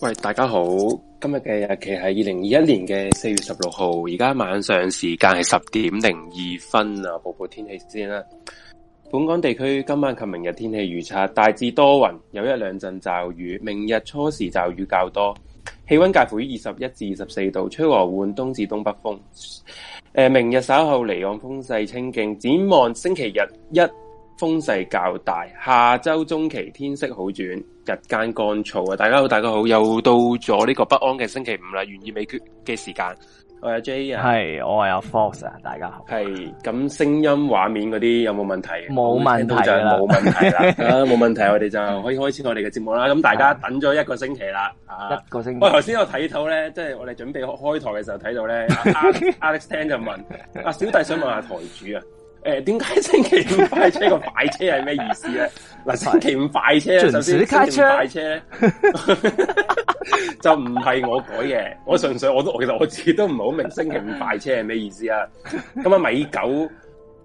喂，大家好，今日嘅日期係二零二一年嘅四月十六號，而家晚上時間係十點零二分啊！報報天氣先啦。本港地區今晚及明日天氣預測大致多雲，有一兩陣驟雨，明日初時驟雨較多。氣溫介乎於二十一至二十四度，吹和緩東至東北風。呃、明日稍後離岸風勢清勁，展望星期日一風勢較大。下周中期天色好轉，日間乾燥啊！大家好，大家好，又到咗呢個不安嘅星期五啦，懸疑未決嘅時間。.我阿 J 啊，係我係阿 Fox 啊，大家好係咁聲音畫面嗰啲有冇問、啊問，問， 啊、問題？冇問題冇問題啦，冇問題，我哋就可以開始我哋嘅節目啦。咁大家等咗一個星期啦、啊，一個星期。啊、才我頭先我睇到咧，即係我哋準備開台嘅時候睇到咧、啊、 ，Alex Ten 就問阿、 啊、小弟想問下台主啊。誒，點解星期五快車個快車係咩意思咧？嗱， 星期五快車，純粹啲快車， 就唔係我改嘅，我純粹我都，其實我自己都唔係好明星期五快車係咩意思啊？咁啊，米九誒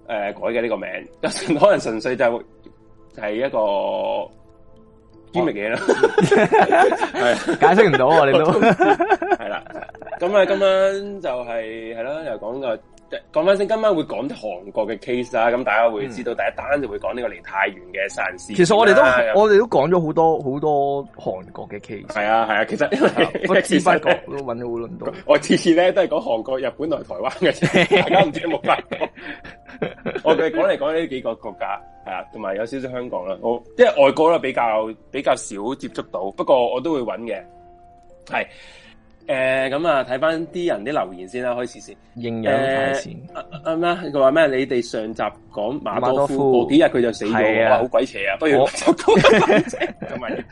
改嘅呢個名，可能純粹就係、是就是、一個專業嘢啦，係、啊、 解釋唔到我哋都係啦。咁 啊，今晚就係係咯，又講個。就是講翻先，今晚會講韓國嘅 case 啦，咁大家會知道、嗯、第一單就會講呢個梨泰院嘅善事。其實我哋都我哋都講咗好多好多韓國嘅 case。係啊係啊，其實我次次都揾咗好多。我，到多我，我，我次次咧都係講韓國、日本同台灣嘅， 大家唔知有冇。沒辦法 我哋講嚟講呢幾個國家係啊，同埋有少少香港啦。我因為外國咧比較比較少接觸到，不過我都會揾嘅係。誒、呃、咁啊，睇翻啲人啲留言先啦、啊，開始先。誒、呃，啱、啊、啦，佢話咩？你哋上集講馬多夫，過幾日佢就死咗，我話好鬼邪啊！不如就撲街，咁咪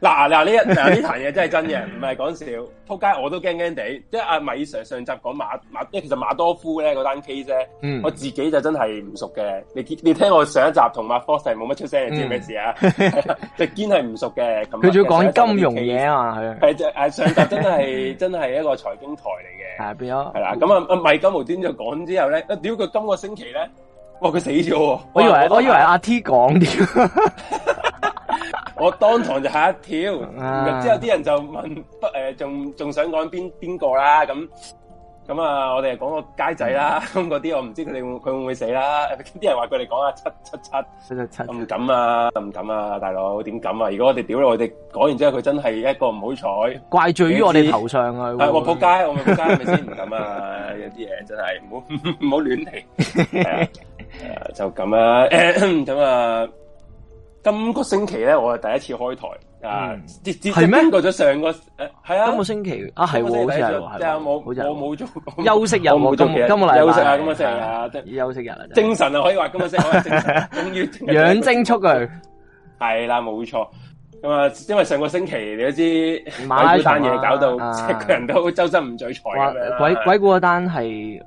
嗱嗱呢一嗱呢壇嘢真係真嘅，唔係講笑。撲街我都驚驚地，即係阿米 Sir 上集講馬馬，即其實馬多夫咧嗰單 case 咧，件件嗯、我自己就真係唔熟嘅。你你聽我上一集同馬科士冇乜出聲，你知咩事、嗯、 啊？直情係唔熟嘅。佢仲要講金融嘅嘢啊嘛，係、啊。係就上集真係。真係一個財經台嚟嘅，係咪？係啦，咁啊，米金毛端就講之後咧，屌佢今個星期咧，哇佢死咗，我以為我，我以為阿 T 講添， 我當堂就吓一跳，啊，之後啲人就問，誒仲仲想講邊邊個啦咁。咁啊，我哋講個街仔啦，咁嗰啲我唔知佢哋佢會唔會死啦。啲人話佢哋講啊七七七，我唔敢啊，唔敢啊，大佬點敢啊？如果我哋屌你，我哋講完之後佢真係一個唔好彩，怪罪於我哋頭上啊。我撲街，我咪撲街，係咪先？唔敢啊！有啲嘢真係唔好唔好亂嚟。就咁啊，咁啊，今個星期咧，我係第一次開台。嗯、啊！咩？經過咗上個誒，係啊，今個星期啊係、啊，好似我冇做過我沒有，休息日冇、啊、做，今個禮休息啊，咁啊成啊，得休息日，啊日啊啊，精神啊可以話今個星期終於養精蓄銳，係啦，冇錯。咁啊，因為上個星期你都知，鬼古單嘢搞到即係個人都周身唔聚財鬼鬼古嗰單係。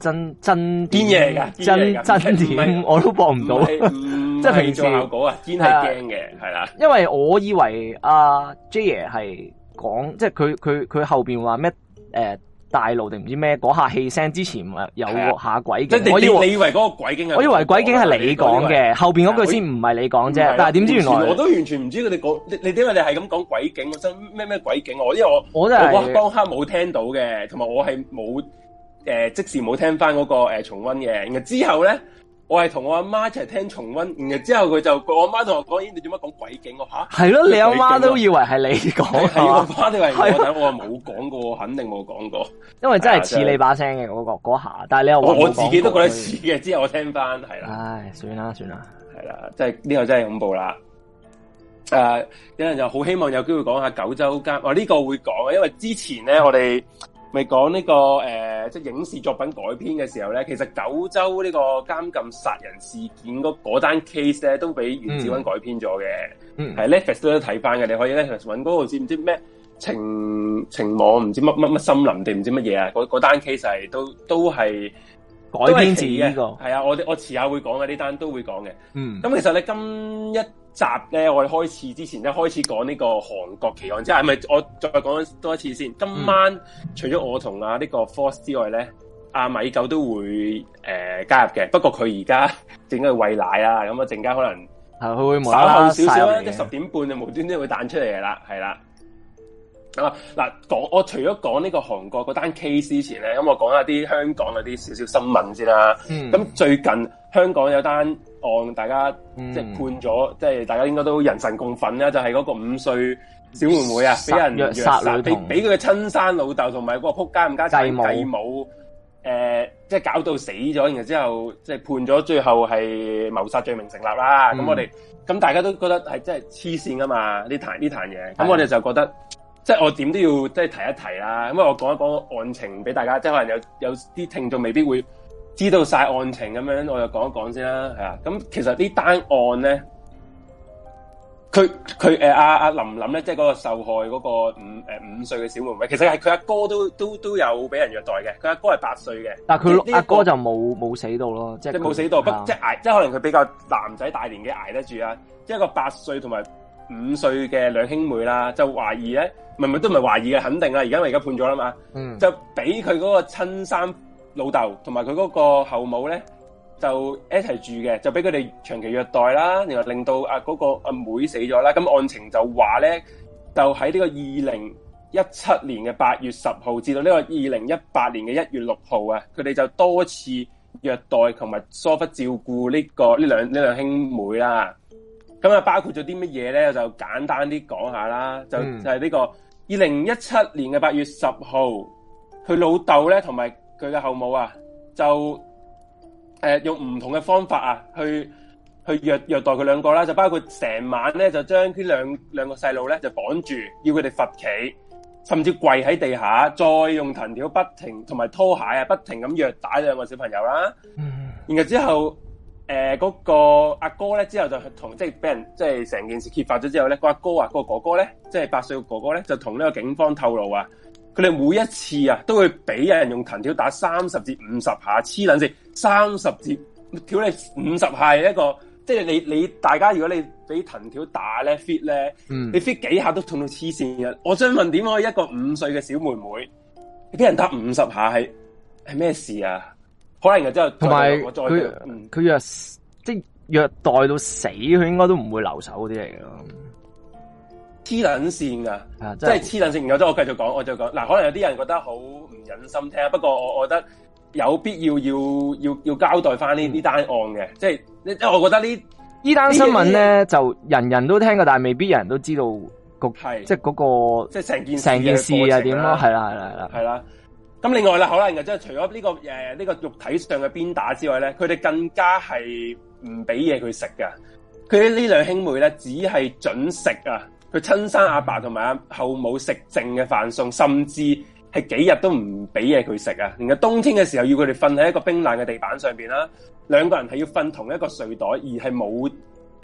真真癲嘢真真點我都搏唔到。即係 平時效果啊，堅係驚嘅，係啦。因為我以為阿、啊啊啊啊、J 爺係講，即係佢佢佢後邊話咩誒大路定唔知咩嗰下氣聲之前咪有下鬼嘅、啊。我以你以為嗰個鬼景，我以為鬼景係你講嘅，後邊嗰句先唔係你講啫、啊。但係點知原來我都完全唔知佢哋講，你點解你係咁講鬼景，真咩咩鬼景？我因為我我、真係、我當刻冇聽到嘅，同埋我係冇。誒、呃，即時冇聽翻、那、嗰個誒、呃、重温嘅，然後之後咧，我係同我阿媽一齊聽重温，然後之後佢就我阿媽同我講：，咦、欸，你做乜講鬼景？我吓係咯，你阿媽都以為係你講，你阿媽都以為係我講，我冇講過，我肯定冇講過，因為真係似你把聲嘅嗰個嗰下。但係你阿我我，我自己都覺得似嘅，之後我聽翻係啦，唉，算啦算啦，係啦，即係呢個真係恐怖啦。誒、呃，有人就好希望有機會講下九州間，我、哦、呢、這個會講嘅，因為之前咧、嗯、我哋。咪講呢個誒、呃，即係影視作品改編嘅時候咧，其實九州呢個監禁殺人事件嗰單 case 咧，都俾園子溫改編咗嘅。係、嗯、Netflix 都有睇翻嘅，你可以呢，e t 搵嗰個，知唔知咩情情網？唔知乜乜乜森林定唔知乜嘢啊？嗰單 case 係都都係改編自呢個。係啊，我我遲下會講嘅，呢單都會講嘅。嗯，咁、嗯嗯、其實咧今一集咧，我哋開始之前，呢，開始講呢個韓國奇案即係，係咪？我再講多一次先。今晚、嗯、除咗我同阿呢個 Fox 之外咧，阿米狗都會誒、呃、加入嘅。不過佢而家正係餵奶啊。咁啊，陣間可能稍後少少啦，即十點半就無端端會彈出嚟嘅啦，係啦。嗱、啊，講我除咗講呢個韓國嗰單 case 之前咧，咁、嗯、我講下啲香港嗰啲少少新聞先啦。咁、嗯嗯、最近香港有單案，大家即係判咗，即、嗯、係、就是、大家應該都人神共憤啦。就係、是、嗰個五歲小妹妹啊，俾人虐殺，俾俾佢嘅親生老豆同埋嗰個仆街唔家仔繼母，誒、呃，即、就、係、是、搞到死咗，然後之後即係判咗，最後係謀殺罪名成立啦。咁、嗯、我哋咁大家都覺得係真係黐線噶嘛，呢壇呢壇嘢。咁我哋就覺得。即係我點都要即係提一提啦，咁啊我講一講案情俾大家，即係可能有有啲聽眾未必會知道晒案情咁樣，我就講一講先啦，係啊。咁其實呢單案咧，佢佢誒阿阿林林咧，即係嗰個受害嗰個五誒、呃、五歲嘅小妹妹，其實係佢阿哥都都都有俾人虐待嘅，佢阿哥係八歲嘅，但係佢阿哥就冇冇死到咯，即係冇死到，不即係捱，即係可能佢比較男仔大年紀捱得住啊，即係一個八歲同埋五歲嘅兩兄妹啦，就懷疑咧。明明都唔係懷疑嘅，肯定啦！而家因而家判咗啦嘛，嗯、就俾佢嗰個親生老豆同埋佢嗰個後母咧，就一齊住嘅，就俾佢哋長期虐待啦，然後令到啊嗰個阿妹，妹死咗啦。咁案情就話咧，就喺呢個二零一七年嘅八月十號，至到呢個二零一八年嘅一月六號啊，佢哋就多次虐待同埋疏忽照顧呢、這個呢兩呢兩兄妹啦。咁啊，包括咗啲乜嘢咧？就簡單啲講下啦，嗯、就就係、是、呢、這個。二零一七年嘅八月十號，佢老豆咧同埋佢嘅後母啊，就誒、呃、用唔同嘅方法啊，去去虐虐待佢兩個啦，就包括成晚咧就將呢兩兩個細路咧就綁住，要佢哋罰企，甚至跪喺地下，再用藤條不停同埋拖鞋啊，不停咁虐打兩個小朋友啦。然後之後。誒、呃，嗰、那個阿哥咧，之後就同即係俾人即係成件事揭發咗之後咧，個阿哥啊，個哥哥咧，即係八歲嘅哥哥咧，就同、是、呢就個警方透露啊，佢哋每一次啊，都會俾人用藤條打三十至五十下，黐撚線，三十至條你五十下係一個，即係你你大家如果你俾藤條打咧 fit 咧，嗯、你 fit 幾下都痛到黐線嘅。我想問，點可以一個五歲嘅小妹妹，俾人打五十下係係咩事啊？可能就之後同埋佢佢若，若即虐待到死，佢應該都唔會留守嗰啲嚟咯。黐撚線噶，即係黐撚線。然後之後我繼續講，我就講嗱，可能有啲人覺得好唔忍心聽，不過我覺得有必要要要要交代翻呢啲單案嘅，即係我覺得呢呢單新聞咧，就人人都聽過，但係未必人人都知道局。即係嗰、嗰個即係成件成件事係點咯，係啦，啊，啦，係啦。咁另外啦，可能嘅即係除咗呢、這個誒呢、呃這個肉體上嘅鞭打之外咧，佢哋更加係唔俾嘢佢食噶。佢呢兩兄妹咧，只係准食啊，佢親生阿爸同埋阿後母食剩嘅飯餸，甚至係幾日都唔俾嘢佢食啊。而家冬天嘅時候，要佢哋瞓喺一個冰冷嘅地板上邊啦、啊。兩個人係要瞓同一個睡袋，而係冇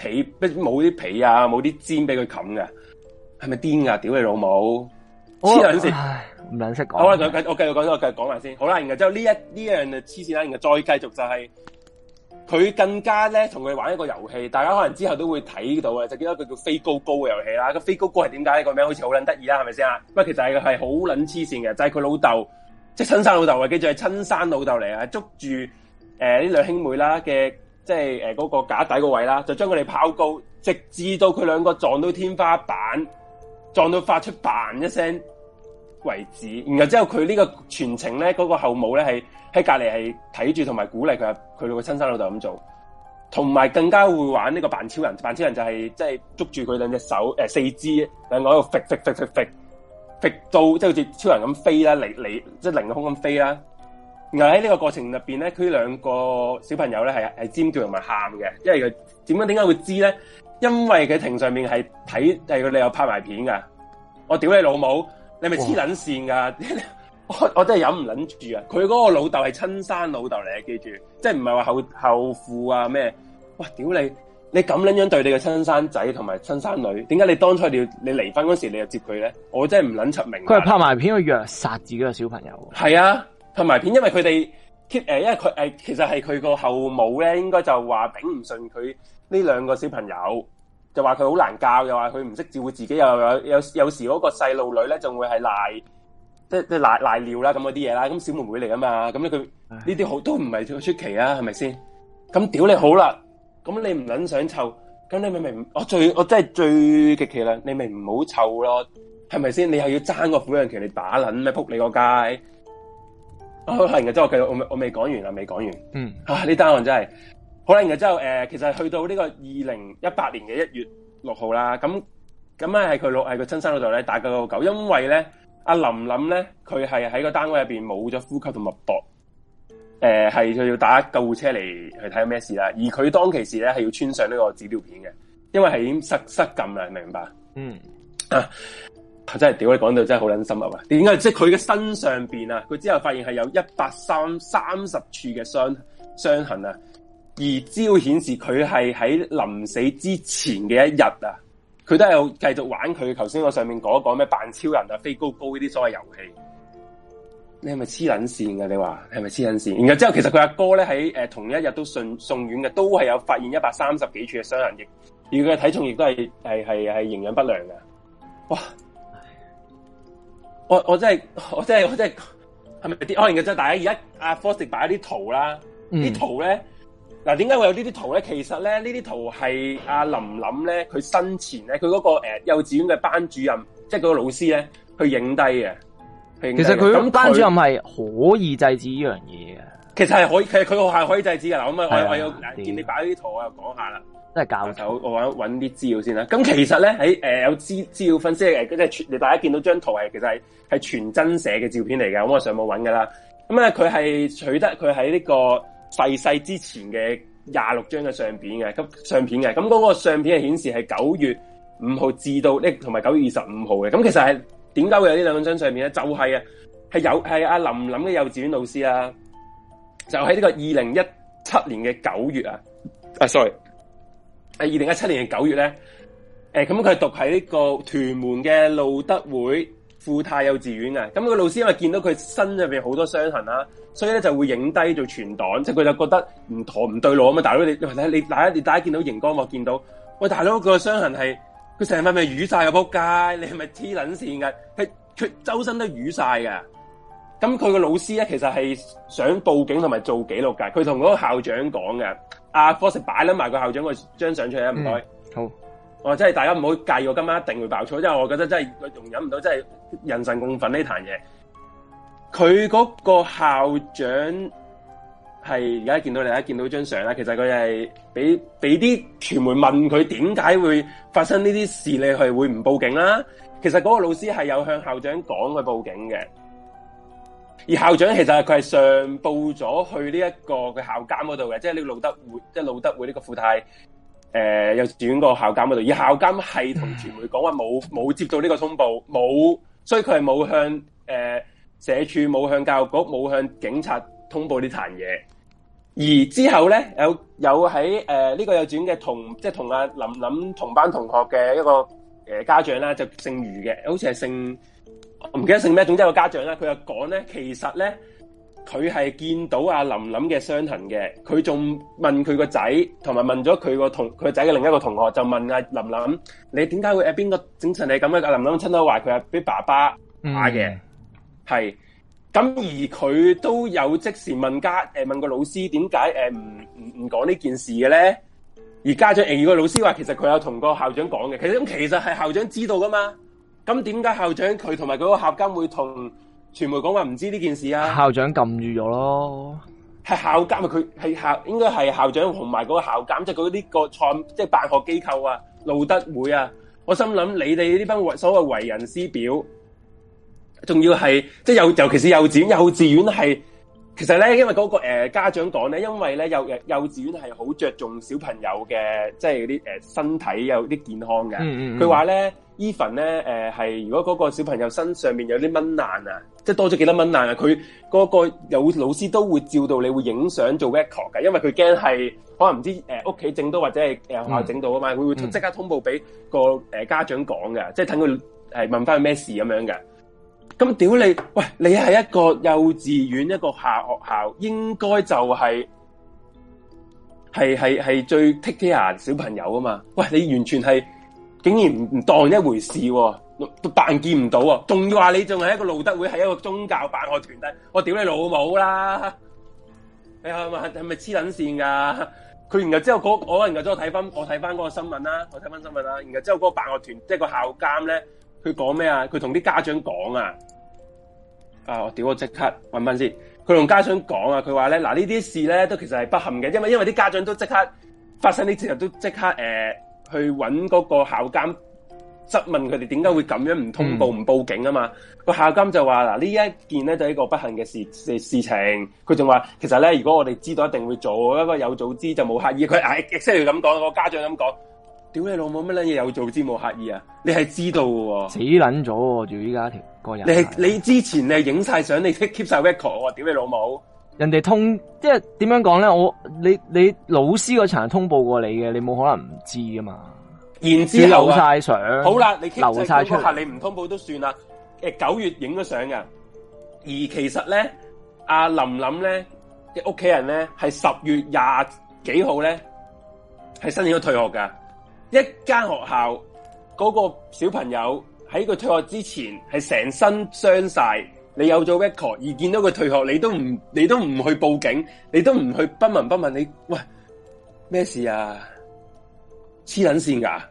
被，冇啲被啊，冇啲氈俾佢冚嘅。係咪癲啊？屌你老母！黐線，唔捻識講。好啦，我繼續講，我繼續講埋先。好啦，然後之後呢一呢樣就黐線啦。然後再繼續就係、是，佢更加咧同佢玩一個遊戲，大家可能之後都會睇到嘅，就記得一個叫飛高高嘅遊戲啦。個飛高高係點解呢個名，好似好捻得意啦，係咪先啊？不過，其實係係好捻黐線嘅，就係、是、佢老豆，即係親生老豆啊，記住係親生老豆嚟啊，捉住誒呢兩兄妹啦嘅，即係誒嗰個架底個位啦，就將佢哋跑高，直至到佢兩個撞到天花板。撞到發出嘭一聲為止，然後之後佢呢個全程咧，嗰、那個後母咧係喺隔籬係睇住同埋鼓勵佢佢個親生老豆咁做，同埋更加會玩呢個扮超人。扮超人就係即係捉住佢兩隻手誒、呃、四肢，兩個喺度搣搣搣搣搣搣到即係好似超人咁飛啦，離離即係凌空咁飛啦。然後喺呢個過程入邊咧，佢兩個小朋友咧係係尖叫同埋喊嘅，因為佢點解點解會知咧？因為佢庭上面係睇，第二個你有拍埋片噶，我屌你老母，你咪黐撚線噶，我真係忍唔撚住啊！佢嗰個老豆係親生老豆嚟，記住，即係唔係話後後父啊咩？哇，屌你，你咁撚樣對你嘅親生仔同埋親生女，點解你當初你你離婚嗰時你又接佢咧？我真係唔撚出名。佢係拍埋片去虐殺自己個小朋友。係啊，拍埋片，因為佢哋，誒、呃，因為佢誒、呃，其實係佢個後母咧，應該就話頂唔順佢。呢兩個小朋友就話佢好難教，又話佢唔識照顧自己，又有有有時嗰個細路女咧仲會係賴，即即賴尿啦，咁嗰啲嘢啦，咁小妹妹嚟啊嘛，咁咧佢呢啲好都唔係出奇啊，係咪先？咁屌你好啦，咁你唔撚想湊，咁你咪咪，我最我真係最極其啦，你咪唔好湊咯，係咪先？你又要爭個撫養權，你打撚咩？撲你個街！係嘅，即我我未講完啦，未講完。嗯，啊，呢單案真係。可能然後之後誒、呃，其實去到呢個二零一八年嘅一月六號啦，咁咁咧係佢老係佢親生老豆咧打急救狗，因為咧阿琳琳咧佢係喺個單位入邊冇咗呼吸同脈搏，誒、呃、係佢要打救護車嚟，去睇下咩事啦。而佢當其時咧係要穿上呢個紙尿片嘅，因為係已經失失禁啦，明白？嗯啊，真係屌你講到真係好捻心悒啊！點解？即係佢嘅身上邊啊，佢之後發現係有一百三三十處嘅傷傷痕啊。而只要顯示佢係喺臨死之前嘅一日啊，佢都係有繼續玩佢頭先我上面講一講咩扮超人啊、飛高高呢啲所謂遊戲。你係咪黐撚線㗎？你話係咪黐撚線？然後之後其實佢阿哥呢，喺同一日都送院嘅，都係有發現一百三十幾處嘅傷痕。而佢嘅體重亦都係係係係營養不良㗎。哇！我真係我真係我真係係咪啲？哦，然真係大家而家阿 Fox 擺啲圖啦，啲、嗯、圖呢。嗱、啊，點解會有呢啲圖咧？其實咧，呢啲圖係阿、啊、林林咧，佢生前咧，佢嗰、那個誒、呃、幼稚園嘅班主任，即係嗰個老師咧，去影低嘅。其實佢咁班主任係可以制止呢樣嘢嘅。其實係可以，其實佢學校可以制止㗎啦，咁我我有見你擺啲圖，我又講下啦。真係教手，我搵搵啲資料先啦。咁、嗯、其實咧喺誒有資資料分析，誒即係全你大家見到張圖係其實係係全真寫嘅照片嚟嘅。咁、嗯、我上網搵噶啦。咁、嗯、呢，佢係取得佢喺呢個。逝世，世之前嘅廿六張嘅相片嘅咁相片嘅咁嗰個相片係顯示係九月五號至到呢同埋九月二十五號嘅咁，其實係點解會有呢兩張相片咧？就係、是、啊係有係阿林林嘅幼稚園老師啊就喺、是、呢個二零一七年嘅九月啊啊 sorry 係二零一七年嘅九月咧誒咁佢係讀喺呢個屯門嘅路德會。富泰幼稚園嘅，咁個老師因為見到佢身入邊好多傷痕啦，所以咧就會影低做存檔，即係佢就覺得唔妥唔對路啊嘛，大佬你你大家你大家見到熒光幕見到，喂大佬佢個傷痕係佢成日咪瘀晒個仆街，你係咪黐撚線噶？佢佢周身都瘀晒嘅，咁佢個老師咧其實係想報警同埋做記錄噶，佢同嗰個校長講嘅。阿 Fox 擺捻埋個校長個張相出嚟，唔該。好。我即係大家唔好計，我今晚一定會爆粗，因為我覺得真係容忍唔到，真係人神共憤呢壇嘢。佢嗰個校長係而家見到你，而家見到張相啦。其實佢係俾俾啲傳媒問佢點解會發生呢啲事，你係會唔報警啦、啊？其實嗰個老師係有向校長講佢報警嘅，而校長其實佢係上報咗去呢一個佢校監嗰度嘅，即係呢個路德會，即係路德會呢個富太。誒、呃，有轉個校監嗰度，而校監係同傳媒講話冇冇接到呢個通報，冇，所以佢係冇向誒、呃、社署、冇向教育局、冇向警察通報呢單嘢。而之後咧，有有喺誒呢個有轉嘅同，即、就、係、是、同阿、啊、林琳同班同學嘅一個誒家長啦，就姓余嘅，好似係姓我唔記得姓咩，總之有個家長啦，佢就講咧，其實咧。佢係見到阿琳琳嘅傷痕嘅，佢仲問佢個仔，同埋問咗佢個同佢仔嘅另一個同學，就問阿琳琳，你點解會誒邊個整成你咁？阿琳琳親都話佢係俾爸爸嗌嘅，係、嗯。咁而佢都有即時問家誒問個老師點解誒唔唔唔講呢件事嘅咧？而家長誒個、呃、老師話其實佢有同個校長講嘅，其實咁其實係校長知道噶嘛。咁點解校長佢同埋佢個校監會同？傳媒講話唔知呢件事啊，校長禁住咗咯監。係校監咪佢係校，應該係校長同埋嗰個校監，即係嗰啲個創，即係辦學機構啊、路德會啊。我心諗你哋呢班所謂為人師表，仲要係即係尤尤其是幼稚園幼稚園係，其實咧，因為嗰個誒家長講咧，因為咧幼呃幼稚園係好着重小朋友嘅即係啲誒身體有啲健康嘅。嗯嗯嗯。佢話咧。even 咧、呃，誒，係如果嗰個小朋友身上面有啲蚊爛啊，即係多咗幾粒蚊爛啊，佢嗰個有老師都會照到你會影相做 record 嘅，因為佢驚係可能唔知誒屋企整到或者係誒學校整到啊嘛，佢、嗯、會即刻通報俾個誒家長講嘅、嗯，即係等佢誒問翻佢咩事咁樣嘅。咁屌你，喂，你係一個幼稚園一個下學校，應該就係係係係最 take care 小朋友啊嘛。喂，你完全係。竟然唔唔當一回事喎、哦，都扮見唔到啊、哦！仲要話你仲係一個路德會，係一個宗教辦學團體，我屌你老母啦！你係咪係咪黐撚線噶？佢然後之後嗰我然後之後睇翻我睇翻嗰個新聞啦，我睇翻新聞啦、啊。然後之後嗰個辦學團即係個校監咧，佢講咩啊？佢同啲家長講啊！啊！我屌我即刻搵翻先。佢同家長講啊，佢話咧，嗱呢啲、啊、事咧都其實係不幸嘅，因為因為啲家長都即刻發生啲事都即刻誒。呃去揾嗰個校監質問佢哋點解會咁樣唔通報唔報警啊嘛？個校監就話：嗱，呢一件咧就係一個不幸嘅事事，事情。佢仲話：其實咧，如果我哋知道，一定會做，因為有早知就冇刻意。佢誒即係咁講，個、哎、家長咁講：屌你老母乜撚嘢有早知冇刻意啊？你係知道喎，死撚咗喎！仲依家條個人，你係你之前你係影晒相，你 keep 晒 record 喎！屌你老母！人哋通即係點樣講咧？我你你老師嗰層通報過你嘅，你冇可能唔知噶嘛？然知、啊、留晒相，好啦，你留晒出吓你唔通報都算啦。誒，九月影咗相㗎。而其實咧，阿林琳咧嘅屋企人咧係十月廿幾號咧係申請咗退學噶，一間學校嗰、嗰個小朋友喺佢退學之前係成身傷晒。你有咗 record 而見到佢退學，你都唔你都唔去報警，你都唔去不聞不問。你喂咩事啊？黐捻線噶，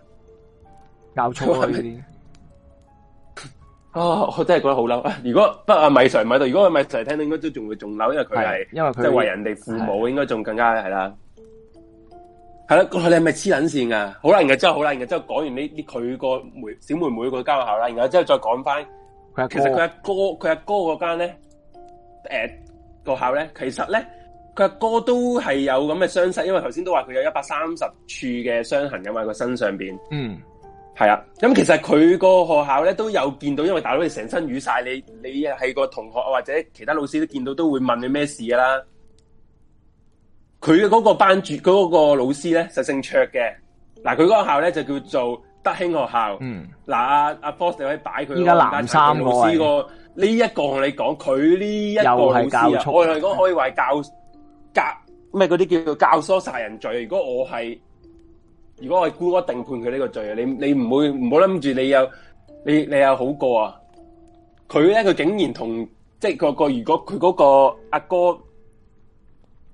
搞錯啊！是是 啊，我真係覺得好嬲啊！如果不啊米 Sir 米 Sir 如果米 Sir 聽到應該都仲會仲嬲，因為佢係因為佢為人哋父母，應該仲更加係啦。係啦，你係咪黐捻線啊？好啦，然後之後好啦，然後之後講完呢啲佢個妹小妹妹個間學校啦，然後之後再講翻。其實佢阿哥佢阿哥嗰間咧，誒、欸，學校咧，其實咧，佢阿哥都係有咁嘅傷勢，因為頭先都話佢有一百三十處嘅傷痕，因為佢身上邊、嗯，嗯，係啊，咁其實佢個學校咧都有見到，因為大佬你成身淤晒，你你係個同學或者其他老師都見到都會問你咩事㗎啦。佢嘅嗰個班主任嗰、嗰個老師咧，就姓卓嘅。嗱佢嗰個校咧，就叫做。德興學校，嗱阿阿 boss 可以擺佢依家南三老師個呢一個同你講，佢呢一個老師，我又係講可以話教以教咩嗰啲叫做教唆殺人罪。如果我係如果我係估我定判佢呢個罪啊！你你唔會唔好諗住你有你你有好過啊！佢咧佢竟然同即係個個如果佢嗰個阿哥。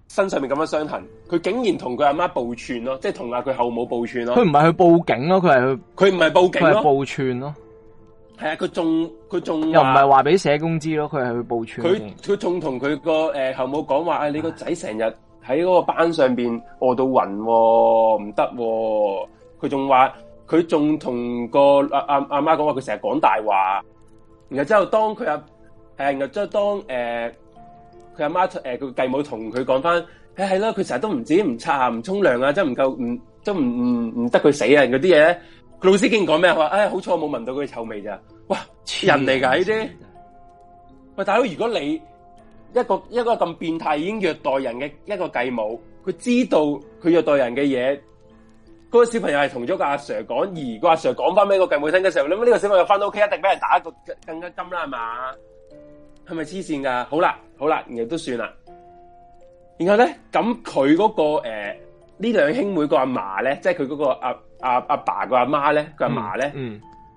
身上面咁樣傷痕，佢竟然同佢阿媽報串咯，即係同阿佢後母報串咯。佢唔係去報警咯，佢係佢唔係報警，佢係報串咯。係啊，佢、啊、仲佢仲又唔係話俾社工知咯，佢係去報串。佢佢仲同佢個誒後母講話，哎、你個仔成日喺嗰個班上邊餓到暈、哦，唔得、哦。佢仲話佢仲同個阿阿阿媽講話，佢成日講大話。然後之後當佢阿誒，然後之後當誒。呃佢阿媽誒，佢、呃、繼母同佢講翻誒，係、哎、咯，佢成日都唔止唔擦啊，唔沖涼啊，真唔夠，唔都唔唔唔得佢死啊！嗰啲嘢，佢老師竟然講咩話？誒，哎、好彩冇聞到佢臭味咋？哇，人嚟噶呢啲喂大佬，如果你一個一個咁變態已經虐待人嘅一個繼母，佢知道佢虐待人嘅嘢，嗰、那個小朋友係同咗個阿 Sir 講，而個阿 Sir 講翻俾個繼母聽嘅時候，諗呢個小朋友翻到屋企一定俾人打一個更加金啦，係嘛？係咪黐線噶？好啦。好啦，然後都算啦。然後咧，咁佢嗰個誒，呢兩兄妹個阿嫲咧，即係佢嗰個阿阿阿爸個阿媽咧，個阿嫲咧，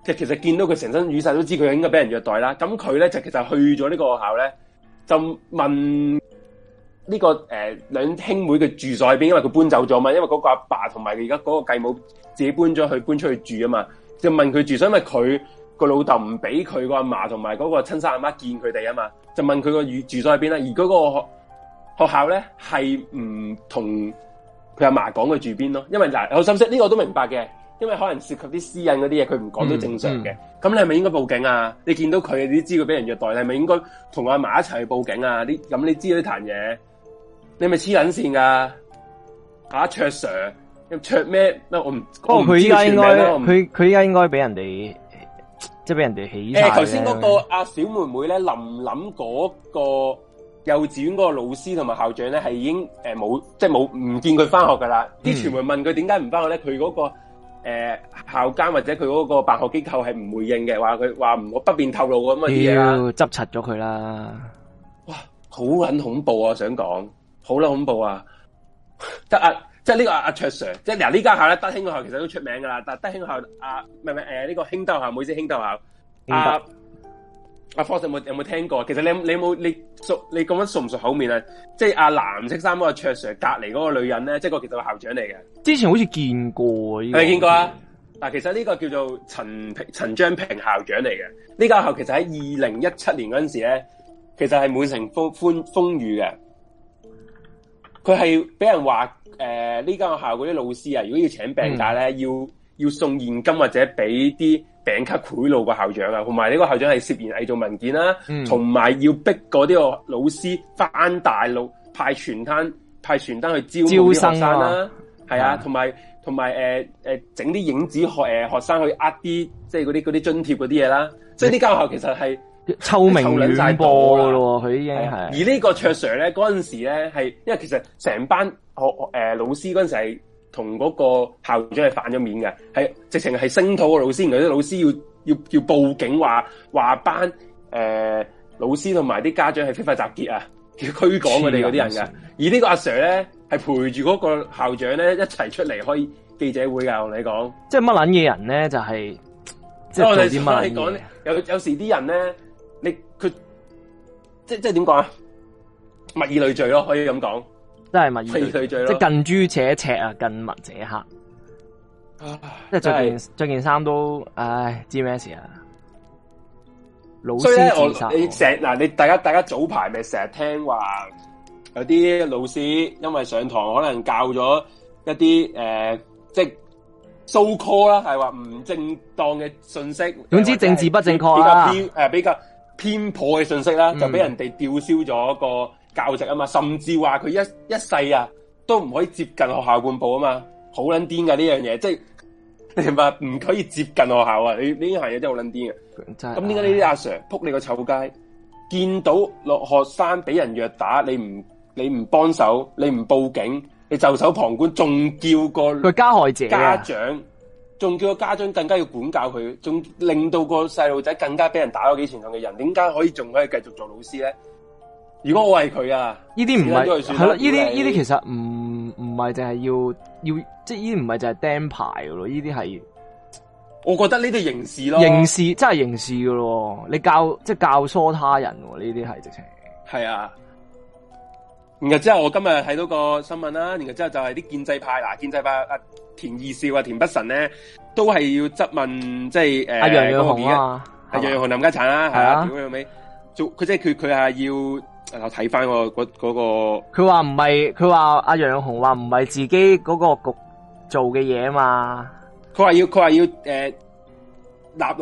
其實其實見到佢成身瘀晒都知佢應該俾人虐待啦。咁佢咧就其實去咗呢個學校咧，就問呢、這個誒、呃、兩兄妹嘅住所喺邊，因為佢搬走咗嘛，因為嗰個阿爸同埋而家嗰個繼母自己搬咗去搬出去住啊嘛，就問佢住所，因為佢。個老豆唔俾佢個阿嫲同埋嗰個親生阿媽見佢哋啊嘛，就問佢個住所喺邊啦。而嗰個學校咧係唔同佢阿嫲講佢住邊咯，因為就係好心塞。呢個都明白嘅，因為可能涉及啲私隱嗰啲嘢，佢唔講都正常嘅。咁、嗯嗯、你係咪應該報警啊？你見到佢，你知佢俾人虐待，你係咪應該同阿嫲一齊去報警啊？你咁你知呢壇嘢，你係咪黐撚線噶？阿、啊、卓 Sir，卓咩？唔，我唔，我唔知點解佢佢依家應該俾人哋。即係俾人哋起晒。誒、欸，頭先嗰個阿小妹妹咧，林林嗰個幼稚園嗰個老師同埋校長咧，係已經誒冇、呃，即係冇唔見佢翻學噶啦。啲、嗯、傳媒問佢點解唔翻學咧，佢嗰、那個誒、呃、校監或者佢嗰個辦學機構係唔回應嘅，話佢話唔，我不便透露咁嘅嘢啦。執柒咗佢啦！哇，好捻恐怖啊！想講好捻恐怖啊！得啊！即係呢個阿、啊、阿卓 Sir，即係嗱呢間校咧德興校其實都出名噶啦，但德興校啊，唔係唔誒呢個興德校，唔好意思，興德校阿阿 Fox 有冇有冇聽過？其實你你有冇你熟你咁樣熟唔熟口面啊？即係阿藍色衫嗰個卓 Sir 隔籬嗰個女人咧，即、就、係、是、個其實個校長嚟嘅。之前好似見過，你哋見過啊！嗱、這個啊，其實呢個叫做陳平陳張平校長嚟嘅，呢間校，其實喺二零一七年嗰陣時咧，其實係滿城風歡風雨嘅。佢係俾人話，誒呢間學校嗰啲老師啊，如果要請病假咧，嗯、要要送現金或者俾啲病咳賄賂個校長啊，同埋呢個校長係涉嫌偽造文件啦、啊，同、嗯、埋要逼嗰啲個老師翻大陸派傳單、派傳單去招學生啦，係啊，同埋同埋誒整啲影子學、呃、學生去呃啲即係嗰啲嗰啲津貼嗰啲嘢啦，即係呢間學校其實係。臭名遠播噶咯喎，佢啲嘢係。而呢個卓 Sir 咧，嗰陣時咧係，因為其實成班學誒老師嗰陣時係同嗰個校長係反咗面嘅，係直情係聲討個老師，而啲老師要要要報警話話班誒老師同埋啲家長係非法集結啊，要驅趕佢哋嗰啲人噶。而個呢個阿 Sir 咧係陪住嗰個校長咧一齊出嚟開記者會噶，我同你講，即係乜撚嘢人咧就係、是，即係做啲乜嘢？有有時啲人咧。你佢即即點講啊？物以類聚咯，可以咁講，即係物以類聚咯，咯，即近朱者赤啊，近墨者黑，啊。即係最近着件衫都，唉，知咩事啊？老師自殺。你成嗱，你大家大家，大家早排咪成日聽話有啲老師，因為上堂可能教咗一啲誒、呃，即係 so call 啦，係話唔正當嘅信息。總之政治不正確比較誒比較。比較呃比較偏頗嘅信息啦，就俾人哋吊銷咗個教籍，啊嘛，甚至話佢一一世啊都唔可以接近學校半步啊嘛，好撚癲噶呢樣嘢，即係、就是、你明唔可以接近學校啊！你呢啲行嘢真係好撚癲啊！咁點解呢啲阿 Sir 撲你個臭街，見到落學生俾人虐打，你唔你唔幫手，你唔報警，你袖手旁觀，仲叫過佢加害者家長？仲叫個家長更加要管教佢，仲令到個細路仔更加俾人打咗幾拳，同嘅人點解可以仲可以繼續做老師咧？如果我係佢啊，呢啲唔係係咯，呢啲呢啲其實唔唔係就係要要，即係呢啲唔係就係釘牌噶咯，呢啲係，我覺得呢啲刑事咯，刑事真係刑事噶咯，你教即係教唆他人呢啲係直情係啊。然後之後我今日睇到個新聞啦、啊，然後之後就係啲建制派、啊，嗱建制派阿、啊、田二少啊田北辰咧，都係要質問，即係誒阿楊楊雄啊，阿楊楊雄林家產啦，係啊，點樣未？做佢即係佢佢係要睇翻、嗰個嗰嗰佢話唔係，佢話阿楊楊雄話唔係自己嗰個局做嘅嘢啊嘛，佢話要佢話要誒、呃、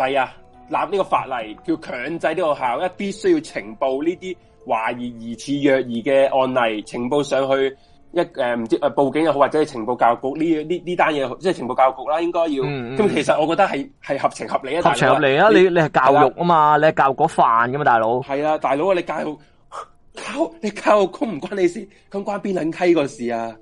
立例啊，立呢個法例叫強制呢、呢個校一必須要呈報呢啲。懷疑疑似虐兒嘅案例，情報上去一誒唔知誒報警又好，或者係情報教育局呢呢呢單嘢，即係情報教育局啦，應該要。咁、嗯嗯、其實我覺得係係合情合理啊，合情合理啊，你你係教育啊嘛、啊，你係教育嗰飯噶嘛，大佬。係啊，大佬啊大，你教育靠你教育公唔關你事，咁關邊捻閪個事啊？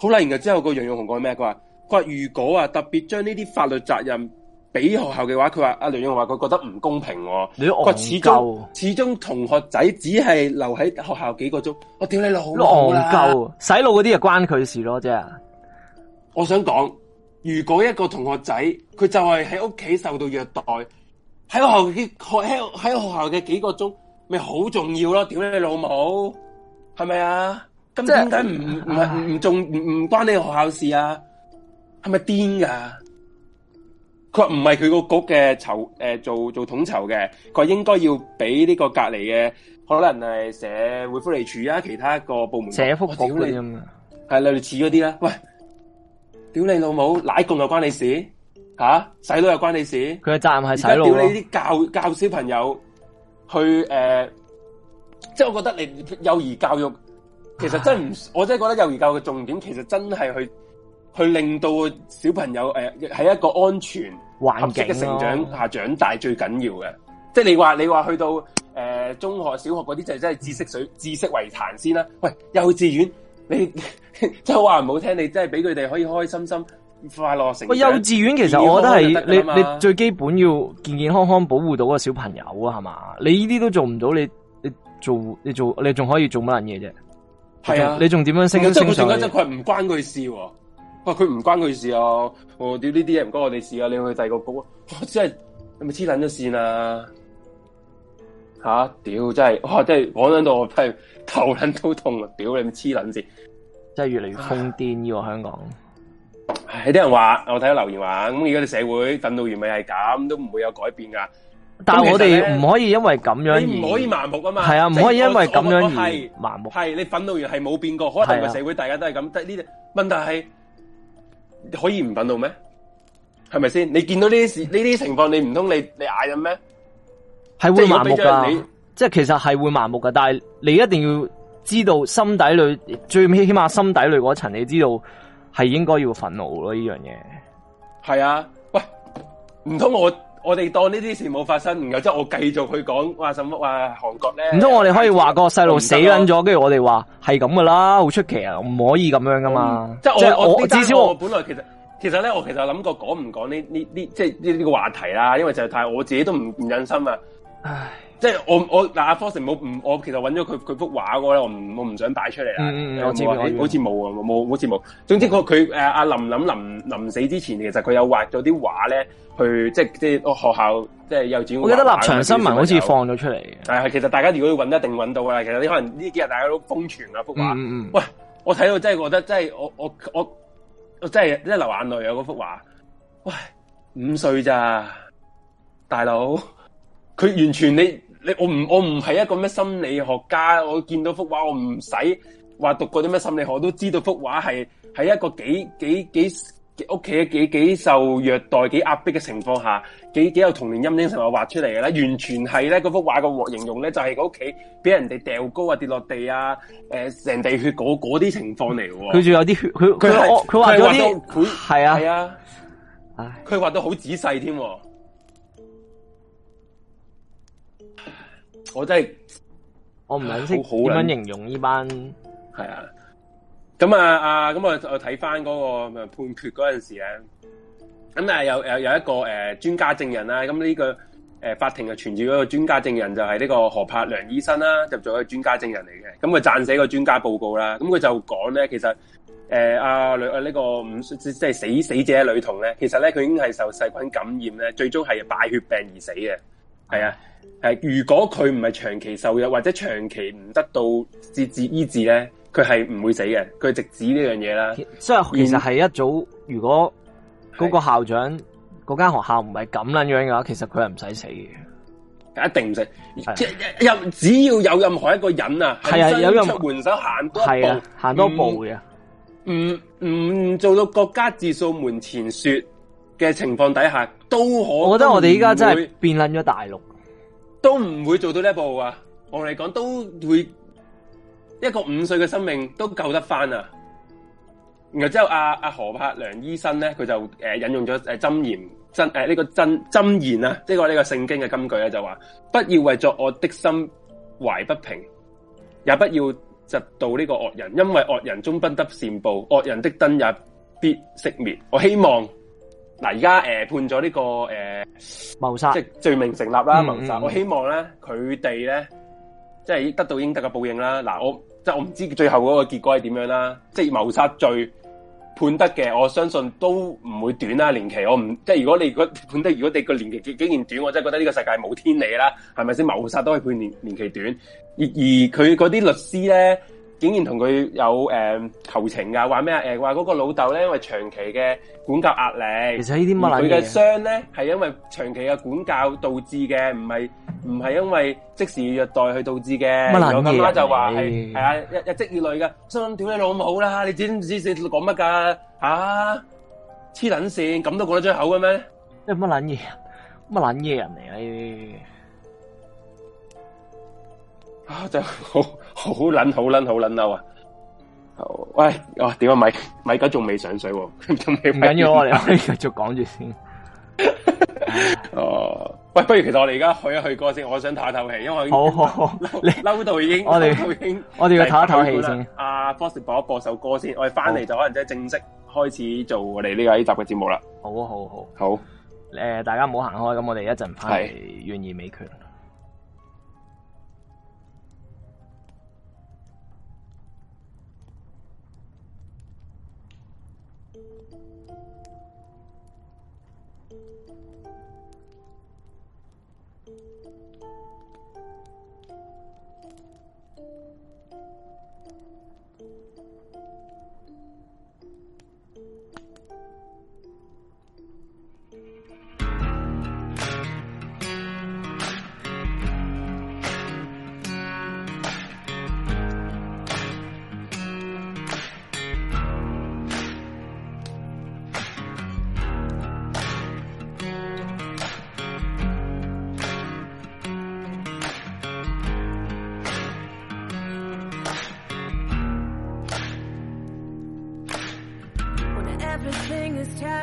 好啦，然後之後個楊潤雄講咩？佢話佢話如果啊，特別將呢啲法律責任。俾學校嘅話，佢話阿梁穎話佢覺得唔公平喎、哦。佢始終始終同學仔只係留喺學校幾個鐘，我屌你老母！戇鳩，洗腦嗰啲就關佢事咯？啫。我想講，如果一個同學仔佢就係喺屋企受到虐待，喺學,學校嘅喺喺學校嘅幾個鐘咪好重要咯？屌你老母，係咪啊？咁即點解唔唔唔唔中唔唔關你學校事啊？係咪癲噶？佢話唔係佢個局嘅籌誒、呃，做做統籌嘅，佢話應該要俾呢個隔籬嘅，可能係社會福利處啊，其他一個部門。社福局咁啊，係類似似嗰啲啦。喂，屌你老母，奶共又關你事吓，洗腦又關你事。佢嘅責任係洗腦。而家屌你啲教教小朋友去誒、呃，即係我覺得你幼兒教育其實真唔，我真係覺得幼兒教育嘅重點其實真係去。去令到小朋友誒喺、呃、一個安全環境嘅成長下長大，最緊要嘅，即係、啊、你話你話去到誒、呃、中學、小學嗰啲就真係知識水、知識為殘先啦、啊。喂，幼稚園你即係話唔好聽，你真係俾佢哋可以開開心心、快樂成。喂，幼稚園其實我覺得係你你最基本要健健康康保護到個小朋友啊，係嘛？你呢啲都做唔到，你你做你做你仲可以做乜嘢啫？係啊，你仲點樣升、嗯、升上？我真唔關佢事、啊。佢唔關佢事啊，我屌呢啲嘢唔關我哋事啊！你去第二個局啊！我真係你咪黐捻咗線啊！吓屌真係，哇真係講到到我真係頭捻都痛啊！屌你咪黐捻線，真係、啊、越嚟越瘋癲呢個香港。啊、有啲人話我睇下留言話，咁而家嘅社會憤怒完咪係咁，都唔會有改變噶。但係我哋唔可以因為咁樣，你唔可以盲目噶嘛。係啊，唔可以因為咁樣而盲目。係、就是啊、你憤怒完係冇變過，可能個社會大家都係咁。但係呢個問題係。可以唔憤怒咩？係咪先？你見到呢啲事，呢啲情況，你唔通你你嗌嘅咩？係會麻木噶，即係其實係會麻木噶。但係你一定要知道心底裏最起碼心底裏嗰層，你知道係應該要憤怒咯。呢樣嘢係啊。喂，唔通我？我哋當呢啲事冇發生，然後即係我繼續去講，話什話韓國咧？唔通我哋可以話個細路死緊咗，跟住我哋話係咁噶啦？好出奇啊！唔可以咁樣噶嘛？嗯、即係我、就是、我，我至少我，我本來其實其實咧，我其實諗過講唔講呢呢呢，即係呢呢個話題啦，因為就係、太、我自己都唔唔忍心啊。唉。即係我我嗱，阿 Fox 冇唔我其實揾咗佢佢幅畫嘅咧，我唔我唔想擺出嚟啊、嗯，好似好似冇啊冇好似冇。總之佢佢誒阿林林臨臨死之前其實佢有畫咗啲畫咧，去即係即係學校即係幼稚園，我記得立場新聞好似放咗出嚟。嘅。但係其實大家如果要揾一定揾到啊，其實你可能呢幾日大家都瘋傳啊幅畫，嗯嗯。喂，我睇到真係覺得真係我我我我真係即係流眼淚啊嗰幅畫。喂，五歲咋，大佬，佢完全你。你我唔我唔係一個咩心理學家，我見到幅畫，我唔使話讀過啲咩心理學，都知道幅畫係係一個幾幾幾屋企幾幾受虐待，幾壓迫嘅情況下，幾幾有童年陰影成畫畫出嚟嘅咧，完全係咧幅畫嘅形容咧就係屋企俾人哋掉高啊跌落地啊，誒、呃、成地血嗰嗰啲情況嚟。佢仲有啲血，佢佢佢畫啲血，係啊係啊，佢畫得好仔細添、啊。我真係，我唔係好點樣形容呢班係啊？咁啊，啊咁啊！我睇翻嗰個判決嗰陣時咧，咁啊有有有一個誒專、呃、家證人啦，咁呢、這個誒、呃、法庭就傳召嗰個專家證人就係呢個何柏良醫生啦，就做一個專家證人嚟嘅。咁佢撰寫個專家報告啦，咁佢就講咧，其實誒阿女啊呢個唔即係死死者女童咧，其實咧佢已經係受細菌感染咧，最終係敗血病而死嘅，係、嗯、啊。誒，如果佢唔係長期受虐，或者長期唔得到截治醫治咧佢係唔會死嘅。佢直指呢樣嘢啦，其實係一早。如果嗰個校長嗰間學校唔係咁捻樣嘅話，其實佢係唔使死嘅。一定唔使。即係、啊、只要有任何一個人啊，伸出援手行多係啊，行多步嘅。唔、嗯、唔、嗯嗯、做到國家自掃門前雪嘅情況底下，都可。我覺得我哋依家真係變捻咗大陸。都唔會做到呢一步啊！我嚟講，都會一個五歲嘅生命都救得翻啊，啊！然後，之後阿阿何柏良醫生咧，佢就誒引用咗誒箴言，真誒呢個箴言啊，即係我呢個聖、啊這個這個、經嘅金句咧，啊，就話：不要為作惡的心懷不平，也不要嫉妒呢個惡人，因為惡人終不得善報，惡人的燈也必熄滅。我希望。嗱，而、呃、家判咗呢、呢個誒、呃、謀殺即，即係罪名成立啦，謀殺。嗯嗯我希望咧佢哋咧，即係得到應得嘅報應啦。嗱，我即係我唔知最後嗰個結果係點樣啦。即係謀殺罪判得嘅，我相信都唔會短啦年期。我唔即係如果你判得，如果你個年期竟然短，我真係覺得呢個世界冇天理啦。係咪先謀殺都可以判年年期短？而而佢嗰啲律師咧。竟然同佢有誒、嗯、求情㗎？話咩啊？誒話嗰個老豆咧，因為長期嘅管教壓力，其實呢啲乜撚嘢。佢嘅傷咧係因為長期嘅管教導致嘅，唔係唔係因為即時虐待去導致嘅。乜撚嘢？咁啦就話係係啊，日日積月累噶，心諗點解老母好啦？你知唔知你講乜噶？吓黐捻線，咁都講得出口嘅咩？乜爛嘢？乜爛嘢人嚟？你啊，就、哎啊、好。好捻好捻好捻嬲啊！喂，哦、啊，點解？米米家仲未上水，啊，仲未、啊。唔緊要，我哋可以繼續講住先 哦、啊，喂，不如其實我哋而家去一去歌先，我想唞一唞氣，因為好好，嬲到已經，我哋我哋要唞一唞氣啦。阿、啊、Fox 播一播一首歌先，我哋翻嚟就可能即係正式開始做我哋呢個呢集嘅節目啦。好好好，好，誒、呃，大家唔好行開，咁我哋一陣返嚟，懸疑未決。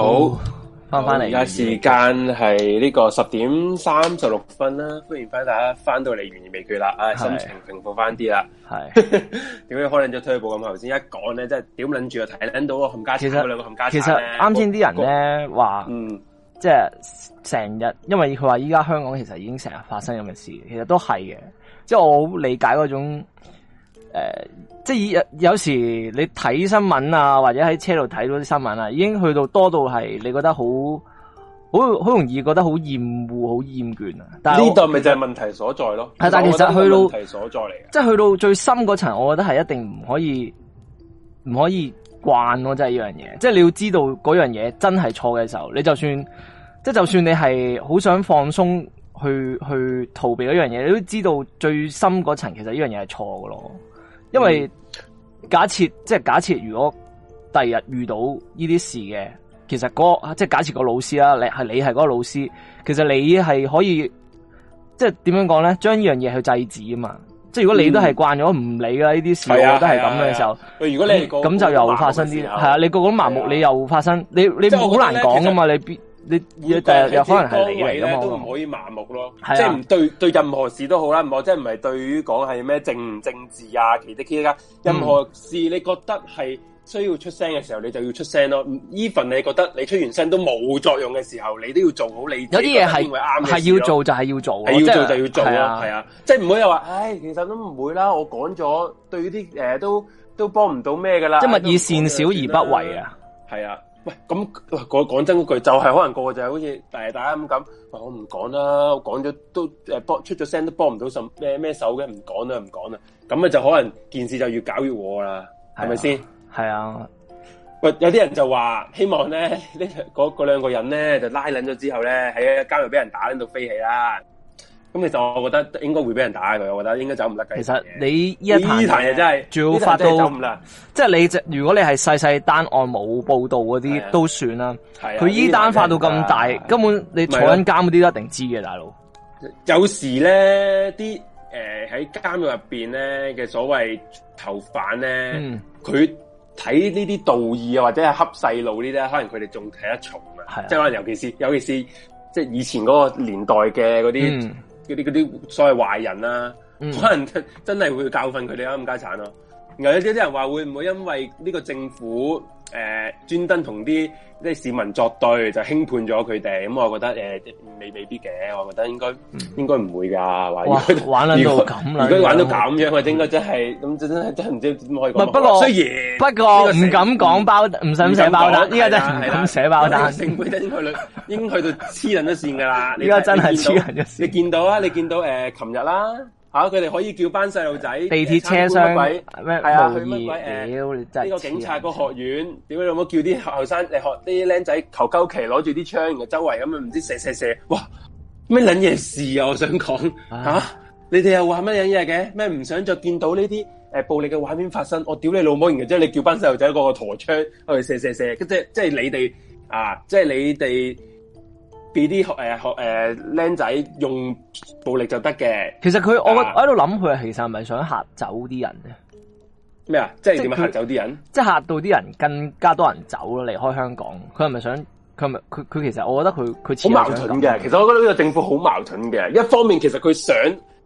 好翻翻嚟，而家時間係呢個十點三十六分啦。歡迎翻大家翻到嚟，懸疑未決啦。啊，心情平復翻啲啦。係點解可能咗退步咁啊？頭先一講咧，真係點捻住個睇，捻到個冚家鏟。其實兩個冚家鏟。其實啱先啲人咧話，嗯，即係成日，因為佢話依家香港其實已經成日發生咁嘅事，其實都係嘅。即係我好理解嗰種。誒、呃，即係有有時你睇新聞啊，或者喺車度睇到啲新聞啊，已經去到多到係你覺得好，好好容易覺得好厭惡、好厭倦啊。但係呢度咪就係問題所在咯。係，但係其實去到問題所在嚟，嘅，即係去到最深嗰層，我覺得係一定唔可以唔可以慣咯。即係呢樣嘢，即係你要知道嗰樣嘢真係錯嘅時候，你就算即係就算你係好想放鬆去去逃避嗰樣嘢，你都知道最深嗰層其實呢樣嘢係錯嘅咯。因為假設即係假設，如果第日遇到呢啲事嘅，其實、嗰個即係假設個老師啦，你係你係嗰個老師，其實你係可以即係點樣講咧？將呢樣嘢去制止啊嘛！即係如果你都係慣咗唔理啦，呢、嗯、啲事我都係咁嘅時候、啊啊，如果你咁、嗯、就又發生啲係啊，啊！你個個都麻木、啊，你又發生你你好難講㗎嘛！你必你要但係有可能係你嘅，咁都唔可以麻木咯。即係，唔對對任何事都好啦，唔我即係唔係對於講係咩政政治啊、其他其他任何事，你覺得係需要出聲嘅時候，你就要出聲咯。Even、嗯、你覺得你出完聲都冇作用嘅時候，你都要做好你自己有。有啲嘢係係要做就係要做，你要，要、就是、要做就要做，係啊，啊，即係唔會又話，唉，其實都唔會啦。我講咗對啲誒、呃、都都幫唔到咩噶啦。即係勿以善小而不為啊。係啊。喂，咁講講真句，就係、是、可能過個個就係好似大大咁咁。喂，我唔講啦，我講咗都誒幫出咗聲都幫唔到什咩咩手嘅，唔講啦，唔講啦。咁啊就可能件事就越搞越惡啦，係咪先？係啊。喂、啊，有啲人就話希望咧，呢嗰嗰兩個人咧就拉捻咗之後咧，喺啊監獄俾人打到飛起啦。咁，其實我覺得應該會俾人打佢，我覺得應該走唔得嘅。其實你依一壇嘢真係最好發到，即係你，如果你係細細單案冇報道嗰啲，啊、都算啦。係啊，佢依單發到咁大，啊，根本你坐緊監嗰啲都一定知嘅，啊，大佬。有時咧，啲誒喺監獄入邊咧嘅所謂囚犯咧，佢睇呢啲道義啊，或者係恰細路啲咧，可能佢哋仲睇得重啊。係，即係可能尤其是尤其是，尤其是即係以前嗰個年代嘅嗰啲。嗯嗰啲嗰啲所謂壞人啦，可能真係會教訓佢哋咁家產咯。然後、嗯、有啲啲人話會唔會因為呢個政府？誒、呃，專登同啲即係市民作對，就輕判咗佢哋。咁、嗯、我覺得誒、呃，未未必嘅。我覺得應該、嗯、應該唔會噶，或者玩到咁啦、嗯，如果玩到咁樣，應該真係咁真真真唔知點可以、嗯。不過雖然不過唔敢講、這個、包，唔使唔使包單。依家就係啦，寫包單。聖杯 已經去到，去到黐人一線噶啦。依家真係黐人一線。你見到啊？你見到誒？琴日啦。吓！佢哋可以叫班細路仔地鐵車廂位咩？係啊，去乜鬼？誒，呢個警察個學院，屌你老母！叫啲後生嚟學啲僆仔，求鳩其攞住啲槍，然後周圍咁樣唔知射射射，哇！咩捻嘢事啊？我想講吓，你哋又話乜捻嘢嘅？咩唔想再見到呢啲誒暴力嘅畫面發生？我屌你老母！然後之後你叫班細路仔個個陀槍去射射射，即係、啊、即係你哋啊！即係你哋。俾啲、呃、學誒學誒僆仔用暴力就得嘅，其實佢我喺度諗佢其實係咪想吓走啲人咧？咩啊？即係點樣吓走啲人？即係吓到啲人更加多人走咯，離開香港。佢係咪想？佢係咪？佢佢其實我覺得佢佢好矛盾嘅。其實我覺得呢個政府好矛盾嘅。一方面其實佢想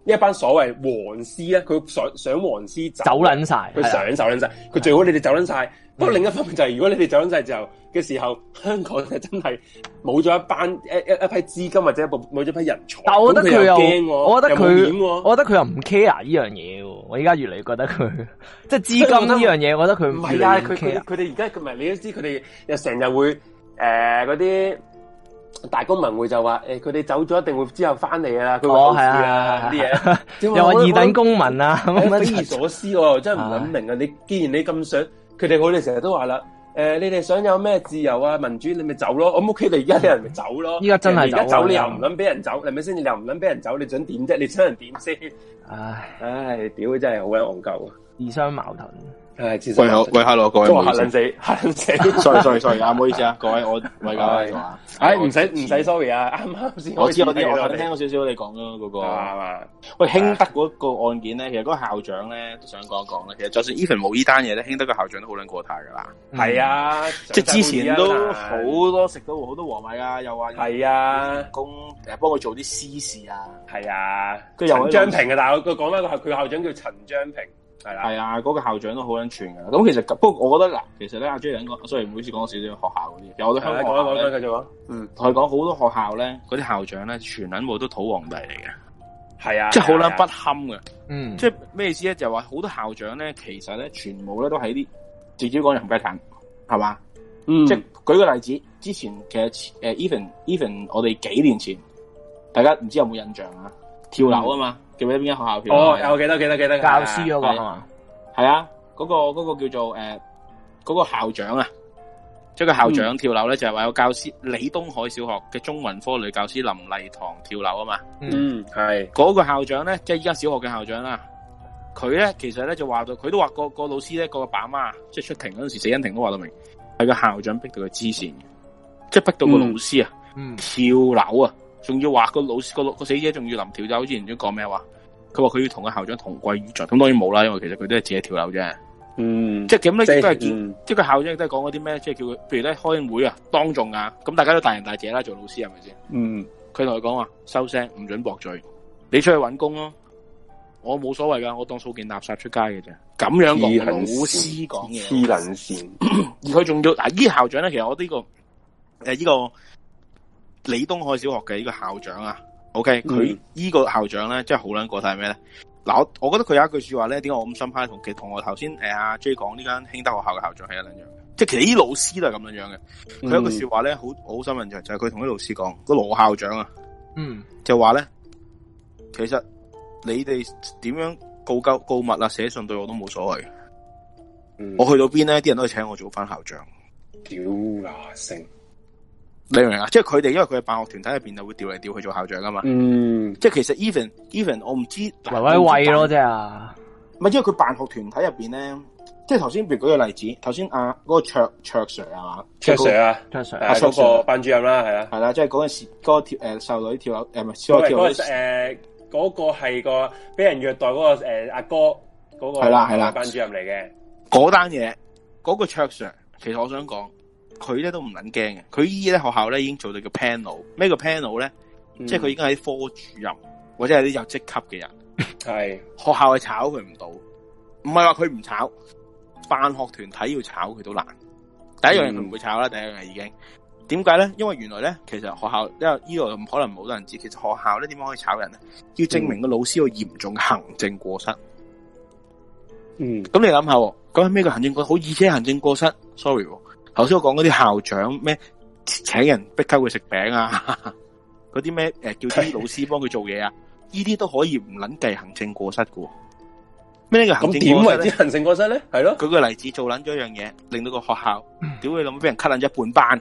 呢一班所謂黃絲咧，佢想想黃絲走走撚晒，佢想走撚晒，佢最好你哋走撚晒。不過另一方面就係、是，如果你哋走咗晒之後嘅時候，香港就真係冇咗一班一一一批資金或者冇冇咗批人才。但我覺得佢又驚我，覺得佢，我覺得佢又唔 care 呢樣嘢。我依家越嚟越覺得佢即係資金呢樣嘢，我覺得佢唔係。但係佢哋而家唔係你都知，佢哋又成日會誒嗰啲大公民會就話誒，佢、欸、哋走咗一定會之後翻嚟噶佢講係啊啲嘢，又話、啊啊啊、二等公民啊，匪夷所思。我真係唔諗明啊，啊！你既然你咁想。佢哋我哋成日都話啦，誒、呃，你哋想有咩自由啊民主，你咪走咯，咁屋企。你而家啲人咪走咯，依、嗯、家真係而家走，走你又唔諗俾人走，係咪先？你又唔諗俾人走，你想點啫？你想人點先？唉唉，屌！真係好鬼戇鳩，自相矛盾。係，各位 o 各位吓，林子，林、哦、子，sorry，sorry，sorry，啱 sorry，唔、啊、好意思啊，啊各位我，米、啊、介，唉，唔使唔使，sorry 啊，啱啱先，我知我知，我，我，我聽咗少，少少你講咯，嗰、啊、個，喂，興德嗰個案件咧，其實嗰個校長咧都想講一講啦，其實就算 even 冇呢單嘢咧，興德個校長都好撚過態噶啦，係、嗯、啊，即係之前都好多食到好多和米啊，又話係啊，公誒幫佢做啲私事啊，係啊，佢陳張平啊，但係佢講翻個校佢校長叫陳張平。係啦，係啊，嗰、啊那個校長都好捻串噶咁其實不過我覺得嗱，其實咧阿 J 講，唔好意思講少少學校嗰啲，由我哋香港咧，繼、啊、續咯。嗯，同佢講好多學校咧，嗰啲校長咧，全捻部都土皇帝嚟嘅。係啊，即係好捻不堪嘅。嗯，即係咩意思咧？就話好多校長咧，其實咧，全部咧都係一啲直接講人鬼談，係嘛？嗯，即係舉個例子，之前其實誒，even even 我哋幾年前，大家唔知有冇印象啊？跳樓啊嘛。嗯記唔記得邊間學校跳？哦，有記得記得記得，記得記得的教師嗰、那個係啊，嗰、啊那個、那個叫做誒，嗰、呃那個校長啊，即係個校長跳樓咧、嗯，就係、是、話有教師李東海小學嘅中文科女教師林麗堂跳樓啊嘛。嗯，係嗰、那個校長咧，即係依家小學嘅校長啦，佢咧其實咧就話到，佢都話個、那個老師咧、那個爸媽即係出庭嗰陣時，死因庭都話到明係、那個校長逼佢黐線，即、就、係、是、逼到那個老師啊、嗯、跳樓啊。仲要話個老師個、那個死者仲要臨跳樓，好似唔知講咩話？佢話佢要同個校長同歸於盡，咁當然冇啦，因為其實佢都係自己跳樓啫。嗯，即係咁咧，亦、嗯、都係、嗯、即係個校長都係講嗰啲咩，即係叫佢，譬如咧開會啊，當眾啊，咁大家都大人大姐啦，做老師係咪先？嗯，佢同佢講話收聲，唔准駁嘴，你出去搵工咯，我冇所謂噶，我當掃件垃圾出街嘅啫。咁樣講，老師講黐撚線，而佢仲要嗱呢、啊、校長咧，其實我呢個誒呢個。呃這個李東海小學嘅呢個校長啊，OK，佢呢個校長咧，真係好捻過晒咩咧？嗱，我我覺得佢有一句說話呢呢、呃 Jay、說話咧，點解我咁深刻同其同我頭先誒阿 J 講呢間興德學校嘅校長係一捻樣，即係其實啲老師都係咁樣樣嘅。佢、嗯、有一句說話咧，好好深印象，就係佢同啲老師講，個羅校長啊，嗯，就話咧，其實你哋點樣告舊告，告密啊，寫信對我都冇所謂，嗯。我去到邊咧，啲人都去請我做翻校長。屌啦、啊、性！你明唔明啊？即係佢哋，因為佢係辦學團體入邊，就會調嚟調去做校長㗎嘛。嗯，即係其實 even even 我唔知維維畏咯，即係，啊。咪，因為佢辦學團體入邊咧，即係頭先，譬如舉個例子，頭先啊嗰、那個卓卓 Sir 啊，卓 Sir 啊，卓 Sir 係、啊、嗰、啊那個班主任啦，係啊，係啦，即係嗰陣時嗰、那個跳誒瘦女跳樓誒咪，係誒嗰個係、呃那個俾人虐待嗰、那個誒阿、呃、哥嗰、那個係啦係啦班主任嚟嘅嗰單嘢嗰個卓 Sir，其實我想講。佢咧都唔撚驚嘅，佢依咧學校咧已經做到個 panel，咩叫 panel 咧？即係佢已經係啲科主任或者係啲有職級嘅人。係學校係炒佢唔到，唔係話佢唔炒，辦學團體要炒佢都難。第一樣唔會炒啦、嗯，第一樣係已經。點解咧？因為原來咧，其實學校因為依度可能冇多人知，其實學校咧點樣可以炒人咧？要證明個老師個嚴重行政過失。嗯，咁你諗下，咁係咩個行政過？好意思行政過失，政過失，sorry、哦。頭先我講嗰啲校長咩，請人逼畀佢食餅啊，嗰啲咩誒叫啲老師幫佢做嘢啊，呢 啲都可以唔捻計行政過失噶。咩呢個行政過失咁點為之行政過失咧？係咯，舉個例子做捻咗一樣嘢，令到個學校點會諗俾人吸引咗一半班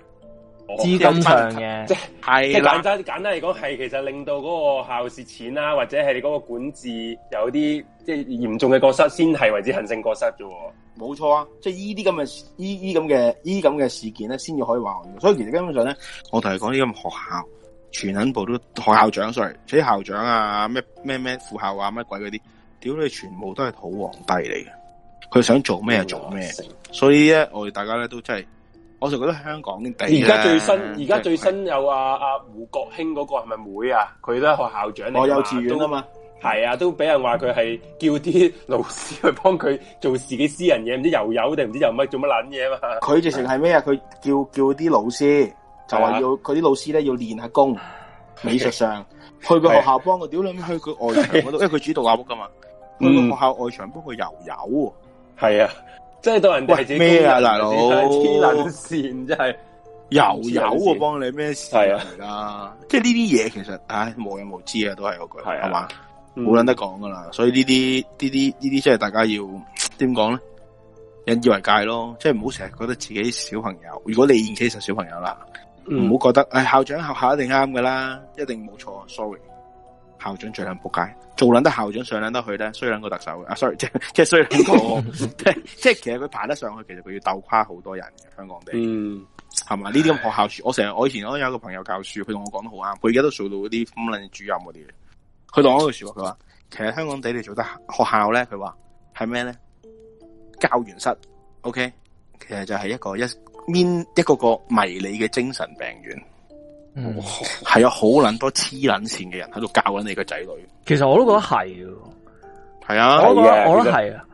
資金長嘅？即係簡單簡單嚟講，係其實令到嗰個校蝕錢啊，或者係你嗰個管治有啲即係嚴重嘅過失，先係為之行政過失啫。冇錯啊，即係呢啲咁嘅呢咁嘅呢咁嘅事件咧，先至可以話。所以其實根本上咧，我同你講呢，咁學校全狠部都學校長衰，啲校長啊咩咩咩副校啊乜鬼嗰啲，屌你全部都係土皇帝嚟嘅，佢想做咩就做咩。所以咧，我哋大家咧都真係，我就覺得香港啲而家最新而家最新有啊，阿胡國興嗰個係咪妹啊？佢都係學校長嚟，幼稚園啊嘛。學係啊，都俾人話佢係叫啲老師去幫佢做自己私人嘢，唔知油油定唔知又乜做乜撚嘢嘛？佢直情係咩啊？佢叫叫啲老師，就話要佢啲、啊、老師咧要練下功， 美術上去個學校幫個屌捻去佢外牆度、啊。因為佢主動畫屋噶嘛，嗯，去學校外牆幫個油油喎。係啊，即係當人哋係指咩啊？嗱老黐捻線真係油油喎幫你咩事嚟、啊啊、即係呢啲嘢其實唉，無有無知啊，都係嗰句係嘛？冇撚得講噶啦，所以呢啲呢啲呢啲，即係大家要點講咧？引以為戒咯，即係唔好成日覺得自己小朋友。如果你現其實小朋友啦，唔、嗯、好覺得誒、哎、校長學校一定啱噶啦，一定冇錯。Sorry，校長最捻仆街，做捻得校長上捻得去咧，衰兩個特首。啊，sorry，即係即係衰兩個，即 係其實佢爬得上去，其實佢要鬥垮好多人嘅香港地，嗯，係嘛？呢啲咁學校，我成日我以前我有一個朋友教書，佢同我講得好啱，佢而家都做到嗰啲咁捻主任嗰啲嘢。佢當嗰句說話，佢話其實香港地你做得學校咧，佢話係咩咧？教員室，OK，其實就係一個一面一個個迷你嘅精神病院，係、嗯、有好捻多黐捻線嘅人喺度教緊你個仔女。其實我都覺得係，係啊，我覺得，我都係啊。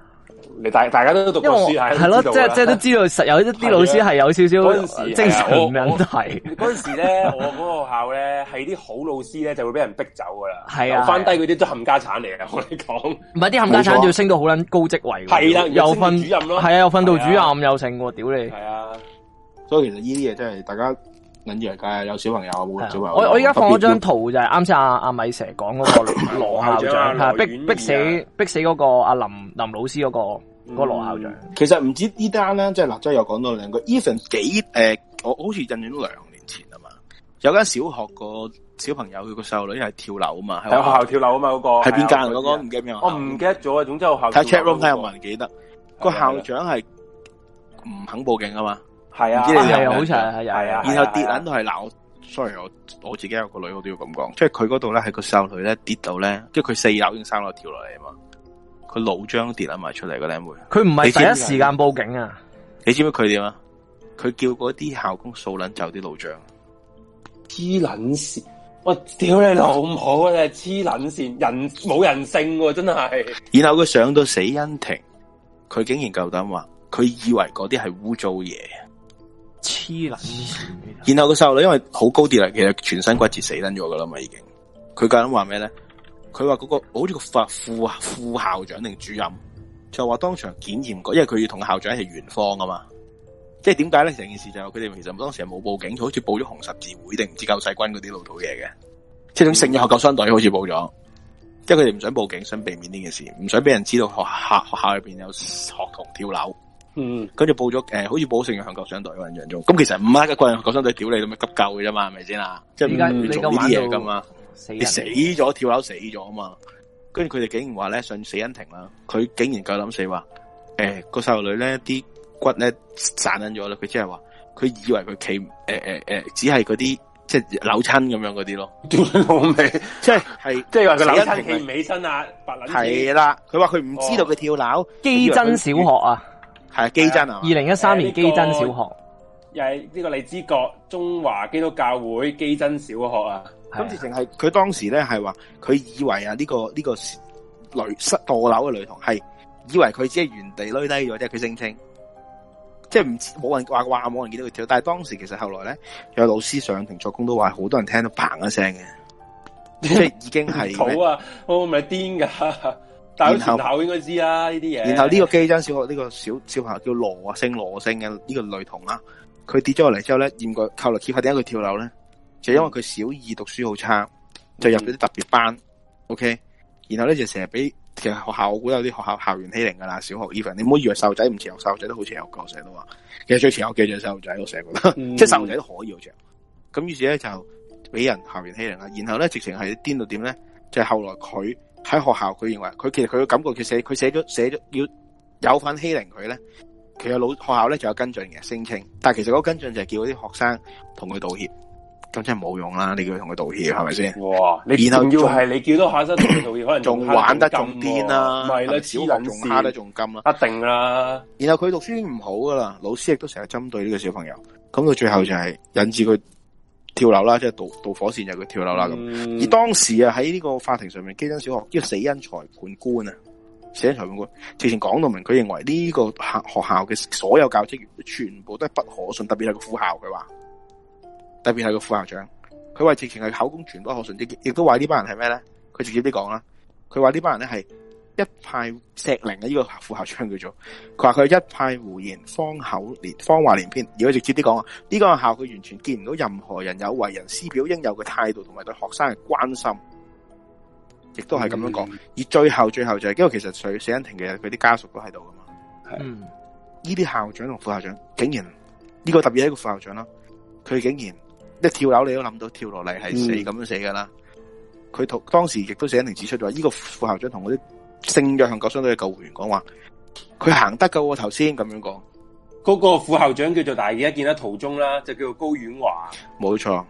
大家，大家都讀過書係係咯，即係都知道，都知道實有啲老師係有少少正常唔樣都係。嗰陣時， 時呢，我嗰個校呢，係啲好老師呢就會俾人逼走㗎喇。係啊，返低嗰啲都冚家產嚟㗎。我你講唔係啲冚家產要升到好撚高職位。係啦，又升到主任咯。係啊，又訓導主任又成喎，屌你！係啊，所以其實呢啲嘢真係大家緊要㗎。有小朋友有小朋友，朋友我而家放咗張圖就係啱先阿阿米蛇講嗰個羅校長係 逼逼，逼死逼死嗰個阿林林老師嗰、嗰個。個羅校長其實唔知呢單呢，即係立州又講到兩個。e h a n 幾誒、呃，我好似印象兩年前啊嘛，有間小學個小朋友佢，那個細路女係跳樓啊嘛，喺學校跳樓啊嘛，嗰，那個係邊間嗰個唔、那個那個那個、記得我唔記得咗。總之我校睇，那個、check room 睇下有冇人記得，那個那個校長係唔肯報警啊嘛，係啊，又係啊，啊，啊，啊，然後跌撚、啊啊啊啊、都係鬧、啊，sorry 我我自己有個女，我都要咁講，即係佢嗰度咧係個細路女咧跌到咧，即係佢四樓已經生落跳落嚟啊嘛。佢老張跌捻埋出嚟個靚妹，佢唔係第一時間報警啊！你知唔知佢點啊？佢叫嗰啲校工掃捻走啲老張，黐捻線！我屌你老母啊！黐捻線，人冇人性真係。然後佢上到死因庭，佢竟然夠膽話，佢以為嗰啲係污糟嘢，黐捻線。然後個細路女因為好高跌嚟，其實全身骨折死捻咗噶啦嘛，已經。佢夠膽話咩咧？佢話嗰個好似個副副,副校長定主任就話當場檢驗過，因為佢要同校長一係元方噶嘛。即係點解咧？成件事就佢、是、哋其實當時係冇報警，佢好似報咗紅十字會定唔知救世軍嗰啲老土嘢嘅，即係種聖約翰救傷隊好似報咗，即係佢哋唔想報警，想避免呢件事，唔想俾人知道學校學校入邊有學童跳樓。嗯，佢就報咗誒、呃，好似報聖約翰救傷隊咁印象中。咁其實唔係個救傷隊屌你咁樣急救嘅啫嘛，係咪先啊？即係而家你做呢啲嘢噶嘛？死你死咗跳樓死咗啊嘛，跟住佢哋竟然話咧上死恩庭啦，佢竟然夠諗死話，誒個細路女咧啲骨咧散緊咗啦，佢即係話佢以為佢企誒誒誒，只係嗰啲即係扭親咁樣嗰啲咯。我 明 即係即係話佢扭親企唔起身啊，白諗。係啦，佢話佢唔知道佢跳樓，哦。基真小學啊，係基真啊，二零一三年基真小學，哎這個、又係呢個荔枝角中華基督教會基真小學啊。咁直情係佢當時咧係話，佢以為啊、這、呢個呢、這個女失墮樓嘅女童係以為佢只係原地攏低咗，即係佢聲稱，即係唔冇人話話冇人見到佢跳。但係當時其實後來咧有老師上庭作供都話，好多人聽到砰一聲嘅，即係已經係。 好啊，我咪癲噶，但係佢學校應該知啦呢啲嘢。然後呢個基恩小學呢、這個小小朋友叫羅啊，姓羅姓嘅呢個女童啦，佢跌咗落嚟之後咧，驗過靠落鐵塊點解佢跳樓咧？就是，因為佢小二讀書好差，就入咗啲特別班、嗯、，OK。然後咧就成日俾其實學校，我估有啲學校校園欺凌噶啦。小學 even 你唔好以為細路仔唔邪，細路仔都好邪有學生咯。其實最邪有嘅就係細路仔，我成日覺得、嗯、即係細路仔都可以好似咁。於是咧就俾人校園欺凌啦。然後咧直情係癲到點咧？就是，後來佢喺學校，佢認為佢其實佢嘅感覺寫，佢寫佢寫咗寫咗要有份欺凌佢咧，其實老學校咧就有跟進嘅聲稱，但係其實嗰跟進就係叫啲學生同佢道歉。咁真係冇用啦！你叫佢同佢道歉，係咪先？哇！然後要係你叫多下身道歉， 可能仲、啊、玩得仲癲、啊、啦，係啦，只能仲下得仲金啦、啊，一定啦。然後佢讀書唔好噶啦，老師亦都成日針對呢個小朋友。咁到最後就係引致佢跳樓啦，即係導導火線就佢跳樓啦咁。而當時啊，喺呢個法庭上面，基登小學叫、這個、死因裁判官啊，死因裁判官之前講到明，佢認為呢個學學校嘅所有教職員全部都係不可信，特別係個副校佢話。特別係個副校長，佢話直情係口供全部可信，亦亦都話呢班人係咩咧？佢直接啲講啦，佢話呢班人咧係一派石靈嘅，呢個副校長叫做，佢話佢一派胡言，方口連謊話連篇。如果直接啲講啊，呢、這個校佢完全見唔到任何人有為人師表應有嘅態度，同埋對學生嘅關心，亦都係咁樣講。嗯、而最後最後就係，因爲其實徐死因庭嘅，佢啲家屬都喺度噶嘛，係，呢啲校長同副校長竟然呢、這個特別係一個副校長啦，佢竟然。一跳樓你都諗到跳落嚟係死咁、嗯、樣死噶啦！佢同當時亦都寫明指出咗，呢、這個副校長同嗰啲聖約翰救傷隊嘅救護員講話，佢行得噶。頭先咁樣講，嗰、那個副校長叫做大家見到途中啦，就叫做高婉華。冇錯，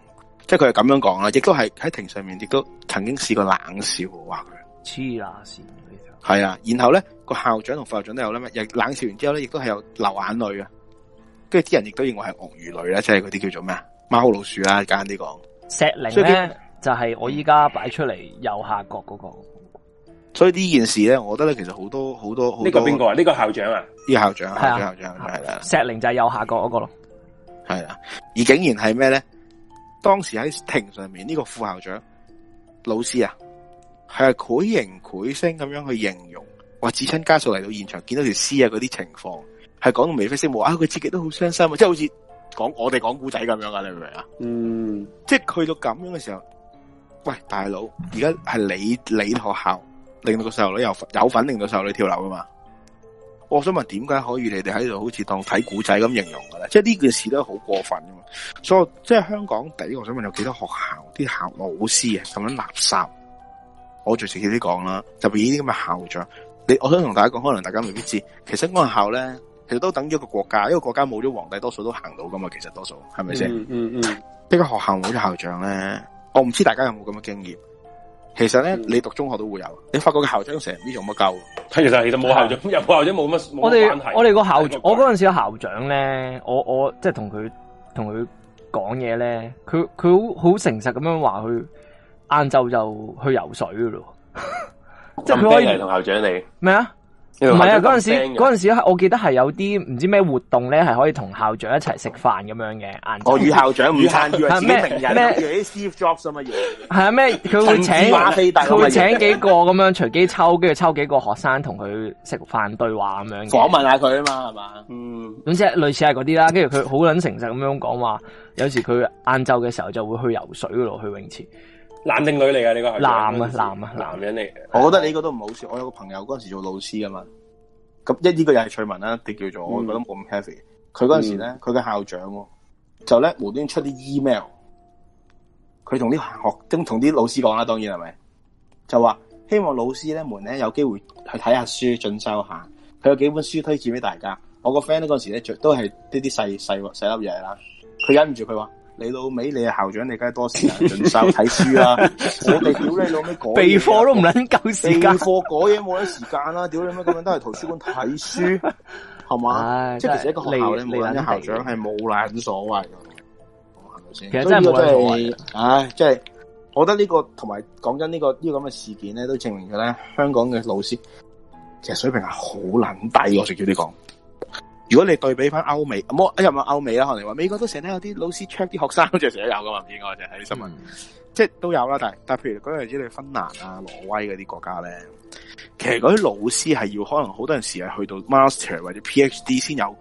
即係佢係咁樣講啦，亦都係喺庭上面亦都曾經試過冷笑話佢。黐孖線，呢係啊！然後咧，個校長同副校長都有咧又冷笑完之後咧，亦都係有流眼淚啊！跟住啲人亦都認為係鱷魚淚啦，即係嗰啲叫做咩啊？貓老鼠啊，簡單啲講，石靈咧就係、是、我依家擺出嚟右下角嗰、那個、嗯。所以呢件事咧，我覺得咧，其實好多好多，呢、這個邊個啊？呢、這個校長啊？呢、這個、校長啊？校長係啦、啊啊。石靈就係右下角嗰、那個咯。係啦、啊，而竟然係咩咧？當時喺庭上面呢、這個副校長老師啊，係鬼形鬼聲咁樣去形容，話自親家屬嚟到現場見到條屍啊，嗰啲情況係講到眉飛色舞啊，佢自己都好傷心，即係好似。講我哋講古仔咁樣噶，你明唔明啊？嗯，即係去到咁樣嘅時候，喂，大佬，而家係你你學校令到個細路女有有份令到細路女跳樓啊嘛？我想問點解可以你哋喺度好似當睇古仔咁形容㗎咧？即係呢件事都好過分噶嘛？所以即係香港第一，我想問有幾多學校啲校老師啊咁樣垃圾？我直接啲講啦，就別呢啲咁嘅校長，你我想同大家講，可能大家未必知，其實嗰個校咧。其實都等於一個國家，一個國家冇咗皇帝，多數都行到噶嘛。其實多數係咪先？嗯嗯呢個、嗯、學校冇咗校長咧，我唔知大家有冇咁嘅經驗。其實咧、嗯，你讀中學都會有，你發覺個校長成日唔知做乜鳩。睇其實其實冇校長， 又有冇校長冇乜冇我哋我哋個校我嗰陣時個校長咧，我我即係同佢同佢講嘢咧，佢佢好好誠實咁樣話佢晏晝就去游水噶咯。即係佢可以同校長你咩啊？唔係啊，嗰陣時陣時我記得係有啲唔知咩活動咧，係可以同校長一齊食飯咁樣嘅。哦，與校長午餐，與咩咩，與 Steve Jobs 嘢？係啊，咩？佢會請佢會 請幾個咁樣隨機抽，跟住抽幾個學生同佢食飯對話咁樣的。訪問下佢啊嘛，係嘛？嗯，總之類似係嗰啲啦。跟住佢好捻誠實咁樣講話，有時佢晏晝嘅時候就會去游水度，去泳池。男定女嚟噶？呢個男啊，男啊，男人嚟嘅。我覺得你個都唔好笑。我有個朋友嗰陣時做老師㗎嘛，咁一呢個又係趣聞啦，叫叫做我覺得冇咁 heavy。佢嗰陣時咧，佢、嗯、嘅校長就咧無端出啲 email，佢同啲學生同啲老師講啦，當然係咪就話希望老師咧門咧有機會去睇下書進修下。佢有幾本書推薦俾大家。我個 friend 嗰陣時咧都係呢啲細細細粒嘢啦。佢忍唔住佢話。你老味，你係校長，你梗係多時間進修睇書啦、啊。我哋屌你老尾，備課都唔捻夠時間，課改嘢冇得時間啦、啊。屌你乜咁樣都係圖書館睇書，係 嘛、啊？即係其實一個學校、啊、你冇捻嘅校長係冇捻所謂嘅，其實真係唉，即、啊、係、啊啊就是、我覺得呢、這個同埋講真呢、這個呢啲咁嘅事件咧，都證明咗咧，香港嘅老師其實水平係好撚低，我直接啲講。如果你對比翻歐美，咁我入歐美啦，可能你話美國都成日有啲老師 check 啲學生，好似成日都有噶嘛？應該就喺新聞，即係都有啦。但係但譬如嗰陣時你芬蘭啊、挪威嗰啲國家咧，其實嗰啲老師係要可能好多陣時係去到 master 或者 PhD 先有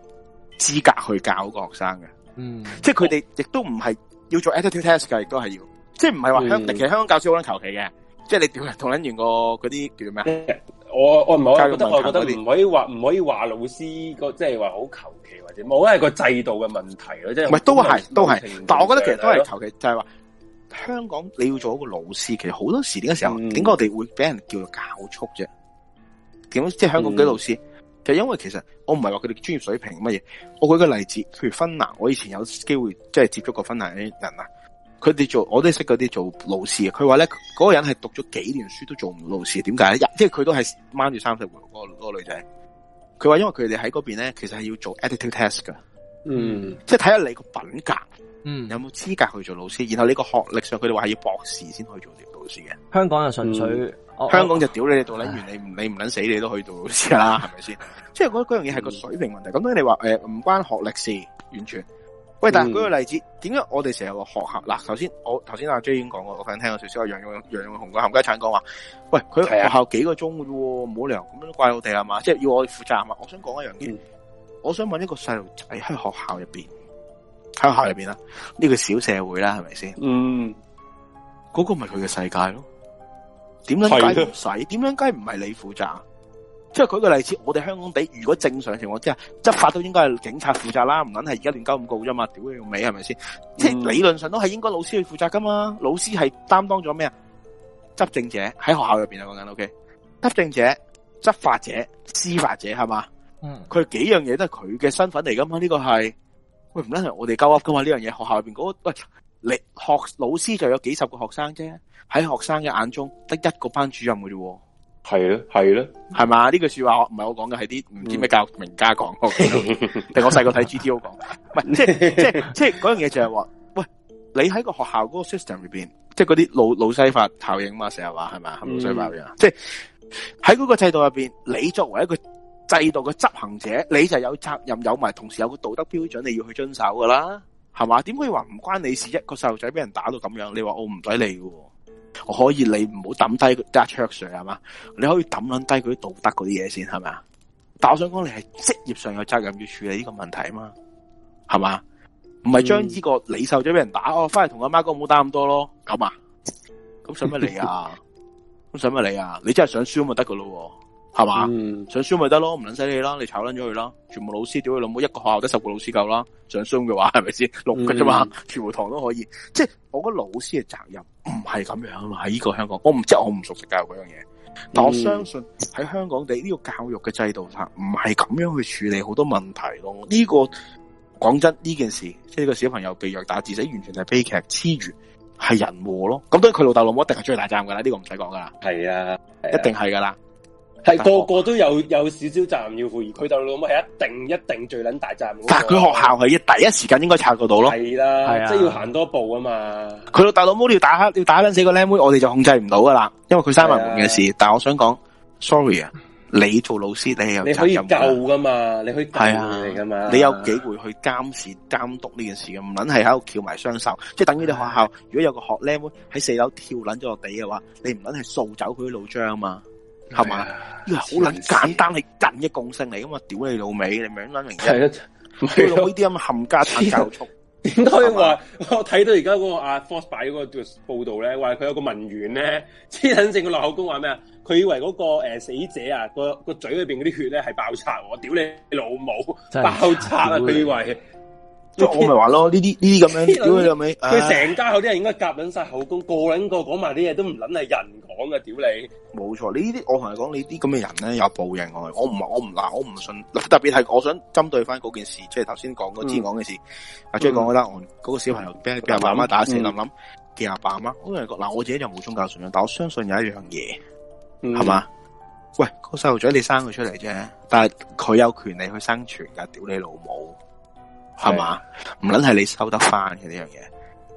資格去教嗰個學生嘅。嗯，即係佢哋亦都唔係要做 attitude test 㗎，亦都係要，即係唔係話香、嗯。其實香港教師好撚求其嘅。即係你屌啊，同人完個嗰啲叫做咩啊？我我唔係我覺得我覺得唔可以話，唔可以話老師個即係話好求其或者，冇係個制度嘅問題咯，即係唔係都係都係，但我覺得其實都係求其，就係、是、話香港你要做一個老師，其實好多時點嘅時候，點、嗯、解我哋會俾人叫做教促啫，點即係香港嘅老師，嗯、其實因為其實我唔係話佢哋專業水平乜嘢，我舉個例子，譬如芬蘭，我以前有機會即係、就是、接觸過芬蘭啲人啊。佢哋做，我都識嗰啲做老師。佢話咧，嗰、嗰個人係讀咗幾年書都做唔到老師，點解咧？即係佢都係掹住三十回。嗰個個女仔，佢話因為佢哋喺嗰邊咧，其實係要做 editor test 噶，嗯，即係睇下你個品格，嗯，有冇資格去做老師。然後你個學歷上，佢哋話係要博士先可以做呢個老師嘅。香港就純粹、嗯哦，香港就屌你哋到你，捻員，你唔你唔捻死你都可以做老師啦，係咪先？即係嗰樣樣嘢係個水平問題。咁所以你話誒，唔、呃、關學歷事，完全。喂，但係舉個例子，點、嗯、解我哋成日話學校嗱？頭、啊、先我頭先阿 J 已經講過，我想聽少少阿楊楊楊紅嘅冚家鏟講話。喂，佢喺學校幾個鐘嘅啫，唔好、啊、理由咁樣都怪我哋係嘛？即、就、係、是、要我哋負責嘛？我想講一樣嘢，嗯、我想問一個細路仔喺學校入邊，學校入邊啦，呢、嗯、個小社會啦，係咪先？嗯，嗰個咪佢嘅世界咯。點樣解唔使？點樣解唔係你負責？即係舉個例子，我哋香港地如果正常嘅情況之下，執法都應該係警察負責啦，唔捻係而家亂交咁告啫嘛，屌你用尾係咪先？是是嗯、即係理論上都係應該老師去負責噶嘛，老師係擔當咗咩啊？執政者喺學校入邊啊講緊，O K，執政者、執法者、司法者係嘛？嗯，佢幾樣嘢都係佢嘅身份嚟噶嘛？呢、這個係喂唔捻係我哋交噏噶嘛？呢樣嘢學校入邊嗰個喂，你學老師就有幾十個學生啫，喺學生嘅眼中得一個班主任嘅啫。係咧，係咧，係嘛？呢句說話我唔係我講嘅，係啲唔知咩教育名家講，定、嗯、我細個睇 G T O 講。唔係，即係，即係，即係嗰樣嘢就係、是、話，喂，你喺個學校嗰個 system 裏邊， 即係嗰啲老老西法效應嘛，成日話係嘛，老西法效嘅、嗯，即係喺嗰個制度入邊，你作為一個制度嘅執行者，你就有責任有埋，同時有個道德標準你要去遵守噶啦，係嘛？點可以話唔關你事？一個細路仔俾人打到咁樣，你話我唔使理嘅？我可以你唔好抌低佢，打桌 Sir 係嘛？你可以抌捻低佢啲道德嗰啲嘢，先係嘛？但我想講，你係職業上有責任要處理呢個問題啊嘛，係嘛？唔係將呢個你受咗俾人打，嗯、哦，翻嚟，同阿媽講唔好打咁多咯，咁啊？咁想乜你啊？咁想乜你啊？你真係想輸，咁咪得噶咯？係嘛、嗯？想書咪得咯，唔捻犀你啦，你炒捻咗佢啦，全部老師屌佢老母，一個學校得十個老師夠啦。想書嘅話係咪先六嘅啫嘛？全部堂都可以，即係我覺得老師嘅責任唔係咁樣啊嘛。喺呢個香港，我唔知，我唔熟悉教育嗰樣嘢，但我相信喺香港地，呢、這個教育嘅制度吓，唔係咁樣去處理好多問題咯。呢、這個講真呢件事，即係個小朋友被虐打致死完全係悲劇，之餘係人禍咯。咁當然佢老豆老母一定係意大賺噶啦，呢、這個唔使講噶啦，係啊，啊，一定係噶啦。係個個都有有少少責任要負，而佢老豆老母係一定一定最捻大責任、那個。但係佢學校係第一時間應該察覺到咯。係啦，即係要行多步啊嘛。佢老豆老母要打黑，要打捻死個靚妹，我哋就控制唔到噶啦。因為佢閂埋門嘅事。但係我想講，sorry 啊，你做老師，你又你可以救噶嘛？你可以係啊嘛？你有機會去監視、監督呢件事嘅，唔捻係喺度翹埋雙手，即係等於你學校，如果有個學靚妹喺四樓跳捻咗落地嘅話，你唔捻係掃走佢啲老張啊嘛？係嘛？好捻、啊、簡單係近一共性嚟，咁啊！屌你老味，你明唔明？明唔明？係啊，呢啲咁嘅冚家鏟教束。點解話我睇到而家嗰個阿、啊、Fox 嗰個報道咧，話佢有一個文員咧，痴捻性嘅落口供話咩啊？佢以為嗰、那個誒、呃、死者啊，個個嘴裏邊嗰啲血咧係爆炸，我屌你老母爆炸啊！佢以為。我咪話咯，呢啲呢啲咁樣，屌你老味！佢成家口啲人應該夾緊晒口供，啊、個撚個講埋啲嘢都唔撚係人講嘅，屌你！冇錯，呢啲我同你講，呢啲咁嘅人咧有報應，我我唔嗱，我唔信。特別係我想針對翻嗰件事，即係頭先講嗰之前講嘅事。阿 Jie 講得，嗰、就是那個小朋友俾阿爸阿媽打死諗諗見阿爸阿媽，我嗱，我自己就冇宗教信仰，但我相信有一樣嘢，係、嗯、嘛？喂，個細路仔你生佢出嚟啫，但係佢有權利去生存噶，屌你老母！係嘛？唔撚係你收得翻嘅，呢樣嘢，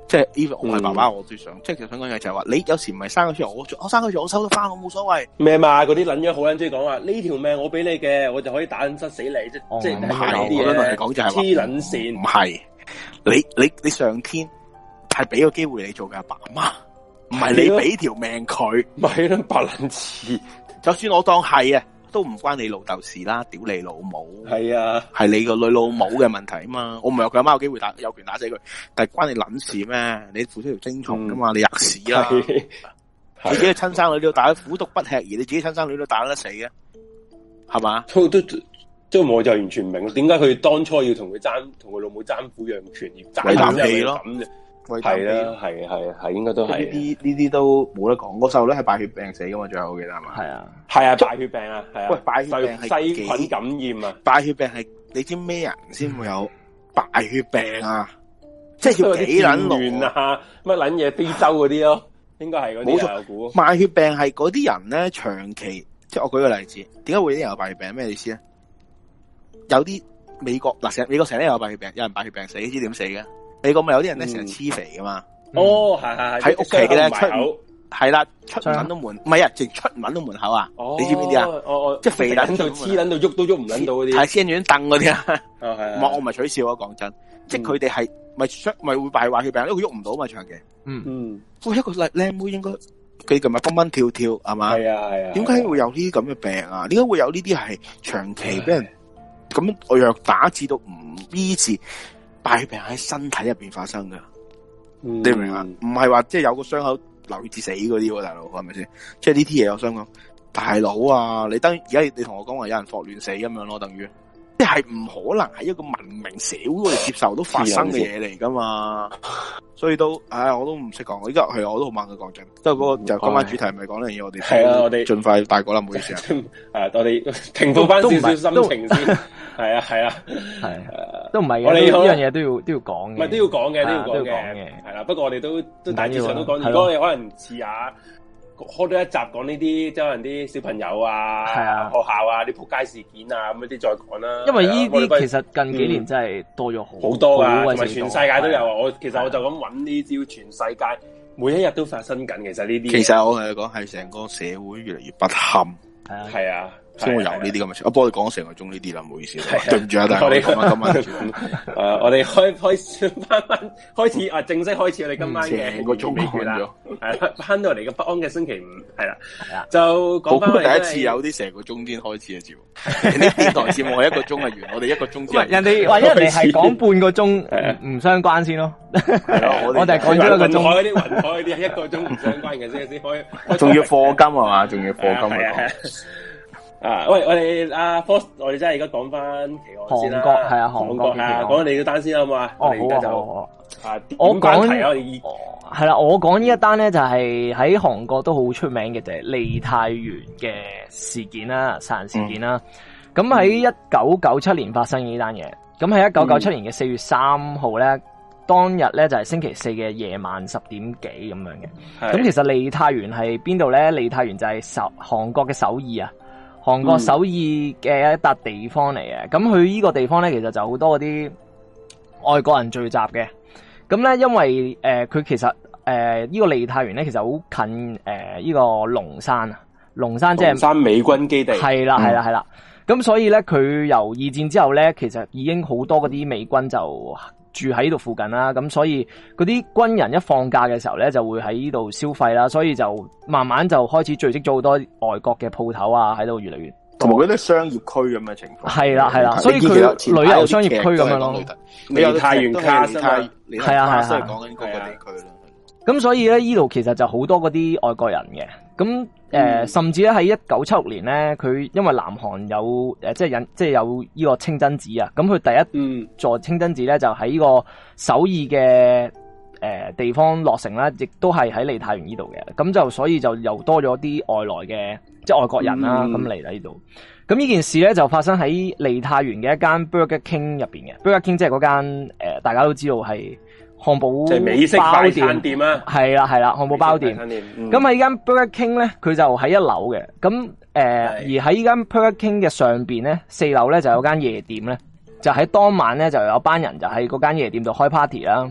即係，因為我係爸爸，嗯、我最想，即係其實想講嘅就係、是、話，你有時唔係生個錯，我我生個錯，我收得翻，我冇所謂。咩嘛？嗰啲撚樣好人中意講話呢條命我俾你嘅，我就可以打人失死你啫，即係啲嘢。黐撚線！唔係，你你你上天係俾個機會你做嘅阿爸阿媽，唔係你俾條命佢，咪啦白撚次。就算我當係啊。都唔關你老豆事啦，屌你老母！係啊，係你個女老母嘅問題啊嘛，我唔係話佢阿媽，有機會打，有權打死佢，但係關你諗事咩？你付出條精蟲噶嘛，你吔屎啦！你自己親生女都打，虎、啊、毒不食兒，你自己親生女都打得死嘅，係嘛？都即係我就完全唔明白，點解佢當初要同佢爭，同佢老母爭撫養權，而爭啖氣，就是，咯。係啦，係啊，係啊，係應該都係呢啲，呢啲都冇得講。個細路咧係白血病死噶嘛，最後我記得，係嘛？係啊，係啊，敗血病啊，係啊。喂，敗血病係細菌感染啊！白血病係你知咩人先會有白血病啊？嗯、即係要幾捻亂啊？乜捻嘢？非洲嗰啲咯，應該係嗰啲啊？我估，白、 啊、血病係嗰啲人咧長期，即係我舉個例子，點解會啲人有白血病？咩意思啊？有啲美國嗱成日美國成日都有白血病，有人白血病死，知點死嘅？你講咪有啲人咧成日黐肥噶嘛、嗯？哦，係係係喺屋企嘅咧出口係啦，出唔到門唔係啊，直、哦、出唔到門口啊？哦，你知唔知啲啊？哦哦，即係肥卵到黐卵到喐都喐唔卵到嗰啲，係先軟凳嗰啲啊？我唔係、 哦嗯、取笑啊，講真、嗯，即係佢哋係咪出咪會壞血病？因為佢喐唔到嘛，長期。嗯嗯，喂、哦，一個靚妹應該佢今日蹦蹦跳跳係嘛？係啊，係啊，點解、啊啊、會有呢啲咁嘅病啊？點解會有呢啲係長期俾人咁我若打字都唔醫治？敗血病喺身體入邊發生噶，你明嘛？唔係話即係有個傷口流血至死嗰啲，大佬係咪先？即係呢啲嘢，我想講，大佬啊，你等而家你同我講話有人霍亂死咁樣咯，等於。即係唔可能係一個文明社會嚟接受都發生嘅嘢嚟噶嘛？所以都，唉，我都唔識講。我依家係我都好猛嘅講緊，即係嗰個就今晚主題咪講呢樣嘢。我哋係啊，我哋盡快大個啦，唔好意思啊。誒，我哋平復翻少少心情先。係啊，係啊，係，都唔係嘅。呢呢樣嘢都要都要講嘅，唔係都要講嘅，都要講嘅。係啦，不過我哋都都大致上都講，如果你可能試下。開多一集講呢啲，即係可能啲小朋友啊，啊，學校啊，啲撲街事件啊咁啲再講啦。因為呢啲其實近幾年真係多咗好、嗯、多噶同埋全世界都有。啊、我其實我就咁搵呢招，全世界每一日都發生緊。其實呢啲，其實我係講係成個社會越嚟越不堪，係啊。先會有呢啲咁嘅事，我幫你哋講成個鐘呢啲啦，唔好意思，對唔住啊，大我哋今晚誒、 呃，我哋開開，開，開，開始開始啊，正式開始我哋今晚成個鐘未完咗，係翻到嚟嘅不安嘅星期五，係啦，係啦，就講翻第一次有啲成個鐘先開始嘅節目，呢啲台節目係一個鐘嘅完，我哋一個鐘。唔 人哋，話、呃、因為你係講半個鐘唔相關先咯，我哋講咗一個鐘。我啲雲台嗰啲，一個鐘唔相關嘅先先開，仲要課金係嘛，仲要課金。啊！喂，我哋阿 Fox，我哋真係而家講翻奇案先啦，係啊，韓國啊，講、啊啊啊啊啊、你哋嘅單先好唔、哦、好啊？好啊好啊好啊啊說我而家就啊，我講係啦，我講呢一單咧，就係喺韓國都好出名嘅，就係、是、梨泰院嘅事件啦，殺人事件啦。咁喺一九九七年發生嘅呢單嘢，咁喺一九九七年嘅四月三號咧，當日咧就係、是、星期四嘅夜晚十點幾咁樣嘅。咁其實梨泰院係邊度咧？梨泰院就係首韓國嘅首爾啊。韓國首爾嘅一笪地方嚟嘅，咁佢呢個地方咧，其實就好多嗰啲外國人聚集嘅，咁咧因為誒，佢、呃、其實誒呢、呃這個梨泰院咧，其實好近誒呢、呃這個龍山啊，龍山即、就、係、是。龍山美軍基地。係啦係啦係啦，咁、嗯、所以咧，佢由二戰之後咧，其實已經好多嗰啲美軍就。住喺呢度附近啦，咁所以嗰啲軍人一放假嘅時候咧，就會喺呢度消費啦，所以就慢慢就開始聚積咗好多外國嘅鋪頭啊，喺度越嚟越，同埋嗰啲商業區咁嘅情況。係啦係啦，所以佢旅遊商業區咁樣咯。你又太原卡？太原，係啊係啊，所以講緊各個地區啦。咁所以咧呢度其實就好多嗰啲外國人嘅。咁誒、呃，甚至咧喺一九七六年咧，佢因為南韓有誒、呃，即係引，即係有呢個清真寺啊。咁佢第一座清真寺咧、嗯、就喺呢個首爾嘅誒地方落成啦，亦都係喺梨泰院呢度嘅。咁就所以就又多咗啲外來嘅即係外國人啦、啊，咁嚟呢度。咁呢件事咧就發生喺梨泰院嘅一間 Burger King 入邊嘅。Burger King 即係嗰間誒，大家都知道係。漢堡即係美式快餐店啦，係啦係啦，漢堡包店。就是、快餐店咁喺依間 Burger King 呢，咧，佢就喺一樓嘅。咁、呃、誒，而喺依間 Burger King 嘅上邊咧，四樓咧就有間夜店咧，就喺當晚咧就有班人就喺嗰間夜店度開 party 啦。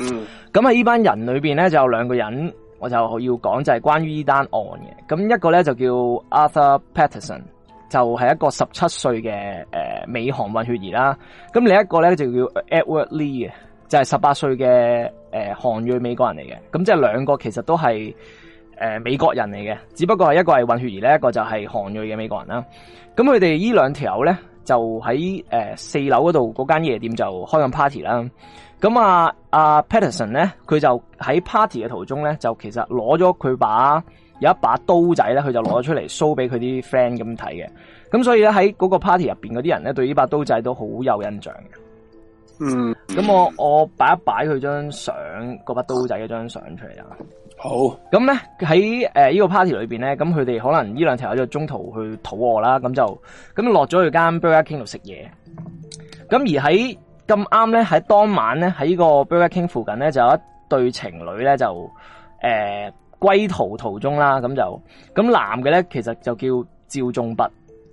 嗯，咁喺呢班人裏邊咧就有兩個人，我就要講就係關於呢單案嘅。咁一個咧就叫 Arthur Patterson，就係一個十七歲嘅誒美韓混血兒啦。咁另一個咧就叫 Edward Lee 嘅。就係十八歲嘅誒韓裔美國人嚟嘅，咁即係兩個其實都係誒、呃、美國人嚟嘅，只不過係一個係混血兒咧，一個就係韓裔嘅美國人啦。咁佢哋呢兩條友咧就喺誒四樓嗰度嗰間夜店就開緊 party 啦。咁啊阿 Patterson 咧，佢、啊、就喺 party 嘅途中咧，就其實攞咗佢把有一把刀仔咧，佢就攞咗出嚟 show 俾佢啲 friend 咁睇嘅。咁所以咧喺嗰個 party 入邊嗰啲人咧，對呢把刀仔都好有印象嘅。嗯，咁我我擺一擺佢張相，嗰把刀仔嘅張相出嚟啦。好，咁咧喺誒呢個 party 裏邊咧，咁佢哋可能呢兩條友就中途去肚餓啦，咁就咁落咗去間 Burger King 度食嘢。咁而喺咁啱咧，喺當晚咧喺呢個 Burger King 附近咧，就有一對情侶咧就誒歸途途中啦，咁就咁男嘅咧其實就叫趙仲拔，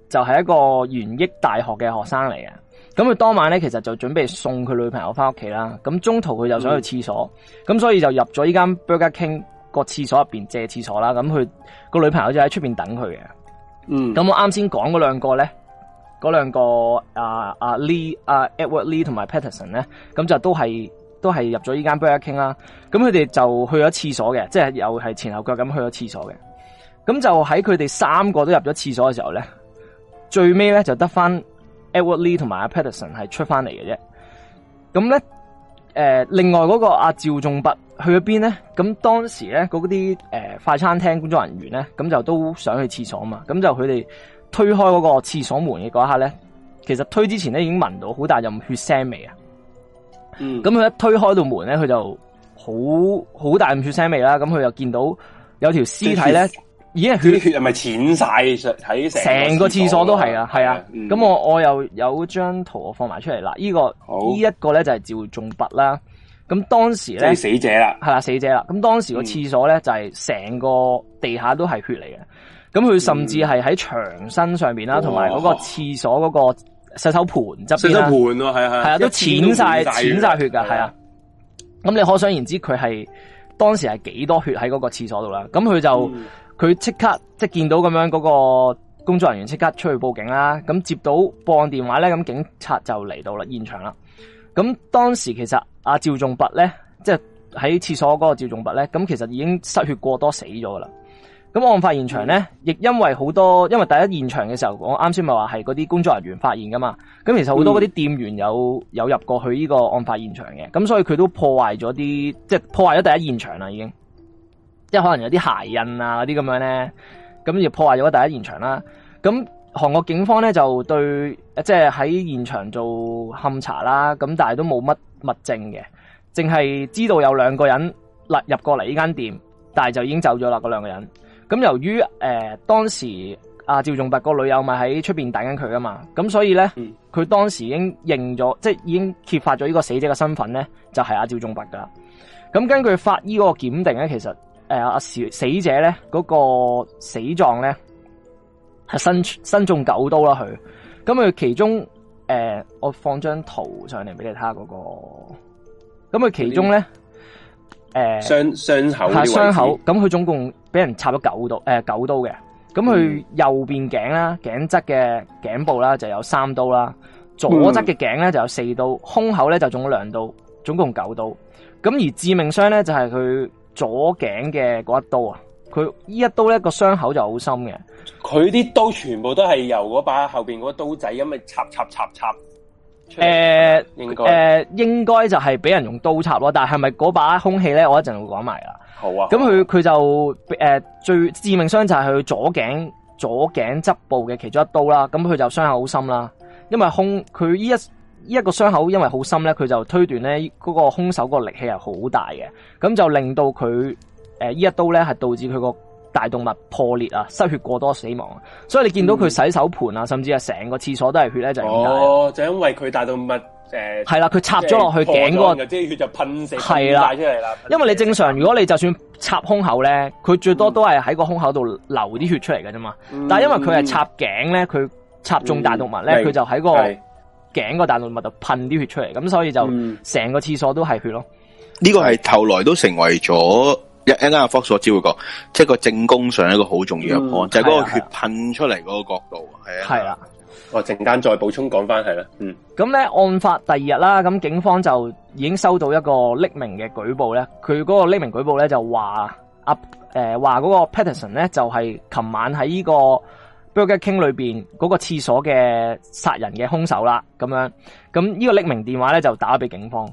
就係一個元益大學嘅學生嚟嘅。咁佢當晚咧，其實就準備送佢女朋友翻屋企啦。咁中途佢就想去廁所，咁、嗯、所以就入咗依間 Burger King 個廁所入邊借廁所啦。咁佢個女朋友就喺出邊等佢嘅。嗯。咁我啱先講嗰兩個咧，嗰兩個阿阿 Lee、啊、Edward Lee 同埋 Patterson 咧，咁就都係都係入咗依間 Burger King 啦。咁佢哋就去咗廁所嘅，即係又係前後腳咁去咗廁所嘅。咁就喺佢哋三個都入咗廁所嘅時候咧，最尾咧就得翻。Edward Lee 同埋 Peterson 係出翻嚟嘅啫，咁咧，誒、呃，另外嗰個阿、啊、趙仲筆去咗邊咧？咁當時咧，嗰啲誒快餐廳工作人員咧，咁就都想去廁所嘛。咁就佢哋推開嗰個廁所門嘅嗰一刻咧，其實推之前咧已經聞到好大陣血腥味啊。嗯，咁佢一推開度門咧，佢就好好大陣血腥味啦。咁佢又見到有條屍體咧。咦？血血係咪淺晒？喺成成個廁所都係啊，係啊。咁、嗯、我、嗯、我又有，有張圖我放埋出嚟啦。呢、這個呢一、這個咧就係趙仲拔啦。咁當時咧即係死者啦，係啦、啊，死者啦。咁當時個廁所咧就係成個地下都係血嚟嘅。咁佢甚至係喺牆身上邊啦，同埋嗰個廁所嗰個洗手盆側邊洗手盤係啊係啊，啊，都淺晒淺晒血噶，係啊。咁、啊、你可想而知，佢係當時係幾多血喺嗰個廁所度啦？咁佢就、嗯佢即刻即係見到咁樣嗰個工作人員即刻出去報警啦，咁接到報案電話咧，咁警察就嚟到啦，現場啦。咁當時其實阿趙仲拔咧，即係喺廁所嗰個趙仲拔咧，咁其實已經失血過多死咗噶啦。咁案發現場咧，亦因為好多，因為第一現場嘅時候，我啱先咪話係嗰啲工作人員發現噶嘛，咁其實好多嗰啲店員有有入過去呢個案發現場嘅，咁所以佢都破壞咗啲，即係破壞咗第一現場啦已經。即係可能有啲鞋印啊，嗰啲咁樣咧，咁就破壞咗第一現場啦。咁韓國警方咧就對，即係喺現場做勘查啦。咁但係都冇乜物證嘅，淨係知道有兩個人入入過嚟呢間店，但係就已經走咗啦。嗰兩個人咁，由於誒、呃、當時阿趙仲拔個女友咪喺出邊等緊佢啊嘛，咁所以咧佢當時已經認咗，即係已經揭發咗呢個死者嘅身份咧，就係阿趙仲拔噶啦。咁根據法醫嗰個檢定咧，其實。誒、呃，阿、啊、死死者咧，嗰、那個死狀咧係身身中九刀啦，佢。咁佢其中誒、呃，我放張圖上嚟俾你睇下嗰個。咁佢其中咧，誒，傷、呃、傷口，傷口。咁佢總共俾人插咗九刀，誒、呃，九刀嘅。咁佢右邊頸啦，頸側嘅頸部啦就有三刀啦，左側嘅頸咧就有四刀，胸、嗯、口咧就中咗兩刀，總共九刀。咁而致命傷咧就係佢。左頸嘅嗰一刀啊，佢依一刀咧個傷口就好深嘅，佢啲刀全部都係由嗰把後邊嗰刀仔咁咪插插插插，誒、呃、誒應該、呃、就係俾人用刀插咯，但係係咪嗰把兇器咧？我一陣會講埋啦，好啊，咁佢佢就誒、呃、最致命傷就係佢左頸左頸側部嘅其中一刀啦，咁、嗯、佢就傷口好深啦，因為空佢依一。依、這、一個傷口因為好深咧，佢就推斷咧嗰個兇手個力氣係好大嘅，咁就令到佢誒依一刀咧係導致佢個大動脈破裂啊，失血過多死亡。所以你見到佢洗手盤啊，嗯、甚至係成個廁所都係血咧，就咁解。哦，就，是就因為佢大動脈，誒係啦，佢插咗落去頸嗰個即係血就噴死，係啦，出嚟啦。因為你正常死死如果你就算插胸口咧，佢最多都係喺個胸口度流啲血出嚟嘅啫嘛。嗯、但係因為佢係插頸咧，佢插中大動脈咧，佢、嗯嗯、就喺個。頸個大動脈就噴啲血出嚟，咁所以就成個廁所都係血咯。呢、嗯 這個係後來都成為咗一啱阿 Fox 所指個，即係個正攻上一個好重要嘅波、嗯，就係、是、嗰個血噴出嚟嗰個角度。係、嗯、啊，係啦、啊啊，我陣間再補充講翻係啦。嗯，咁咧案發第二日啦，咁警方就已經收到一個匿名嘅舉報咧，佢嗰個匿名舉報咧就話阿誒話嗰個 Peterson 咧就係、是、琴晚喺呢、這個。不過傾裏邊嗰個廁所嘅殺人嘅兇手啦，咁樣咁呢個匿名電話咧就打俾警方，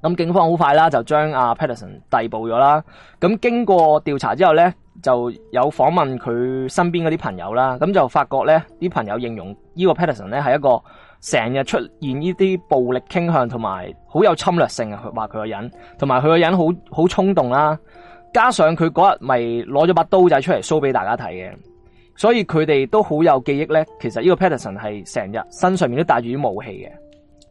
咁警方好快啦就將阿 Peterson 逮捕咗啦。咁經過調查之後咧，就有訪問佢身邊嗰啲朋友啦，咁就發覺咧啲朋友形容呢個 Peterson 咧係一個成日出現呢啲暴力傾向同埋好有侵略性，佢話佢個人，同埋佢個人好好衝動啦。加上佢嗰日咪攞咗把刀仔出嚟 show 俾大家睇嘅。所以佢哋都好有記憶咧。其實呢個 Patterson 係成日身上面都帶住啲武器嘅。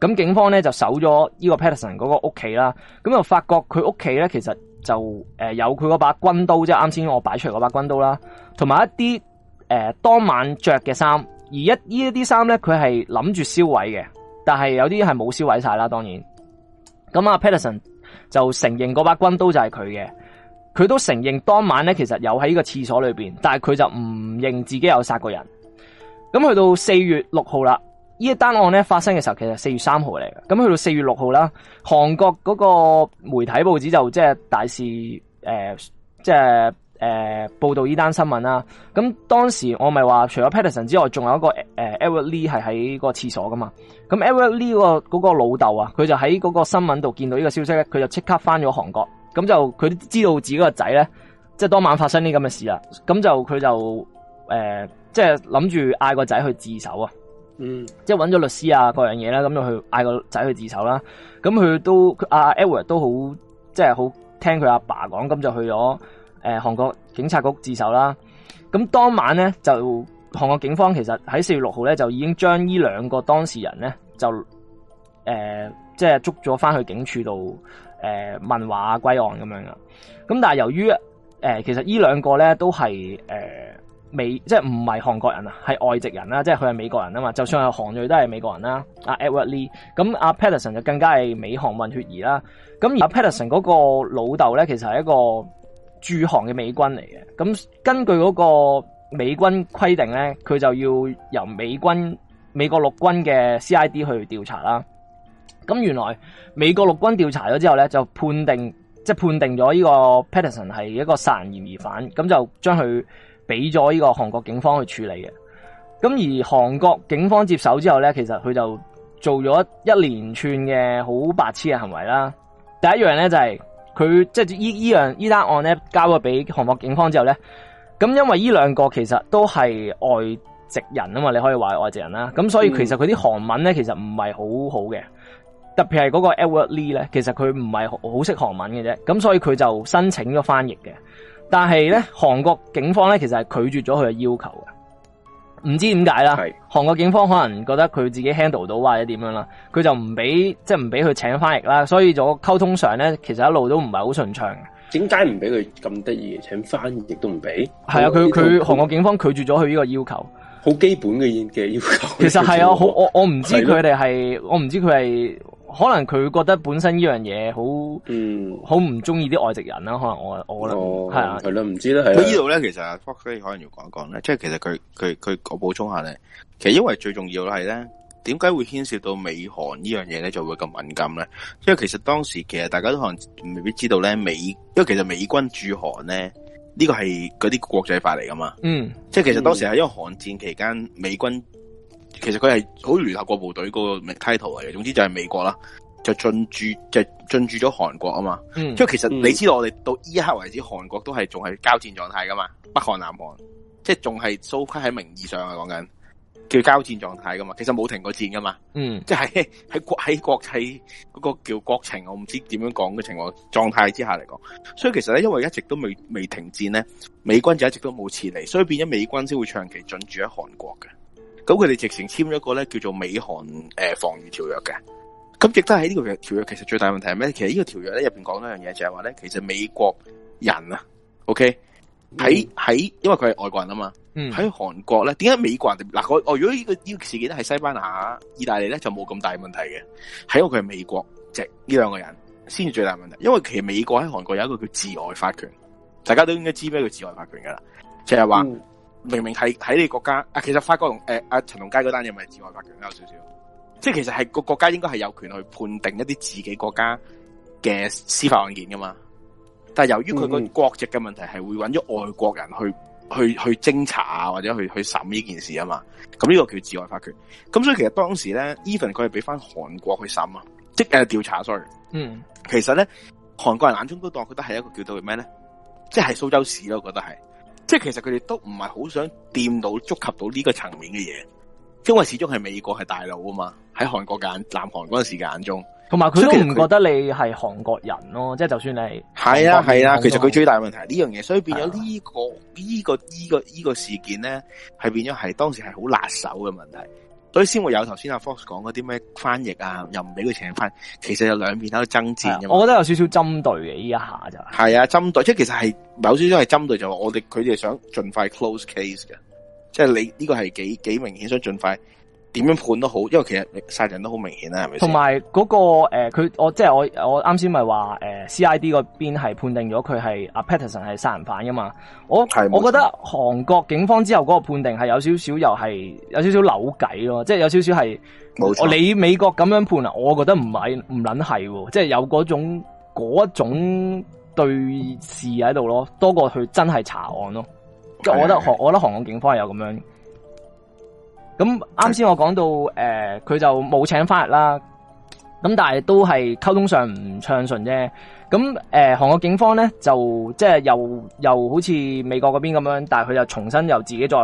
咁警方咧就搜咗呢個 Patterson 嗰個屋企啦。咁又發覺佢屋企咧其實就誒有佢嗰把軍刀，即係啱先我擺出嚟嗰把軍刀啦。同埋一啲誒、呃、當晚着嘅衫。而一呢一啲衫咧，佢係諗住銷毀嘅。但係有啲係冇銷毀晒啦，當然。咁阿 Patterson 就承認嗰把軍刀就係佢嘅。佢都承認當晚咧，其實有喺呢個廁所裏邊，但係佢就唔認自己有殺過人。咁去到四月六號啦，一呢一單案咧發生嘅時候，其實四月三號嚟嘅。咁去到四月六號啦，韓國嗰個媒體報紙就即係大肆誒、呃，即係誒、呃、報道呢單新聞啦、啊。咁當時我咪話，除咗 Patterson 之外，仲有一個誒、呃、，Edward Lee 係喺個廁所噶嘛。咁 Edward Lee 個嗰個老豆啊，佢就喺嗰個新聞度見到呢個消息咧，佢就即刻返咗韓國。咁就佢都知道自己個仔咧，即係當晚發生啲咁嘅事啦。咁就佢就誒，即係諗住嗌個仔去自首啊。嗯，即係揾咗律師啊，各樣嘢啦，咁就去嗌個仔去自首啦。咁佢都阿 Edward 都好，即係好聽佢阿爸講，咁就去咗誒韓國警察局自首啦。咁當晚咧，就韓國警方其實喺四月六號咧就已經將呢兩個當事人咧就誒，即係捉咗翻去警署度。誒問話歸案咁樣噶。咁但係由於誒、呃、其實呢兩個咧都係誒、呃、美，即係唔係韓國人啊，係外籍人啦，即係佢係美國人啊嘛。就算係韓裔都係美國人啦，阿、啊、Edward Lee。咁阿 Peterson 就更加係美韓混血兒啦。咁阿 Peterson 嗰個老豆咧，其實係一個駐韓嘅美軍嚟嘅。咁根據嗰個美軍規定咧，佢就要由美軍美國陸軍嘅 CID 去調查啦。咁原來美國陸軍調查咗之後咧，就判定即係、就是、判定咗呢個 Peterson 係一個殺人嫌疑犯，咁就將佢俾咗呢個韓國警方去處理嘅。咁而韓國警方接手之後咧，其實佢就做咗一連串嘅好白痴嘅行為啦。第一樣咧就係佢即係依依樣依單案咧交咗俾韓國警方之後咧，咁因為呢兩個其實都係外籍人啊嘛，你可以話係外籍人啦。咁所以其實佢啲韓文咧其實唔係好好嘅。嗯特別係嗰個 Edward Lee 咧，其實佢唔係好識韓文嘅啫，咁所以佢就申請咗翻譯嘅。但係咧，韓國警方咧，其實係拒絕咗佢嘅要求嘅，唔知點解啦。係韓國警方可能覺得佢自己 handle 到或者點樣啦，佢就唔俾，即係唔俾佢請翻譯啦。所以就溝通上咧，其實一路都唔係好順暢嘅。點解唔俾佢咁得意請翻譯都唔俾？係啊，佢佢韓國警方拒絕咗佢呢個要求，好基本嘅嘅要求。其實係啊，好我我唔知佢哋係，我唔知佢係。是可能佢覺得本身呢樣嘢好，好唔中意啲外籍人啦。可能我我覺得係啊，係、哦、啦，唔知啦。佢呢度咧，其實啊，Fox 可能要講一講咧，即係其實佢佢佢，我補充下咧，其實因為最重要咧係咧，點解會牽涉到美韓呢樣嘢咧就會咁敏感咧？因為其實當時其實大家都可能未必知道咧美，因為其實美軍駐韓咧呢、呢個係嗰啲國際法嚟噶嘛。嗯，即係其實當時係因為韓戰期間、嗯、美軍。其實佢係好聯合國部隊嗰個 title 嚟嘅，總之就係美國啦，就進駐就進駐咗韓國啊嘛。因為，嗯，其實你知道我哋到呢一刻為止，韓國都係仲係交戰狀態噶嘛，北韓南韓，即係仲係蘇區喺名義上啊，講緊叫交戰狀態噶嘛，其實冇停過戰噶嘛。嗯，即係喺國喺國際嗰個叫國情，我唔知點樣講嘅情況狀態之下嚟講，所以其實咧，因為一直都未未停戰咧，美軍就一直都冇撤離，所以變咗美軍先會長期進駐喺韓國嘅。咁佢哋直情簽咗一個咧叫做美韓誒防御條約嘅，咁亦都係喺呢個條約，其實最大問題係咩？其實呢個條約咧入邊講咗一樣嘢就係話咧，其實美國人啊，OK，喺喺因為佢係外國人啊嘛，喺、嗯、韓國咧點解美國人嗱，我我如果呢、這個呢、這個、事件咧係西班牙、意大利咧就冇咁大問題嘅，喺我佢係美國籍呢兩個人先至最大問題，因為其實美國喺韓國有一個叫自外法權，大家都應該知咩叫自外法權噶啦，就係、是、話、嗯。明明係喺你國家啊，其實法國、呃、同誒阿陳同佳嗰單嘢咪自外法權有少少，即係其實係個國家應該係有權去判定一啲自己國家嘅司法案件噶嘛，但係由於佢個國籍嘅問題，係會揾咗外國人去去去偵查啊，或者去去審呢件事啊嘛，咁呢個叫自外法權。咁所以其實當時咧，even 佢係俾翻韓國去審啊，即係誒調查 sorry，嗯，其實咧韓國人眼中都當覺得係一個叫做咩咧，即係蘇州市咯，我覺得係。即係其實佢哋都唔係好想掂到觸及到呢個層面嘅嘢，因為始終係美國係大佬啊嘛，喺韓國眼南韓嗰陣時間眼中，同埋佢都唔覺得你係韓國人咯，即係就算你係啊係啊，其實佢最大的問題呢樣嘢，所以變咗呢、呢個呢、啊呢個呢、呢個呢、呢個事件咧，係變咗係當時係好辣手嘅問題。所以先會有頭先阿 Fox 講嗰啲咩翻譯啊，又唔俾佢請翻，其實有兩邊喺度爭戰，啊、我覺得有少少針對嘅呢一下就係啊，針對即係其實係有少少係針對就係我哋，就係我哋佢哋想盡快 close case 嘅，即係你呢、呢個係幾幾明顯想盡快。點樣判都好，因為其實殺人都好明顯啦，係咪？同埋嗰個誒，佢、呃、我即係我我啱先咪話誒，C.I.D. 嗰邊係判定咗佢係阿 Peterson 係殺人犯噶嘛？我我覺得韓國警方之後嗰個判定係有少少又係有少少扭計咯，即係有少少係冇錯。你美國咁樣判啊？我覺得唔係唔撚係，即係有嗰種嗰種對峙喺度咯，多過佢真係查案咯。即我覺得韓我覺得韓國警方係有咁樣。咁啱先，我講到誒，佢就冇請翻入啦。咁但係都係溝通上唔暢順啫。咁誒，韓國警方咧就即係又又好似美國嗰邊咁樣，但係佢又重新又自己再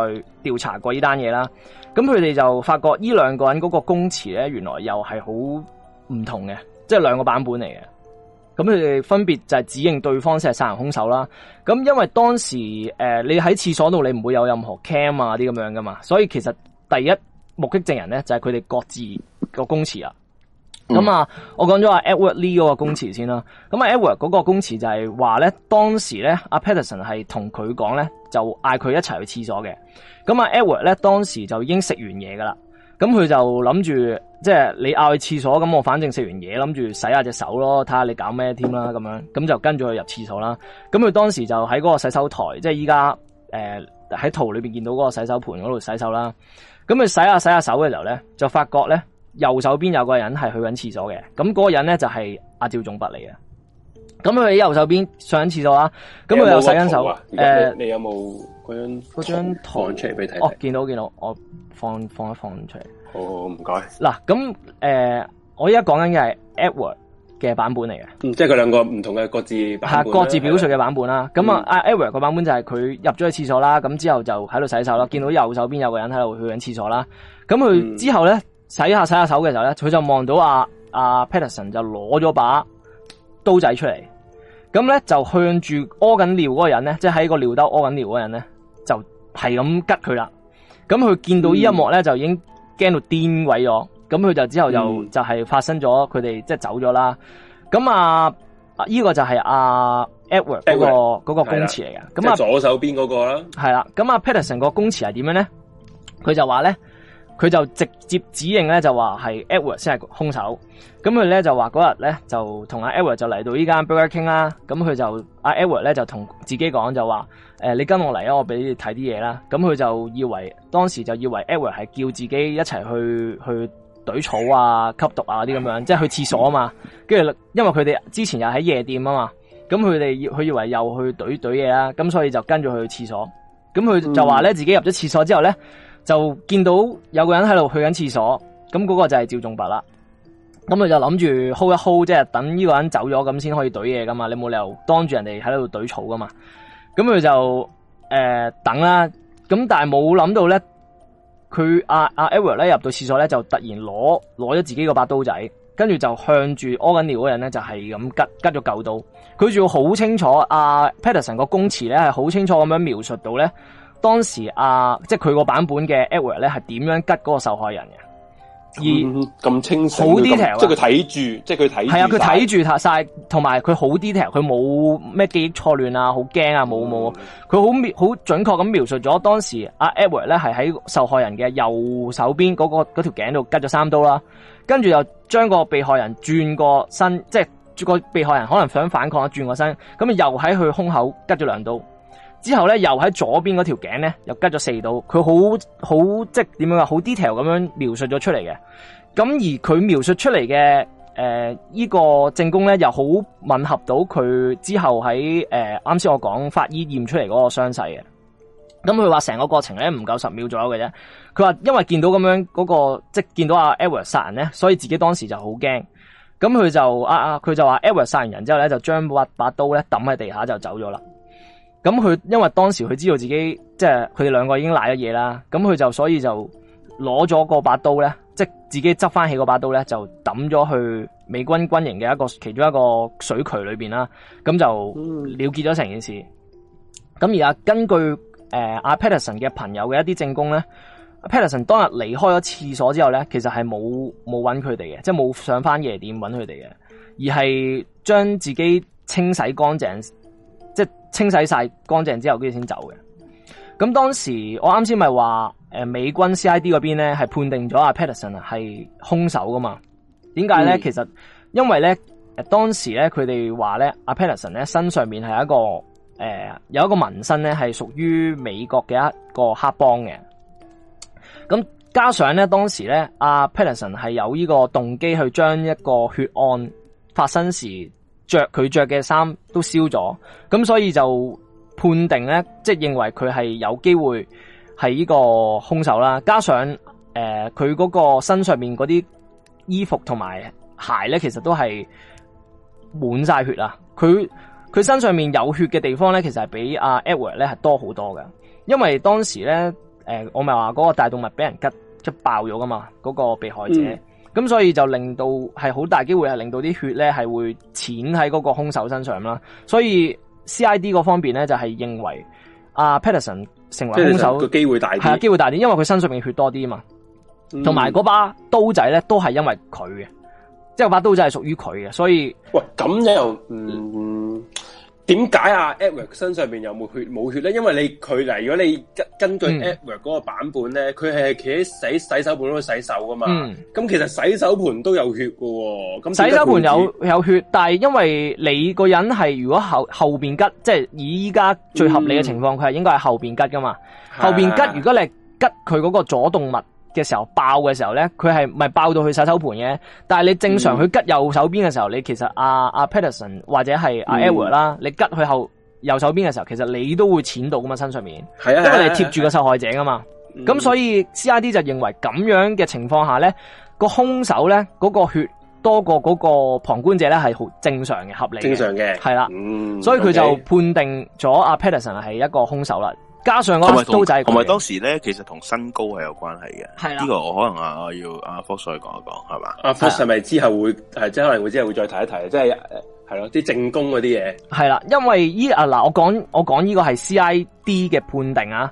調查過呢單嘢啦。咁佢哋就發覺呢兩個人嗰個供詞咧，原來又係好唔同嘅，即係兩個版本嚟嘅。咁佢哋分別就係指認對方先係殺人凶手啦。咁因為當時誒、呃，你喺廁所度你唔會有任何 cam 啊啲咁樣噶嘛，所以其實。第一目擊證人咧就係佢哋各自個供詞啦咁啊，嗯嗯、我講咗阿 Edward Lee 嗰個供詞先啦、啊。咁啊 Edward 嗰個供詞就係話咧，當時咧阿 Peterson 係同佢講咧，就嗌佢一齊去廁所嘅。咁啊 Edward 咧當時就已經食完嘢噶啦，咁佢就諗住，即係你嗌去廁所，咁我反正食完嘢，諗住洗下隻手咯，睇下你搞咩添啦，咁樣，咁就跟住佢入廁所啦。咁佢當時就喺嗰個洗手台，即係依家誒喺圖裏面見到嗰個洗手盤嗰度洗手啦。咁佢洗下、啊、洗下、啊、手嘅時候咧，就發覺咧右手邊有個人係去緊廁所嘅，咁嗰個人咧就係、是、阿趙總伯嚟嘅。咁佢喺右手邊上緊廁所啊，咁佢又洗緊手。誒，你有冇嗰張嗰張圖出嚟俾睇？哦，見到見到，我放放一放出嚟。好，好，唔該。嗱，咁誒，我依家講緊嘅係 Edward。嘅版本嚟嘅，即係佢兩個唔同嘅各自版本，各自表述嘅版本啦。咁、嗯、啊、嗯，阿 Eva 個版本就係佢入咗去廁所啦，咁之後就喺度洗手啦，見到右手邊有個人喺度去緊廁所啦。咁佢之後咧洗一下洗一下手嘅時候咧，佢就望到阿阿 Patterson 就攞咗把刀仔出嚟，咁咧就向住屙緊尿嗰個人咧，即係喺個尿兜屙緊尿嗰人咧，就係咁吉佢啦。咁佢見到呢一幕咧，嗯、就已經驚到癲鬼咗。咁佢就之後就就係發生咗佢哋，即係走咗啦。咁啊，依、啊這個就係阿 Edward 嗰個嗰個供詞嚟嘅。咁啊，那個 Edward, 啊就是、左手邊嗰個啦、啊。係啦。咁啊，Peterson 個供詞係點樣咧？佢就話咧，佢就直接指認咧，就話係 Edward 先係凶手。咁佢咧就話嗰日咧就同阿、啊、Edward 就嚟到依間 Burger King 啦。咁、啊、佢就阿 Edward 咧就同自己講就話，誒、呃，你跟我嚟啊，我俾你睇啲嘢啦。咁佢就以為當時就以為 Edward 係叫自己一齊去去。去懟草啊、吸毒啊啲咁樣，即係去廁所啊嘛。跟住，因為佢哋之前又喺夜店啊嘛，咁佢哋佢以為又去懟懟嘢啦，咁所以就跟住去廁所。咁佢就話咧，自己入咗廁所之後咧，就見到有個人喺度去緊廁所，咁、那、嗰個就係趙仲白啦。咁佢就諗住 hold 一 hold，即係等呢個人走咗，咁先可以懟嘢噶嘛。你冇理由當住人哋喺度懟草噶嘛。咁佢就誒、呃、等啦。咁但係冇諗到咧。佢阿阿 Edward 咧入到廁所咧就突然攞攞咗自己個把刀仔，跟住就向住屙緊尿嘅人咧就係咁吉吉咗舊刀。佢仲要好清楚，阿、啊、Peterson 個供詞咧係好清楚咁樣描述到咧，當時阿、啊、即係佢個版本嘅 Edward 咧係點樣吉嗰個受害人嘅。好咁清晰，即係佢睇住，即係佢睇係啊，佢睇住晒，同埋佢好 detail，佢冇咩記憶錯亂啊，好驚啊，冇冇，佢好好準確咁描述咗當時阿 Edward 咧係喺受害人嘅右手邊嗰、嗰個嗰條頸度拮咗三刀啦，跟住又將個被害人轉過身，即係個被害人可能想反抗轉過身，咁又喺佢胸口拮咗兩刀。之後咧，又喺左邊嗰條頸咧，又拮咗四度。佢好好即係點樣啊？好 detail 咁樣描述咗出嚟嘅。咁而佢描述出嚟嘅誒，呃這個、呢個證供咧，又好吻合到佢之後喺誒啱先我講法醫驗出嚟嗰個傷勢嘅。咁佢話成個過程咧唔夠十秒左右嘅啫。佢話因為見到咁樣嗰、那個即係見到阿 Edward 殺人咧，所以自己當時就好驚。咁、嗯、佢就啊啊，佢、啊、就話 Edward 殺完人之後咧，就將把把刀咧抌喺地下就走咗啦。咁佢因為當時佢知道自己即係佢哋兩個已經賴咗嘢啦，咁佢就所以就攞咗嗰把刀咧，即係自己執翻起嗰把刀咧，就抌咗去美軍軍營嘅一個其中一個水渠裏邊啦，咁就了結咗成件事。咁而啊，根據誒阿 Peterson 嘅朋友嘅一啲證供咧，Peterson 當日離開咗廁所之後咧，其實係冇冇揾佢哋嘅，即係冇上翻夜店揾佢哋嘅，而係將自己清洗乾淨。清洗晒乾淨之後，跟住先走嘅。咁當時我啱先咪話，誒美軍 C.I.D 嗰邊咧係判定咗阿 Peterson 係係凶手噶嘛？點解咧？嗯、其實因為咧，誒當時咧佢哋話咧，阿 Peterson 咧身上面係一個誒、呃、有一個紋身咧係屬於美國嘅一個黑幫嘅。咁加上咧，當時咧阿 Peterson 係有呢個動機去將一個血案發生時。着佢着嘅衫都燒咗，咁所以就判定咧，即係認為佢係有機會係呢個兇手啦。加上誒，佢、呃、嗰個身上面嗰啲衣服同埋鞋咧，其實都係滿晒血啦，佢佢身上面有血嘅地方咧，其實係比阿 Edward 咧係多好多嘅，因為當時咧，誒、呃，我咪話嗰個大動物俾人吉即爆咗啊嘛，嗰、嗰個被害者、嗯。咁所以就令到係好大機會係令到啲血咧係會濺喺嗰個兇手身上啦，所以 C.I.D 嗰方面咧就係認為阿 Peterson 成為兇手嘅機會大啲，係啊機會大啲，因為佢身上嘅血多啲啊嘛，同埋嗰把刀仔咧都係因為佢嘅，即係把刀仔係屬於佢嘅，所以喂咁樣，又唔。嗯點解阿 Edward 身上邊有冇血冇血咧？因為你佢嚟，如果你根根據 Edward 嗰個版本咧，佢係企喺洗洗手盤度洗手噶嘛。咁其實洗手盤都有血噶。咁洗手盤有有血，但係因為你個人係如果後後邊拮，即係以依家最合理嘅情況，佢係應該係後邊拮噶嘛。後邊拮，如果你係拮佢嗰個左動脈。嘅時候爆嘅時候咧，佢係咪爆到去洗手盤嘅？但係你正常去吉右手邊嘅時候、嗯，你其實阿、啊、阿、啊、Peterson 或者係阿、啊、Edward 啦，嗯、你吉佢後右手邊嘅時候，其實你都會濺到咁啊身上面。係、嗯、啊，因為你貼貼住個受害者㗎嘛。咁、嗯、所以 C.I.D 就認為咁樣嘅情況下咧，個、嗯、兇手咧嗰、那個血多過嗰個旁觀者咧係好正常嘅合理。正常嘅係啦，所以佢就判定咗阿 Peterson 係一個兇手啦。加上嗰個刀仔，同埋當時咧，其實同身高係有關係嘅。係啦、啊，呢、呢個我可能啊，我要阿福再講一講，係嘛？阿福係咪之後會誒，即係可能會之後會再提一提，即係係咯啲正功嗰啲嘢。係啦、啊啊啊，因為依啊嗱，我講我講呢個係 C.I.D 嘅判定啊。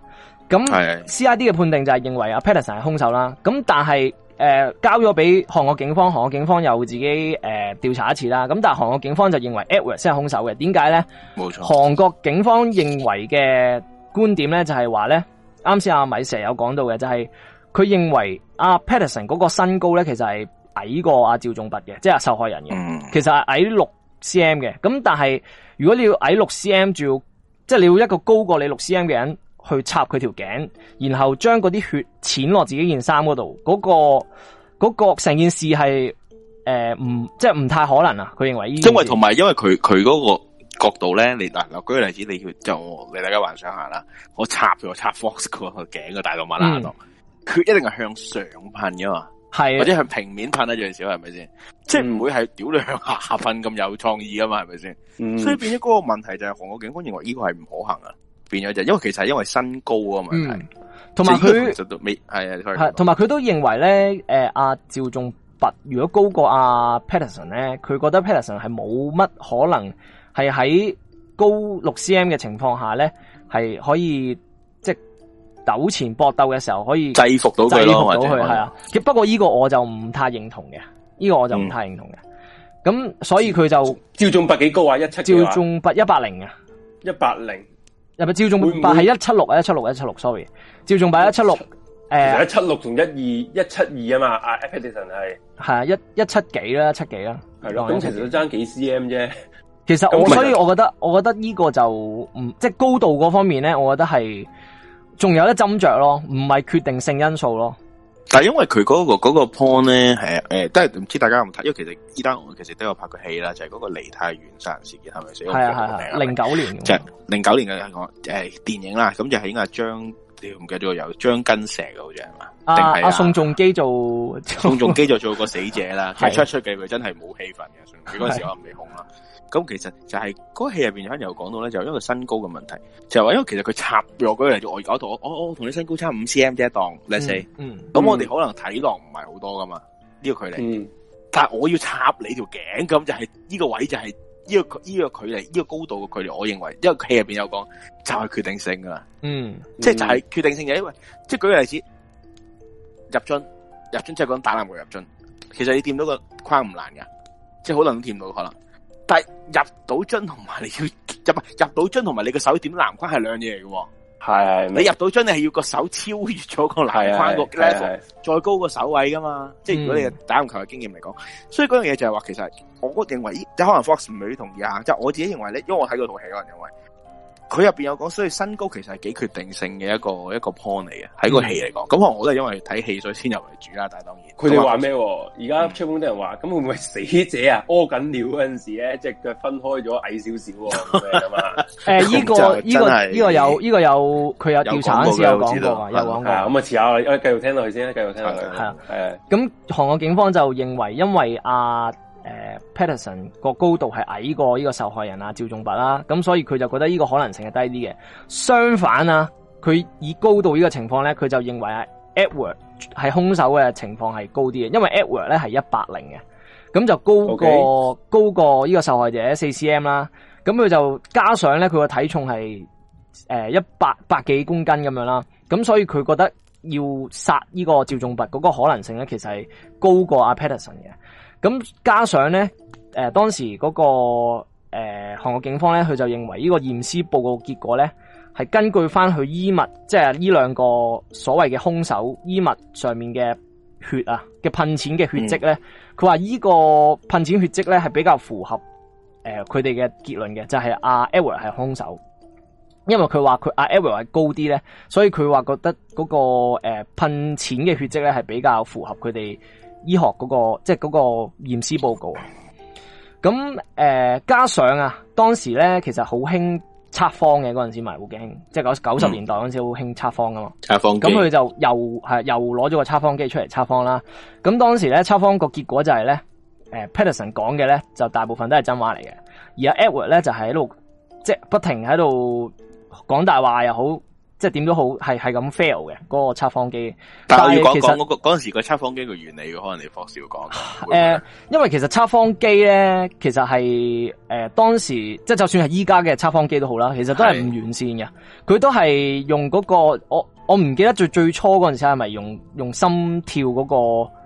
咁 C.I.D 嘅判、啊、判定就係認為阿 Peterson 係兇手啦。咁但係、呃、交咗俾韓國警方，韓國警方又自己誒、呃、調查一次啦。咁但係韓國警方就認為 Edward 先係兇手嘅。點解咧？冇錯，韓國警方認為嘅。觀點咧就係話咧，啱先阿米成日有講到嘅，就係、是、佢認為阿 Patterson 嗰個身高咧，其實係矮過阿趙仲拔嘅，即、就、係、是、受害人嘅，嗯、其實係矮六 cm 嘅。咁但係如果你要矮六 cm，就要即係你要一個高過你六 cm 嘅人去插佢條頸，然後將嗰啲血濺落自己件衫嗰度，嗰、那個嗰、那個成件事係誒唔即係唔太可能啊。佢認為呢件事因為同埋因為佢佢嗰個。角度咧，你嗱，舉個例子，你要就、嗯、你大家幻想下啦。我插住我插 Fox 佢個頸嘅大動脈啦度，佢、嗯、一定係向上噴噶嘛，係、嗯、或者向平面噴一樣少，係咪先？即係唔會係屌你向下噴咁有創意噶嘛，係咪先？所以變咗嗰個問題就係、是，韓國警官認為呢個係唔可行啊。變咗就因為其實係因為身高、嗯、個嘛，係。同埋佢係啊係，同埋佢都認為咧，誒阿趙仲拔如果高過阿、啊、Patterson 咧，佢覺得 Patterson 係冇乜可能。係喺高六 cm 嘅情況下咧，係可以即係鬥前搏鬥嘅時候可以制服到佢咯，或者係啊。不過呢個我就唔太認同嘅，呢、這個我就唔太認同嘅。咁、嗯、所以佢就招中百幾高啊，一七招中百一八零啊，一八零，入咪招中百係一七六啊，一七六一七六。176, 176, 176, sorry，招中百一七六誒，一七六同一二一七二啊嘛，阿 Edison 係係啊，一一七幾啦，一七幾啦，係、嗯、咯，咁其實都爭幾 cm 啫。其實我所以我覺，我覺得，我覺得呢個就唔即係高度嗰方面咧，我覺得係仲有一斟酌咯，唔係決定性因素咯。但係因為佢嗰、那個嗰、那個 point 咧，係、欸、誒、欸、都係唔知大家有冇睇，因為其實呢單其實都有拍過戲啦，就係、是、嗰個梨泰院殺人事件係咪先？係係係啊，零九年。就零九年嘅我誒電影啦，咁就係應該係張唔記得咗有張根碩嘅好似係嘛？阿阿宋仲基做宋仲基就做個死者啦， 出出嘅佢真係冇氣氛嘅，陣時未紅啦。咁其實就係嗰戲入邊，有人又講到咧，就因為身高嘅問題，就話因為其實佢插我舉嚟做我，我同我，我我同你身高差五 C M 啫，一檔四嗯。咁、嗯、我哋可能睇落唔係好多噶嘛，呢、這個距離、嗯。但係我要插你條頸，咁就係、是、呢個位就係呢、這個呢、這個距離呢、這個高度嘅距離，我認為，因為戲入邊有講，就係、是、決定性噶啦。嗯。即、嗯、係就係、是、決定性嘅，因為即係舉個例子，入樽入樽即係講打籃球入樽，其實你掂到個框唔難噶，即、就、係、是、可能掂到可能。但係入到樽同埋你要入入到樽同埋你個手點籃框係兩嘢嚟嘅。係你入到樽你係要個手超越咗個籃框個 level，再高個手位噶嘛。是是是即係如果你嘅打籃球嘅經驗嚟講，嗯、所以嗰樣嘢就係話，其實我我認為，咦，即係可能 Fox 唔會同意啊。即係我自己認為咧，因為我睇過套戲，可能認為。佢入邊有講，所以身高其實係幾決定性嘅一個一個 point 嚟嘅，喺個戲嚟講。咁我我都係因為睇戲所以先入為主啦，但係當然。佢哋話咩？而、嗯、家出風啲人話，咁會唔會死者啊屙緊尿嗰陣時咧，隻腳分開咗矮少少？誒， 呢、欸這個呢、這個呢個有呢個有，佢、這個、有調查嗰時有講過。有講過，過。咁啊，遲下繼繼續聽落去先，繼續聽落去。係啊，咁韓國警方就認為，因為、啊誒、uh,，Peterson 個高度係矮過呢個受害人啊，趙仲拔啦，咁所以佢就覺得呢個可能性係低啲嘅。相反啊，佢以高度呢個情況咧，佢就認為啊，Edward 係兇手嘅情況係高啲嘅，因為 Edward 咧係一百零嘅，咁就高過、okay. 高過呢個受害者四 C M 啦。咁佢就加上咧佢個體重係誒一百百幾公斤咁樣啦。咁所以佢覺得要殺呢個趙仲拔嗰個可能性咧，其實係高過阿 Peterson 嘅。咁加上咧，誒、呃、當時嗰、那個誒、呃、韓國警方咧，佢就認為呢個驗屍報告結果咧，係根據返佢衣物，即係呢兩個所謂嘅兇手衣物上面嘅血啊嘅噴濺嘅血跡呢，佢話呢個噴濺血跡咧係比較符合誒佢哋嘅結論嘅，就係、是、阿 Edward 係兇手，因為佢話佢阿 Edward 係高啲呢，所以佢話覺得嗰、那個、呃、噴濺嘅血跡咧係比較符合佢哋。醫學嗰、那個即係嗰個驗屍報告啊，咁誒、呃、加上啊，當時咧其實好興測謊嘅嗰陣時咪好興，即係九九十年代嗰陣時好興測謊㗎嘛。測謊，咁佢就又係、嗯、又攞咗個測謊機出嚟測謊啦。咁當時咧測謊個結果就係咧，誒、呃、Peterson 講嘅咧就大部分都係真話嚟嘅，而阿 Edward 咧就喺度即係不停喺度講大話又好。即係點都好係係咁 fail 嘅，嗰、那個測謊機，但係其實嗰個嗰陣時個測謊機原理，可能你霍少會講。誒、呃，因為其實測謊機咧，其實係誒、呃、當時即係就算係依家嘅測謊機都好啦，其實都係唔完善嘅。佢都係用嗰、那個我我唔記得最最初嗰陣時係咪用用心跳嗰、那個。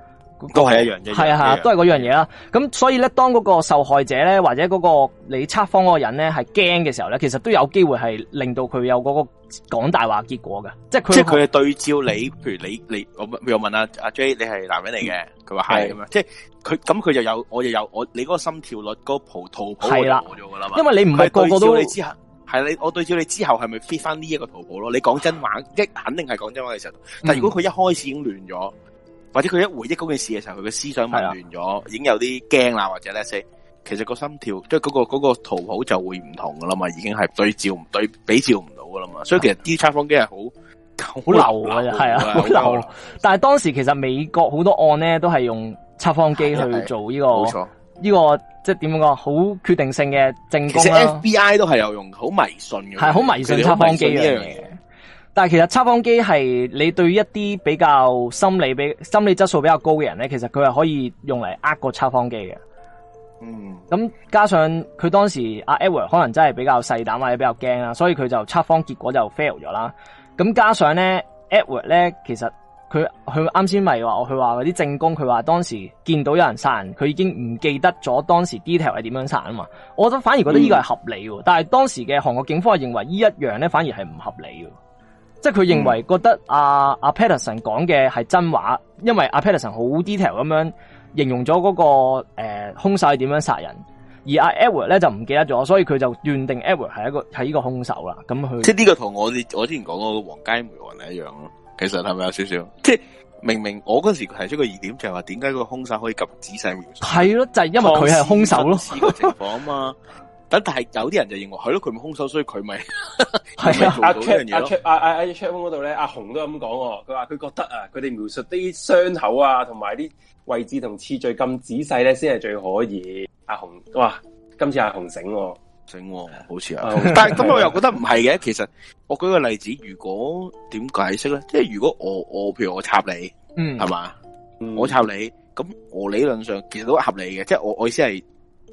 都係一樣嘢，係啊係，啊，都係嗰樣嘢啦。咁所以咧，當嗰個受害者咧，或者嗰個你測謊嗰個人咧，係驚嘅時候咧，其實都有機會係令到佢有嗰個講大話結果嘅，就是、他即係佢。即係佢係對照你，嗯、譬如你你我又問阿阿、啊、J，你係男人嚟嘅，佢話係咁啊，即係佢咁佢就有，我就有我你嗰個心跳率嗰、那個葡萄波係啦，咗噶啦嘛。因為你唔係個個都對照你之後，係你我對照你之後係咪 fit 翻呢一個葡萄咯？你講真話，即、嗯、肯定係講真話嘅時候，但如果佢一開始已經亂咗。嗯或者佢一回憶嗰件事嘅時候，佢嘅思想混亂咗，已經有啲驚啦，或者咧，say, 其實個心跳即係、那、嗰個圖、那個圖譜就會唔同噶啦嘛，已經係對照唔對，比照唔到噶啦嘛。所以其實啲測謊機係好好流嘅，係啊，好流，流、啊流。但係當時其實美國好多案咧都係用測謊機去做呢、這個，冇錯、啊，呢、啊這個、這個、即係點講，好決定性嘅證供。其實 FBI 都係有用，好迷信嘅，係好、啊、迷信測謊機呢樣嘢。但係，其實測謊機係你對一啲比較心理比心理質素比較高嘅人咧，其實佢係可以用嚟呃個測謊機嘅。嗯，咁加上佢當時阿 Edward 可能真係比較細膽或者比較驚啦，所以佢就測謊結果就 fail 咗啦。咁加上咧，Edward 咧，其實佢佢啱先咪話佢話嗰啲證供，佢話當時見到有人殺人，佢已經唔記得咗當時 detail 係點樣殺啊嘛。我覺得反而覺得呢個係合理，嗯，但係當時嘅韓國警方係認為呢一樣咧，反而係唔合理嘅。即係佢認為覺得阿、啊、阿、嗯啊啊、Peterson 講嘅係真話，因為阿、啊、Peterson 好 detail 咁樣形容咗嗰、那個誒兇手係點樣殺人，而阿、啊、Edward 咧就唔記得咗，所以佢就斷定 Edward 係一個係呢個凶手啦。咁、嗯、佢即係呢個同我我之前講嗰個黃佳梅案一樣咯，其實係咪有少少？即係明明我嗰時提出個疑點就係話，點解個凶手可以咁仔細描述？係咯，就係、是、因為佢係凶手咯。事實上係呢個情況啊嘛？ 但係有啲人就認為係咯，佢唔凶手，所以佢咪係啊？阿 check 阿阿阿 check 嗰度咧，阿紅都咁講，佢話佢覺得啊，佢哋描述啲傷口啊，同埋啲位置同次序咁仔細咧，先係最可以。阿紅，哇，今次阿紅醒醒、啊，好似啊， 但係咁我又覺得唔係嘅。其實我舉個例子，如果點解釋咧？即係如果我我譬如我插你，係係嘛，我插你咁，我理論上其實都合理嘅。即係我我意思係。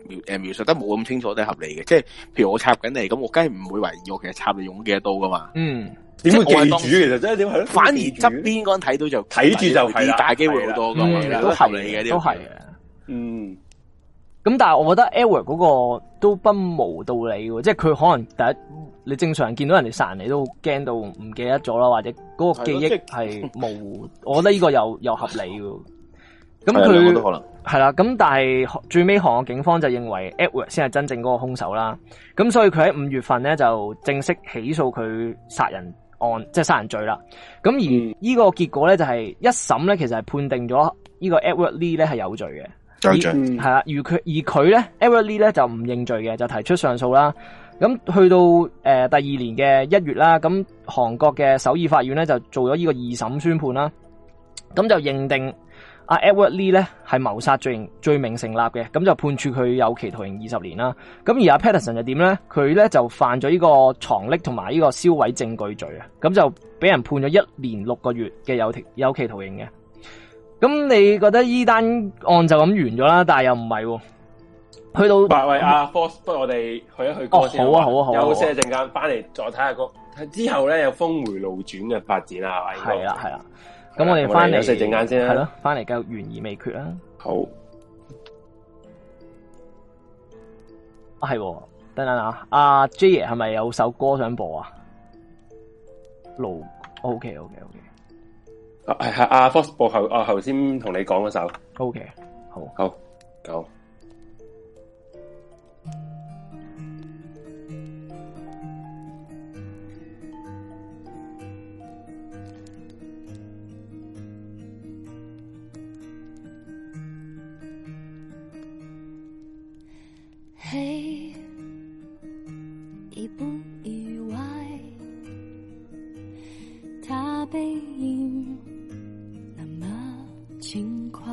描誒描述得冇咁清楚都係合理嘅，即係譬如我插緊你，咁我梗係唔會懷疑我其實插你用咗幾多刀噶嘛。嗯，點會記住其實真係點樣？反而側邊嗰人睇到就睇住就大、是就是、機會好多㗎嘛，都合理嘅，都係嘅。嗯，咁但係我覺得 Edward 嗰個都不無道理喎，即係佢可能第一你正常見到人哋殺，你都驚到唔記得咗啦，或者嗰個記憶係模糊，我覺得呢個又 又合理嘅。咁佢可能係啦，咁但係最尾韓國警方就認為 Edward 先係真正嗰個兇手啦。咁所以佢喺五月份咧就正式起訴佢殺人案，即、就、係、是、殺人罪啦。咁而呢個結果咧就係一審咧其實係判定咗呢個 Edward Lee 咧係有罪嘅，係、嗯、啦，而佢、嗯、而佢咧 Edward Lee 咧就唔認罪嘅，就提出上訴啦。咁去到、呃、第二年嘅一月啦，咁韓國嘅首爾法院咧就做咗呢個二審宣判啦。咁就認定，阿 Edward Lee 咧係謀殺罪名罪名成立嘅，咁就判處佢有期徒刑二十年啦。咁而阿 Patterson 又點咧？佢咧就犯咗呢個藏匿同埋呢個銷毀證據罪啊，咁就俾人判咗一年六個月嘅有期徒刑嘅。咁你覺得呢單案就咁完咗啦？但係又唔係？去到喂，阿 Fox 不如我哋去一去過先、哦。好啊好啊好啊！休息、啊啊、一陣間翻嚟，再睇下個？之後咧有峰回路轉嘅發展啦。係啦係啦。咁我哋翻嚟唞陣間先係咯，翻嚟繼續懸疑未決啦。好，啊係，等等啊，阿 J 爺係咪有首歌想播啊？路，OK OK OK，係係阿 Fox 播後，我頭先同你講嗰首。OK，好好好。Go. 嘿，意不意外？他背影那麼輕快。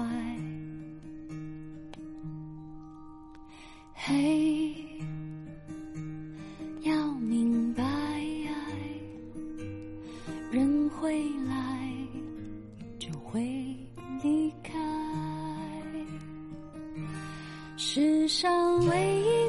嘿、hey,，要明白，人會來就會離開。世上唯一。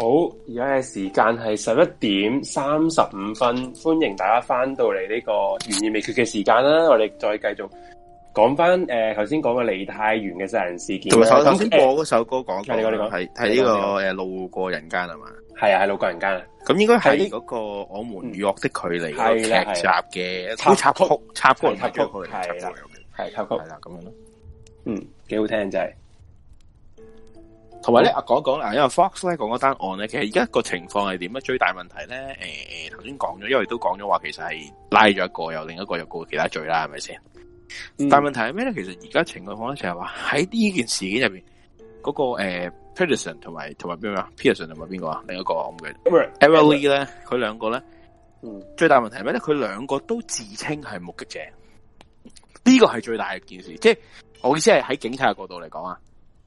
好，而家嘅時間係十一點三十五分，歡迎大家翻到嚟呢個懸疑未決嘅時間啦！我哋再繼續講翻誒，頭先講嘅梨泰院嘅殺人事件，同埋頭頭先播嗰首歌講嘅，你講係呢個誒路過人間係嘛？係啊，係路過人間。咁應該係嗰個我們與惡的距離劇集嘅插插曲，插曲，插曲，係啦，係插曲，係啦，咁、啊啊啊啊啊、樣咯。嗯，幾好聽就係、是。同埋咧，講講講啦，因為 Fox 咧講嗰單案咧，其實而家個情況係點咧？最大問題咧，誒、欸，頭先講咗，因為都講咗話，其實係拉咗一個又，又另一個又告其他罪啦，係咪先？但問題係咩咧？其實而家情況咧就係話，喺呢件事件入邊，嗰、那個誒、欸、Peterson 同埋同埋邊啊？Peterson 同埋邊個啊？另一個我唔記得 e l i e 咧，佢兩、嗯、個咧、嗯，最大問題係咩咧？佢兩個都自稱係目擊者，呢個係最大嘅件事。即、就、係、是、我意思係喺警察角度嚟講啊。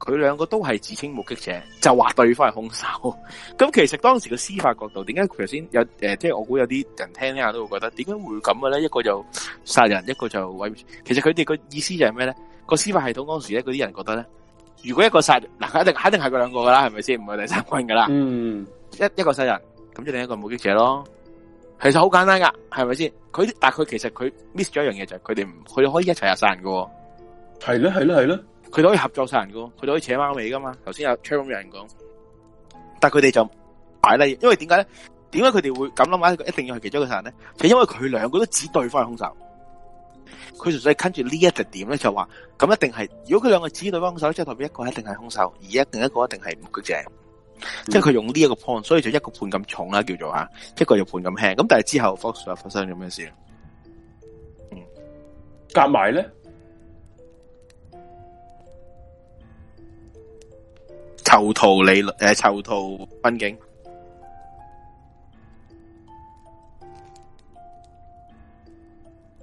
佢兩個都係自稱目擊者，就話對方係兇手。咁 其實當時嘅司法角度，點解頭先有誒？即、呃、係、就是、我估有啲人聽呢下都會覺得，點解會咁嘅咧？一個就殺人，一個就委。其實佢哋個意思就係咩咧？個司法系統當時咧，嗰啲人覺得咧，如果一個殺人，嗱、啊，一定，肯定係佢兩個噶啦，係咪先？唔係第三個人噶啦。嗯，一一個殺人，咁就另一個目擊者咯。其實好簡單噶，係咪先？佢，但係佢其實佢 miss 咗一樣嘢，就係佢哋唔，佢哋可以一齊殺人噶。係囉，係囉，係囉。佢都可以合作殺人噶，佢都可以扯貓尾噶嘛。頭先 Telegram 有的人講，但佢哋就擺例，因為點解咧？點解佢哋會咁諗，一定要係其中一個殺人咧，就是、因為佢兩個都指對方係兇手。佢純粹係跟住呢一個點咧，就話咁一定係。如果佢兩個指對方兇手，即係代表一個一定係兇手，而一定一個一定係目擊證。即係佢用呢一個 point，所以就一個判咁重啦，叫做吓一個又判咁輕。咁但係之後 Fox 發生咗咩事？嗯，夾埋咧。囚徒理論誒，囚徒困境。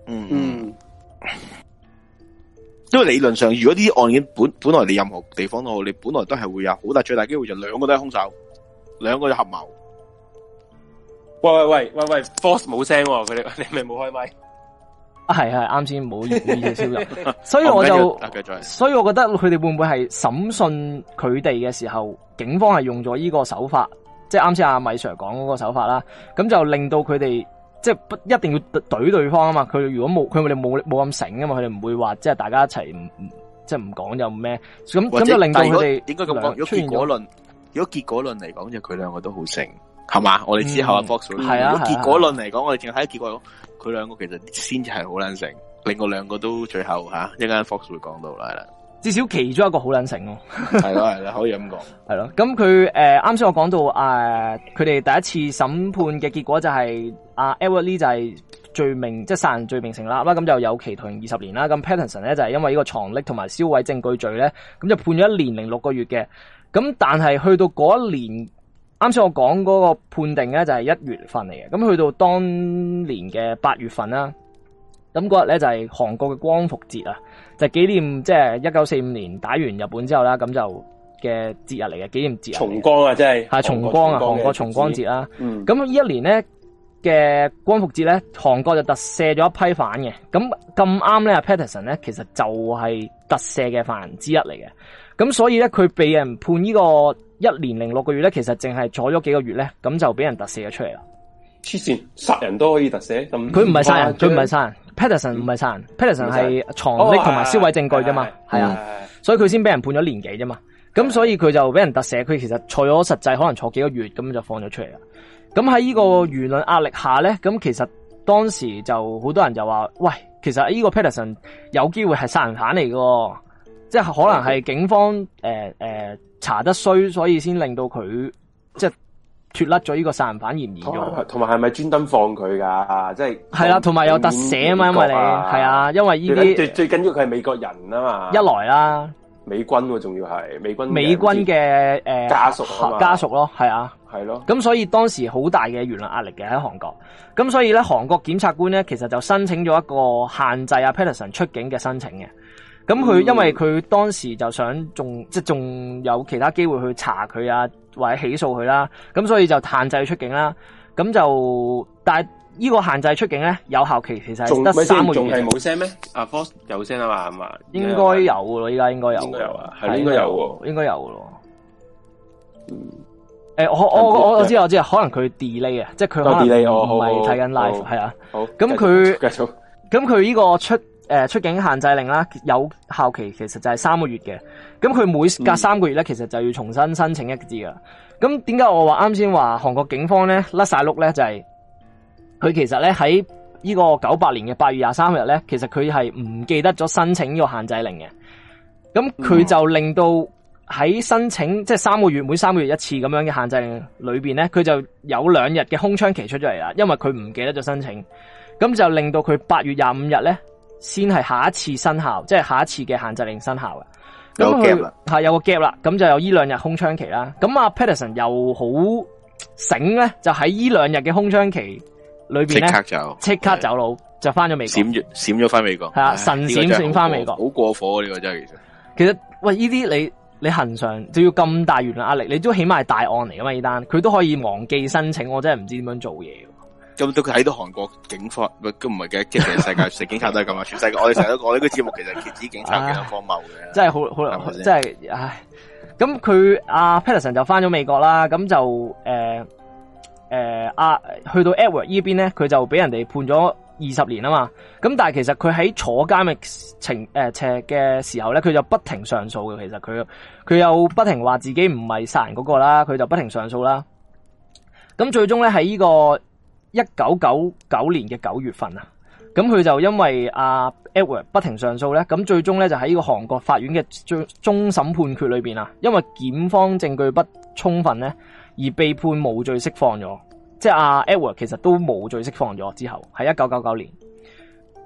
嗯，嗯，因為理論上，如果啲案件本本來你任何地方都好，你本來都係會有好大最大機會就兩個都係兇手，兩個就合謀。喂喂喂喂 Force 冇聲喎，佢 哋、哦、你係咪冇開麥？係係啱先唔好意嘅輸入，所以我就所以我覺得佢哋會唔會係審訊佢哋嘅時候，警方係用咗呢個手法，即係啱先阿米 Sir 講嗰個手法啦，咁就令到佢哋即係不一定要懟對方啊嘛。佢如果冇，佢哋冇冇咁醒啊嘛。佢哋唔會話即係大家一齊唔即係唔講就咩咁咁就令到佢哋點解咁講。如果結果論，如果結果論嚟講，就佢兩個都好醒。係嘛？我哋之後阿 Fox 係啊。嗯嗯、如果結果論嚟講，我哋淨係睇結果。佢、嗯、兩個其實先至係好卵成，另外兩個都最後吓、啊、一間 Fox 會講到係啦。至少其中一個好卵成咯。係咯係咯，可以咁講。係咯，咁佢誒啱先我講到誒，佢、呃、哋第一次審判嘅結果就係阿 Edward Lee 就係罪名即係殺人罪名成立啦。咁就有期徒刑二十年啦。咁 Paterson 咧就係、是、因為呢個藏匿同埋銷毀證據罪咧，咁就判咗一年零六個月嘅。咁但係去到嗰一年。啱先我講嗰個判定咧就係一月份嚟嘅，咁去到當年嘅八月份啦，咁嗰日咧就係韓國嘅光復節啊，就是、紀念即係一九四五年打完日本之後啦，咁就嘅節日嚟嘅紀念節日。重光啊，即係係重光啊，韓國重光節啦。咁、嗯、呢一年咧嘅光復節咧，韓國就特赦咗一批犯人，咁咁啱咧，Patterson 咧其實就係特赦嘅犯人之一嚟嘅，咁所以咧佢被人判呢、這個。一年零六個月咧，其實淨係坐咗幾個月咧，咁就俾人特赦咗出嚟啦。黐線，殺人都可以特赦？咁佢唔係殺人，佢唔係殺人。Peterson 唔係殺人，Peterson 係、嗯、藏匿同埋銷毀證據啫嘛，係、嗯、啊，啊，所以佢先俾人判咗年幾啫嘛。咁所以佢就俾人特赦，佢其實坐咗實際可能坐幾個月，咁就放咗出嚟啦。咁喺呢個輿論壓力下咧，咁其實當時就好多人就話：，喂，其實呢個 Peterson 有機會係殺人犯嚟噶。即係可能係警方誒誒、呃呃、查得衰，所以先令到佢即係脫甩咗呢個殺人犯嫌疑同埋，係係咪專登放佢噶？即係係啦，同埋、啊、有特赦啊嘛，因為你係啊，啊，因為呢啲最最緊要佢係美國人啊嘛，一來啦、啊，美軍喎、啊，仲要係美軍，美軍嘅誒、呃、家屬家屬咯，係啊，係咯、啊。咁、啊、所以當時好大嘅輿論壓力嘅喺韓國。咁所以咧，韓國檢察官咧，其實就申請咗一個限制阿 Patterson 出境嘅申請嘅。咁、嗯、佢因為佢當時就想仲即係仲有其他機會去查佢啊，或者起訴佢啦，咁所以就限制出境啦。咁就但係呢個限制出境咧，有效期其實得三個月。仲係冇聲咩？啊 Fox 有聲啊嘛？咁嘛應該有咯，依家應該有。應該有啊，係應該有喎。應該有咯。誒、欸，我我我我知我知，可能佢 delay 啊，即係佢 delay 可能唔係睇緊 live 係啊。好，咁佢咁佢呢個出。出境限制令啦，有效期其實就係三個月嘅。咁佢每隔三個月咧，其實就要重新申請一次㗎。咁點解我話啱先話韓國警方咧甩晒碌咧？就係、是、佢其實咧喺呢個九八年嘅八月廿三日咧，其實佢係唔記得咗申請呢個限制令嘅。咁佢就令到喺申請、嗯、即係三個月每三個月一次咁樣嘅限制令裏面咧，佢就有兩日嘅空窗期出咗嚟啦。因為佢唔記得咗申請，咁就令到佢八月廿五日咧，先係下一次生效，即係下一次嘅限制令生效嘅。咁佢係有個 gap 啦，咁就有依兩日空窗期啦。咁阿 Peterson 又好醒咧，就喺依兩日嘅空窗期裏面呢，即刻走即刻走佬，就翻咗美國，閃咗返咗翻美國，嚇、哎、神閃、呢個、閃翻美國，呢個、好過火啊！呢、呢個真係其實，其實喂，依啲你你恒常就要咁大原壓力，你都起碼係大案嚟噶嘛？呢單，佢都可以忘記申請，我真係唔知點樣做嘢。咁佢喺到韓國警方，唔都唔係嘅即係？成世界成警察都係咁啊！全世界，世界 世界我哋成日都講呢個節目， 其實係指警察幾荒謬嘅、哎。真係好好難，真係唉！咁佢阿、啊、Patterson 就翻咗美國啦，咁就誒、呃呃啊、去到 Edward 邊呢邊咧，佢就俾人哋判咗二十年啊嘛！咁但係其實佢喺坐監嘅情嘅、呃、時候咧，佢就不停上訴嘅。其實佢佢又不停話自己唔係殺人嗰、嗰個啦，佢就不停上訴啦。咁最終咧喺呢、呢個。一九九九年嘅九月份啊，咁佢就因為阿 Edward 不停上訴咧，咁最終咧就喺呢個韓國法院嘅終審判決裏邊啊，因為檢方證據不充分咧，而被判無罪釋放咗，即係阿 Edward 其實都無罪釋放咗之後，喺一九九九年。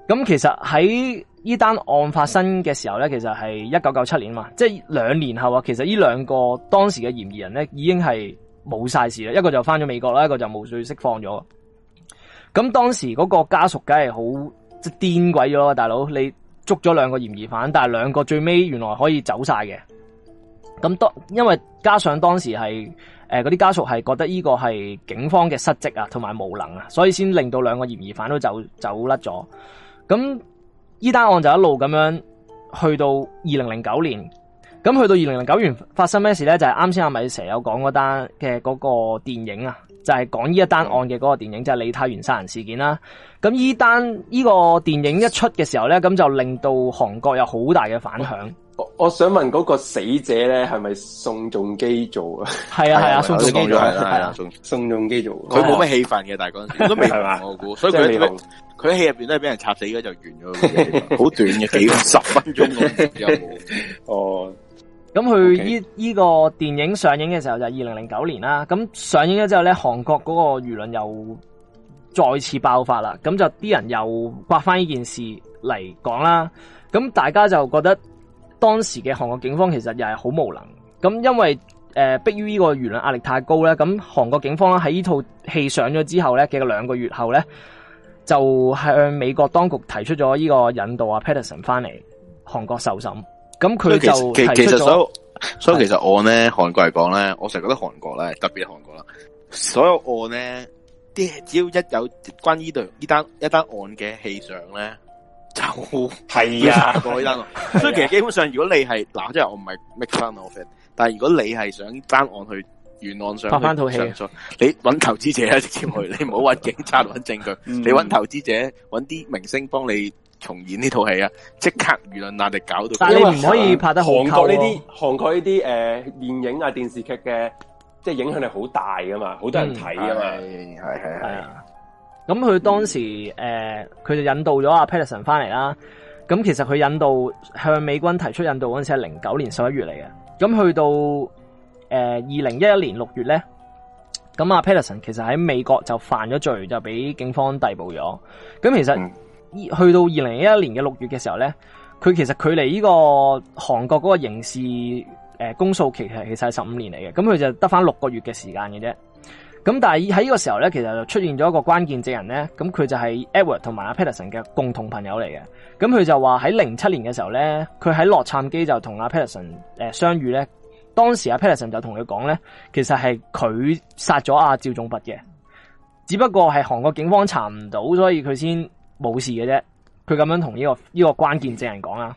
咁其實喺呢單案發生嘅時候咧，其實係一九九七年嘛，即係兩年後啊。其實呢兩個當時嘅嫌疑人咧，已經係冇晒事啦，一個就返咗美國啦，一個就無罪釋放咗。咁當時嗰個家屬梗係好即係癲鬼咗。大佬，你捉咗兩個嫌疑犯，但係兩個最尾原來可以走晒嘅。咁當因為加上當時係誒嗰啲家屬係覺得呢個係警方嘅失職啊，同埋無能啊，所以先令到兩個嫌疑犯都走走甩咗。咁呢單案就一路咁樣去到二零零九年。咁去到二零零九年發生咩事呢？就係啱先阿咪成日有講嗰單嘅嗰個電影啊。就係講呢一單案嘅嗰個電影，就係、是、梨泰院殺人事件啦。咁呢單呢個電影一出嘅時候咧，咁就令到韓國有好大嘅反響、欸。我想問嗰個死者咧係咪宋仲基做啊？係啊係啊，宋仲基做，係、 啊、宋仲基做。佢冇咩戲份嘅，但係嗰陣時都未係嘛？我估， 所以佢佢喺戲入邊都係俾人插死咗就完咗，好 短嘅，幾十分鐘 哦。咁佢依個個電影上映嘅時候就係二零零九年啦，咁上映咗之後呢，韓國嗰個輿論又再次爆發啦，咁就啲人又颳翻呢件事嚟講啦，咁大家就覺得當時嘅韓國警方其實又係好無能，咁因為誒迫於呢個輿論壓力太高呢，咁韓國警方喺呢套戲上咗之後呢幾嘅兩個月後呢，就向美國當局提出咗呢個引渡阿 Peterson 翻嚟韓國受審。咁佢就其其實所有所以其實案咧，韓國嚟講咧，我成日覺得韓國咧特別韓國啦。所有案咧，啲只要一有關於對呢單一單案嘅戲上咧，就係、是、啊嗰 單。 所以其實基本上，如果你係嗱，即係我唔係 make fun of it，但係如果你係想爭案去原案上拍翻套戲，啊、你揾投資者、啊、 直接去，你唔好揾警察揾證據， 嗯、你揾投資者揾啲明星幫你。重演呢套戲啊！即刻輿論壓力搞到，但係你唔可以拍得好、啊嗯。韓國呢啲韓國呢啲誒電影啊電視劇嘅，即係影響力好大噶嘛，好多人睇噶嘛，係係係啊。咁佢當時誒佢、嗯呃、就引渡咗阿 Patterson 翻嚟啦。咁其實佢引渡向美軍提出引渡嗰陣時係零九年十一月嚟嘅。咁去到誒二零一一年六月咧，咁阿 Patterson 其實喺美國就犯咗罪，就俾警方逮捕咗。咁其實。嗯去到二零一一年嘅六月嘅時候呢，佢其實距離呢個韓國嗰個刑事、呃、公訴期其實係十五年嚟嘅，咁佢就得翻六個月嘅時間嘅啫。咁但係喺呢個時候呢，其實就出現咗一個關鍵證人呢。咁佢就係 Edward 同埋阿 Peterson 嘅共同朋友嚟嘅。咁佢就話喺零七年嘅時候呢，佢喺洛杉磯就同阿 Peterson、呃、相遇呢，當時阿 Peterson 就同佢講呢，其實係佢殺咗阿、啊、趙忠勃嘅，只不過係韓國警方查唔到，所以佢先。冇事嘅啫，佢咁樣同呢個呢個關鍵證人講啊，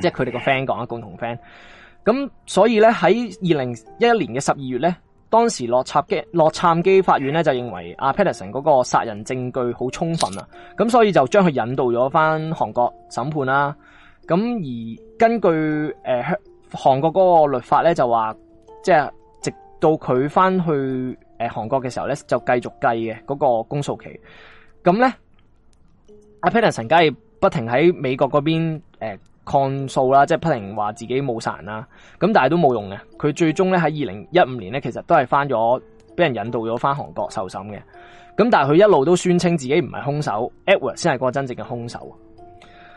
即係佢哋個 friend 講啊，共同 friend。咁所以呢，喺二零一一年嘅十二月呢，當時洛杉磯洛杉磯法院呢，就認為阿 Peterson 嗰個殺人證據好充分啦，咁所以就將佢引渡咗翻韓國審判啦。咁而根據誒韓韓國嗰個律法呢，就話，即係直到佢翻去誒韓國嘅時候呢，就繼續計嘅嗰個公訴期。咁呢。阿 Peterson 梗係不停喺美國嗰邊誒抗訴啦，即係不停話自己冇殺人啦，咁但係都冇用嘅。佢最終咧喺二零一五年咧，其實都係翻咗，俾人引渡咗翻韓國受審嘅。咁但係佢一路都宣稱自己唔係凶手，Edward 先係嗰個真正嘅凶手。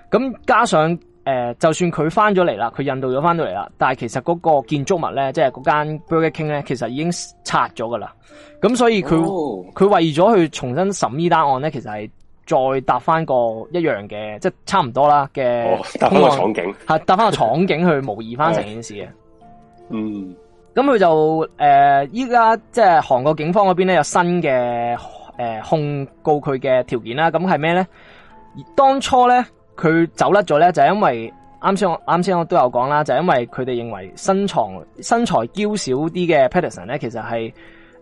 咁加上誒、呃，就算佢翻咗嚟啦，佢引渡咗翻到嚟啦，但係其實嗰個建築物咧，即係嗰間 Burger King 咧，其實已經拆咗噶啦。咁所以佢佢為咗去重新審呢單案咧，其實係。再搭翻個一樣嘅，即係差唔多啦嘅。搭翻、哦、個場景，搭翻個場景去模擬翻成件事嘅、哦。嗯，咁佢就誒，依、呃、家即係韓國警方嗰邊咧有新嘅誒、呃、控告佢嘅條件啦。咁係咩咧？而當初咧佢走甩咗咧，就係、是、因為啱先，啱先我都有講啦，就係、是、因為佢哋認為身長身材嬌小啲嘅 Peterson 咧，其實係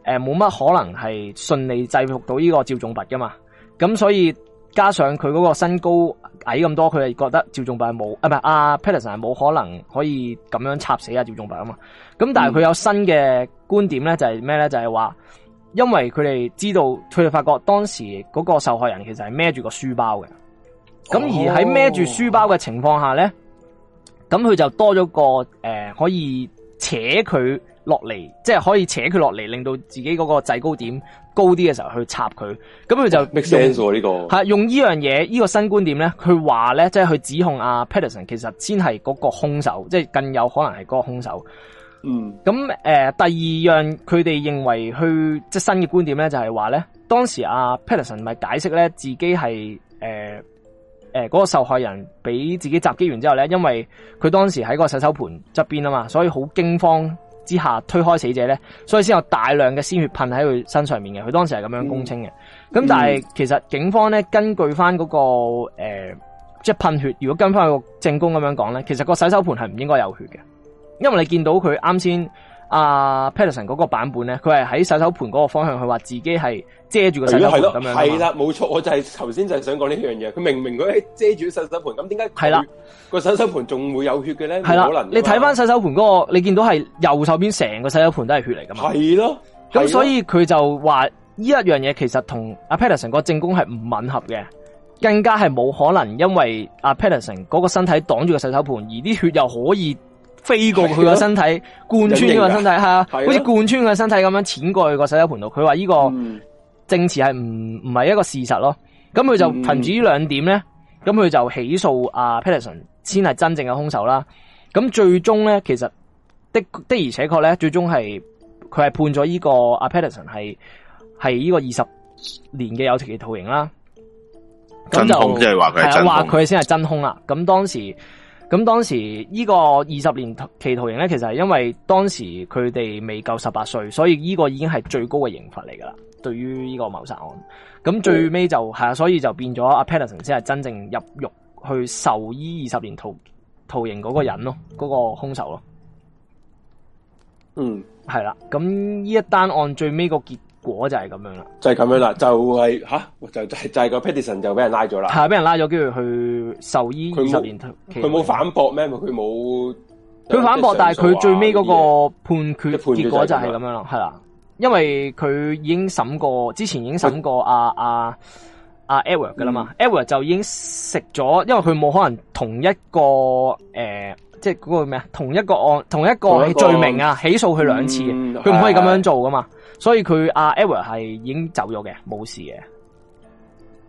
誒冇乜可能係順利制服到呢個趙仲拔噶嘛。咁所以加上佢嗰個身高矮咁多，佢係覺得趙仲弼冇啊，唔係阿 Patterson 係冇可能可以咁樣插死阿趙仲弼啊嘛。咁但係佢有新嘅觀點咧，就係咩咧？就係話，因為佢哋知道，佢哋發覺當時嗰個受害人其實係孭住個書包嘅。咁而喺孭住書包嘅情況下咧，咁、oh. 佢就多咗個誒、呃，可以扯佢落嚟，即係可以扯佢落嚟，令到自己嗰個制高點高啲嘅時候去插佢，咁佢就 mixing 咗呢個係用呢樣嘢，呢、這個新觀點咧，佢話咧，即係去指控阿 Peterson 其實先係嗰個兇手，即係更有可能係嗰個兇手。嗯，咁、呃、誒，第二樣佢哋認為佢即係新嘅觀點咧，就係話咧，當時阿 Peterson 咪解釋咧自己係誒誒嗰個受害人俾自己襲擊完之後咧，因為佢當時喺個洗手盤側邊啊嘛，所以好驚慌。之下推開死者呢，所以先有大量嘅鮮血噴喺佢身上面嘅，佢當時係咁樣供稱嘅。咁但係其實警方呢根據翻、那、嗰個誒、呃，即係噴血，如果跟翻個證供咁樣講呢，其實個洗手盤係唔應該有血嘅，因為你見到佢啱先。阿、uh, Peterson 嗰個版本咧，佢係喺洗手盤嗰個方向，佢話自己係遮住個洗手盤咁樣。係啦，冇錯，我就係頭先就係想講呢樣嘢。佢明明佢遮住洗手盤，咁點解個洗手盤仲會有血嘅咧？係啦，可能你睇翻洗手盤嗰、嗰個，是你見到係右手邊成個洗手盤都係血嚟噶嘛？係咯。咁所以佢就話呢一樣嘢其實同阿 Peterson 個證供係唔吻合嘅，更加係冇可能因為阿 Peterson 嗰個身體擋住個洗手盤，而啲血又可以。飛過佢個身體，貫穿佢個身體，吓，好似貫穿佢個身體咁樣濺過去個洗手盆度。佢話呢個證詞係唔唔係一個事實咯。咁、嗯、佢就憑住呢兩點咧，咁、嗯、佢就起訴阿 Patterson 先係真正嘅兇手啦。咁最終咧，其實的的，的而且確咧，最終係佢係判咗呢個阿 Patterson 係係呢個二十年嘅有期徒刑啦。咁就係話佢先係真兇啦。咁當時。咁當時呢個二十年期徒刑咧，其實係因為當時佢哋未夠十八歲，所以呢個已經係最高嘅刑罰嚟噶啦。對於呢個謀殺案，咁最尾就係啊，所以就變咗阿 Patterson 先係真正入獄去受呢二十年徒徒刑嗰個人咯，嗰、嗰個兇手咯。嗯，係啦。咁呢一單案最尾個結果就係咁樣啦，就係、是、咁樣啦，就係、是、吓，就就就係、就是、個 Patterson 就俾人拉咗啦，係啊，俾人拉咗，跟住去壽醫二十年，佢冇反駁咩？佢冇，佢反駁，但係佢最尾嗰個判決結果就係咁樣啦，係啦，因為佢已經審過，之前已經審過阿阿阿 Edward 嘅啦嘛 Edward 就已經食咗，因為佢冇可能同一個誒。呃即係嗰個咩啊？同一個案，同一個罪名啊，起訴佢兩次，佢、嗯、唔可以咁樣做噶嘛。所以佢阿 Eva 係已經走咗嘅，冇事嘅。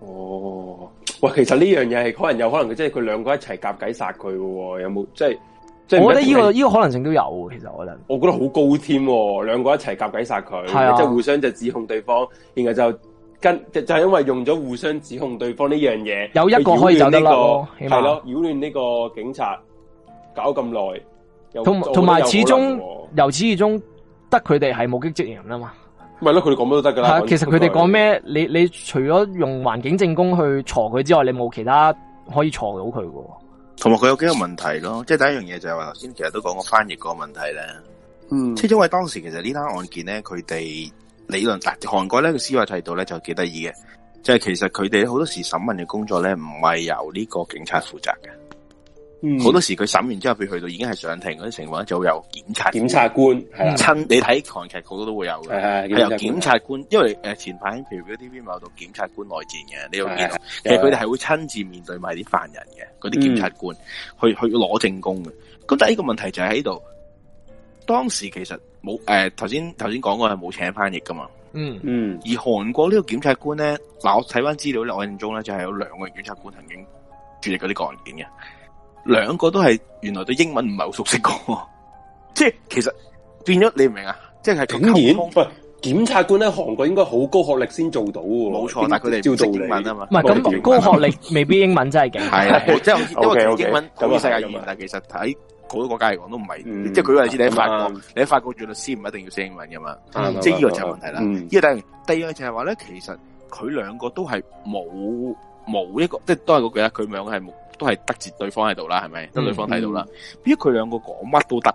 哦，喂，其實呢樣嘢係可能有可能佢即係佢兩個一齊夾計殺佢嘅，有冇？即係即係，我覺得呢、這個呢、這個可能性都有。其實我諗，我覺得好高添，兩個一齊夾計殺佢，即係互相就指控對方，然後就跟就就是、係因為用咗互相指控對方呢樣嘢，有一個、這個、可以走啦，係咯，擾亂呢個警察。搞咁耐，同同埋始終由始至終得佢哋係目擊證人啊嘛，咪咯佢哋講乜都得噶啦。其實佢哋講咩，你你除咗用環境證供去鋤佢之外，你冇其他可以鋤到佢喎？同埋佢有幾個問題咯，即係第一樣嘢就係話頭先，其實都講過翻譯個問題咧。嗯，即係因為當時其實呢單案件咧，佢哋理論，但韓國咧個司法制度咧就幾得意嘅，即係其實佢哋好多時審問嘅工作咧唔係由呢個警察負責嘅。好、嗯、多時佢審完之後，佢去到已經係上庭嗰啲情況，就會有檢察檢察官親。檢官是你睇韓劇好多都會有嘅，係由檢察官。因為誒前排譬如 TVB 咪有讀檢察官內戰嘅，你有見到？其實佢哋係會親自面對埋啲犯人嘅，嗰啲檢察官、嗯、去去攞證供嘅。咁但係呢個問題就喺度，當時其實冇誒頭先頭先講過係冇請翻譯噶嘛。嗯嗯。而韓國呢個檢察官咧，嗱我睇翻資料咧，我印象咧就係有兩個檢察官曾經處理過啲案件嘅。兩個都係原來對英文唔係好熟悉喎。即係其實變咗你唔明啊？即係係。當然，檢察官咧，韓國應該好高學歷先做到喎。冇錯，但係佢哋照做英文啊嘛。唔係咁高學歷，未必英文真係嘅。係 啊是的，即 係因為英文係世界語言，但 係其實喺好多國家嚟講都唔係、嗯。即係舉個例子，你喺法國，嗯、你喺法國做律師唔一定要寫英文噶嘛、嗯？即係呢個就係問題啦。呢個第第二就係話咧，其實佢兩個都係冇冇一個，即係都係嗰句啦。佢兩個係冇。都係得住對方喺度啦，係咪、嗯？得對方睇到啦。嗯、如果佢兩個講乜都得，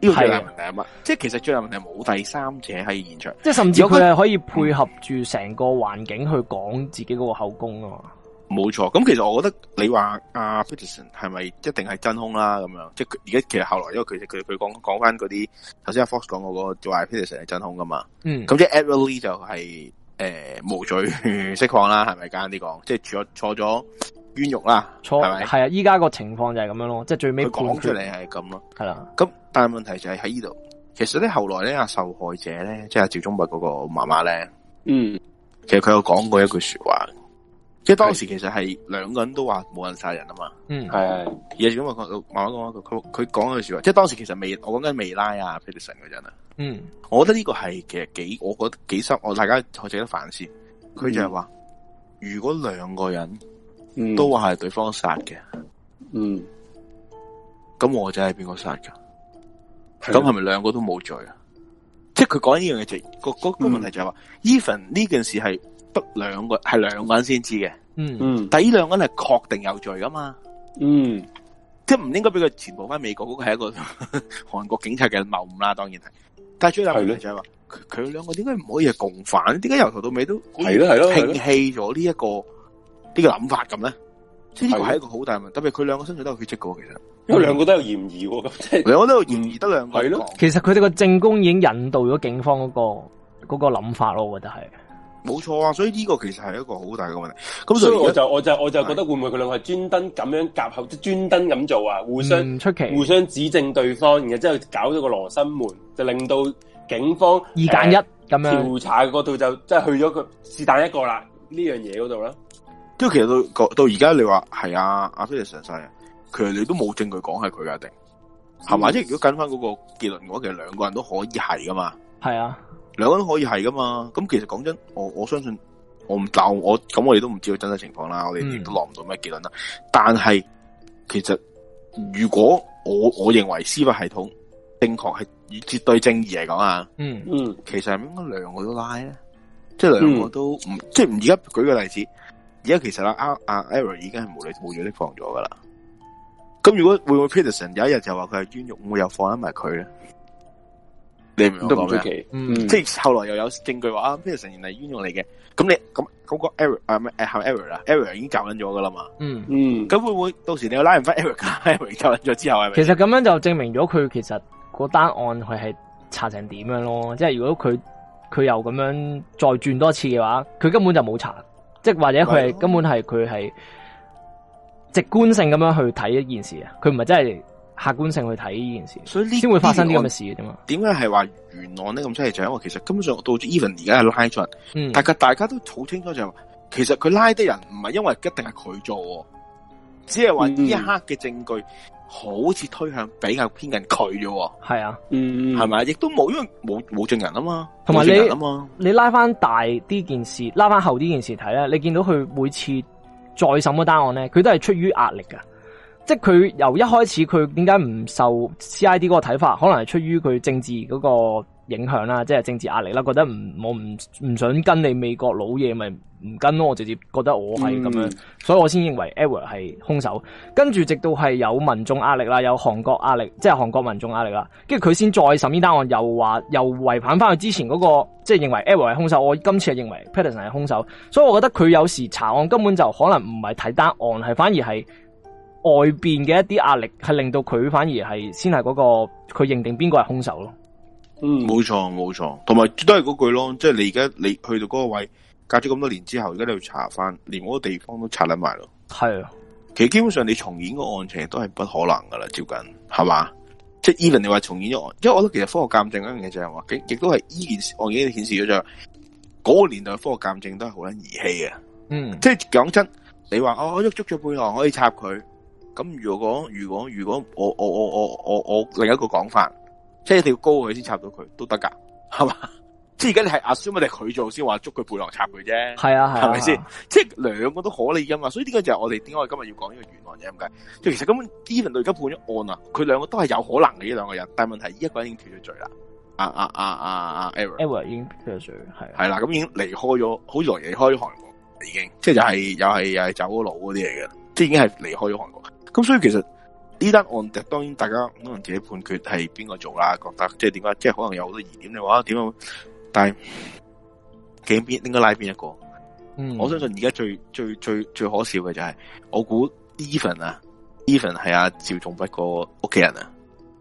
呢個最大問題係乜？即係其實最大問題冇第三者喺現場，即係甚至佢係可以配合住成個環境去講自己嗰個口供啊嘛。冇、嗯、錯。咁其實我覺得你話阿、啊、Peterson 係咪一定係真空啦、啊？咁樣即係而家其實後來因為其佢佢講講翻嗰啲，頭先阿 Fox 講過、嗰個、話 Peterson 係真空噶嘛。嗯。咁即係 Edward Lee 就係、是、誒、呃、無罪釋放啦，係咪？簡單啲講，即係除咗錯咗。冤獄啦，錯，係咪？係啊，依家個情況就係咁樣咯，即係最尾講出嚟係咁咯。係啦，咁但係問題就係喺呢度。其實咧後來咧，阿受害者咧，即係阿趙忠柏嗰個媽媽咧，嗯，其實佢有講過一句說話。即係當時其實係兩個人都話冇人殺人啊嘛。嗯，係。而趙忠柏講媽媽講佢佢講嗰句說話，即係當時其實未我講緊未拉啊 Peterson 嗰陣啊。嗯，我覺得呢個係其實幾我覺得幾深，我大家自值得反思。佢、嗯、就係話如果兩個人。嗯、都話係對方殺嘅，嗯，咁我仔係邊個殺噶？咁係咪兩個都冇罪啊？即係佢講呢樣嘢就個嗰個問題就係話，even 呢件事係得兩個係兩個人先知嘅，嗯嗯，但呢兩個人係確定有罪噶嘛？嗯，即係唔應該俾佢全部翻美國，嗰、嗰個係一個 韓國警察嘅謬誤啦，當然係。但係最大問題就係、是、話，佢兩個點解唔可以係共犯？點解由頭到尾都係咯係咯，摒棄咗呢一個。呢個、呢、呢個諗法咁咧，呢個係一個好大問題，特別佢兩個身上都有血跡嘅。其實因為兩個都有嫌疑，哦，咁即係。都有嫌疑得兩個，咯。其實佢哋個證供已經引導咗警方嗰，嗰個諗、嗰個諗法咯，我覺得係。冇錯啊，所以呢個其實係一個好大嘅問題。咁所，所以我就我就我就，我就覺得會唔會佢兩個係專登咁樣夾口，即專登咁做啊？互相，嗯、出奇，互相指證對方，然後之後搞咗個羅生門，就令到警方二揀一咁樣調查嗰度就即係去咗佢，是但一個啦。呢樣嘢嗰度啦。即其實到到而家你話係啊阿菲爾殺晒，其實你都冇證據講係佢一定係嘛？即、嗯、係如果跟翻嗰個結論嘅話，其實兩個人都可以係噶嘛？係啊，兩個人都可以係噶嘛？咁其實講真，我我相信我唔就我咁，我哋都唔知道真實情況啦。嗯、我哋都落唔到咩結論啦。但係其實如果我我認為司法系統正確係以絕對正義嚟講啊，嗯嗯，其實係咪應該兩個都拉咧？即係兩個都唔、嗯、即係而家舉個例子。而家其實阿阿 error 已經係無理無罪的放咗噶啦，咁如果會唔會 Peterson 有一日就話佢係冤獄，會又放翻埋佢咧？你明白我講咩、嗯？即係後來又有證據話啊，Peterson 原來冤獄嚟嘅，咁你咁嗰、嗰個 error 啊咩？後、啊、error 啦，error 已經教緊咗噶啦嘛。嗯嗯，咁會唔會到時你又拉唔翻 error error 教緊咗之後，係咪其實咁樣就證明咗佢其實個單案佢係查成點樣咯？即係如果佢佢又咁樣再轉多次嘅話，佢根本就冇查。即係或者佢係根本係佢係直觀性咁樣去睇一件事啊，佢唔係真係客觀性去睇呢件事，所以呢先會發生啲咁嘅事嘅嘛。點解係話元朗呢咁犀利？就因為其實根本上到咗 even 而家係拉出，大家大家都好清楚就係話，其實佢拉啲人唔係因為一定係佢做，只係話呢一刻嘅證據。嗯證據好似推向比較偏近佢啫喎，係啊，嗯，係咪？亦都冇，因為冇冇證人啊嘛，同埋你啊嘛。你拉翻大啲件事，拉翻後啲件事睇咧，你見到佢每次再審嘅單案咧，佢都係出於壓力噶，即係佢由一開始佢點解唔受 C I D 嗰個睇法，可能係出於佢政治嗰個影響啦，即係政治壓力啦，覺得唔冇唔唔想跟你美國老嘢咪。唔跟咯，我直接覺得我係咁樣、嗯，所以我先認為 Edward 係兇手。跟住直到係有民眾壓力啦，有韓國壓力，即係韓國民眾壓力啦，跟住佢先再審呢單案，又話又違反翻去之前嗰個，即係認為 Edward 係兇手。我今次係認為 Patterson 係兇手，所以我覺得佢有時查案根本就可能唔係睇單案，係反而係外邊嘅一啲壓力係令到佢反而係先係嗰個佢認定邊個係兇手咯。嗯，冇錯冇錯，同埋都係嗰句咯，即係你而家你去到嗰個位。隔咗咁多年之後，而家你要查翻，連嗰個地方都拆得埋咯。係啊，其實基本上你重演個案情都係不可能噶啦，照緊係嘛？即係 even 你話重演咗案，因為我都其實科學鑑證一樣嘢就係、是、話，亦都係依件案件，我已經顯示咗就，嗰、那個年代科學鑑證都係好撚兒戲嘅。嗯，即係講真，你話我我喐捉住背囊可以插佢，咁如果如果如果我我我我我我另一個講法，即係條高佢先插到佢都得噶，係嘛？ 即而家你係阿蕭乜定佢做先話捉佢背囊插佢啫？係啊，係咪先？即係兩個都可理噶嘛？所以點解就係我哋點解我今日要講呢個原案啫咁解，即其實根本，even 到而家判咗案啊！佢兩個都係有可能嘅呢兩個人，但係問題呢，一個人已經脱咗罪啦。啊啊啊啊啊 Error，Error 已經脱咗罪，係係啦，咁、啊、已經離開咗，好耐離開韓國已經，即係係又係又係走佬嗰啲嚟嘅，即已經係離開咗韓國。咁所以其實呢單案，當然大家可能自己判決係邊個做啦？覺得即點解？即係，即係可能有好多疑點話。你話點啊？但係幾邊應該拉邊一個，嗯？我相信而家最最最最可笑嘅就係、是，我估 even 啊，even 係阿趙仲弼個屋企人啊，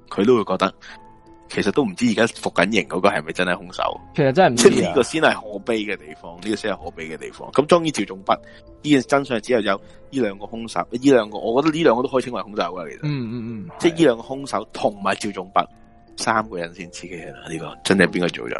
佢都會覺得其實都唔知而家服緊刑嗰個係咪真係兇手？其實真係唔知呢、就是這個先係可悲嘅地方，呢、這個先係可悲嘅地方。咁終於趙仲弼，呢件真相只有有呢兩個兇手，呢兩個我覺得呢兩個都可以稱為兇手嘅、啊、其實。嗯嗯嗯，即係呢兩個兇手同埋趙仲弼，三個人先刺激嘅呢、這個，真係邊個做咗？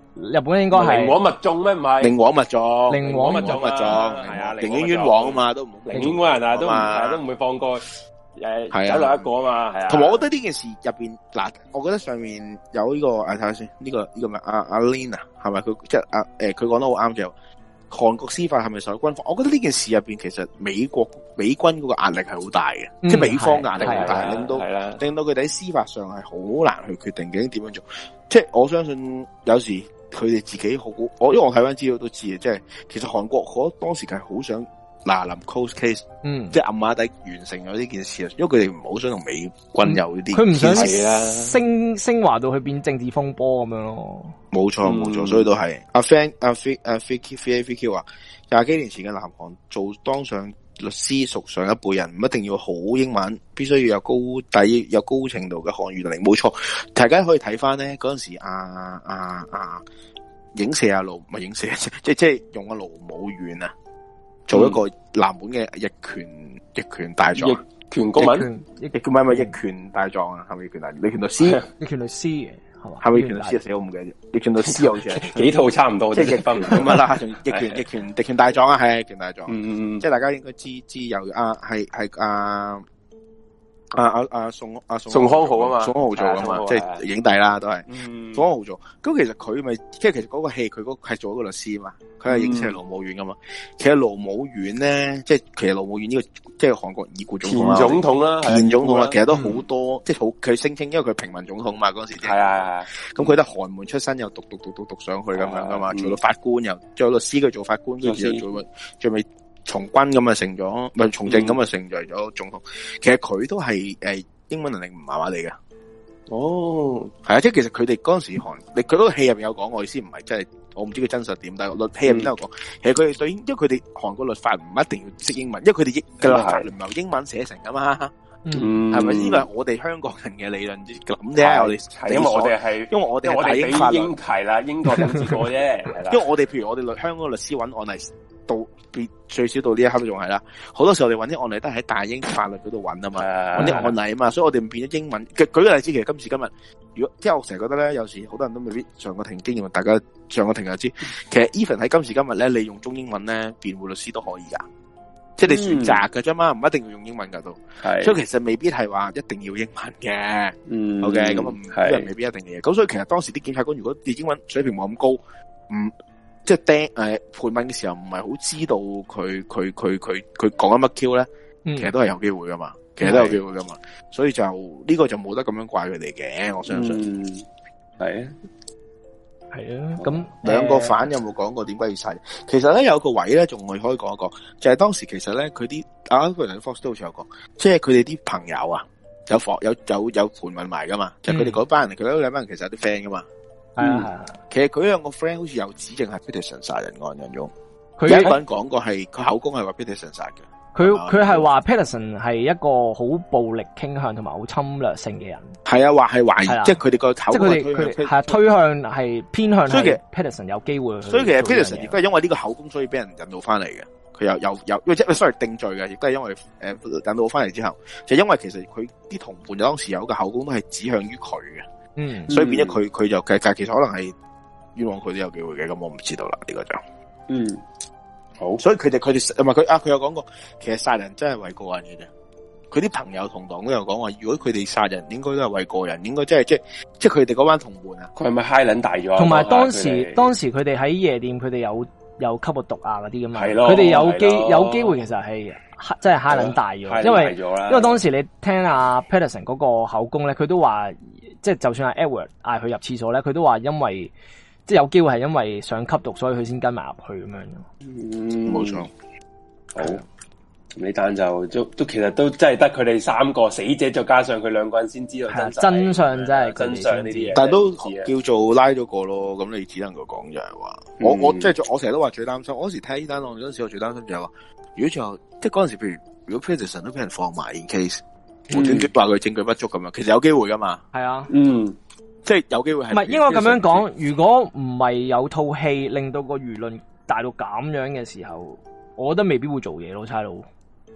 日本應該係寧枉勿縱咩唔係？寧枉勿縱，寧枉勿縱勿縱，係啊，寧願冤枉啊嘛，都寧願人啊都，都唔會放過。誒，係啊，走落一個啊嘛，係啊。同埋、啊，啊、我覺得呢件事入邊嗱，我覺得上面有呢、這個睇下先，呢、啊這個呢、這個咪阿阿 Lina 係咪？佢即係誒，佢、啊、講、啊啊啊、得好啱嘅。韓國司法係咪受到軍方？我覺得呢件事入邊，其實美國美軍嗰個壓力係好大嘅、嗯，即係美方壓力好大，令到令到佢哋喺司法上係好難去決定究竟點樣做。即係我相信有時。佢哋自己好，我因為我睇翻資料都知啊，即係其實韓國嗰當時佢係好想嗱臨 close case，嗯，即係暗馬底完成咗呢件事啊，因為佢哋唔好想同美軍有呢啲，佢唔想升升華到去變政治風波咁樣咯。冇錯冇錯，所以都係阿 f r i a f r 阿 a f i k i Afriki 啊，廿幾年前嘅南韓做當上。律師屬上一輩人，唔一定要好英文，必須要有高低、有高程度嘅漢語能力。冇錯，大家可以睇翻咧，嗰陣時阿啊影射阿盧，唔係影射，即即係用阿盧武鉉啊，做一個南本嘅逆權逆權大狀，逆權文，逆權係唔係逆大狀啊，係咪逆權大狀，逆權律師，逆權律師。係咪逆到 C 啊？死我唔記得，逆權律師好似幾套差唔多 即拳，即係積分咁樣啦，仲逆權逆權逆權大狀啊，係逆權大狀。嗯嗯嗯，即係大家應該知知有啊，係係啊。啊啊宋啊宋康昊啊嘛，宋康昊做噶嘛，即係影帝啦都係，嗯，宋康昊做。咁其實佢咪即係其實嗰個戲佢嗰係做一個律師嘛，佢係影射係盧武鉉噶嘛。其實盧武鉉咧，即係其實盧武鉉呢個即係韓國已故前總統啦，前總統啦，啊，其實都好多，嗯，即係好佢聲稱，因為佢平民總統嘛嗰，嗯，時，就是。係啊，咁佢得寒門出身又讀讀讀讀讀，讀上去咁樣噶嘛，嗯，做到法官又做，嗯，律師佢做法官，最尾最尾。從軍咁啊成咗，唔係從政咁啊成就咗總統。嗯、其實佢都係誒，英文能力唔麻麻地嘅。哦，係啊，即係其實佢哋嗰陣時韓，你佢嗰個戲入邊有講，我意思唔係真係，我唔知佢真實點，但係律戲入邊都有講、嗯，其實佢哋對，因為佢哋韓國律法唔一定要識英文，因為佢哋英嘅律法唔係英文寫成噶嘛嗯，係咪因為我哋香港人嘅理論之諗咧？我哋睇，因為我哋係，因為我哋我哋英題啦，英國人接過啫。因為我哋 譬如，我哋律，香港律師揾案例到變最少到呢一刻都仲係啦。好多時候我哋揾啲案例都係喺大英法律嗰度揾啊嘛，揾啲案例啊嘛，所以我哋變咗英文。舉舉個例子，其實今時今日，如果即係我成日覺得咧，有時好多人都未必上過庭經驗，大家上過庭就知道。其實 even 喺今時今日咧，你用中英文咧辯護律師都可以噶。即係你選擇嘅啫嘛，唔、嗯、一定要用英文噶都，係，所以其實未必係話一定要英文嘅，嗯，ok 咁、嗯、啊，啲未必一定嘅，咁所以其實當時啲檢察官如果啲英文水平冇咁高，唔即係聽誒盤問嘅時候唔係好知道佢佢佢佢佢講緊乜 Q 咧，其實都係有機會噶嘛，其實都有機會噶嘛，所以就呢、這個就冇得咁樣怪佢哋嘅，我相信，係、嗯、啊。係啊，咁、嗯、兩個犯有冇講過點解要殺？嗯、其實咧有一個位咧仲可以開講一講，就係、是、當時其實咧佢啲，啊，嗰個人 Fox 都好似有講即係佢哋啲朋友啊，有房有有有盤問埋噶嘛，就佢哋嗰班，佢、嗯、嗰兩班人其實有啲 friend 噶嘛，係啊、嗯、啊，啊，其實佢兩個 friend 好似有指證係 Peterson 殺人案引用，佢一個人講過係佢口供係話 Peterson 殺嘅。佢佢係話 Peterson 係一個好暴力傾向同埋好侵略性嘅人，係啊，話係懷疑，即係佢哋個口，即係佢哋佢推向係偏向。所以其實 Peterson 有機會。所以其實 Peterson 亦都係因為呢個口供，所以俾人引導翻嚟嘅。佢又又有因為即係 sorry 定罪嘅，亦都係因為誒、欸、引導翻嚟之後，就因為其實佢啲同伴就當時有個口供都係指向於佢嘅，嗯，所以變咗佢佢就其實其實可能係冤枉佢都有機會嘅，咁我唔知道啦，呢、這個就嗯。好，所以佢哋佢哋唔係佢啊，佢有講過，其實殺人真係為個人嘅啫。佢啲朋友同黨都有講話，如果佢哋殺人，應該都係為個人，應該真係即即係佢哋嗰班同伴啊。佢係咪 high 撚大咗？同埋當時當時佢哋喺夜店，佢哋有有吸過毒啊嗰啲咁樣。係咯，佢哋有機有機會，其實係真係 high 撚大咗，因為因為當時你聽阿 Peterson 嗰個口供咧，佢都話即係就算阿 Edward 嗌佢入廁所咧，佢都話因為。即係有機會係因為想吸毒，所以佢先跟埋入去咁樣咯。嗯，冇錯。好，你丹就都都其實都真係得佢哋三個死者，再加上佢兩個人先知道真，真，相，真，真相，真係真相呢啲嘢。但係都叫做拉咗個咯，咁你只能夠講就係話。我我即、就、係、是、我成日都話最擔心，我嗰時聽呢單案嗰陣時，我最擔心就係話，如果最後即係嗰陣時，譬如，如果 Patterson 都俾人放埋，in case、嗯、我點知話佢證據不足咁樣，其實有機會噶嘛。係啊，嗯。即係有機會係唔係應該咁樣講？如果唔係有套戲令到個輿論大到咁樣嘅時候，我覺得未必會做嘢咯，差佬。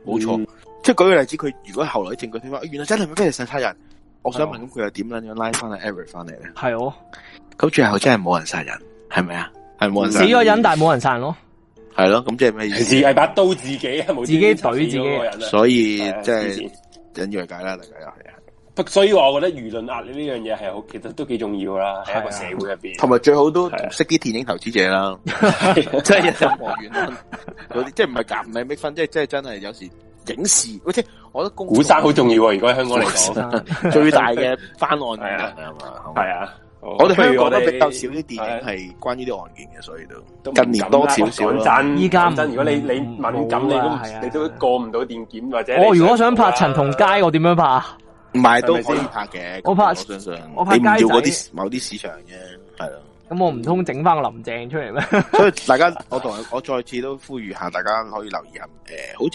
冇、嗯、錯，即係舉個例子，佢如果後來啲證據推翻，原來真係冇咩人殺人，我想問咁佢又點樣樣拉翻阿 Eric 翻嚟咧？係哦，咁最後真係冇人殺人，係咪啊？係冇人殺人，死咗人，但係冇人殺人咯。係咯，咁即係咩意思？係把刀自己，自己懟自，自己。所以即係引罪解啦，大家又係。所以話我覺得輿論壓力呢樣嘢係好，其實都幾重要啦，喺一個社會入邊。同埋最好都識啲電影投資者啦，即係一啲緣分嗰啲，即係唔係夾唔係，咩、就是、分，即係即係真係有時影視。喂，即係我覺得古古沙好重要喎，如果喺香港嚟講，最大嘅翻案係 啊嘛，係啊，啊，啊，啊，啊，啊，我哋香港都比較少啲電影係關於啲案件嘅，所以都，都近年多少少。依家真如果你你敏感，嗯、你都、啊啊、你都過唔到電檢或者。我如果想拍陳同佳，我點樣拍、啊？唔係都可以拍嘅，我拍，我相信，拍你唔要嗰啲某啲市場啫，係啊，咁我唔通整翻個林鄭出嚟咩？ 所以大家，我同我再次都呼籲下，大家可以留意下。誒、呃，好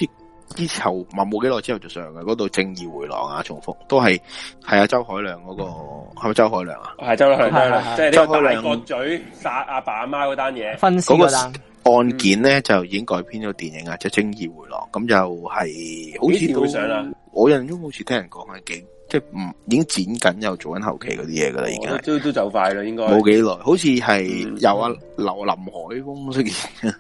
似之後冇幾耐之後就上嘅嗰度《正義回廊》啊，重複都係，係啊周海亮、那個嗯，是是周海亮，周海亮嗰個係咪周海亮啊？係周海亮，係啦，即係啲大角嘴殺阿爸阿媽嗰單嘢。嗰、那個案件咧、嗯、就已經改編咗電影啊，即、就、係、是《正義回廊》咁就係，好似上啦。我印象中好似聽人講係幾即係唔已經剪緊又做緊後期嗰啲嘢噶啦，已經都都走快啦，應該冇幾耐，好似係有阿林林海峰出現，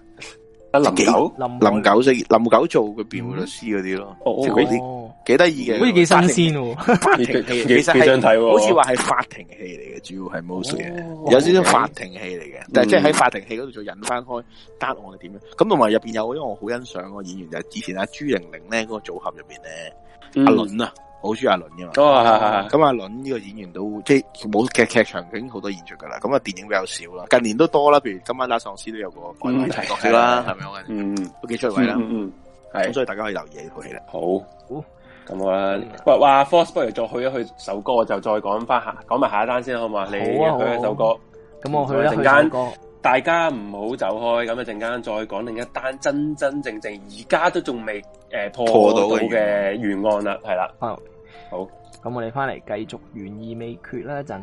阿林九林林九出演林九做佢辯護律師嗰啲咯，即係嗰啲幾得意嘅，好似幾新鮮，法庭戲其實係好似話係法庭戲嚟嘅，主要係 mostly 有少少法庭戲嚟嘅，但係即係喺法庭戲嗰度做引翻開答案係點樣，咁同埋入邊有，因為我好欣賞個演員就係以前阿朱玲玲咧嗰個組合入邊咧。嗯、阿倫啊，好中意阿倫啊嘛？哦，係係係。咁阿倫呢個演員都即係冇劇劇場已經好多演出噶啦。咁啊電影比較少啦，近年都多啦。譬如今晚打喪屍都有個鬼馬提角啦，係咪我嘅、嗯嗯？都幾出位啦。嗯，係。咁所以大家可以留意呢套戲啦。好，咁、嗯、啊，喂、啊、喂 Fox 不如再去一去首歌我就再講翻下，講埋下一單先好嘛、啊啊？你去一首歌，咁我去一陣間。啊大家唔好走開，咁啊，陣間再講另一單真真正正而家都仲未誒破到嘅懸案啦，係啦，返嚟，好，咁我哋翻嚟繼續懸疑未決啦，一陣。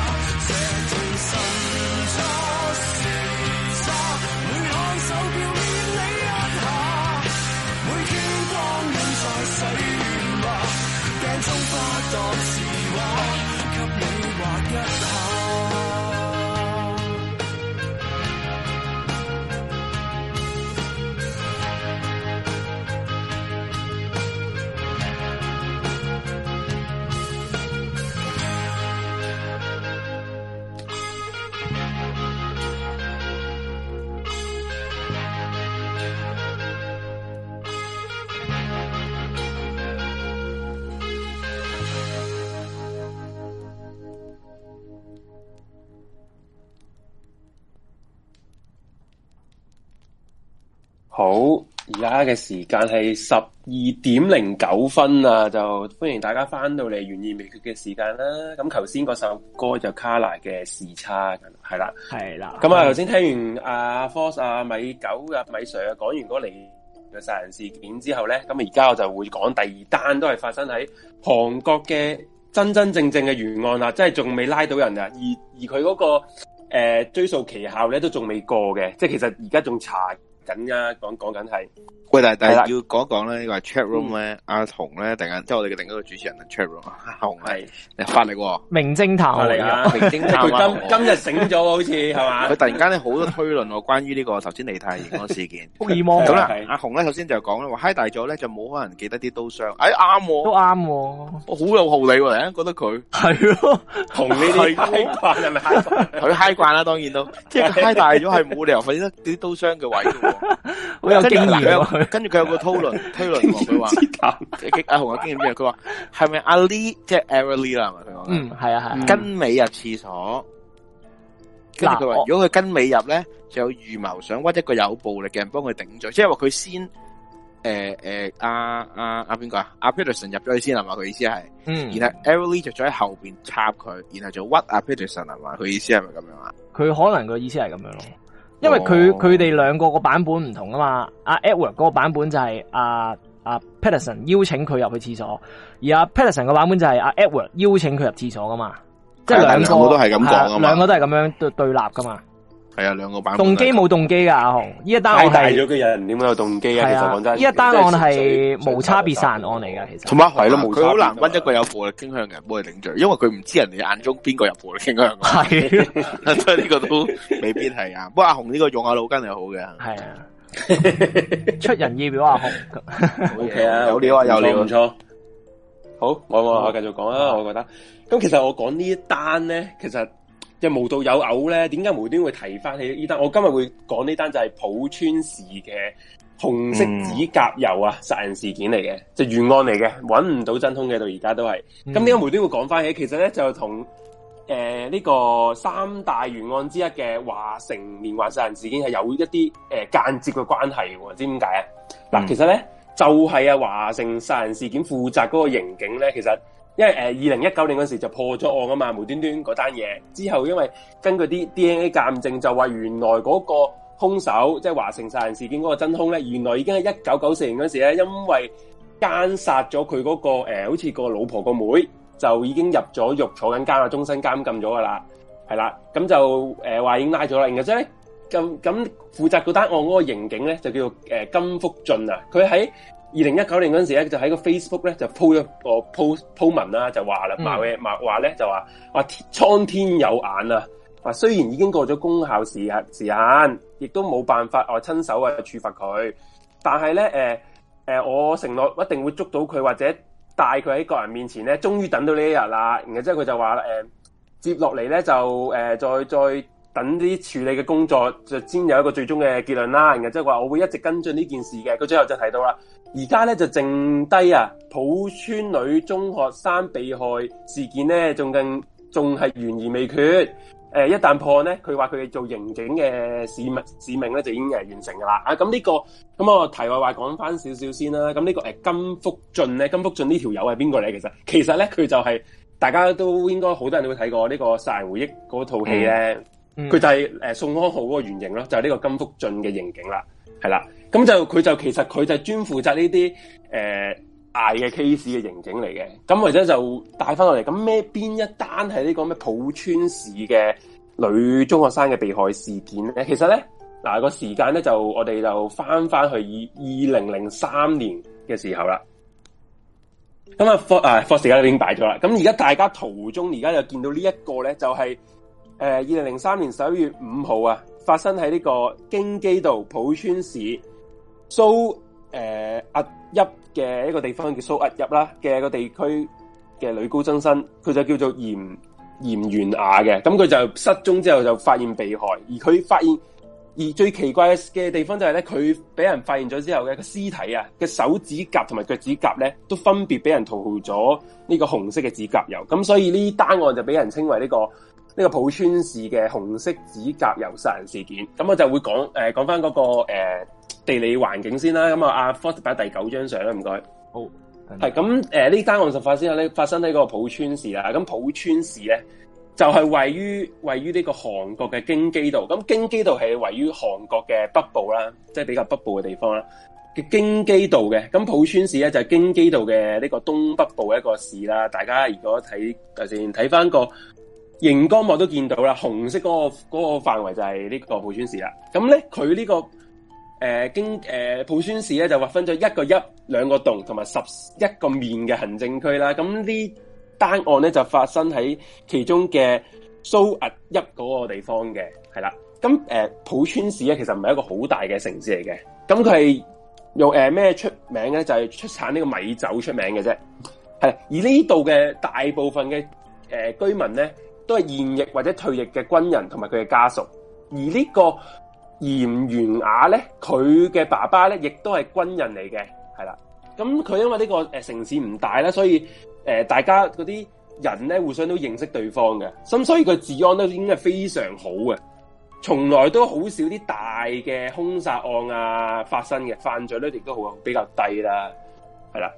好，而家嘅時間係十二點零九分啊，就歡迎大家翻到嚟懸疑未決嘅時間啦。咁頭先嗰首歌就卡納嘅時差係啦，係啦。咁啊，頭先聽完阿 Fox、阿米九啊、米 Sir 啊講完嗰個梨泰院殺人事件之後咧，咁而家我就會講第二單，都係發生喺韓國嘅真真正正嘅懸案啦，即係仲未拉到人啊，而而佢嗰、嗰個誒、呃、追訴期效咧都仲未過嘅，即係其實而家仲查。緊啊，講講緊係。喂，但係但係要講一講咧，呢個 chat room 咧，阿紅咧突然間即係我哋嘅另一個主持人啊，chat room 阿紅係，你發嚟個名偵探嚟噶，名偵探佢今今日醒咗好似係嘛？佢突然間咧好多推論喎，關於呢個頭先梨泰院嗰個事件。福爾摩咁啊，阿紅咧首先就講咧話 high 大咗咧就冇可能記得啲刀傷。哎，啱，都啱，我好有道理喎，覺得佢係咯，紅你哋 high 慣係咪 high 慣？佢 high 慣啦，當然都即係 high 大咗係冇理由，反正啲刀傷嘅位。好 有經驗佢，跟住佢有, 他有, 有個討論推論，佢話：，阿洪嘅經驗咩？佢話係咪阿 Lee 即係 Avery 啦？佢話：嗯，係啊，係。跟尾入廁所，跟住佢話：如果佢跟尾入咧，就有預謀想屈一個有暴力嘅人幫佢頂罪，即係話佢先，誒誒阿阿阿邊個啊？阿 Peterson 入咗去先，係嘛、嗯？佢意思係，然後 Avery 就再喺後邊插佢，然後就屈阿 Peterson 係嘛、嗯？佢意思係咪咁樣啊？佢可能個意思係咁樣咯。因為佢佢哋兩個個版本唔同啊嘛，阿 Edward 嗰個版本就係阿阿 Peterson 邀請佢入去廁所，而阿 Peterson 嘅版本就係阿 Edward 邀請佢入廁所噶嘛，即係兩個都係兩個都係咁樣，樣對對立噶嘛。係啊，兩個版本動機冇動機噶，阿紅，呢一單我睇咗佢人點會有動機啊，啊？其實講真，呢一單案係無差別殺人案嚟噶，其實同埋係咯，佢好、啊、難分一個有暴力傾向嘅人幫佢定罪，因為佢唔知人哋眼中邊個有暴力傾向。係、啊，真係呢個都未必係 啊。不過阿紅呢個用下腦筋係好嘅，係啊，出人意表阿紅，OK 啊，有料啊，有料、啊，唔錯。好，我我我繼續講啦、啊啊，我覺得咁其實我講呢一單咧，其實。又無道有偶咧，點解無端會提翻起呢單？我今日會講呢單就係普川市嘅紅色指甲油啊殺人事件嚟嘅，嗯，就懸案嚟嘅，揾唔到真兇嘅，到而家都係。咁點解無端會講翻起？其實咧就同呢，呃呢個三大懸案之一嘅華城連環殺人事件係有一啲，呃、間接嘅關係嘅喎，知點解啊？嗱，嗯，其實咧就係，是，啊華城殺人事件負責嗰個刑警咧，其實。因為誒，二零一九年嗰時就破咗案啊嘛，無端端嗰單嘢，之後，因為根據啲 DNA 鑒證就說，就話原來嗰個兇手，即係華城殺人事件嗰個真兇咧，原來已經喺一九九四年嗰時咧，因為姦殺咗佢嗰個誒、呃，好似個老婆個妹、妹，就已經入咗獄坐緊監啊，終身監禁咗噶啦，係啦，咁就誒話、呃、已經拉咗啦，然後之後咧，咁咁負責嗰單案嗰個刑警咧，就叫做誒、呃、金福俊啊，佢喺。二零一九年嗰陣時咧，就喺個 Facebook 咧就 PO 咗一個 PO 文啦，嗯、說就話啦，話話咧就話話蒼天有眼啊！話雖然已經過咗公考時日時限，亦都冇辦法我親手啊處罰佢，但係咧誒誒，我承諾一定會捉到佢，或者帶佢喺個人面前咧，終於等到呢一日啦。然後之後佢就話誒、呃，接落嚟咧就誒再、呃、再。再等啲處理嘅工作就先有一個最終嘅結論啦。然後即係話，我會一直跟進呢件事嘅。佢最後就提到啦，而家咧就剩低啊，普村女中學生被害事件咧，仲更仲係懸而未決。呃、一但破案咧，佢話佢哋做刑警嘅使命使命咧就已經完成噶啦。啊，咁呢個咁我題外話講翻少少先啦。咁呢個誒金福俊咧，金福俊呢條友係邊個咧？其實其實咧佢就係大家都應該好多人都會睇過呢個《殺人回憶》嗰套戲咧。佢、嗯、就係誒宋康浩嗰個原型囉，就係、是、呢個金福俊嘅刑警啦，係啦，咁就佢就其實佢就專負責呢啲誒大嘅 case 嘅刑警嚟嘅，咁或者就帶翻落嚟，咁咩邊一單係呢個咩浦川市嘅女中學生嘅被害事件咧？其實咧嗱、嗰個時間咧就我哋就翻翻去二二零零三年嘅時候啦，咁啊科啊科時間已經擺咗啦，咁而家大家途中而家就見到呢一個咧就係、是。誒、呃，二零零三年十一月五號啊，發生喺呢個京畿道浦川市蘇誒阿邑嘅一個地方叫蘇阿邑啦嘅一個地區嘅女高中生，佢就叫做嚴嚴元雅嘅。咁佢就失蹤之後就發現被害，而佢發現而最奇怪嘅地方就係咧，佢俾人發現咗之後嘅個屍體啊，嘅手指甲同埋腳趾甲咧，都分別俾人塗咗呢個紅色嘅指甲油。咁所以呢單案就俾人稱為呢、這個。呢、這個浦川市嘅紅色指甲油殺人事件，咁我就會講誒講翻嗰個、呃、地理環境先啦。咁啊，阿 Fox 擺第九張相啦，唔該。好、oh，係咁誒呢單案事發之後咧，發生喺嗰個浦川市啦。咁浦川市咧就係位於位於呢個韓國嘅京畿道。咁京畿道係位於韓國嘅北部啦，即係比較北部嘅地方啦。嘅京畿道嘅，咁浦川市咧就係、是、京畿道嘅呢個東北部一個市啦。大家如果睇頭先睇翻個。螢光我都見到啦，紅色嗰、那個嗰、那個範圍就係呢個普川市啦。咁咧，佢呢、這個誒經誒普川市咧就劃分咗一個一兩個洞同埋十一個面嘅行政區啦。咁呢單案咧就發生喺其中嘅蘇阿一嗰個地方嘅，係啦。咁普、呃、川市咧其實唔係一個好大嘅城市嚟嘅，咁佢係用咩、呃、出名咧？就係、是、出產呢個米酒出名嘅啫。係，而呢度嘅大部分嘅、呃、居民咧。都係現役或者退役嘅軍人同埋佢嘅家屬，而呢個嚴元雅咧，佢嘅爸爸咧亦都係軍人嚟嘅，係啦。咁佢因為呢個誒城市唔大啦，所以誒、呃、大家嗰啲人咧互相都認識對方嘅，咁所以個治安都已經係非常好嘅，從來都好少啲大嘅兇殺案啊發生嘅，犯罪率亦都好比較低啦，係啦。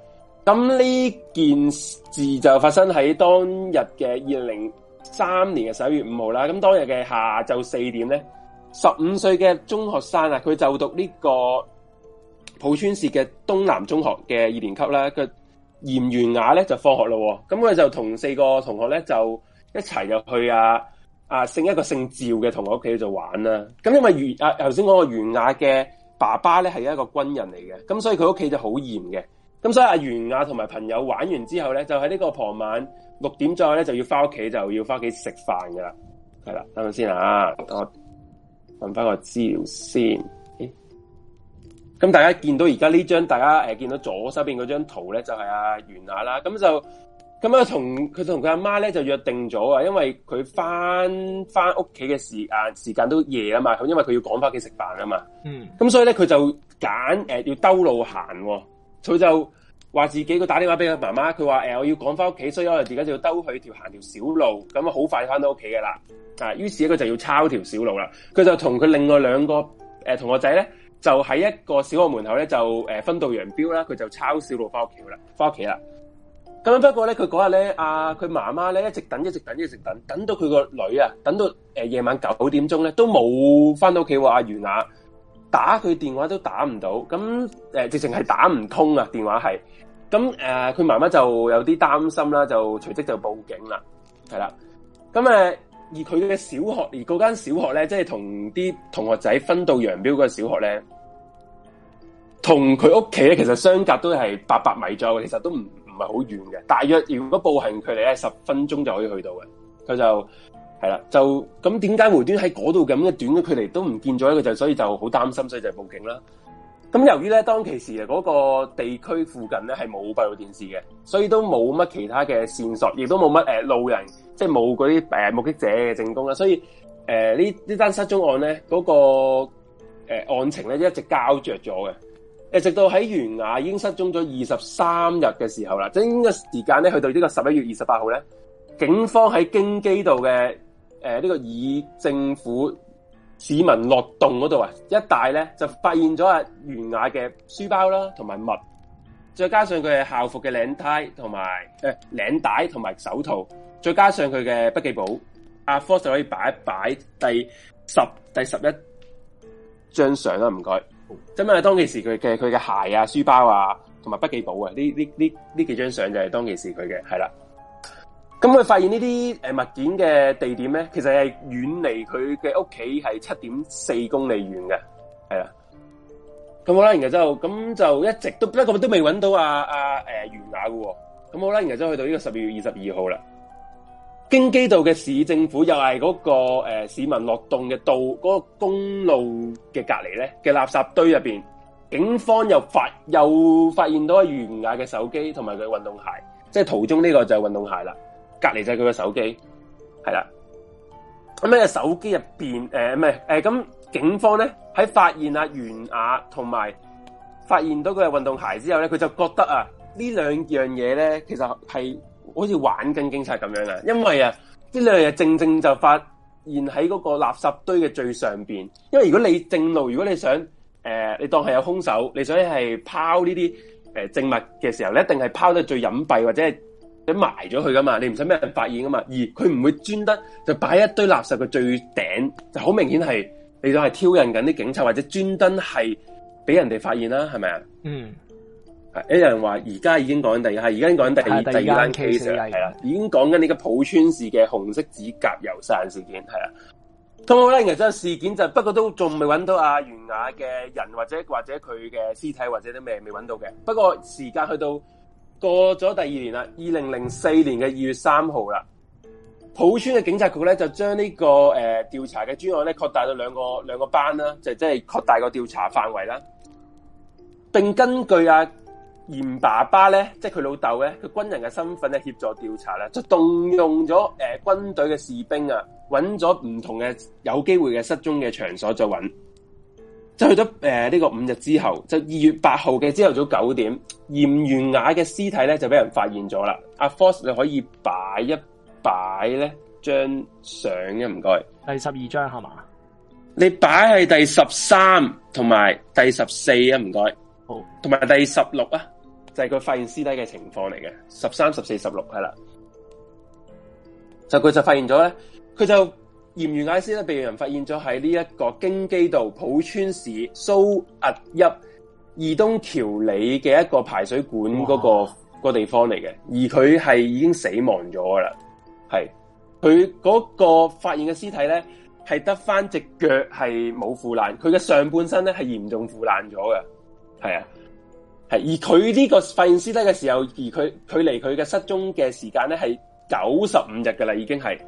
咁呢件事就發生喺當日嘅二零。三年嘅十一月五號啦，咁當日嘅下晝四點咧，十五歲嘅中學生啊，佢就讀呢個浦川市嘅東南中學嘅二年級啦，啊，佢嚴袁雅咧就放學咯，哦，咁佢就同四個同學咧就一齊入去啊啊姓一個姓趙嘅同學屋企度玩啦，咁因為袁啊頭先講個袁雅嘅爸爸咧係一個軍人嚟嘅，咁所以佢屋企就好嚴嘅，咁所以阿袁雅同埋朋友玩完之後咧，就喺呢個傍晚。六點再咧就要翻屋企，就要翻屋企食飯噶啦，係啦，等陣先啊，等我問翻個資料先。咁、欸、大家見到而家呢張，大家誒、呃、見到左手邊嗰張圖咧，就係阿袁下啦。咁就咁啊，同佢同佢阿媽咧就約定咗啊，因為佢翻翻屋企嘅時啊時間都夜啊嘛，因為佢要趕翻屋企食飯啊嘛。嗯，咁所以咧佢就揀誒、呃、要兜路行、啊，佢就。話自己個打電話俾佢媽媽，佢話誒，我要趕翻屋企，所以我而家就要兜佢條行條小路，咁啊好快翻到屋企噶啦。啊，於是佢就要抄條小路啦。佢就同佢另外兩個誒、呃、同學仔咧，就喺一個小學門口咧就誒分道揚鑣啦。佢就抄小路翻屋企啦，翻屋企啦。咁樣不過咧，佢嗰日咧啊佢媽媽咧一直等，一直等，一直等，等到佢個女啊，等到誒、呃、夜晚九點鐘咧都冇翻到屋企喎。阿袁雅打佢電話都打唔到，咁誒、呃、直情係打唔通啊，電話係。咁誒，佢媽媽就有啲擔心啦，就隨即就報警啦，係啦。咁誒，而佢嘅小學，而嗰間小學咧，即係同啲同學仔分道楊鑣嗰個小學咧，同佢屋企咧，其實相隔都係八百米左右，其實都唔唔係好遠嘅，大約如果步行距離咧，十分鐘就可以去到嘅。佢就係啦，就咁點解回端喺嗰度咁嘅短嘅距離都唔見咗一個就，所以就好擔心，所以就報警啦。咁由於咧當其時啊嗰個地區附近咧係冇閉路電視嘅，所以都冇乜其他嘅線索，亦都冇乜誒路人，即係冇嗰啲誒目擊者嘅證供啦。所以誒呢呢單失蹤案咧嗰個誒案情咧一直膠着咗嘅。誒直到喺懸崖已經失蹤咗二十三日嘅時候啦，即係呢個時間咧去到呢個十一月二十八號咧，警方喺京畿道嘅呢個議政府。市民落洞嗰度啊，一帶呢就發現咗啊，袁雅嘅書包啦，同埋襪，再加上佢嘅校服嘅領呔同埋誒領帶同埋手套，再加上佢嘅筆記簿，阿 Fox 就可以擺一擺第十第十一張相啦，唔該。咁啊，當其時佢嘅佢嘅鞋啊、書包啊同埋筆記簿啊，呢呢呢呢幾張相就係當其時佢嘅係啦。是咁佢發現呢啲物件嘅地點咧，其實係遠離佢嘅屋企，係七點四公里遠嘅，係啦。咁好啦，然後之後咁就一直都不過都未揾到阿阿誒袁雅嘅。咁好啦，然後之後去到呢個十二月二十二號啦。京畿道嘅市政府又係嗰個誒市民落洞嘅道嗰個公路嘅隔離咧嘅垃圾堆入面，警方又發又發現到阿袁雅嘅手機同埋佢運動鞋，即係途中呢個就係運動鞋啦。隔籬就係佢個手機，係啦。咁、嗯、咧，手機入邊誒，唔係誒，咁、呃呃呃、警方咧喺發現啊袁雅同埋發現到佢嘅運動鞋之後咧，佢就覺得啊，兩呢兩樣嘢咧，其實係好似玩緊警察咁樣啊。因為啊，呢兩樣嘢正正就發現喺嗰個垃圾堆嘅最上邊。因為如果你正路，如果你想誒、呃，你當係有兇手，你想係拋呢啲誒證物嘅時候咧，你一定係拋得最隱蔽或者係。你埋咗佢噶嘛？你唔使咩人發現噶嘛？而佢唔會專登就擺一堆垃圾嘅最頂，就好明顯係你都係挑釁緊啲警察，或者專登係俾人哋發現啦，係咪啊？嗯。有人話而家已經講緊第二，係而家講緊第二第二單 case 係啦，已經講緊呢個浦川市嘅紅色指甲油殺人事件，係通咁咧，其實事件就不過都仲未揾到阿袁雅嘅人，或者或者佢嘅屍體，或者都未未揾到嘅。不過時間去到。過咗第二年啦，二零零四年嘅二月三號啦，浦村嘅警察局咧就將、這個呃、呢個誒調查嘅專案咧擴大到兩個兩個班啦，就即係擴大個調查範圍啦，並根據阿、啊、嚴爸爸咧，即係佢老豆咧，佢軍人嘅身份咧協助調查咧，就動用咗誒、呃、軍隊嘅士兵啊，揾咗唔同嘅有機會嘅失蹤嘅場所再揾。就去咗誒呢個五日之後，就二月八號嘅朝頭早九點，嚴元雅嘅屍體咧就俾人發現咗啦。阿 Fox 你可以擺一擺咧張相嘅，唔該、啊。第十二張係嘛？你擺係第十三同埋第十四啊，唔該。好，同埋第十六啊，就係、是、佢發現屍體嘅情況嚟嘅，十三、十四、十六係啦。就佢就發現咗咧，佢就。嫌完屍斯，咧被人發現咗喺呢一個京畿道普川市蘇阿一二東橋里嘅一個排水管嗰個個地方嚟嘅，而佢係已經死亡咗噶啦，係佢嗰個發現嘅屍體咧係得翻隻腳係冇腐爛，佢嘅上半身咧係嚴重腐爛咗嘅，係啊，係而佢呢個發現屍體嘅時候，而佢佢離佢嘅失蹤嘅時間咧係九十五日噶啦，已經係。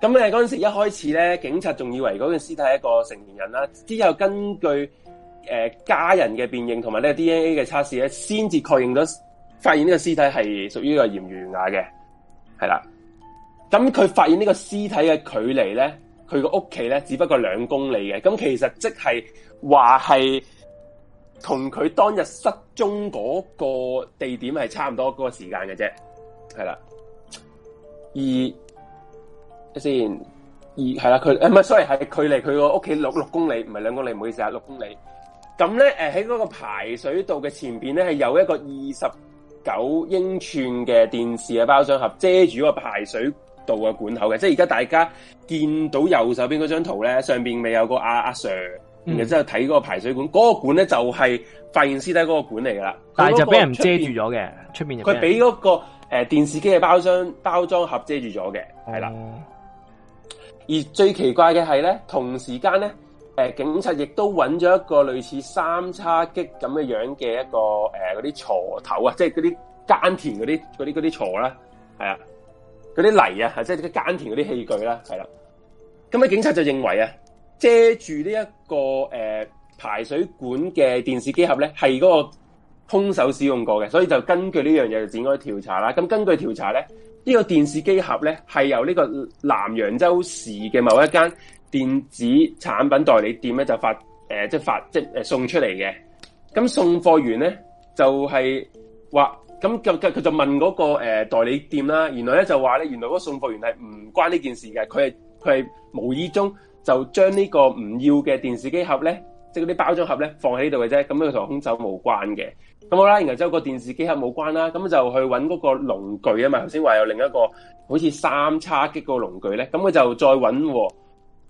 咁咧，嗰陣時一開始咧，警察仲以為嗰件屍體係一個成年人啦，之後根據誒、呃、家人嘅辨認同埋咧 D N A 嘅測試咧，先至確認咗發現呢個屍體係屬於一個鹽魚牙嘅，係啦。咁佢發現個屍呢個屍體嘅距離咧，佢個屋企咧只不過兩公里嘅，咁其實即係話係同佢當日失蹤嗰個地點係差唔多嗰個時間嘅啫，係啦。而先二係啦，佢誒唔係，sorry 係距離佢個屋企六六公里，唔係兩公里，唔好意思啊，六公里。咁咧誒喺嗰個排水道嘅前邊咧係有一個二十九英寸嘅電視嘅包裝盒遮住個排水道嘅管口嘅，即係而家大家見到右手邊嗰張圖咧，上邊未有個阿、啊、阿、啊、Sir，、嗯、然之後睇嗰個排水管，嗰、那個管咧就係、是、發現屍體嗰個管嚟噶啦，但係就俾人遮住咗嘅，出面佢俾嗰個誒、呃、電視機嘅包裝包裝盒遮住咗嘅，係、嗯、啦。嗯而最奇怪嘅係咧，同時間咧，誒警察亦都揾咗一個類似三叉戟咁嘅樣嘅一個誒嗰啲鋤頭啊，那些即係嗰啲耕田嗰啲嗰啲啲鋤啦，係啊，嗰啲泥啊，係即係耕田嗰啲器具啦，係啦。咁啲警察就認為啊，遮住呢一個誒、呃、排水管嘅電視機盒咧，係嗰個兇手使用過嘅，所以就根據呢樣嘢就展開調查啦。咁根據調查咧。呢、這個電視機盒咧，係由呢個南陽州市嘅某一間電子產品代理店咧就發誒、呃、即係發即係送出嚟嘅。咁送貨員咧就係、是、話，咁佢佢就問嗰、那個、呃、代理店啦，原來咧就話咧，原來嗰送貨員係唔關呢件事嘅，佢係佢係無意中就將呢個唔要嘅電視機盒咧，即係嗰啲包裝盒咧放喺度嘅啫，咁佢同空酒無關嘅。咁、嗯、好啦，然後之後個電視機係冇關啦，咁就去揾嗰個農具啊嘛。頭先話有另一個好似三叉戟個農具咧，咁佢就再揾。喎、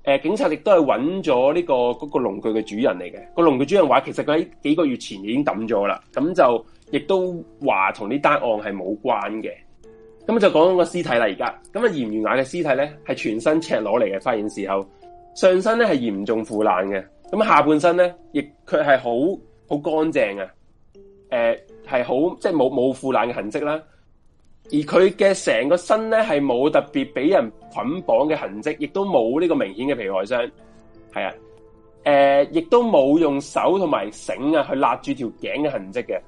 呃。警察亦都係揾咗呢個、嗰個農具嘅主人嚟嘅。個農具主人話：其實佢喺幾個月前已經抌咗啦。咁就亦都話同呢單案係冇關嘅。咁就講個屍體啦，而家咁啊，鹽魚眼嘅屍體咧係全身赤裸嚟嘅，發現時候上身咧係嚴重腐爛嘅，咁下半身咧亦佢係好好乾淨啊！誒、呃，係好即係冇冇腐爛嘅痕跡啦，而佢嘅成個身咧係冇特別俾人捆綁嘅痕跡，亦都冇呢個明顯嘅皮外傷，係啊，誒、呃，亦都冇用手同埋繩啊去勒住條頸嘅痕跡嘅，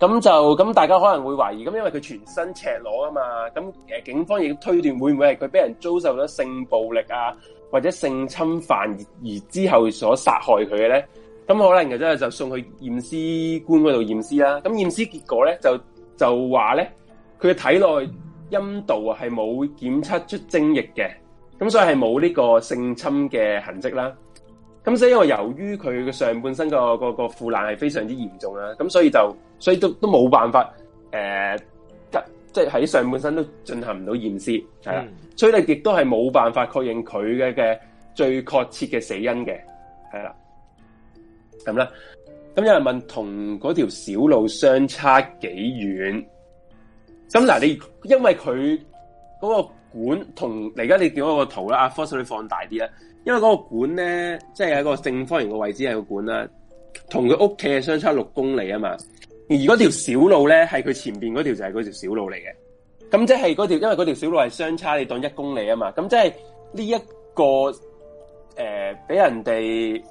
咁就咁大家可能會懷疑，咁因為佢全身赤裸啊嘛，咁誒警方亦都推斷會唔會係佢俾人遭受咗性暴力啊，或者性侵犯而之後所殺害佢嘅咧？咁可能嘅真係就送去驗屍官嗰度驗屍啦。咁驗屍結果咧就就話咧，佢嘅體內陰道啊係冇檢測出精液嘅，咁所以係冇呢個性侵嘅痕跡啦。咁所以因為由於佢嘅上半身個個、嗰個腐爛係非常之嚴重啦，咁所以就所以都都冇辦法誒，即係喺上半身都進行唔到驗屍，係啦，嗯、所以咧亦都係冇辦法確認佢嘅嘅最確切嘅死因嘅，係啦。咁啦，咁有人問同嗰條小路相差幾遠？咁嗱、啊，你因為佢嗰個管同嚟，而家你見到嗰個圖啦，啊 Fox，你放大啲啦，因為嗰個管咧，即係喺個正方形嘅位置係、就是、個管啦，同佢屋企係相差六公里啊嘛。而嗰條小路咧，係佢前邊嗰條就係嗰條小路嚟嘅。咁即係嗰條，因為嗰條小路係相差你當一公里啊嘛。咁即係呢一個誒，俾、呃、人哋。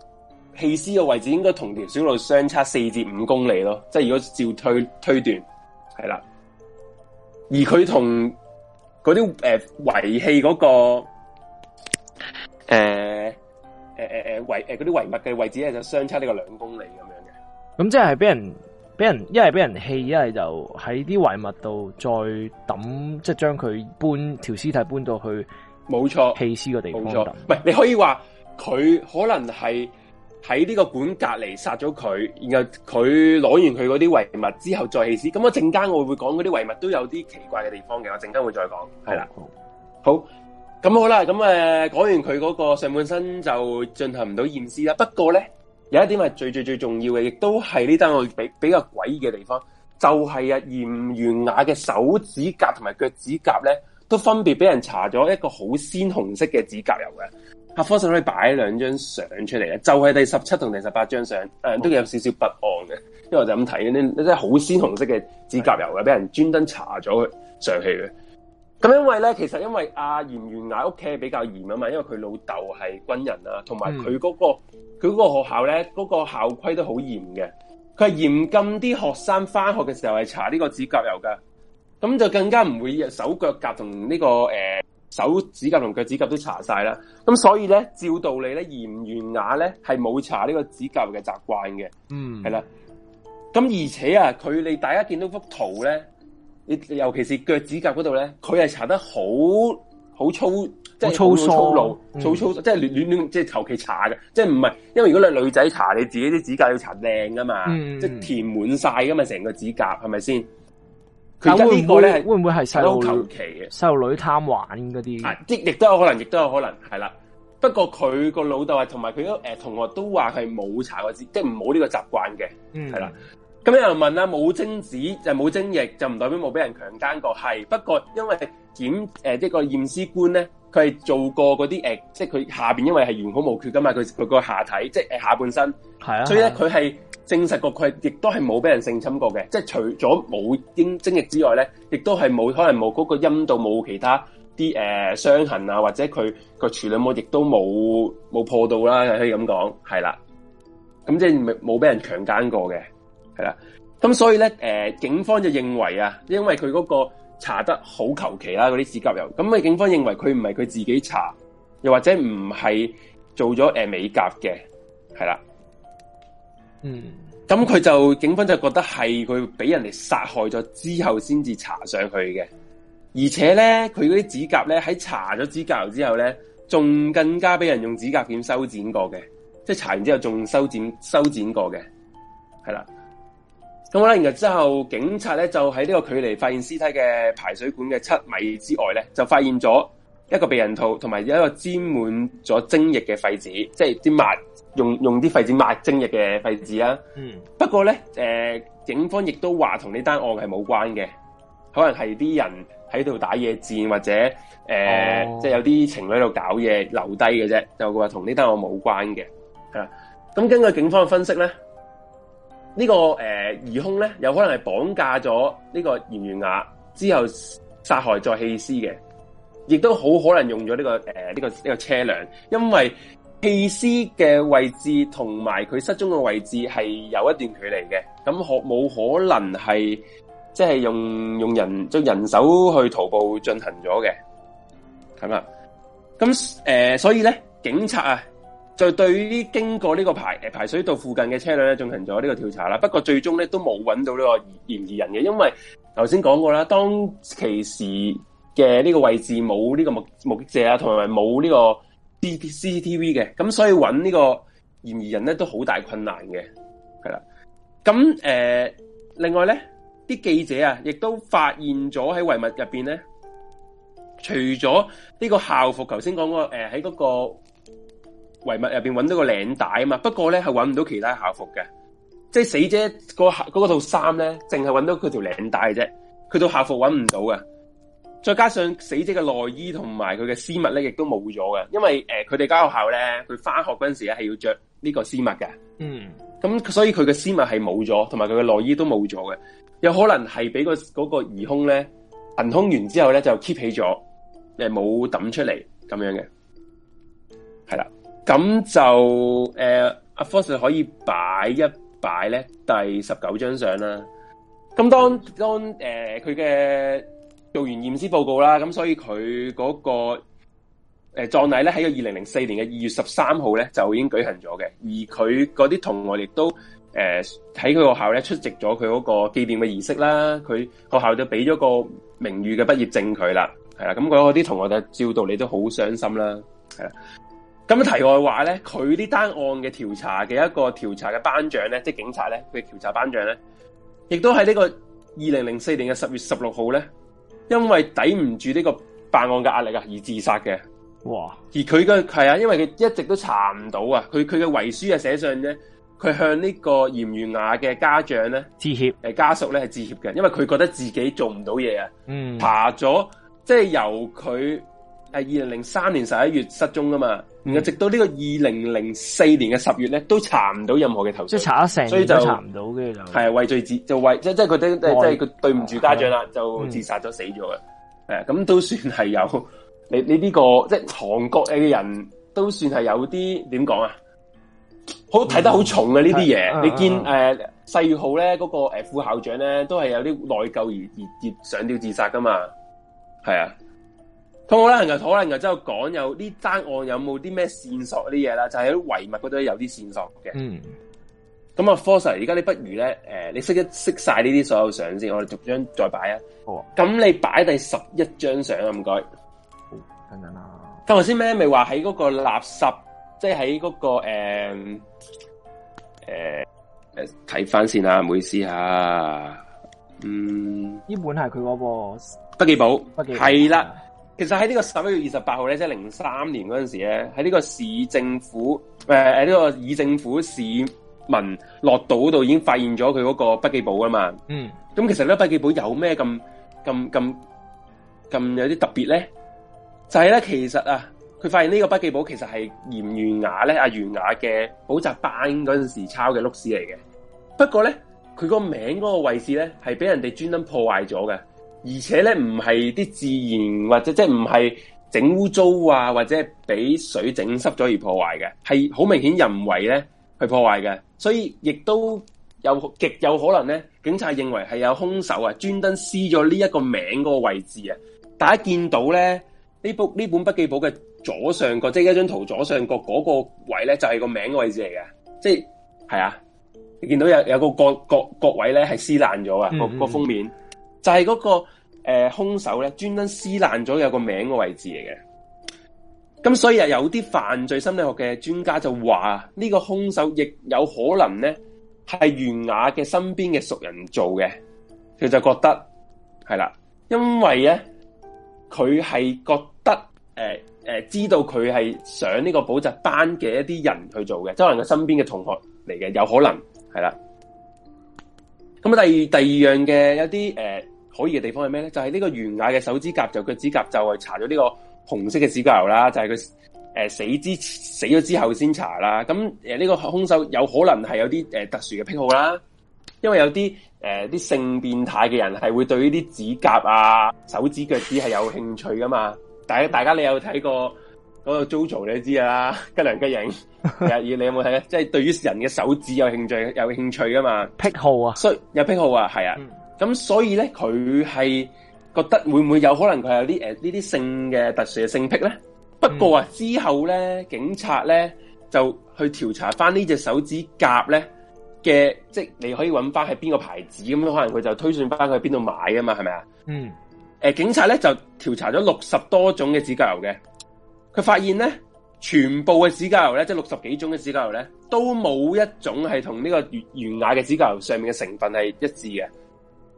棄屍嘅位置應該同條小路相差四至五公里咯，即係如果照推推斷，係啦。而佢同嗰啲誒遺棄嗰個誒誒誒誒遺誒嗰啲遺物嘅位置咧，就相差呢個兩公里咁樣嘅。咁即係俾人俾人一係俾人棄，一係就喺啲遺物度再抌，即係將佢搬條屍體搬到去冇錯棄屍嘅地方度。唔係，你可以話佢可能係。喺呢個管隔籬殺咗佢，然後佢攞完佢嗰啲遺物之後再棄屍。咁我陣間我會講嗰啲遺物都有啲奇怪嘅地方嘅，我陣間會再講。係啦，好，咁好啦，咁誒，講完佢嗰個上半身就進行唔到驗屍啦。不過咧，有一點係最最最重要嘅，亦都係呢單案比比較詭異嘅地方，就係啊嚴元雅嘅手指甲同埋腳趾甲咧，都分別俾人搽咗一個好鮮紅色嘅指甲油嘅。客科室可以擺兩張相出嚟就係，是，第十七同第十八張相，嗯，都有少少不安嘅，因為我就咁睇，你你真係好鮮紅色嘅指甲油啊，俾人專登搽咗佢上去。嘅。咁因為咧，其實因為阿嚴元雅屋企係比較嚴啊嘛，因為佢老豆係軍人啊，同埋佢嗰個佢嗰，嗯、個學校咧，嗰，那個校規都好嚴嘅，佢係嚴禁啲學生翻學嘅時候係搽呢個指甲油嘅，咁就更加唔會手腳甲同呢個、呃手指甲同腳趾甲都搽晒啦，咁所以咧，照道理咧，嚴元雅咧係冇搽呢這個指甲嘅習慣嘅，嗯是，係啦。咁而且啊，佢你大家見到幅圖咧，你尤其是腳趾甲嗰度咧，佢係搽得好好粗，即係粗粗、嗯、粗魯，粗即係亂亂即係求其搽嘅，即係唔係？因為如果你女仔搽你自己啲指甲要搽靚噶嘛，嗯、即係填滿晒噶嘛，成個指甲係咪先？是不是？佢呢唔會係會唔會係細路求其嘅？細路女貪玩嗰啲，亦亦都有可能，亦都有可能係啦。不過佢個老豆啊，同埋佢誒同學都話佢冇查過字，即係冇呢個習慣嘅。嗯，係啦。咁有人問啦，冇精子就冇精液，就唔代表冇俾人強姦過。係，不過因為檢誒即係個驗屍官咧，佢係做過嗰啲誒，即係佢下邊因為係完好無缺噶嘛，佢佢個下體即係誒下半身係啊，所以咧佢係。證實過，佢亦都係冇俾人性侵過嘅，即係除咗冇經精液之外咧，亦都係冇可能冇嗰個陰道冇其他啲誒、呃、傷痕啊，或者佢個處女膜亦都冇冇破到啦，可以咁講，係啦。咁即係冇俾人強奸過嘅，係啦。咁所以咧、呃，警方就認為啊，因為佢嗰個搽得好求其啦，嗰啲指甲油，咁啊警方認為佢唔係佢自己搽，又或者唔係做咗、呃、美甲嘅，係啦。嗯，咁佢就警方就覺得係佢俾人哋殺害咗之後先至查上去嘅，而且咧佢嗰啲指甲咧喺查咗指甲油之後咧，仲更加俾人用指甲剪修剪過嘅，即係查完之後仲修剪修剪過嘅，係啦。咁好啦、嗯、咧，然後之後警察咧就喺呢個距離發現屍體嘅排水管嘅七米之外咧，就發現咗一個避孕套同埋有一個沾滿咗精液嘅廢紙，即係啲襪。用用啲廢紙抹精液嘅廢紙啊！嗯，不過咧，誒，警方亦都話同呢單案係冇關嘅，可能係啲人喺度打野戰，或者誒，即係有啲情侶喺度搞嘢留低嘅啫，就話同呢單案冇關嘅。啊，咁根據警方分析咧，呢個呃、空呢個誒疑凶咧有可能係綁架咗呢個演員雅之後殺害再棄屍嘅，亦都好可能用咗呢、呢個誒呢、呃呢個呢、呢個車輛，因為。技師嘅位置同埋佢失蹤嘅位置係有一段距離嘅，咁可冇可能係即係用用人用人手去徒步進行咗嘅？係咪？咁誒、呃，所以咧，警察啊，就對呢經過呢個排誒排水道附近嘅車輛咧進行咗呢個調查啦。不過最終咧都冇揾到呢個嫌疑人嘅，因為頭先講過啦，當其時嘅呢個位置冇呢個目目擊者啊，同埋冇呢個。B T C C T V 嘅，咁所以揾呢個嫌疑人咧都好大困難嘅，係啦。咁誒、呃，另外咧，啲記者啊，亦都發現咗喺遺物入邊咧，除咗呢個校服，頭先講過、呃、喺嗰個，誒喺嗰個遺物入邊揾到個領帶啊嘛。不過咧，係揾唔到其他校服嘅，即係死者嗰個套衫咧，淨係揾到佢條領帶啫，佢套校服揾唔到嘅。再加上死者嘅內衣同埋佢嘅絲襪咧，亦都冇咗嘅。因為誒，佢哋間學校咧，佢翻學嗰陣時咧係要着呢個絲襪嘅。嗯，咁所以佢嘅絲襪係冇咗，同埋佢嘅內衣都冇咗嘅。有可能係俾個嗰個疑兇咧，行兇完之後咧就 keep 起咗，誒冇抌出嚟咁樣嘅。係啦，咁就誒，阿 Fox 可以擺一擺咧第十九張相啦。咁當當誒，佢、呃、嘅。做完驗屍報告啦，咁所以佢嗰個誒葬禮咧喺個二零零四年嘅二月十三號咧就已經舉行咗嘅。而佢嗰啲同學亦都誒喺佢學校咧出席咗佢嗰個紀念嘅儀式啦。佢學校就俾咗個名譽嘅畢業證佢啦，係啦。咁嗰啲同學就照道理都好傷心啦，係啦。咁題外話咧，佢啲單案嘅調查嘅一個調查嘅班長咧，即係警察咧，佢調查班長咧，亦都喺呢個二零零四年嘅十月十六號咧。因為抵唔住呢個辦案嘅壓力啊，而自殺嘅。哇！而佢嘅係啊，因為佢一直都查唔到啊，佢佢嘅遺書啊，寫信咧，佢向呢個嚴如雅嘅家長咧，致歉誒，家屬咧係致歉嘅，因為佢覺得自己做唔到嘢啊。嗯，爬咗即係由佢係二零零三年十一月失蹤噶嘛。然後直到這個2004年的10月，呢個二零零四年嘅十月咧，都查唔到任何嘅投訴，所以就查唔到嘅就係畏罪自就畏即即佢哋即係佢對唔住家長啦，就自殺咗、嗯、死咗嘅，誒、嗯、咁、嗯這個、都算係有你你，呢個即係韓國嘅人都算係有啲點講啊，好睇得好重啊呢啲嘢，你見誒世、嗯啊嗯啊啊、越號咧嗰個誒副校長咧都係有啲內疚而而而上吊自殺噶嘛，係啊。通我啦，成日討論噶，之後講有呢單案有冇啲咩線索啲嘢啦，就喺、是、遺物嗰度有啲線索嘅。嗯，咁啊，Fox Sir，而家你不如咧，誒、呃，你識一識晒呢啲所有相先，我哋逐張再擺啊。好啊，咁你擺第十一張相啊，唔該。等陣啦。頭先咩？咪話喺嗰個垃圾，即係喺嗰個誒誒誒，睇、呃、翻、呃呃、先啦，唔好意思啊。嗯，呢本係佢嗰個筆記簿，筆記係啦。其實喺呢個十一月二十八號咧，即係零三年嗰陣時咧，喺呢個市政府誒誒呢個議政府市民落島度已經發現咗佢嗰個筆記簿噶嘛。嗯。咁其實呢筆記簿有咩咁咁咁咁有啲特別咧？就係、是、咧，其實啊，佢發現呢個筆記簿其實係嚴元雅咧，阿、啊、元雅嘅補習班嗰陣時抄嘅碌史嚟嘅。不過咧，佢個名嗰個位置咧係俾人哋專登破壞咗嘅。而且咧，唔係啲自然或者即係唔係整污糟啊，或者俾水整濕咗而破壞嘅，係好明顯人為咧去破壞嘅。所以亦都有極有可能咧，警察認為係有兇手啊，專登撕咗呢一個名嗰個位置啊。大家見到咧，呢部呢本筆記簿嘅左上角，即係一張圖左上角嗰個位咧，就係個名嘅位置嚟嘅。即係係啊，你見到有有個角角角位咧係撕爛咗啊，個，嗯嗯個封面就係嗰個。誒、呃，凶手咧專登撕爛咗有個名嘅位置嚟嘅，咁所以啊，有啲犯罪心理學嘅專家就話呢個凶手亦有可能咧係袁雅嘅身邊嘅熟人做嘅，佢就覺得係啦，因為咧佢係覺得誒誒、呃呃，知道佢係上呢個補習班嘅一啲人去做嘅，即係佢身邊嘅同學嚟嘅，有可能係啦。咁啊，第二第二樣嘅有啲誒。呃可疑嘅地方係咩咧？就係、是、呢個懸崖嘅手指甲就腳趾甲就係搽咗呢個紅色嘅指甲油啦就，就係佢誒死之死咗之後先搽啦。咁誒呢個凶手有可能係有啲誒、呃、特殊嘅癖好啦，因為有啲誒啲性變態嘅人係會對呢啲指甲啊手指腳趾係有興趣噶嘛。大家大家你有睇過嗰、那個 JoJo 你都知啦，吉良吉影， 你有冇睇咧？即、就、係、是、對於人嘅手指有興趣有興趣噶嘛？癖好啊，所以有癖好啊，係啊。嗯咁所以咧，佢係覺得會唔會有可能佢有啲誒呢啲性嘅特殊嘅性癖咧？不過啊，之後咧，警察咧就去調查翻呢隻手指甲咧嘅，即係你可以揾翻係邊個牌子，咁可能佢就推算翻佢去邊度買啊嘛，係咪啊？嗯、呃。誒，警察咧就調查咗六十多種嘅指甲油嘅，佢發現咧，全部嘅指甲油咧，即係六十幾種嘅指甲油咧，都冇一種係同呢個原玄雅嘅指甲油上面嘅成分係一致嘅。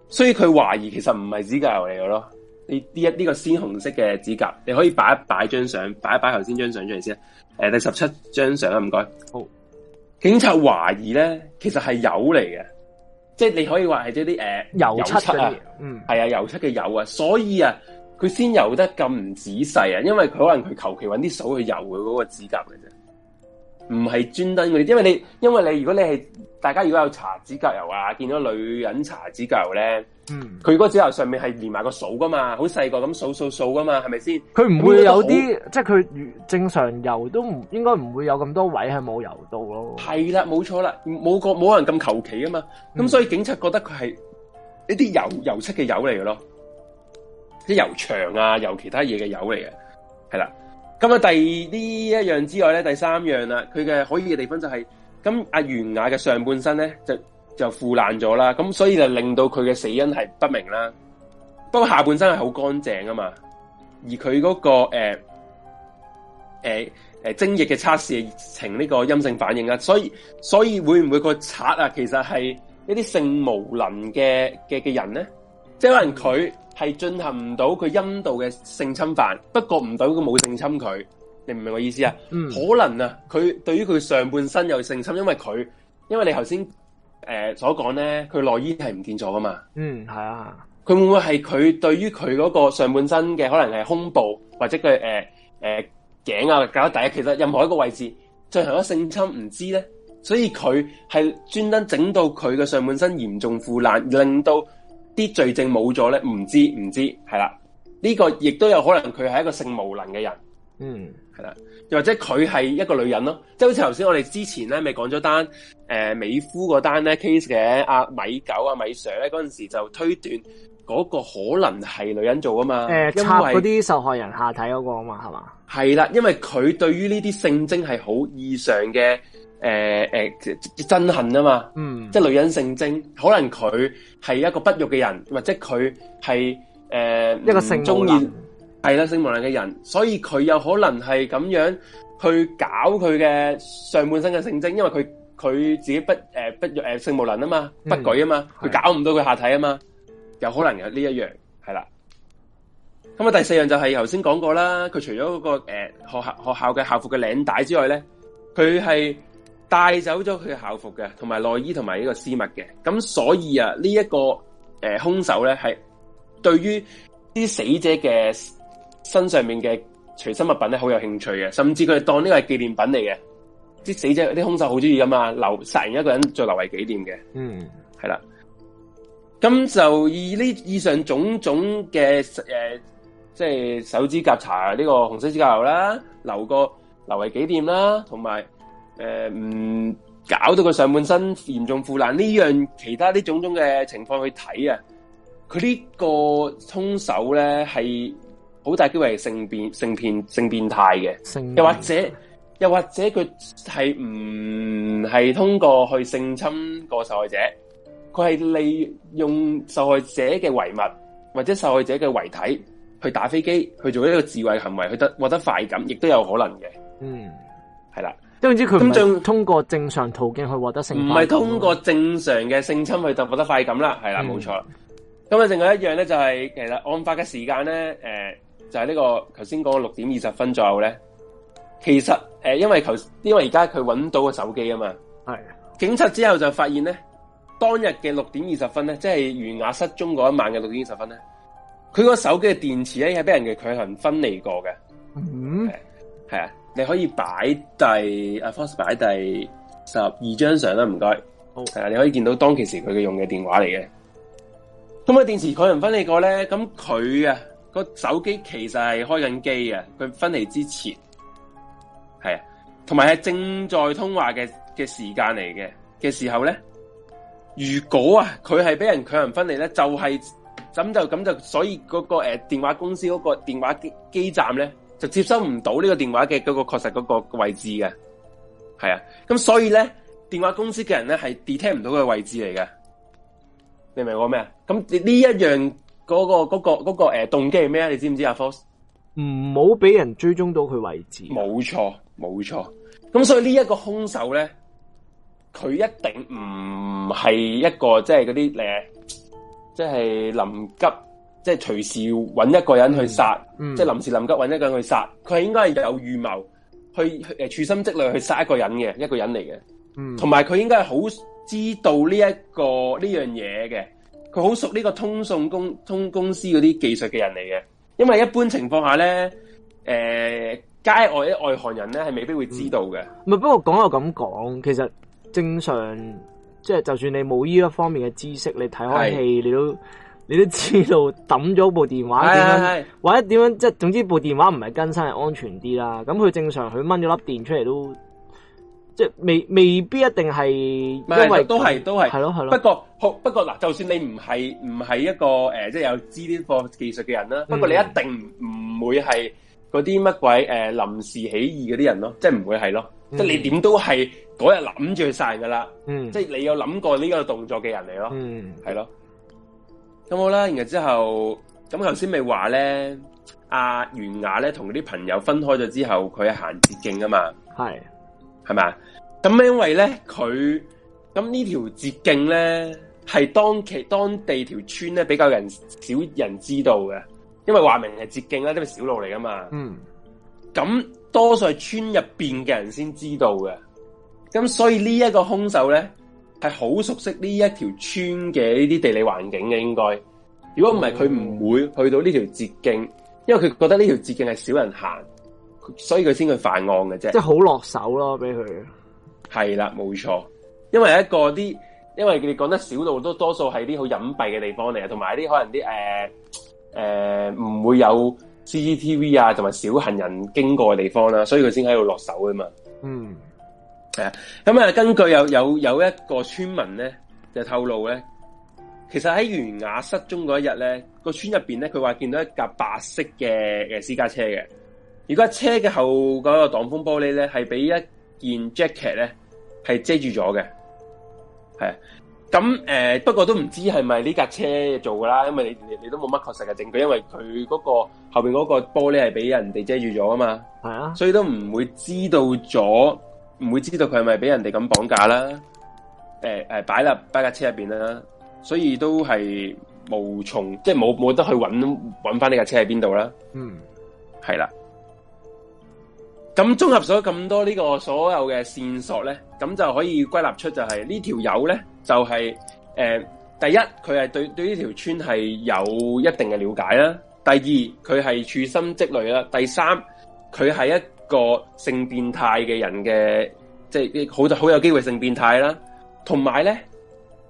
所以佢懷疑其實唔係指甲油嚟嘅咯，呢一呢個鮮紅色嘅指甲，你可以擺一擺一張相，擺一擺頭先張相出嚟先。誒，第十七張相啦，唔該。好，警察懷疑咧，其實係油嚟嘅，即係你可以話係即啲誒油漆、油漆啊，係、嗯、啊，油漆嘅油啊，所以啊，佢先油得咁唔仔細啊，因為佢可能佢求其揾啲手去油佢嗰個指甲嘅啫，唔係專登嗰啲，因為你因為你，因為你如果你係。大家如果有搽指甲油啊，見到女人搽指甲油咧，佢、嗯、嗰個油上面係連埋個數噶嘛，好細個咁數數數噶嘛，係咪先？佢唔會有啲，即係佢正常油都唔應該唔會有咁多位係冇油到咯。係啦，冇錯啦，冇個冇人咁求其啊嘛。咁、嗯、所以警察覺得佢係一啲油油漆嘅油嚟嘅咯，即油牆啊、油其他嘢嘅油嚟嘅，係啦。咁、嗯、啊，嗯、第呢一樣之外咧，第三樣啦，佢嘅可以嘅地方就係、是。咁阿、啊、袁雅嘅上半身咧就就腐爛咗啦，咁所以就令到佢嘅死因係不明啦。不過下半身係好乾淨啊嘛，而佢嗰、那個誒誒誒精液嘅測試係呈呢個陰性反應啊，所以所以會唔會個賊啊，其實係一啲性無能嘅嘅嘅人咧？即、就、係、是、可能佢係進行唔到佢陰道嘅性侵犯，不過唔到佢冇性侵佢。你明唔明我意思啊？嗯，可能啊，佢對於佢上半身有性侵，因為佢，因為你頭先誒所講咧，佢內衣係唔見咗噶嘛？嗯，係啊，佢會唔會係佢對於佢嗰個上半身嘅可能係胸部或者佢誒誒頸啊搞第一，其實任何一個位置最後一性侵唔知咧，所以佢係專登整到佢嘅上半身嚴重腐爛，令到啲罪證冇咗咧，唔知唔知係啦。呢個亦都有可能佢係一個性無能嘅人，嗯。又或者佢係一個女人咯，即係好似頭先我哋之前咧，咪講咗單誒、呃、美夫嗰單咧 case 嘅阿、啊、米九阿、啊、米 Sir 咧嗰陣時就推斷嗰個可能係女人做啊嘛，誒插嗰啲受害人下體嗰個啊嘛係嘛？係啦，因為佢對於呢啲性徵係好異常嘅誒誒憎恨啊嘛，嗯，即係女人性徵，可能佢係一個不育嘅人，或者佢係誒唔中意。呃一個係啦，性無能嘅人，所以佢有可能係咁樣去搞佢嘅上半身嘅性徵，因為佢佢自己不誒、呃、不誒性無能啊嘛，不舉啊嘛，佢搞唔到佢下體啊嘛、嗯的，有可能有呢一樣係啦。咁啊、嗯，第四樣就係頭先講過啦，佢除咗嗰、那個誒、呃、學校學校嘅校服嘅領帶之外咧，佢係帶走咗佢嘅校服嘅，同埋內衣同埋呢個絲襪嘅。咁所以啊，這個呃、兇手呢一個誒凶手咧係對於啲死者嘅。身上面嘅隨身物品咧，好有興趣嘅，甚至佢哋當呢個係紀念品嚟嘅。即死者，啲兇手好中意噶嘛，留殺人一個人再留為紀念嘅。嗯，係啦。咁就以呢以上種種嘅誒，即、呃、係、就是、手指甲查呢、呢個紅色指甲油啦，留個留為紀念啦，同埋誒唔搞到佢上半身嚴重腐爛呢樣其他，啲呢種種嘅情況去睇啊！佢呢個兇手咧係好大機會係性變、性變、性變態嘅，又或者又或者佢係唔係通過去性侵個受害者，佢係利用受害者嘅遺物或者受害者嘅遺體去打飛機，去做一個自慰行為，去得獲得快感，亦都有可能嘅。嗯，係啦，總之佢咁通過正常途徑去獲得性，唔係通過正常嘅性侵去得獲得快感啦。係啦，冇、嗯、錯。咁啊，另外一樣咧，就是，就係其實案發嘅時間咧，誒、呃。就係、是、呢、這個，頭先講六點二十分左右咧。其實誒、呃，因為頭因為而家佢揾到個手機啊嘛。係。警察之後就發現咧，當日嘅六點二十分咧，即係袁雅失蹤嗰一晚嘅六點二十分咧，佢個手機嘅電池咧係俾人嘅強行分離過嘅。嗯。係啊，你可以擺第阿、啊、擺第十二張相啦，唔該。好。係啊，你可以見到當其時佢嘅用嘅電話嚟嘅。咁啊，電池強行分離過咧，咁佢啊。個手機其實係開緊機啊，佢分離之前係啊，同埋係正在通話嘅嘅時間嚟嘅嘅時候咧，如果啊佢係俾人強行分離咧，就係、是、咁就咁就，所以嗰、那個誒、呃、電話公司嗰個電話基站咧就接收唔到呢個電話嘅嗰個確實嗰個位置嘅，係啊，咁所以咧電話公司嘅人咧係 detect 唔到個位置嚟嘅，你明唔明我咩啊？咁呢一樣。嗰、那個嗰、那個嗰、那個誒動機係咩啊？你知唔知啊？Fox 唔好俾人追蹤到佢位置。冇錯，冇錯。咁所以兇呢一,一個凶手咧，佢一定唔係一個即係嗰啲誒，即係臨急，即係隨時要揾一個人去殺，即係臨時臨急揾一個人去殺。佢應該係有預謀去誒處心積慮去殺一個人嘅，一個人嚟嘅。同埋佢應該係好知道呢、這、一個呢樣嘢嘅。這個佢好熟呢個通訊公通公司嗰啲技術嘅人嚟嘅，因為一般情況下咧，誒、呃、街外啲外行人咧係未必會知道嘅。唔、嗯、係，不過講又咁講，其實正常，即、就、係、是、就算你冇呢一方面嘅知識，你睇開戲，你都你都知道抌咗部電話或者點樣，即係總之部電話唔係更新係安全啲啦。咁佢正常，佢掹咗粒電出嚟都。即係未未必一定係，因為都係都係，係咯係咯。不過好不過嗱，就算你唔係唔係一個誒、呃，即係有知呢個技術嘅人啦、嗯，不過你一定唔會係嗰啲乜鬼誒臨、呃、時起意嗰啲人咯，即係唔會係咯，即係你點都係嗰日諗住晒噶啦，即係你、嗯、你有諗過呢個動作嘅人嚟咯，係、嗯、咯。咁好啦，然後之後咁頭先咪話咧，阿、啊、袁雅咧同啲朋友分開咗之後，佢係行捷徑啊嘛，係。係嘛？咁因為咧，佢咁呢條捷徑咧，係當其當地條村咧比較人少人知道嘅，因為話明係捷徑啦，因為小路嚟噶嘛。嗯，咁多數係村入邊嘅人先知道嘅。咁所以空呢一個兇手咧，係好熟悉呢一條村嘅呢啲地理環境嘅。應該如果唔係，佢唔會去到呢條捷徑，因為佢覺得呢條捷徑係少人行。所以佢先去犯案嘅啫，即係好落手咯，俾佢係啦，冇錯。因為一個啲，因為佢哋講得少到多，多數係啲好隱蔽嘅地方嚟、呃呃、啊，同埋啲可能啲誒誒唔會有 CCTV 啊，同埋小行人經過嘅地方啦，所以佢先喺度落手㗎嘛嗯。嗯，係啊。咁啊，根據有有有一個村民咧就透露咧，其實喺袁亞失蹤嗰一日咧，個村入邊咧，佢話見到一架白色嘅私家車嘅。如果車嘅後嗰個擋風玻璃咧，係俾一件 Jacket 咧，係遮住咗嘅，係，咁誒、呃，不過都唔知係咪呢架車做噶啦，因為你你，你都冇乜確實嘅證據，因為佢嗰、嗰個後邊嗰個玻璃係俾人哋遮住咗啊嘛，係啊，所以都唔會知道咗，唔會知道佢係咪俾人哋咁綁架啦，誒、呃、誒，擺落呢架車入邊啦，所以都係無從，即係冇冇得去揾揾翻呢架車喺邊度啦，嗯，係啦。咁綜合咗咁多呢個所有嘅線索咧，咁就可以歸納出就係、是這個、呢條友咧，就係、是、誒、呃，第一佢係對對呢條村係有一定嘅了解啦，第二佢係處心積慮啦，第三佢係一個性變態嘅人嘅，即係好好有機會性變態啦，同埋咧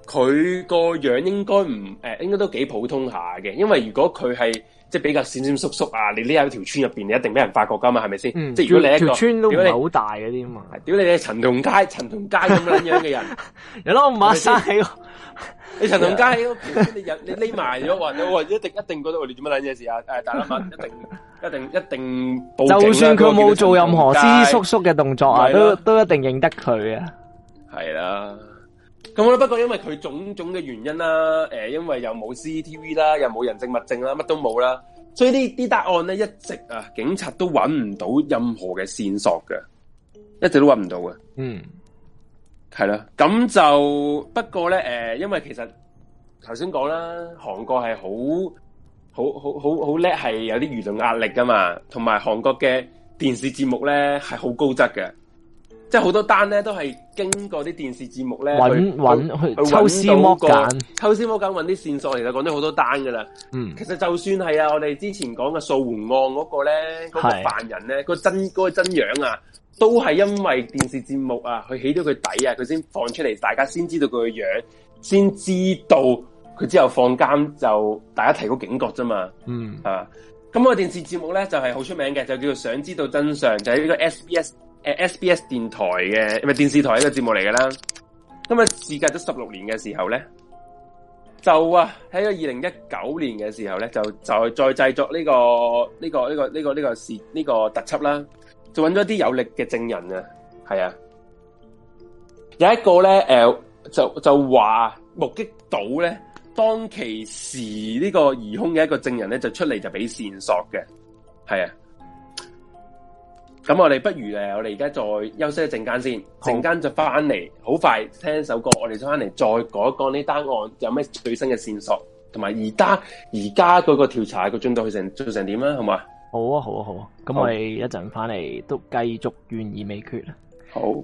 佢個樣應該唔誒，應該都幾普通下嘅，因為如果佢係。即係比較閃閃縮縮啊！你匿喺條村入邊，你一定俾人發覺㗎嘛，係咪先？即係如果你一個，條村都唔係好大嗰啲嘛。屌 你 不是 你陳同佳，陳同佳咁撚樣嘅人，有撈唔話曬你陳同佳喺個橋你匿埋咗，話你話一定 一定覺得我哋做乜撚嘢事啊？誒，大媽一定一定一定報警 就算佢冇做任何閃閃縮縮嘅動作啊， 都都一定認得佢啊。係啦。咁啦，不過因為佢種種嘅原因啦，誒，因為又冇 CCTV 啦，又冇人證物證啦，乜都冇啦，所以呢啲答案咧，一直啊，警察都揾唔到任何嘅線索嘅，一直都揾唔到嘅。嗯，係啦，咁就不過咧，誒，因為其實頭先講啦，韓國係好好好好好叻，係有啲輿論壓力噶嘛，同埋韓國嘅電視節目咧，係好高質嘅。即係好多單咧，都係經過啲電視節目咧，揾搵，去抽絲剝繭，抽絲剝繭搵啲線索嚟，就講咗好多單噶啦。嗯，其實就算係啊，我哋之前講嘅掃黃案嗰個咧，嗰、嗰個犯人咧，嗰個真嗰、嗰個真樣啊，都係因為電視節目啊，佢起到佢底啊，佢先放出嚟，大家先知道佢嘅樣，先知道佢之後放監就大家提高警覺啫嘛。嗯啊，咁、嗰個電視節目咧就係、係、好出名嘅，就叫做想知道真相，就係呢個 SBS。誒，SBS 電台嘅唔係電視台，一個節目嚟噶啦，咁、嗯、啊事隔咗十六年嘅時候咧，就啊喺個二零一九年嘅時候咧，就就再製作呢、這個呢、這個呢、這個呢、這個呢、這個事呢、這個特輯啦，就揾咗啲有力嘅證人啊，係啊，有一個咧誒、呃、就就話目擊到咧，當其時呢個疑兇嘅一個證人咧就出嚟就俾線索嘅，係啊。咁我哋不如誒，我哋而家再休息一陣間先，陣間就翻嚟，好快聽首歌。我哋返翻嚟再講一講呢單案有咩最新嘅線索，同埋而家而家嗰個調查個進度去成做成點啦，好嘛？好啊，好啊，好啊！咁我哋一陣翻嚟都繼續懸疑未決啦。好。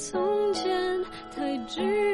從前太執著。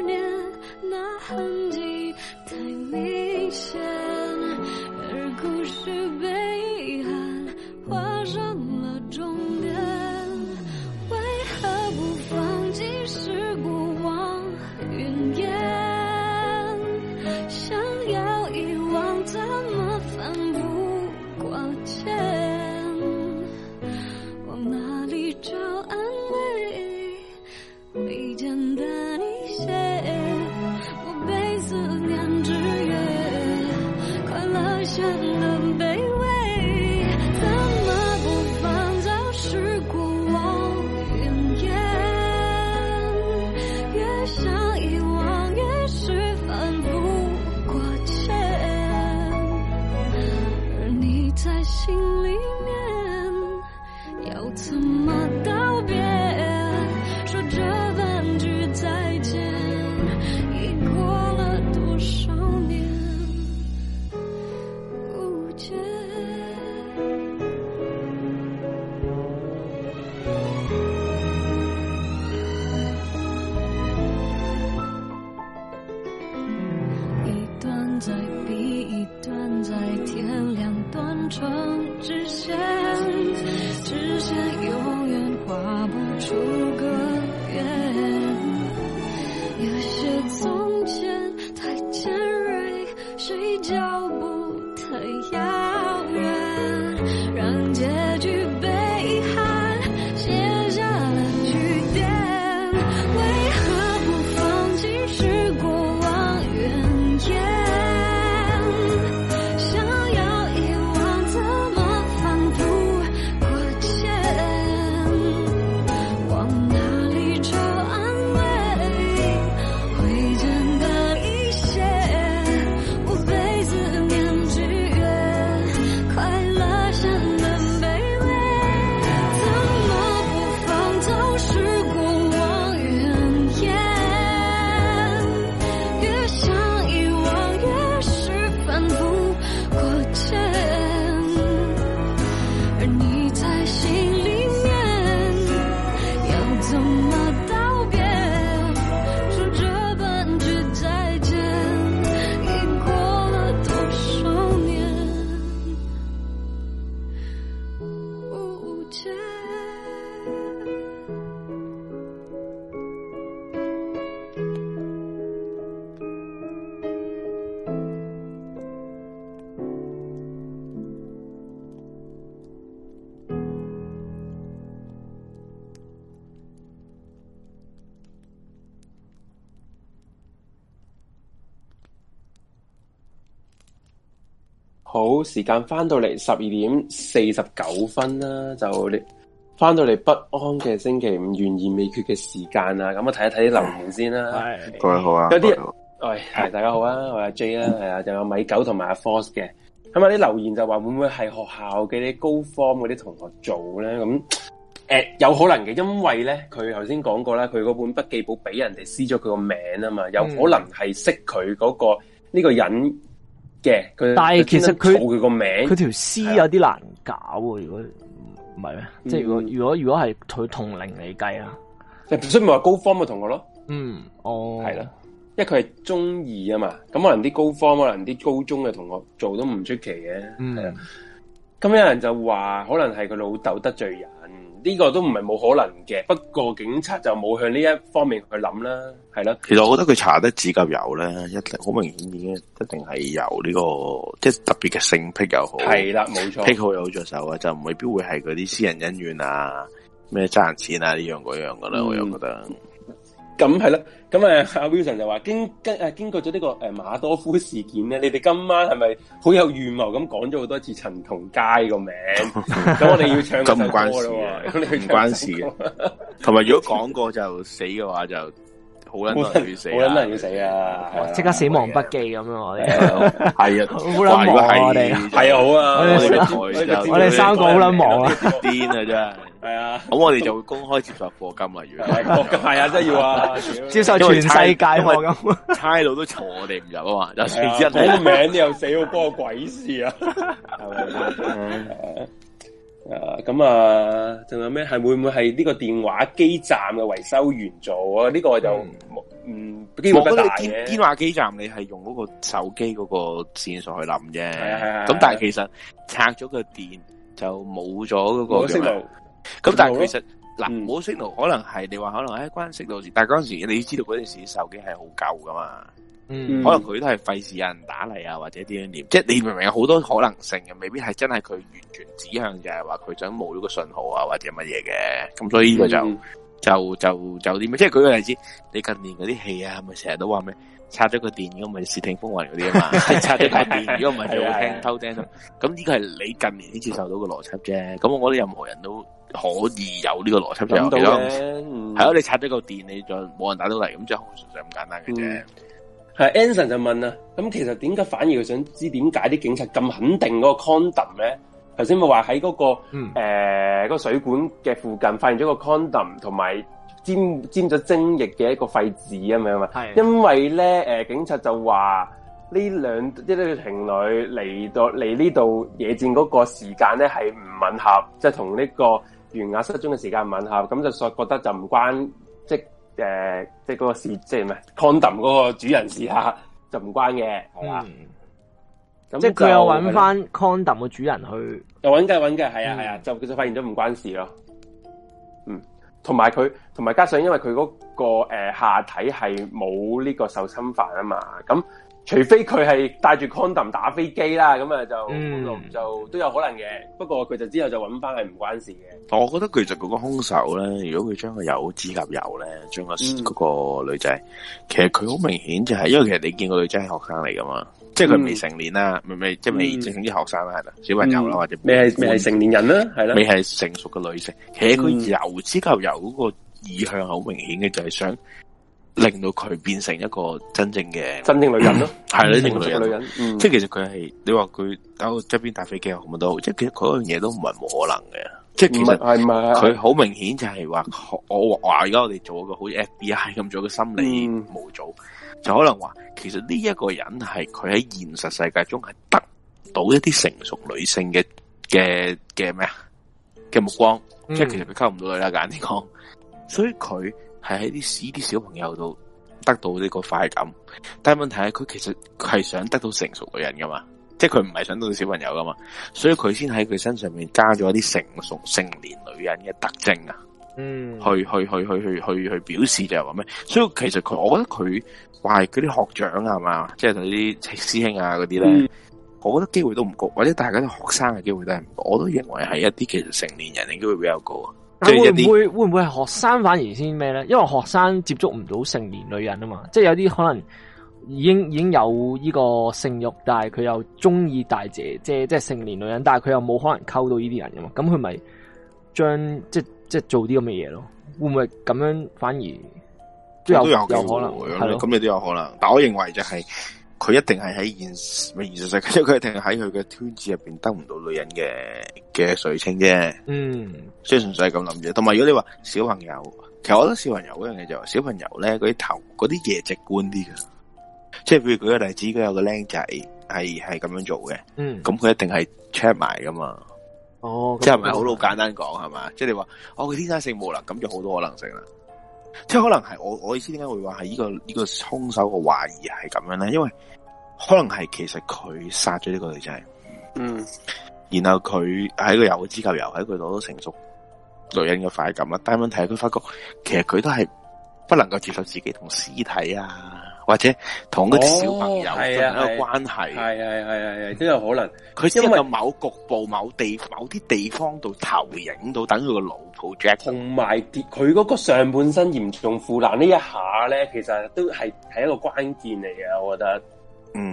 時間翻到嚟十二點四十九分啦，就你翻到嚟不安嘅星期五，懸疑未決嘅時間啊！咁我睇一睇啲留言先啦。各位好啊，有 啲，哎，係、 哎、大家好啊，我係阿 J 啦，係啊，仲有米九同埋阿 Fox 嘅。咁啊啲留言就話會唔會係學校嘅啲高方嗰啲同學做咧？咁誒有可能嘅，因為咧佢頭先講過啦，佢嗰本筆記簿俾人哋撕咗佢個名啊嘛，有可能係識佢嗰個呢個人。嗯嘅，但係其實佢佢條屍有啲難搞喎。如果唔係咩，即係、嗯、如果如果如果係佢同齡嚟計啊，所以咪話高方嘅同學咯。嗯，哦，係啦，因為佢係中二啊嘛，咁可能啲高方可能啲高中嘅同學做都唔出奇嘅。嗯，係啊。咁有人就話可能係佢老豆得罪人，呢、呢個都唔係冇可能嘅。不過警察就冇向呢一方面去諗啦。係啦，其實我覺得佢搽得指甲油咧，一定好明顯已經，一定係由呢個即係特別嘅性癖又好，係啦，冇錯，癖好又好着手啊，就未必會係嗰啲私人恩怨啊，咩賺錢啊呢樣嗰樣噶啦、嗯，我又覺得。咁係啦，咁、嗯、誒，阿 Wilson 就話經經誒經過咗呢個誒馬多夫事件咧，你哋今晚係咪好有預謀咁講咗好多次陳同佳個名？咁 我哋要唱咁唔關事，唔關事。同埋如果講過就死嘅話就。 好撚要死，人死啊！即、啊、刻死亡筆記咁樣我哋係啊，好撚忙我哋係啊，好啊，啊，啊，啊！我哋三個好撚忙啊，癲啊真係！係啊，咁我哋就會公開接受課金啊，如果係啊，真要啊！接受全世界課金，差佬都坐我哋唔入啊嘛！有四日，改、嗯、個名你又死到關個鬼事啊！誒，咁啊，仲有咩？係會唔會係呢個電話基站嘅維修員做啊？呢、這個就唔、嗯嗯、機會唔大嘅。因為電話基站你係用嗰個手機嗰個線索去諗啫。係係咁但係其實拆咗個電就冇咗嗰個信號。咁但係其實嗱，冇信號，可能係你話可能喺關信號時，但係嗰陣時你知道嗰陣時候手機係好舊噶嘛。嗯、可能佢都係費事有人打嚟啊，或者點樣點，即係你明唔明？有好多可能性嘅，未必係真係佢完全指向就係話佢想冇咗個信號啊，或者乜嘢嘅。咁所以呢個就、嗯、就就就啲即係舉個例子，你近年嗰啲戲啊，咪成日都話咩？拆咗個電咁咪竊聽風雲嗰啲啊嘛，係拆咗個電咁咪、 啊、偷聽偷聽咁，呢個係你近年先接受到個邏輯啫。咁我覺得任何人都可以有呢個邏輯嘅，係咯、嗯？你拆咗個電，你就冇人打到嚟，咁就係好純粹咁簡單嘅啫。嗯。係，Anson 就問啦，咁其實點解反而佢想知點解啲警察咁肯定嗰個 condom 咧？頭先咪話喺嗰個水管嘅附近發現咗個 condom 同埋沾沾咗精液嘅一個廢紙咁樣嘛。係，因為咧、呃、警察就話呢兩呢對情侶嚟到嚟呢度野戰嗰個時間咧係唔吻合，即係同呢個袁亞失蹤嘅時間吻合，咁就覺得就唔關即。誒、呃，即係嗰個事，即係咩 condom 嗰個主人試下，就唔關嘅，係啊、嗯。即係佢又揾翻 condom 嘅主人去，又揾㗎，揾嘅。係啊，係啊、嗯，就就發現咗唔關事咯。嗯，同埋佢，同埋加上因為佢嗰、嗰個、呃、下體係冇呢個受侵犯啊嘛，咁。除非佢係戴住 condom 打飛機啦，咁啊就、嗯、就都有可能嘅。不過佢就之後就揾翻係唔關事嘅。我覺得其實嗰個兇手咧，如果佢將個有指甲油咧，將個嗰個女仔、嗯，其實佢好明顯就係、是，因為其實你見過個女仔係學生嚟噶嘛，即係佢未成年啦，咪、嗯、咪，即係未整啲學生啦，係啦、嗯，小朋友啦或者未係未係成年人啦，係啦，未係成熟嘅女性，其實佢油指甲油嗰個意向好明顯嘅，就係想。令到佢變成一個真正嘅真正女人咯係 真正嘅女人。女人、女人、女人，嗯、即係其實佢係你話佢喺側邊搭飛機又好乜都好，即係其實嗰樣嘢都唔係冇可能嘅。即係其實佢好明顯就係話，我話而家我哋做一個好似 FBI 咁做一個心理模組，嗯、就可能話其實呢一個人係佢喺現實世界中係得到一啲成熟女性嘅嘅嘅咩啊嘅目光，嗯、即係其實佢溝唔到女啦，簡單講。所以佢。係喺啲小啲小朋友度得到呢個快感，但係問題係佢其實係想得到成熟嘅人噶嘛，即係佢唔係想得到小朋友噶嘛，所以佢先喺佢身上面加咗啲成熟成年女人嘅特徵啊，嗯去，去去去去去去去表示就係話咩？所以其實佢，我覺得佢，哇！嗰啲學長啊，係嘛，即係嗰啲師兄啊，嗰啲咧，嗯、我覺得機會都唔高，或者大家啲學生嘅機會都係唔高，我都認為係一啲其實成年人應該會比較高啊。但會唔會，會唔會係學生反而先咩咧？因為學生接觸唔到成年女人啊嘛，即係有啲可能已經已經有呢個性欲，但係佢又中意大姐，即係即係成年女人，但係佢又冇可能溝到呢啲人噶嘛，咁佢咪將即即係做啲咁嘅嘢咯？會唔會咁樣反而都有也有，有可能？係咯，咁亦都有可能。但我認為就係、係、佢一定係喺現係現實世界，佢一定係喺佢嘅圈子入邊得唔到女人嘅。嘅水清啫，嗯，即係純粹係咁諗住，同埋如果你話小朋友，其實我覺得小朋友嗰樣嘢就話，小朋友咧嗰啲頭嗰啲嘢直觀啲嘅，即係譬如舉個例子，佢有個靚仔係係咁樣做嘅，嗯，咁佢一定係 check 埋噶嘛，哦，即係唔係好簡單講係嘛，即係你話哦，佢天生性無能，咁就好多可能性啦，即係可能係我我意思點解會話係、這個這個、呢個呢個兇手個懷疑係咁樣咧，因為可能係其實佢殺咗呢個女仔，嗯。然後佢喺個油指球，油喺佢度都成熟女人嘅快感啦，但係問題係佢發覺其實佢都係不能夠接受自己同屍體啊，或者同嗰啲小朋友同一個關係，係係係係係都有可能。佢先喺某局部、某地、某啲地方度投影到，等佢個腦 project 同埋佢嗰個上半身嚴重腐爛呢一下咧，其實都係係一個關鍵嚟嘅，我覺得，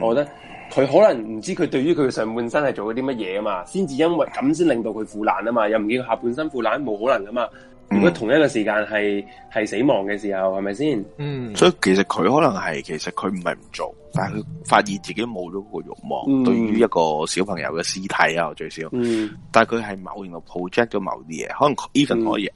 我覺得。嗯佢可能唔知佢對於佢嘅上半身係做咗啲乜嘢啊嘛，先至因為咁先令到佢腐爛啊嘛，又唔見佢下半身腐爛冇可能㗎嘛。如果同一個時間係、嗯、死亡嘅時候，係咪先？嗯，所以其實佢可能係其實佢唔係唔做，但係佢發現自己冇咗個欲望、嗯，對於一個小朋友嘅屍體啊最少。嗯，但係佢係某程度 project 咗某啲嘢，可能 even、嗯、可以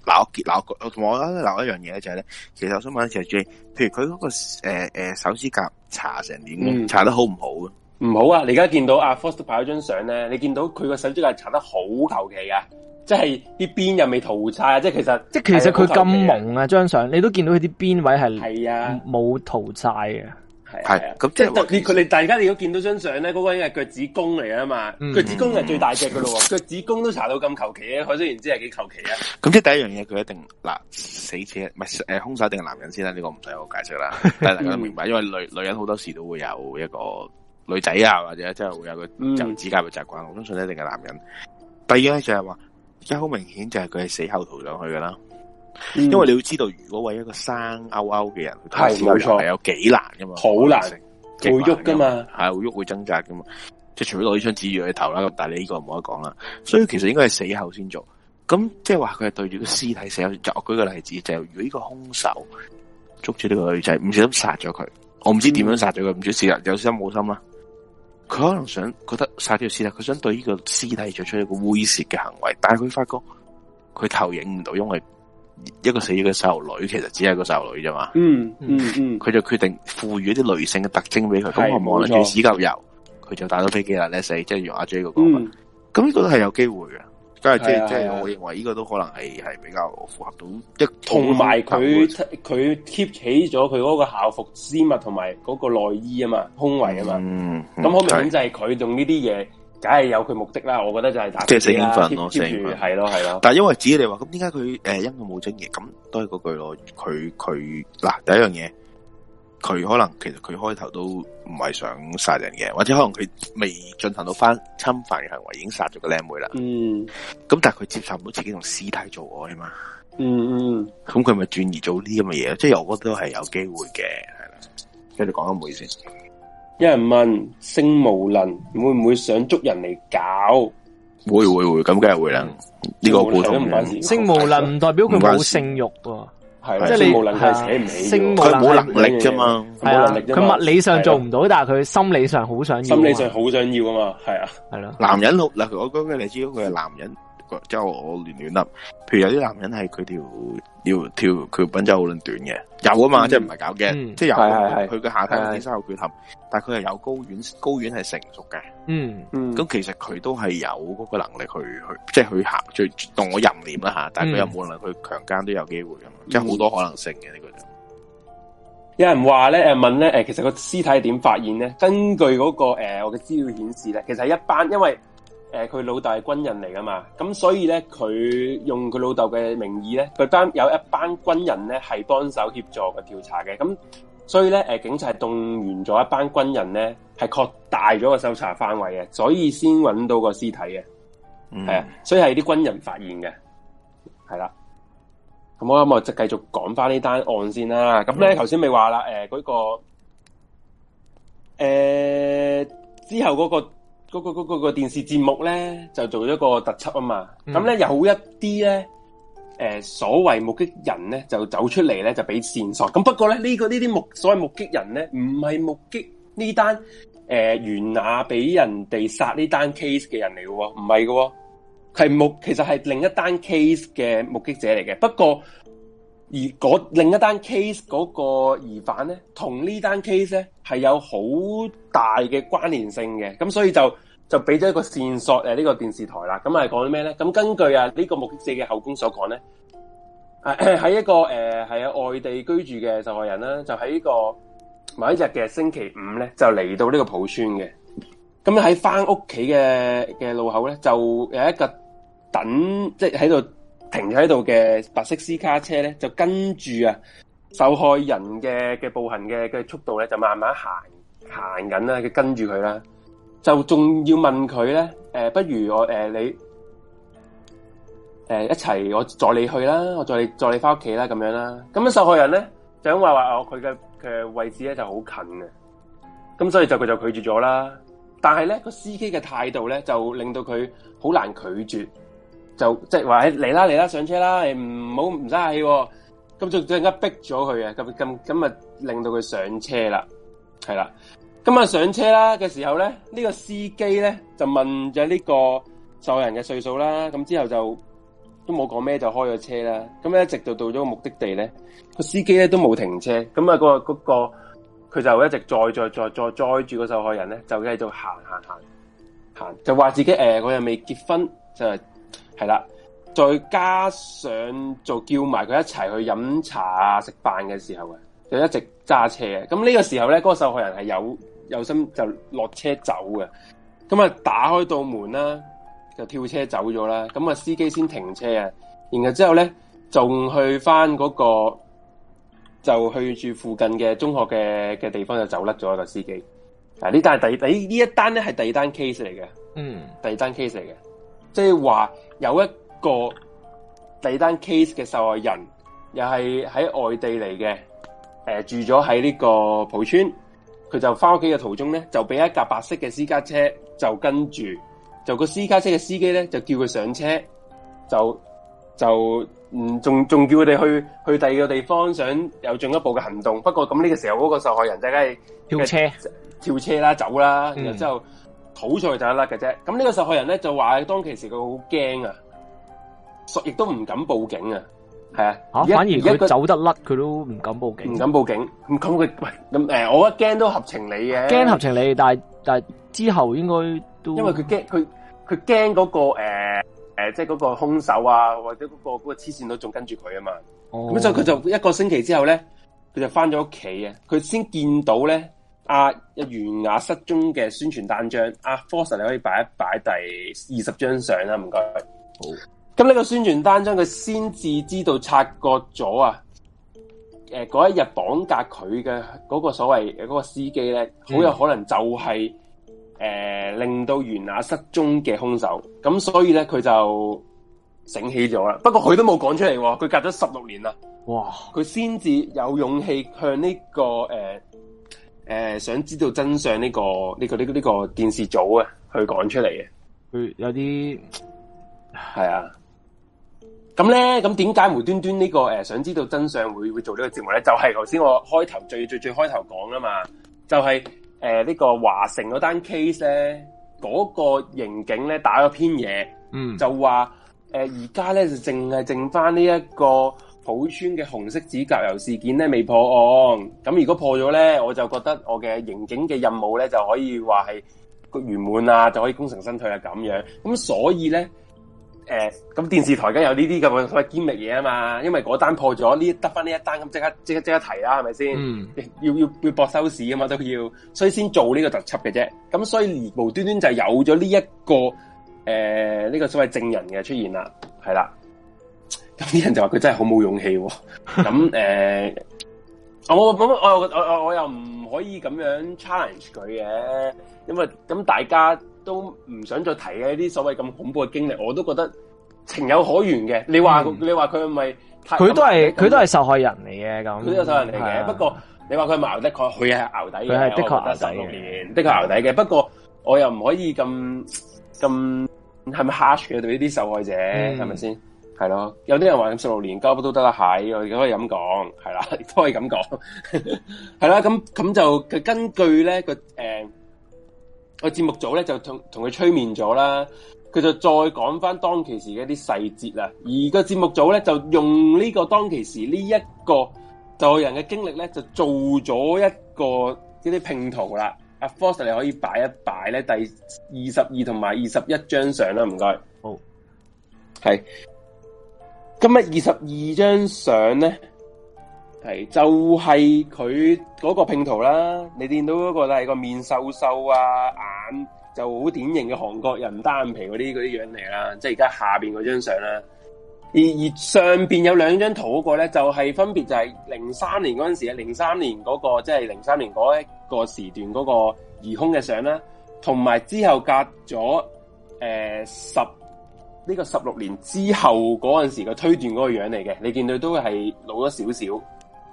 同我啦一樣嘢就係、是、咧，其實我想問嘅就係，J，譬如佢嗰、那個、呃、手指甲擦成點嘅，擦得好唔好啊？嗯唔好啊！你而家見到阿 Foster 拍嗰張相咧，你見到佢個手指係查得好求其啊，即係啲邊又未塗晒，即係其實即係其實佢咁蒙啊！張相你都見到佢啲邊位係係啊冇塗晒啊。係啊，咁即係你佢哋大家如果見到張相咧，嗰、那個人係腳趾公嚟啊嘛，腳、嗯、趾公係最大隻噶咯，腳、嗯、趾公都查到咁求其啊！ 可想而知係幾求其啊！咁即係第一樣嘢，佢一定嗱死者，唔係誒，凶手定係男人先啦？呢、這個唔使我解釋啦， 但大家都明白，因為女女人好多時都會有一個。女仔啊，或者即係會有個剪指甲嘅習慣，我相信一定係男人。第二咧就係、是、話，而家好明顯就係佢係死後塗上去噶啦、嗯。因為你要知道，如果為一個生勾勾嘅人，係冇錯，係有幾難噶嘛，好難會喐噶嘛，係喐會掙扎噶嘛，即係除咗攞啲雙指甲去頭啦。但係你呢個冇得講啦，所以其實應該係死後先做。咁即係話佢係對住個屍體死後。作舉個例子就是，如果呢個凶手捉住呢個女仔，唔小心殺咗佢，我唔知點樣殺咗佢，唔、嗯、小心，小心有心冇心啦。佢可能想覺得殺條屍體，佢想對呢個屍體做出一個猥褻嘅行為，但係佢發覺佢投影唔到，因為一個死咗嘅細路女其實只係個細路女啫嘛。嗯嗯嗯，佢、嗯、就決定賦予一啲女性嘅特徵俾佢。咁我望住指甲油，佢就打咗飛機啦，你死即係用阿 J 嘅講法，咁、嗯、呢個都係有機會嘅。咁、就是、啊，即係即係，我認為呢個都可能係係比較符合到，即係同埋佢佢 keep 起咗佢嗰個校服絲襪同埋嗰個內衣啊嘛，胸圍啊嘛。嗯，咁、嗯、可唔可以就係佢用呢啲嘢，梗係有佢目的啦。我覺得就係打即係死興奮咯 keep 住係咯係咯。但係因為只要你話咁，點解佢誒，因為冇精液，咁都係嗰句咯。佢佢嗱第一樣嘢。佢可能其實佢開頭都唔係想殺人嘅，或者可能佢未進行到翻侵犯嘅行為，已經殺咗個靚妹啦。嗯，咁但係佢接受唔到自己同屍體做愛嘛？嗯嗯，咁佢咪轉移咗啲咁嘅嘢？即係我覺得都係有機會嘅，係啦。跟住講一唔好意思先。有人問：性無能會唔會想捉人嚟搞？會會會，咁梗係會啦。呢、嗯這個故性無能唔代表佢冇性慾喎。嗯即係你，佢冇能力啫嘛，係啊，佢物理上做唔到，但係佢心理上好想要，心理上好想要啊嘛，係啊，係咯，男人好，嗱我講緊你知，佢係男人。即係我亂亂諗，譬如有啲男人係佢條要條佢品質好撚短嘅，有啊嘛，即係唔係搞嘅，即係有佢個下體天生有缺陷，但係佢係有睾丸睾丸係成熟嘅，嗯，咁、嗯嗯嗯、其實佢都係有嗰個能力去去，即係去行，最同我淫念啦吓，但係佢有冇能力去強姦都有機會嘅嘛、嗯，即係好多可能性嘅呢、嗯這個人。有人話咧，誒問咧，誒其實個屍體點發現咧？根據嗰、那個誒、呃、我嘅資料顯示咧，其實係一班因為。誒、呃，佢老豆係軍人嚟㗎嘛？咁所以咧，佢用佢老豆嘅名義咧，佢班有一班軍人咧係幫手協助個調查嘅。咁所以咧，誒、呃，警察動員咗一班軍人咧，係擴大咗個搜查範圍嘅，所以先揾到個屍體嘅。係、嗯、啊，所以係啲軍人發現嘅，係啦、啊。咁我啱我就繼續講翻呢單案先啦。咁咧，頭先咪話啦，誒、呃，嗰、那個誒、呃、之後嗰、那個。嗰、那個嗰、那個、那個電視節目咧就做咗個特輯啊嘛，咁咧有一啲咧，誒、呃、所謂目擊人咧就走出嚟咧，就俾線索，咁不過咧呢、這個呢啲目所謂目擊人咧唔係目擊呢單誒袁雅俾人哋殺呢單 case 嘅人嚟嘅喎，唔係嘅喎，係目，其實係另一單 case 嘅目擊者嚟嘅，不過。而嗰另一單 case 嗰個疑犯咧，同呢單 case 咧係有好大嘅關聯性嘅，咁所以就就俾咗一個線索誒呢個電視台啦。咁係講啲咩咧？咁根據啊呢個目擊者嘅口供所講咧，喺、呃、一個誒係喺外地居住嘅受害人啦，就喺呢個某一日嘅星期五咧，就嚟到呢個普村嘅。咁喺翻屋企嘅嘅路口咧，就有一個等，即係喺度，停喺度嘅白色私家車咧，就跟住啊受害人嘅嘅步行嘅嘅速度咧，就慢慢行行緊啦，跟住佢啦，就仲要問佢咧，誒、呃，不如我誒、呃、你誒、呃、一齊我載你去啦，我載你載你翻屋企啦，咁樣啦。咁、嗯、樣受害人咧就因為話哦，佢嘅嘅位置咧就好近嘅，咁、嗯、所以就佢就拒絕咗啦。但係咧個司機嘅態度咧，就令到佢好難拒絕。就即係話嚟啦，嚟啦上車啦，誒唔好，唔使客氣，咁就即刻逼咗佢啊，咁咁咁啊，令到佢上車啦，係啦，咁啊上車啦嘅時候咧，呢個司機咧就問咗呢個受害人嘅歲數啦，咁之後就都冇講咩就開咗車啦，咁咧一直到到咗目的地咧，個司機咧都冇停車，咁啊嗰個嗰個佢就一直載載載載載住個受害人咧，就繼續行行行行，就話自己誒我又未結婚就。係啦，再加上就叫埋佢一齊去飲茶啊、食飯嘅時候啊，就一直揸車嘅。咁呢個時候咧，嗰、那個受害人係有有心就落車走嘅。咁啊，打開道門啦，就跳車走咗啦。咁啊，司機先停車啊，然後之後咧，仲去翻嗰、那個就去住附近嘅中學嘅嘅地方就走甩咗、那個司機。嗱，呢單係第第呢一單咧係第、嗯、第二單 case 嚟嘅，嗯，第二單 case 嚟嘅。即係話有一個另一單 case 嘅受害人，又係喺外地嚟嘅，誒、呃、住咗喺呢個蒲村，佢就返屋企嘅途中咧，就俾一架白色嘅私家車就跟住，就個私家車嘅司機咧就叫佢上車，就就嗯仲仲叫佢哋去去第二個地方，想有進一步嘅行動。不過咁呢個時候，嗰個受害人就梗、是、係跳車跳車啦，走啦，嗯、然之後。好彩就甩嘅啫，咁呢個受害人咧就話當其時佢好驚啊，亦都唔敢報警啊，係啊，啊，反而佢走得甩佢都唔敢報警，唔敢報警，咁佢喂咁誒，我一驚都合情理嘅，啊，驚合情理，但係但係之後應該都因為佢驚佢佢驚嗰個誒誒，即係嗰個兇手啊，或者嗰、嗰個、嗰個黐線佬仲跟住佢啊嘛，咁、哦、所以佢就一個星期之後咧，佢就翻咗屋企啊，佢先見到咧。阿阿亞失蹤嘅宣傳單張，阿、啊、f o e 你可以擺一擺第二十張相啦，唔該。好。咁呢個宣傳單張佢先至知道察覺咗啊！誒、呃，嗰一日綁架佢嘅嗰個所謂嗰、那個司機咧，好有可能就係、是、誒、嗯呃、令到袁亞失蹤嘅凶手。咁所以咧，佢就醒起咗啦。不過佢都冇講出嚟，佢隔咗十六年啦。哇！佢先至有勇氣向呢、這個誒。呃誒，想知道真相呢個呢個呢個呢個電視組去出來的啊，啊，去講出嚟嘅。佢有啲係啊，咁咧，咁點解無端端呢個誒，想知道真相會會做個節目呢個節目咧？就係頭先我開頭最最最，最，最開頭講啊嘛，就係誒呢、這個華城嗰單 case 咧，嗰個刑警咧打咗篇嘢。嗯，就話誒而家咧就淨係剩翻呢一個。普村嘅紅色指甲油事件咧，未破案，咁如果破咗咧，我就覺得我嘅刑警嘅任務咧就可以話係個圓滿啊，就可以功成身退啊咁樣。咁所以咧，誒、呃，咁電視台梗有呢啲咁嘅所謂 gimmick 嘢，啊嘛，因為嗰單破咗，呢得翻呢一單，咁即刻即刻即刻提啦，係咪先？嗯，要要要博收視啊嘛都要，所以先做呢個特輯嘅啫。咁所以無端端就有咗呢一個誒呢、呃這個所謂證人嘅出現啦，係啦。咁啲人就話佢真係好冇勇氣、哦，咁誒、 呃，我咁我我我我又唔可以咁樣 challenge 佢嘅，因為咁大家都唔想再提嘅呢啲所謂咁恐怖嘅經歷，我都覺得情有可原嘅。你話、嗯、你話佢係咪？佢都係佢都係受害人嚟嘅，咁佢都係受害人嚟嘅。不過你話佢係牛的，牛的確佢係牛底嘅，佢係的確牛底嘅，的確牛底嘅。不過我又唔可以咁咁係咪 harsh 嘅對呢啲受害者係咪先？嗯是係咯，有啲人話咁十六年交不都得啦，係，我可以咁講，係啦，可以咁講，係啦，咁咁 就佢根據咧個誒個節目組咧就同同佢催眠咗啦，佢就再講翻當其時嘅一啲細節啦，而個節目組咧就用、這個這個，就用呢個當其時呢一個就人嘅經歷咧就做咗一個呢啲拼圖啦，阿、oh. Fox、啊、你可以擺一擺咧第二十二同埋二十一張相啦，唔該，好，oh.，係。今日二十二張相咧，係就係佢嗰個拼圖啦。你見到嗰、嗰個係個面瘦瘦啊，眼就好典型嘅韓國人單眼皮嗰啲嗰啲樣嚟啦。即係而家下邊嗰張相啦，而而上邊有兩張圖嗰個咧，就係、係、分別就係零三年嗰陣時啊，零三年嗰、嗰個即係零三年嗰一個時段嗰個疑兇嘅相啦，同埋之後隔咗誒十。呃呢、這個十六年之後嗰陣時嘅推斷嗰個樣嚟嘅，你見到都係老咗少少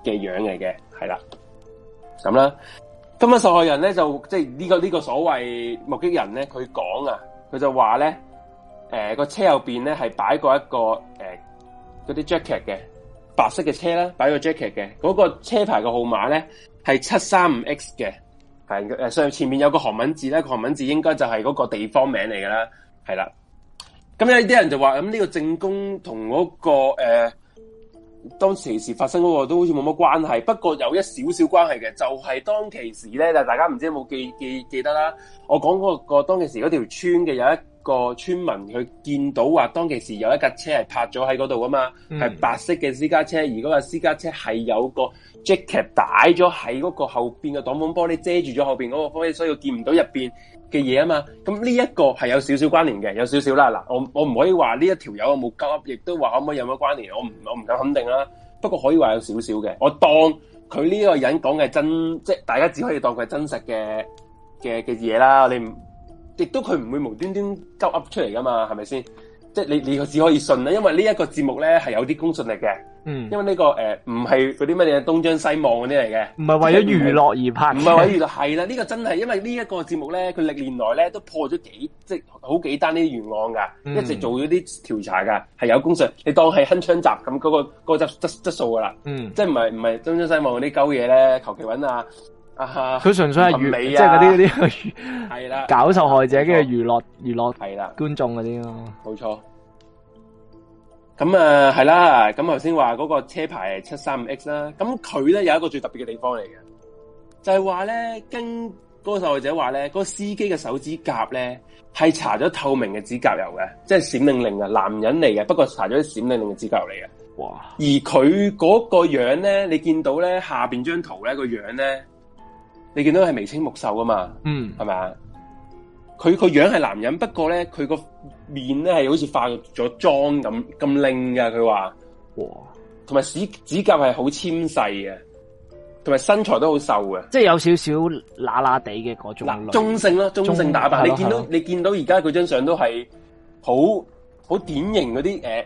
嘅樣嚟嘅，係啦，咁啦。咁啊，受害人咧就即係、這、呢個呢、這個所謂目擊人咧，佢講啊，佢就話咧，誒、呃、個車後邊咧係擺過一個誒嗰啲 jacket 嘅白色嘅車啦，擺個 jacket 嘅，嗰、那個車牌嘅號碼咧係七三五 X 嘅，係誒、呃、上前面有一個韓文字咧，個韓文字應該就係嗰個地方名嚟噶啦，係啦。咁有啲人就話咁呢個正宮同嗰個誒、呃、當其時發生嗰個都好似冇乜關係，不過有一少少關係嘅，就係、是、當其時咧，就大家唔知有冇記記記得啦。我講嗰個當其時嗰條村嘅有一個村民佢見到話，當其時有一架車係泊咗喺嗰度㗎嘛，係、嗯、白色嘅私家車，而嗰架私家車係有個 jacket 擺咗喺嗰個後邊嘅擋風玻璃，遮住咗後邊嗰個玻璃，所以佢見唔到入邊。嘅嘢啊嘛，咁呢一個係有少少關聯嘅，有少少啦。嗱，我我唔可以話呢一條友有冇鳩噏，亦都話可唔可以有乜關聯，我唔我唔敢肯定啦。不過可以話有少少嘅，我當佢呢個人講嘅真，即係大家只可以當佢真實嘅嘅嘅嘢啦。你唔，亦都佢唔會無端端鳩噏出嚟噶嘛，係咪先？即係你，你只可以信啦，因為呢一個節目咧係有啲公信力嘅。嗯，因為呢個誒唔係嗰啲乜嘢東張西望嗰啲嚟嘅，唔係為咗娛樂而拍，唔係為娛樂係啦。呢 個真係因為呢一個節目咧，佢歷年來咧都破咗幾即係好幾單呢啲懸案㗎，一直做咗啲調查㗎，係有公信。你當係鏗鏘集咁嗰個嗰個質質質素㗎啦。嗯，即係唔係唔係東張西望嗰啲鳩嘢咧，求其揾啊！佢、啊、純粹係尾，即係嗰啲嗰啲係啦，搞受害者跟住娛樂娛樂觀眾嗰啲咯。冇錯。咁啊，係啦。咁頭先話嗰個車牌七三五 X 啦，咁佢咧有一個最特別嘅地方嚟嘅，就係話咧跟嗰個受害者話咧，嗰、嗰個司機嘅手指甲咧係搽咗透明嘅指甲油嘅，即係閃令令嘅男人嚟嘅，不過搽咗啲閃令令嘅指甲油嚟嘅。哇！而佢嗰個樣咧，你見到咧下邊張圖咧個樣咧。你見到係眉清目秀㗎嘛？嗯，係咪啊？佢個樣係男人，不過咧佢個面咧係好似化咗妝咁咁靚噶。佢話哇，同埋指指甲係好纖細嘅，同埋身材都好瘦嘅，即係有少少乸乸地嘅嗰種中。中性啦，中性打扮。你見到你見到而家佢張相都係好好典型嗰啲誒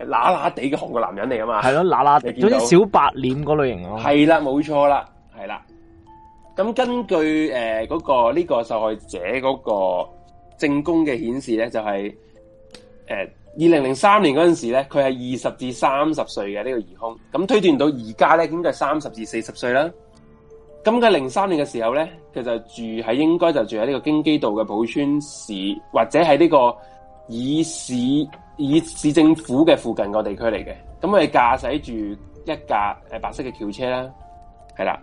乸乸地嘅韓國男人嚟啊嘛。係咯，乸乸地。嗰啲小白臉嗰類型咯、啊。係啦，冇錯啦，係啦。咁根據誒嗰、呃那個呢、這個受害者嗰個證供嘅顯示咧，就係誒二零零三年嗰陣時咧，佢係二十至三十歲嘅呢個疑凶。咁推斷到而家咧，應該係三十至四十歲啦。咁佢零三年嘅時候咧，佢就住喺應該就住喺呢個京畿道嘅寶川市，或者喺呢個以市以市政府嘅附近個地區嚟嘅。咁佢哋駕駛住一架誒白色嘅轎車啦，係啦。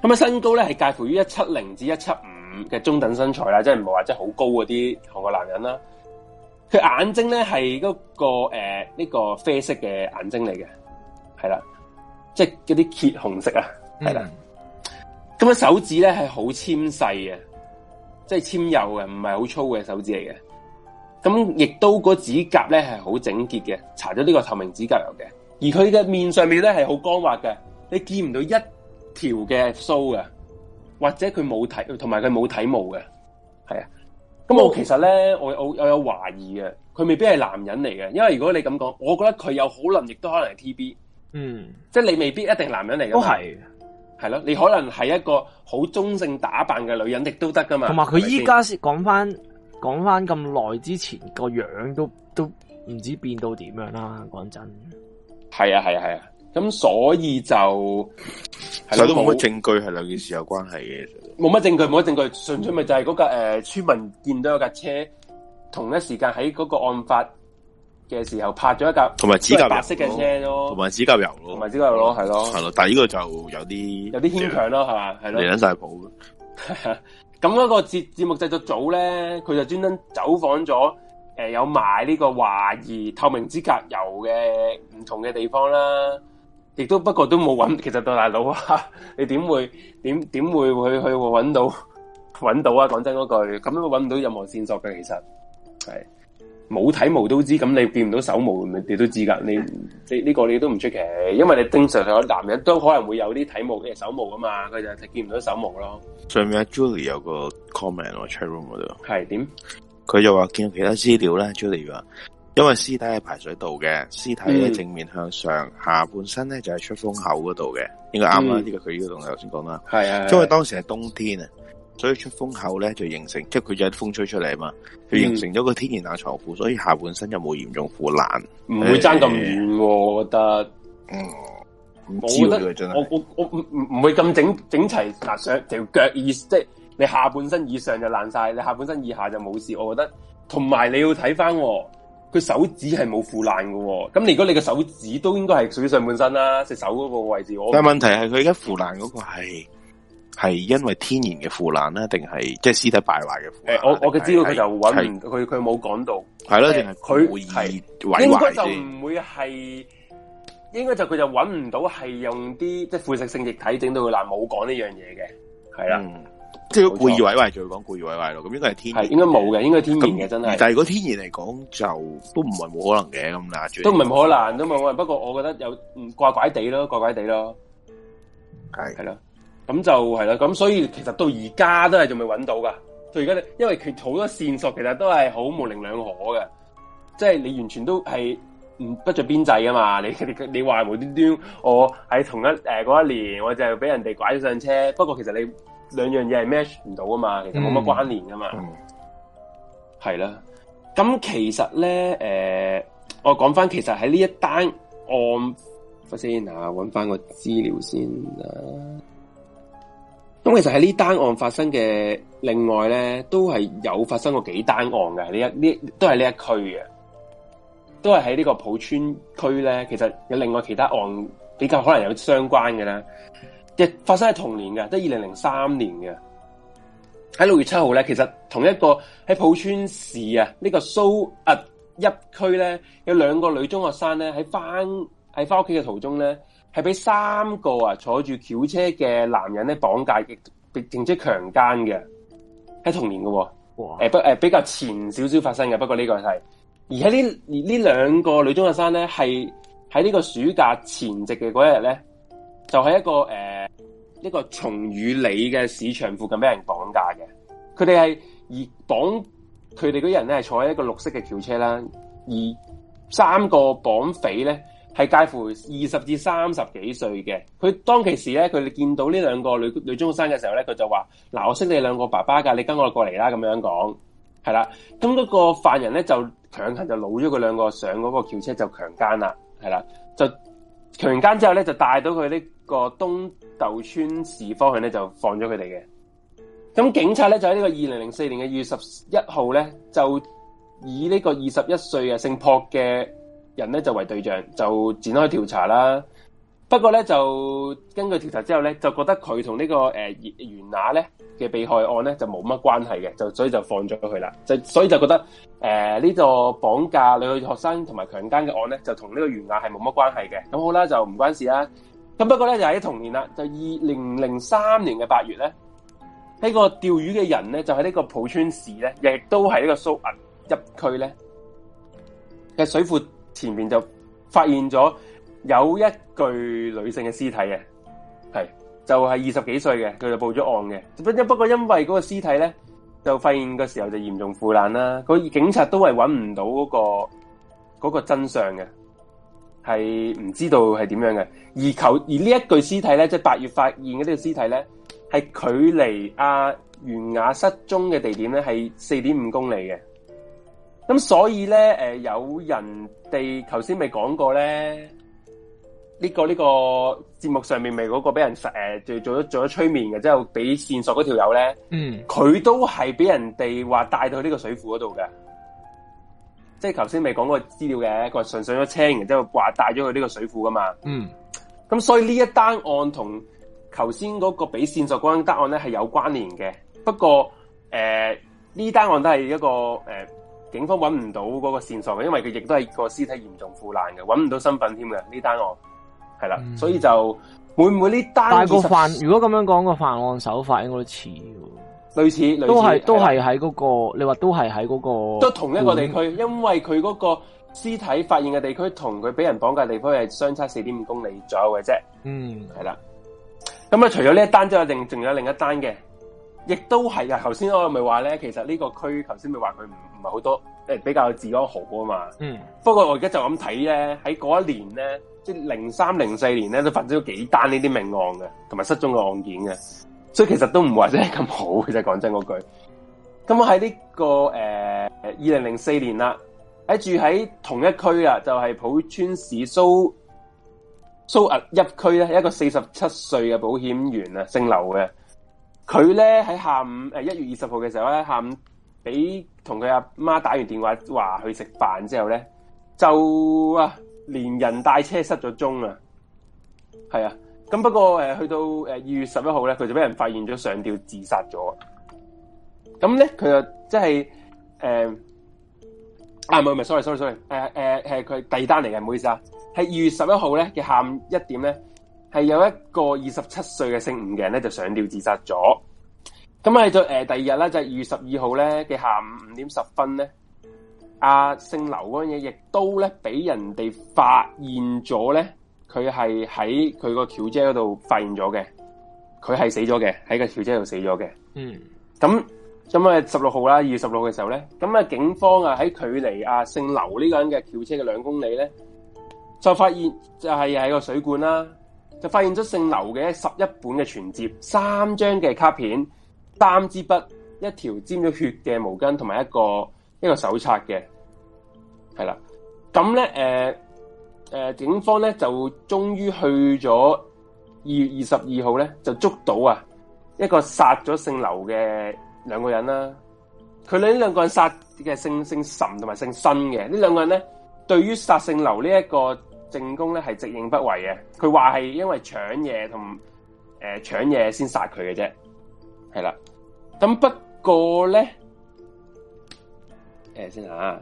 咁啊，身高咧係介乎於一七零至一七五嘅中等身材啦，即係唔會話即係好高嗰啲韓國男人啦。佢眼睛咧係嗰個誒呢、呃這個啡色嘅眼睛嚟嘅，係啦，即、就、係、是、一啲鐵紅色啊，係啦。咁、嗯、啊，手指咧係好纖細嘅，即係纖幼嘅，唔係好粗嘅手指嚟嘅。咁亦都個指甲咧係好整潔嘅，搽咗呢個透明指甲油嘅。而佢嘅面上面咧係好光滑嘅，你見唔到一。條嘅 show 嘅，或者佢冇體，同埋佢冇體毛嘅，係啊。咁我其實咧，我我我有懷疑嘅，佢未必係男人嚟嘅。因為如果你咁講，我覺得佢有可能亦都可能係 TB，嗯，即係你未必一定男人嚟嘅。都係，係咯，你可能係一個好中性打扮嘅女人，亦都得㗎嘛。同埋佢依家講翻，講翻咁耐之前個樣都都唔知變到點樣啦。講真，係啊，係啊，係啊。咁所以就，其實都冇乜證據係兩件事有關係嘅，冇乜證據，冇乜證據，純粹咪就係嗰架誒村民見到有架車同一時間喺嗰個案發嘅時候拍咗一架同埋指甲油，就係白色嘅車咯，同埋指甲油咯，同埋指甲油咯，係咯，係咯，但係呢個就有啲有啲牽強咯，係嘛，係咯，離緊晒譜咁嗰個節節目製作組咧，佢就專登走訪咗誒有賣呢個懷疑透明指甲油嘅唔同嘅地方啦。亦都不過都冇揾，其實杜大佬啊，你點會點點會去去揾到揾到啊？講真嗰句，咁都揾唔到任何線索嘅，其實係冇睇毛都知，咁你見唔到手毛你都知噶，你你呢、呢個你都唔出奇，因為你正常有男人都可能會有啲睇毛嘅手毛噶嘛，佢就係見唔到手毛咯。上面阿 Julie 有個 comment 喎，Chatroom 嗰度係點？佢就話見到其他資料咧，Julie 話。因為屍體喺排水道嘅，屍體咧正面向上，嗯、下半身咧就喺出風口嗰度嘅，應該啱啦。呢、嗯這個佢呢個同頭先講啦，係、嗯、啊。因為當時係冬天啊，所以出風口咧就形成，即係佢就係風吹出嚟啊嘛，佢形成咗個天然冷藏庫，所以下半身就冇嚴重腐爛，唔會爭咁遠，我覺得，我覺得我我我唔唔唔會咁整整齊，嗱上條腳以即係你下半身以上就爛晒，你下半身以下就冇事，我覺得。同埋你要睇翻。我 笑 ligenurable  佢手指係冇腐爛嘅，咁如果你嘅手指都應該係屬於上半身啦，隻手嗰個位置。但係問題係佢而家腐爛嗰個係係因為天然嘅腐爛啦定係即係屍體敗壞嘅腐爛？欸，我我嘅資料佢就搵唔，佢佢冇講到。係咯，定係佢係應該就唔會係，應該就佢就搵唔到係用啲即係腐蝕性液體整到佢爛，冇講呢樣嘢嘅，係啦。嗯即係故意毀壞，就講故意毀壞咯。咁應該係天然，係應該冇嘅，應該天然嘅，真係。但係如果天然嚟講，就都唔係冇可能嘅，咁嗱，都唔係冇可能，不過我覺得有嗯怪怪地咯，怪怪地咯，係係咯，咁、呃呃、就係啦。咁所以其實到而家都係仲未搵到噶。到而家因為佢好多線索其實都係好模稜兩可嘅，即、就、係、是、你完全都係唔不着邊際噶嘛。你你你話無端端，我喺同一誒嗰、呃、一年，我就俾人哋拐咗上車。不過其實你。兩樣嘢係 match 唔到啊嘛，其實冇乜關聯噶嘛，係、嗯、啦。咁、嗯、其實咧，誒、呃，我講翻，其實喺呢一單案，先啊，搵翻個資料先啊。咁其實喺呢單案發生嘅，另外咧都係有發生過幾單案嘅，呢一呢都係呢一區嘅，都係喺呢個普川區咧。其實有另外其他案比較可能有相關嘅啦。亦發生喺同年嘅，即係二零零三年嘅。喺六月七號咧，其實同一個喺抱川市啊、這個、Soul，啊呢個蘇啊一區咧，有兩個女中學生咧喺翻喺翻屋企嘅途中咧，係俾三個啊坐住轎車嘅男人咧綁架，亦並且強姦嘅。喺同年嘅、啊，誒、欸、不誒、呃、比較前少少發生嘅。不過呢個係而喺呢而呢兩個女中學生咧，係喺呢個暑假前夕嘅嗰一日咧，就係、是、一個誒。呃一個松與里嘅市場附近俾人綁架嘅，佢哋係而綁佢哋嗰人咧係坐喺一個綠色嘅轎車啦，而三個綁匪咧係介乎二十至三十幾歲嘅。佢當其時咧，佢哋見到呢兩個女女中生嘅時候咧，佢就話：嗱，我識你兩個爸爸噶，啊，你跟我過嚟啦。咁樣講係啦，咁嗰個犯人咧就強行就老咗佢兩個上嗰個轎車就強姦啦，係啦，就強姦之後咧就帶到佢啲。個東豆川市方向咧就放咗佢哋嘅，咁警察咧就喺呢個二零零四年嘅二月十一號咧就以呢個二十一歲嘅姓朴嘅人咧就為對象就展開調查啦。不過咧就根據調查之後咧就覺得佢同呢個誒元雅咧嘅被害案咧就冇乜關係嘅，就，的就所以就放咗佢啦。就所以就覺得誒呢、呃這個綁架女學生同埋強姦嘅案咧就同呢個元雅係冇乜關係嘅。咁好啦，就唔關事啦。咁不過咧就喺、是、同年啦，就二零零三年嘅八月咧，個釣呢個釣魚嘅人咧就喺呢個蒲川市咧，亦都係、啊、呢個蘇岸入區咧嘅水庫前面就發現咗有一具女性嘅屍體嘅，係就係、是、二十幾歲嘅，佢就報咗案嘅。不不過因為嗰個屍體咧就發現嘅時候就嚴重腐爛啦，嗰個警察都係揾唔到嗰、嗰個嗰、嗰個真相嘅。係唔知道係點樣嘅，而求而呢一具屍體咧，即係八月發現嘅呢具屍體咧，係距離阿袁雅失蹤嘅地點咧係四點五公里嘅。咁所以咧，誒、呃、有人哋頭先咪講過咧，呢、呢個呢、呢個節目上面咪嗰個俾人誒、呃、做咗做咗做咗催眠嘅，之後俾線索嗰條友咧，嗯，佢都係俾人哋話帶到呢個水庫嗰度嘅。即係頭先未講過資料嘅，佢係上上咗車，然之後話帶咗去呢個水庫噶嘛？嗯，咁所以呢一單案同頭先嗰個俾線索嗰單案咧係有關聯嘅。不過誒呢單案都係一個誒、呃、警方揾唔到嗰個線索嘅，因為佢亦都係個屍體嚴重腐爛嘅，揾唔到身份添嘅呢單案係啦、嗯。所以就會唔會呢單案？個犯如果咁樣講個犯案手法，應該都似。類似，類似，都係都係喺嗰個，你話都係喺嗰個，都同一個地區，嗯，因為佢嗰個屍體發現嘅地區同佢俾人綁架嘅地方係相差四點五公里左右嘅啫。嗯，係啦。咁啊，除咗呢一單之外，另仲有另一單嘅，亦都係啊。頭先我咪話咧，其實呢個區頭先咪話佢唔唔係好多，比較治安好啊嘛。嗯。不過我而家就咁睇咧，喺嗰一年咧，即係零三零四年咧，都發生咗幾單呢啲命案嘅，同埋失蹤嘅案件嘅。所以其實都唔話真係咁好嘅，真講真嗰句。咁我喺呢、這個誒誒二零零四年啦，喺住喺同一區啊，就係、是、普川市蘇蘇額一區咧，一個四十七歲嘅保險員啊，姓劉嘅。佢咧喺下午誒一月二十號嘅時候咧，下午俾同佢阿媽打完電話，話去食飯之後咧，就啊連人帶車失咗蹤啊，係啊。咁不過誒、呃，去到誒二月十一號咧，佢就俾人發現咗上吊自殺咗。咁咧，佢就即係誒、呃嗯，啊唔係唔係，sorry sorry sorry，誒誒係佢第二單嚟嘅，唔好意思啊。係二月十一號咧嘅下午一點咧，係有一個二十七歲嘅姓吳嘅人咧就上吊自殺咗。咁啊再誒第二日啦，就係、是、二月十二號咧嘅下午五點十分咧，阿、啊、姓劉嗰樣嘢亦都咧俾人哋發現咗咧。佢係喺佢個轎車嗰度發現咗嘅，佢係死咗嘅，喺個轎車度死咗嘅。嗯，咁咁啊，十六號啦，二月十六嘅時候咧，咁啊，警方啊喺距離啊姓劉呢個人嘅轎車嘅兩公里咧，就發現就係、是、喺個水管啦、啊，就發現咗姓劉嘅十一本嘅存摺、三張嘅卡片、三支筆、一條沾咗血嘅毛巾同埋一個一個手冊嘅，係啦，咁咧誒。呃誒、呃，警方咧就終於去咗二月二十二號咧，就捉到啊一個殺咗姓劉嘅兩個人啦。佢哋呢兩個人殺嘅姓姓岑同埋姓申嘅呢兩個人咧，對於殺姓劉呢一個證供咧係直認不諱嘅。佢話係因為搶嘢同誒搶嘢先殺佢嘅啫，係啦。咁不過咧誒、呃、先啊，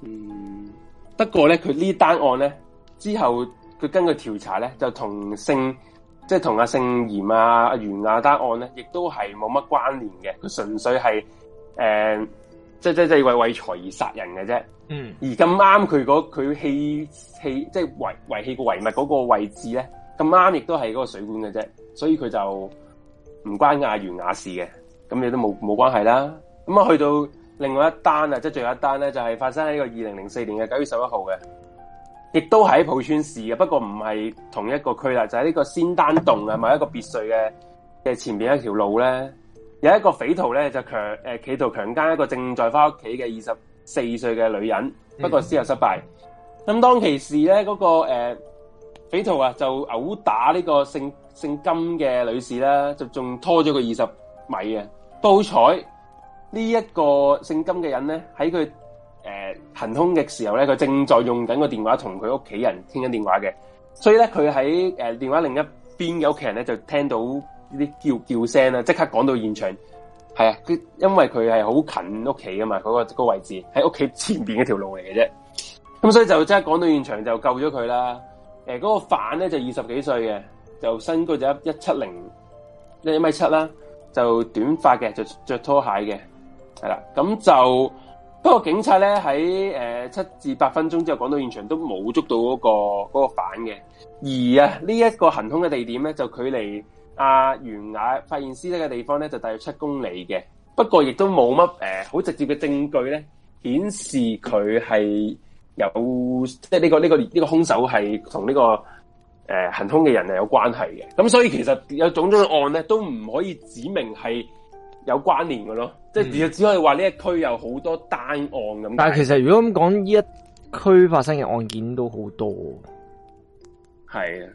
嗯。不過咧，佢呢單案咧之後，佢根據調查咧，就同姓，即係同阿姓嚴啊、阿、啊、袁啊單案咧，亦都係冇乜關聯嘅。佢純粹係誒，即係即係為為財而殺人嘅啫。嗯。而咁啱佢嗰佢棄棄，即係遺遺棄個遺物嗰個位置咧，咁啱亦都係嗰個水管嘅啫。所以佢就唔關阿袁亞事嘅，咁亦都冇冇關係啦。咁啊，去到。另外一單啊，即係最後一單咧，就係發生喺呢個二零零四年嘅九月十一號嘅，亦都喺蒲川市嘅，不過唔係同一個區啦，就喺、是、呢個仙丹洞啊， 某一個別墅嘅嘅前邊一條路咧，有一個匪徒咧就強誒、呃、企圖強姦一個正在翻屋企嘅二十四歲嘅女人，不過先後失敗。咁、嗯、當其時咧，嗰、那個誒、呃、匪徒啊就毆打呢個姓姓金嘅女士啦，就仲拖咗佢二十米嘅，不好彩。呢、這、一個姓金嘅人咧，喺佢誒行兇嘅時候咧，佢正在用緊個電話同佢屋企人傾緊電話嘅，所以咧佢喺誒電話另一邊嘅屋企人咧就聽到呢啲叫叫聲啦，即刻趕到現場。係啊，佢因為佢係好近屋企㗎嘛，嗰、那個、那個位置喺屋企前邊一條路嚟嘅啫。咁所以就即刻趕到現場就救咗佢啦。誒、呃，嗰、那個犯咧就二十幾歲嘅，就身高就一七零，一米七啦，就短髮嘅，着着拖鞋嘅。係啦，咁就不過警察咧喺誒七至八分鐘之後趕到現場，都冇捉到嗰、嗰個嗰、嗰個反嘅。而啊呢一、呢個行凶嘅地點咧，就距離阿袁雅發現屍體嘅地方咧，就大約七公里嘅。不過亦都冇乜誒好直接嘅證據咧，顯示佢係有即係呢個呢、呢個呢、呢個凶手係同呢個誒、呃、行凶嘅人係有關係嘅。咁所以其實有種種案咧，都唔可以指明係有關聯嘅咯。即係其實只可以話呢一區有好多單案咁、嗯，但係其實如果咁講，呢一區發生嘅案件都好多、嗯，係啊，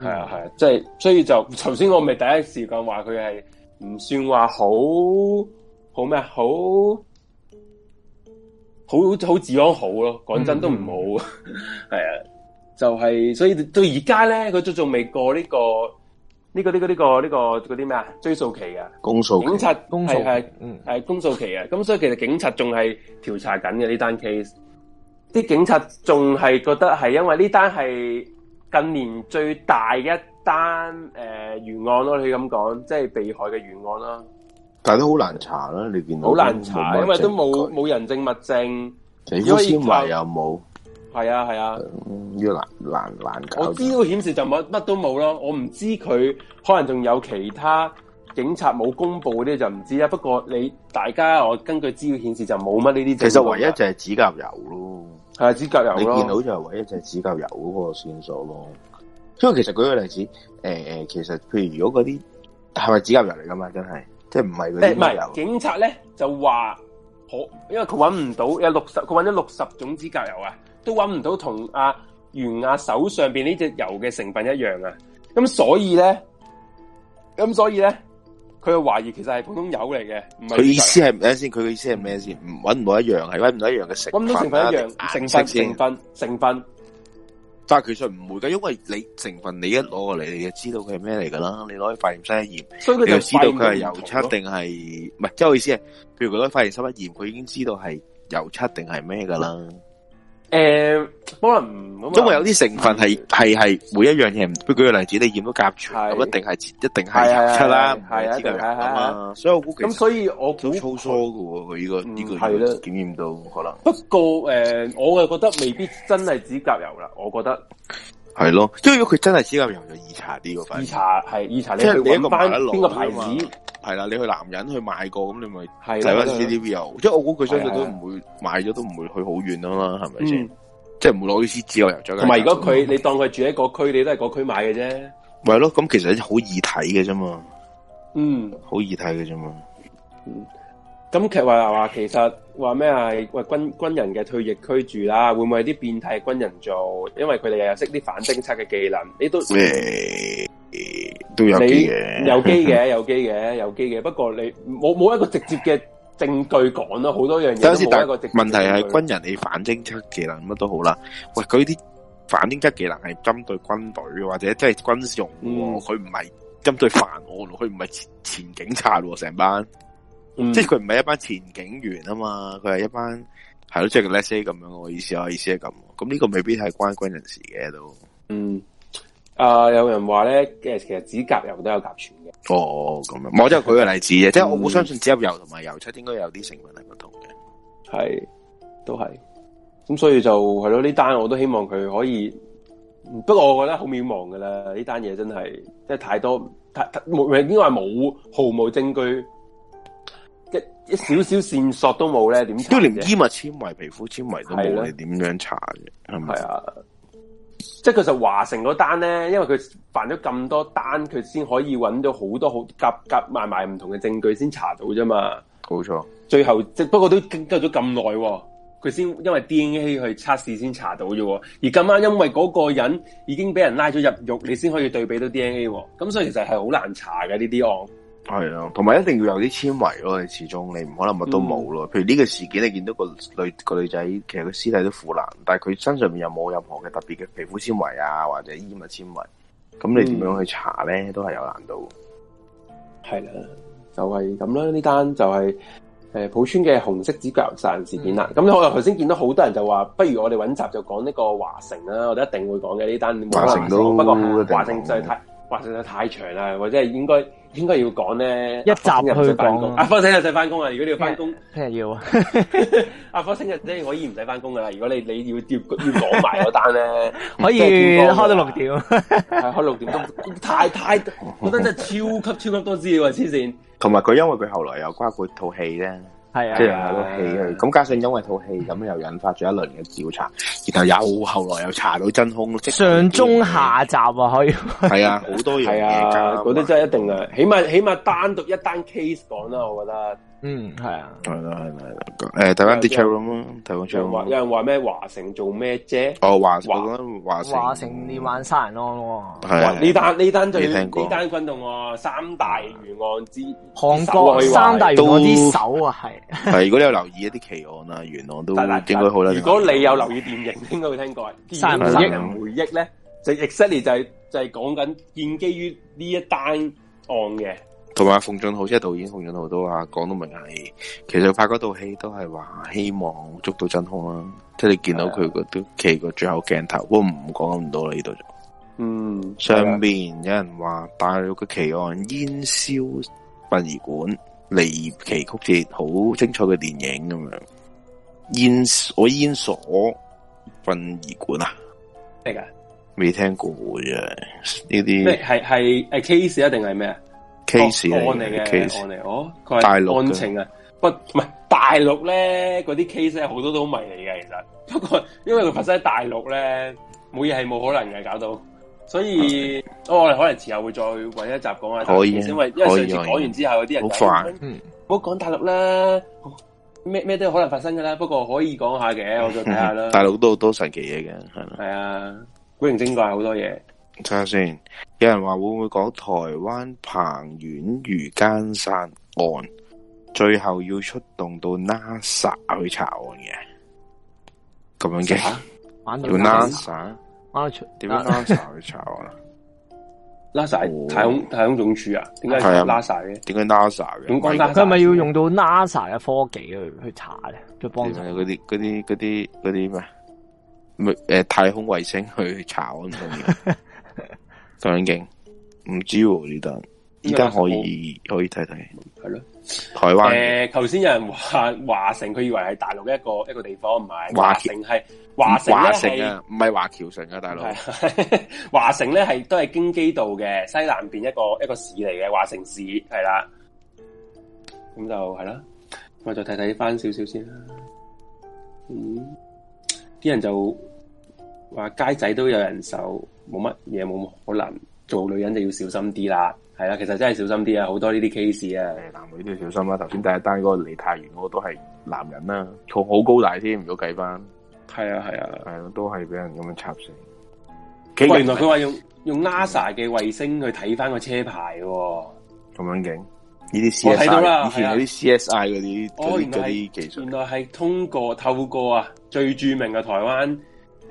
係啊，係啊，即係、啊，所以就頭先我咪第一時間話佢係唔算話好好咩，好好好好，好治安好咯，講真都唔好，係、嗯、 啊，就係、是、所以到而家咧，佢都仲未過呢、呢個。呢、這個呢、這個呢、這個呢、這個嗰啲咩啊？追訴期啊，公訴警察係公訴係係公訴期啊！咁所以其實警察仲係調查緊嘅呢單 case，啲警察仲係覺得係，因為呢單係近年最大一單誒懸案咯，你咁講，即係被害嘅懸案啦。但係都好難查啦，你見到好難查，因為都冇冇人證物證，邱天華又冇。沒係啊係啊，要難難難搞。我資料顯示就冇乜都冇咯，我唔知佢可能仲有其他警察冇公布啲就唔知啦。不過你大家我根據資料顯示就冇乜呢啲。其實唯一就係指甲油咯，係、啊、指甲油咯。你見到就係唯一就係指甲油嗰個線索咯。因為其實舉個例子，誒、呃、誒，其實譬如如果嗰啲係咪指甲油嚟噶嘛？真係即係唔係嗰啲唔係。警察咧就話好，因為佢搵唔到有六十，佢搵咗六十種指甲油啊！都揾唔到同阿袁亞手上邊呢隻油嘅成分一樣啊！咁所以咧，咁所以咧，佢懷疑其實係普通油嚟嘅。佢意思係咩先？佢嘅意思係咩先？揾唔到一樣，係揾唔到一樣嘅成分啊，揾唔到成分一樣！成分、成分、成分。但係其實唔會噶，因為你成分你一攞過嚟，你就知道佢係咩嚟噶啦。你攞去化驗室一驗，所以佢就，就知道佢係油漆定係唔係？即係、就是、意思係，譬如佢攞去化驗室一驗，佢已經知道係油漆定係咩噶啦。誒、嗯，不可能，不可能中國有啲成分係係係每一樣嘢唔，如舉個例子，你驗到甲醛，咁一定係一定係油出啦，係啊，係啊，所以我估咁，所以我估，以我估粗疏嘅喎，佢、這、呢個呢、這個檢驗、嗯這個這個、到可能。不過誒、呃，我又覺得未必真係指甲油啦，我覺得。係咯，即係如果佢真係指甲油就易查啲個，反正易查係易查。即係你，、就是、你一個班邊個牌子，係啦，你去男人去買過，咁你咪係啦即係我估佢相信都唔會買咗，都唔會去好遠吖嘛，係咪先？即係唔會攞啲指甲油入咗。同埋如果佢你當佢住喺個區，你都係個區買嘅啫。係咯，咁其實好易睇嘅啫嘛，嗯，好、嗯嗯嗯、易睇嘅啫嘛。嗯咁佢話話其實話咩係喂，軍軍人嘅退役居住啦，會唔會啲變態軍人做？因為佢哋又有識啲反偵測嘅技能，你都咩都有機嘅， 有機嘅，有機嘅，有機嘅。不過你冇冇一個直接嘅證據講咯，好多樣嘢。等下先，但係問題係軍人你反偵測技能乜都好啦。喂，佢啲反偵測技能係針對軍隊或者即係軍用，佢唔係針對犯案咯，佢唔係前警察咯，成班。嗯、即係佢唔係一班前警員啊嘛，佢係一班係咯，即係 let's say 咁樣我意思啊，我意思係咁。咁呢個未必係關軍人事嘅都。嗯，啊、呃、有人話咧，其實指甲油都有甲醛嘅。哦、咁、哦、樣，我即係舉個例子啫，即係我冇相信指甲油同埋油漆應該有啲成分係唔同嘅。係，都係。咁所以就係咯，呢單我都希望佢可以。不過我覺得好渺茫噶啦，呢單嘢真係，即係太多，冇，應該話冇，毫無證據。一一少少線索都冇咧，點都連衣物纖維、皮膚纖維都冇，啊，你點樣查嘅？係咪？啊，即係佢實華城嗰單咧，因為佢犯咗咁多單，佢先可以揾到好多好夾夾埋埋唔同嘅證據先查到啫嘛。冇錯，最後即不過都經過咗咁耐，佢先因為 DNA 去測試先查到啫。而咁啱因為嗰個人已經俾人拉咗入獄，你先可以對比到 DNA，咁所以其實係好難查嘅呢啲案。係啊，同埋一定要有啲纖維咯，你始終你唔可能乜都冇咯、嗯。譬如呢個事件，你見到個女個女仔，其實個屍體都腐爛，但係佢身上面又冇任何嘅特別嘅皮膚纖維啊，或者衣物纖維。咁你點樣去查咧、嗯，都係有難度。係啦、啊，就係咁啦。呢單就係誒普川嘅紅色指甲油殺人事件啦。咁、嗯、我我頭先見到好多人就話，不如我哋揾集就講呢個華城啦。我哋一定會講嘅呢單。華城都不過，華城就太華城就太長啦，或者係應該。應該要講咧，一集入去返工。阿 Fox 聽日使返工啊！如果你要返工，聽日要啊。阿 Fox，啊啊、聽日咧可以唔使返工㗎喇。如果你你要接要攞埋嗰單咧，可以開到六點，啊，開六點都 太太，我覺得真係超級超級多資料黐、啊、線。同埋佢因為佢後來又瓜過套戲咧。係啊，即係有套戲去，咁加上因為套戲咁又引發咗一輪嘅調查，然後又後來又查到真空咯，即上中下集啊， 可以，係啊，好多嘢，係啊，嗰啲、啊、真係一定嘅、嗯，起碼起碼單獨一單 case 講啦、啊，我覺得。嗯，係啊，係啦、啊，係啦、啊，誒、嗯，睇返啲 chat 咁咯，睇返 chat。有人話咩華城做咩啫？哦，華城，華城，華城連環殺人案咯，係啊，呢、啊、單呢單最呢單震動喎，三大懸案之，韓國三大懸案之首啊，係，係，如果你有留意一啲奇案啊，懸案都，都應該好啦。如果你有留意電影，應該會聽過《殺人回憶》咧，就《e x i 就係就係講緊建基於呢一單案嘅。同埋奉俊昊即係導演奉俊昊都話講到明係，其實拍嗰套戲都係話希望捉到真兇啦，即、就、係、是、你見到佢、那個都奇個最後鏡頭。不過唔講咁多啦，呢度就嗯上邊有人話大陸嘅奇案煙消殯儀館離奇曲折好精彩嘅電影咁樣，煙我煙鎖殯儀館啊咩噶未聽過嘅，呢啲咩係係誒 case 一定係咩啊？Case 案，case 案嚟嘅案嚟，哦，佢係大陸案情啊，不唔係大陸咧，嗰啲 case 係好多都好迷你嘅，其實不過因為佢發生喺大陸咧，冇嘢係冇可能嘅搞到，所以、okay. 哦、我哋可能遲後會再揾一集講下可因為，可以，因為上次講完之後，啲人好、就、煩、是，唔好講大陸啦，咩咩都可能發生噶啦，不過可以講下嘅，我再睇下啦。 大陸都好多神奇嘢嘅，係係啊，古靈精怪好多嘢。.睇下先，有人話會唔會講台灣彭婉如姦殺案，最後要出動到 NASA 去查案嘅？咁樣嘅？要 NASA？點樣 NASA 去查案 ？NASA 去查案、 oh, 太空太空總署啊？點解係 NASA 嘅、啊？點解 NASA 嘅？總監佢咪要用到 NASA 嘅科技去去查咧？即係幫啲啲啲啲咩？咪誒太空衛星去查案 咁勁，唔知喎呢度，依家可以可以睇睇，係咯，台灣、呃。誒，頭先有人話華城，佢以為係大陸一個一個地方，唔係。華城係華城，城啊，唔係華僑城啊，大佬。華城咧係都係京畿道嘅西南邊一個一個市嚟嘅，華城市係啦。咁就係啦，我再睇睇翻少少先啦。嗯，啲人就話街仔都有人守。冇乜嘢，冇可能。做女人就要小心啲啦，係啦、啊，其實真係小心啲啊！好多呢啲 case 啊，男女都要小心啦。頭先第一單嗰個梨泰院嗰個都係男人啦、啊，仲好高大添，如果計翻，係啊係啊，係呀、啊啊。都係俾人咁樣插死。佢、啊、原來佢話用用 NASA 嘅衛星去睇翻個車牌、啊，咁樣勁。呢啲我睇到啦，以前有啲 CSI 嗰啲哦，原來係原來係通過透過啊，最著名嘅台灣。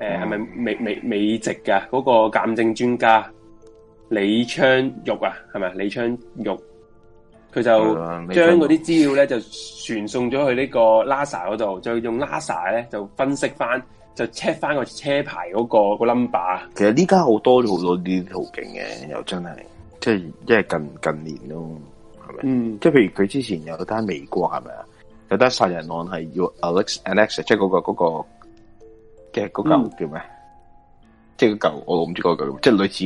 誒、嗯，係咪美美美籍㗎？嗰、那個鑑證專家李昌鈺啊？係咪李昌鈺？佢就將嗰啲資料咧就傳送咗去個呢個 NASA 嗰度，就用 NASA 咧就分析翻，就 check 翻個車牌嗰、那個個 number。其實呢家好多咗好多啲途徑嘅，又真係，即係即係近近年咯，係咪？嗯，即係譬如佢之前有單美國係咪啊？有單殺人案係要 Alex Annex，即係嗰個嗰個。那個嘅嗰嚿叫咩？即係嗰嚿我諗住嗰句，即係類似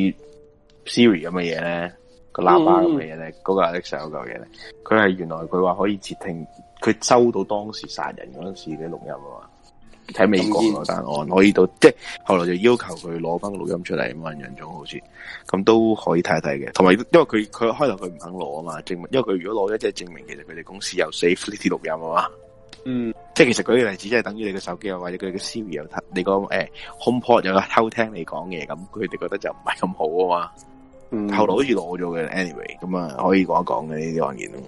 Siri 咁嘅嘢咧，呢嗯個喇叭咁嘅嘢咧，嗰個 Alexa 嗰嚿嘢咧，佢係原來佢話可以截聽，佢收到當時殺人嗰陣時嘅錄音啊嘛，喺美國嗰單案，可以到即係後來就要求佢攞翻個錄音出嚟問楊總，樣樣好似咁都可以睇睇嘅。同埋因為佢佢開頭佢唔肯攞啊嘛，證明因為佢如果攞咗，即係證明其實佢哋公司有 save 呢啲錄音啊嘛。嗯，即係其實舉個例子，即係等於你個手機啊，或者佢個 Siri 又偷，你個誒 HomePod 有偷聽你講嘢，咁佢哋覺得就唔係咁好啊嘛。嗯，後來好似攞咗嘅，anyway，咁啊可以講一講嘅呢啲案件咯。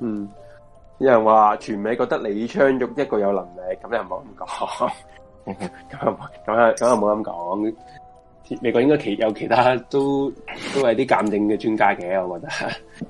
嗯，有人話全美覺得李昌鈺一個有能力，咁又唔好咁講。咁又唔好咁又唔咁講。美國應該其有其他都都係啲鑑定嘅專家嘅，我覺得。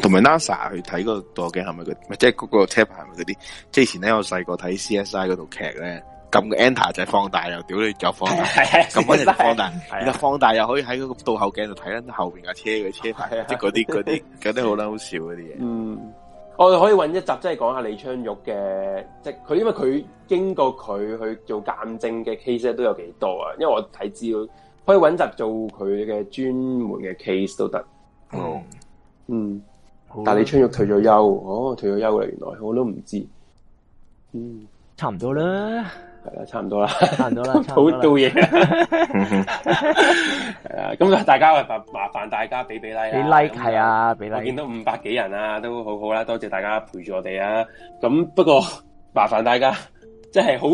同埋 NASA 去睇嗰個倒鏡係咪咪即係嗰個車牌係咪嗰啲？即係以前咧，我細個睇 C.S.I 嗰套劇咧，撳個 Enter 就放大又屌你又，又， 又放大，咁嗰陣放大， 然後放大又可以喺嗰個倒後鏡度睇緊後邊架車嘅車牌，即係嗰啲嗰啲嗰啲好啦，好笑嗰啲嘢。 嗯，我哋可以揾一集，即係講下李昌鈺嘅，即係佢因為佢經過佢去做鑑證嘅 case 都有幾多啊？因為我睇資料，可以揾集做佢嘅專門嘅 case 都得。哦，嗯。Oh. 嗯但你春玉退咗休，哦，退咗休啦，原來我都唔知，嗯，差唔多啦，係啦，差唔多啦，差唔多啦，好到嘢，係 多 啊，咁、like, like, 啊，大家麻麻煩大家俾俾 like 啦，俾 like 係啊，俾 like 見到五百幾人啊，都很好好、啊、啦，多謝大家陪住我哋啊，咁不過麻煩大家，即係好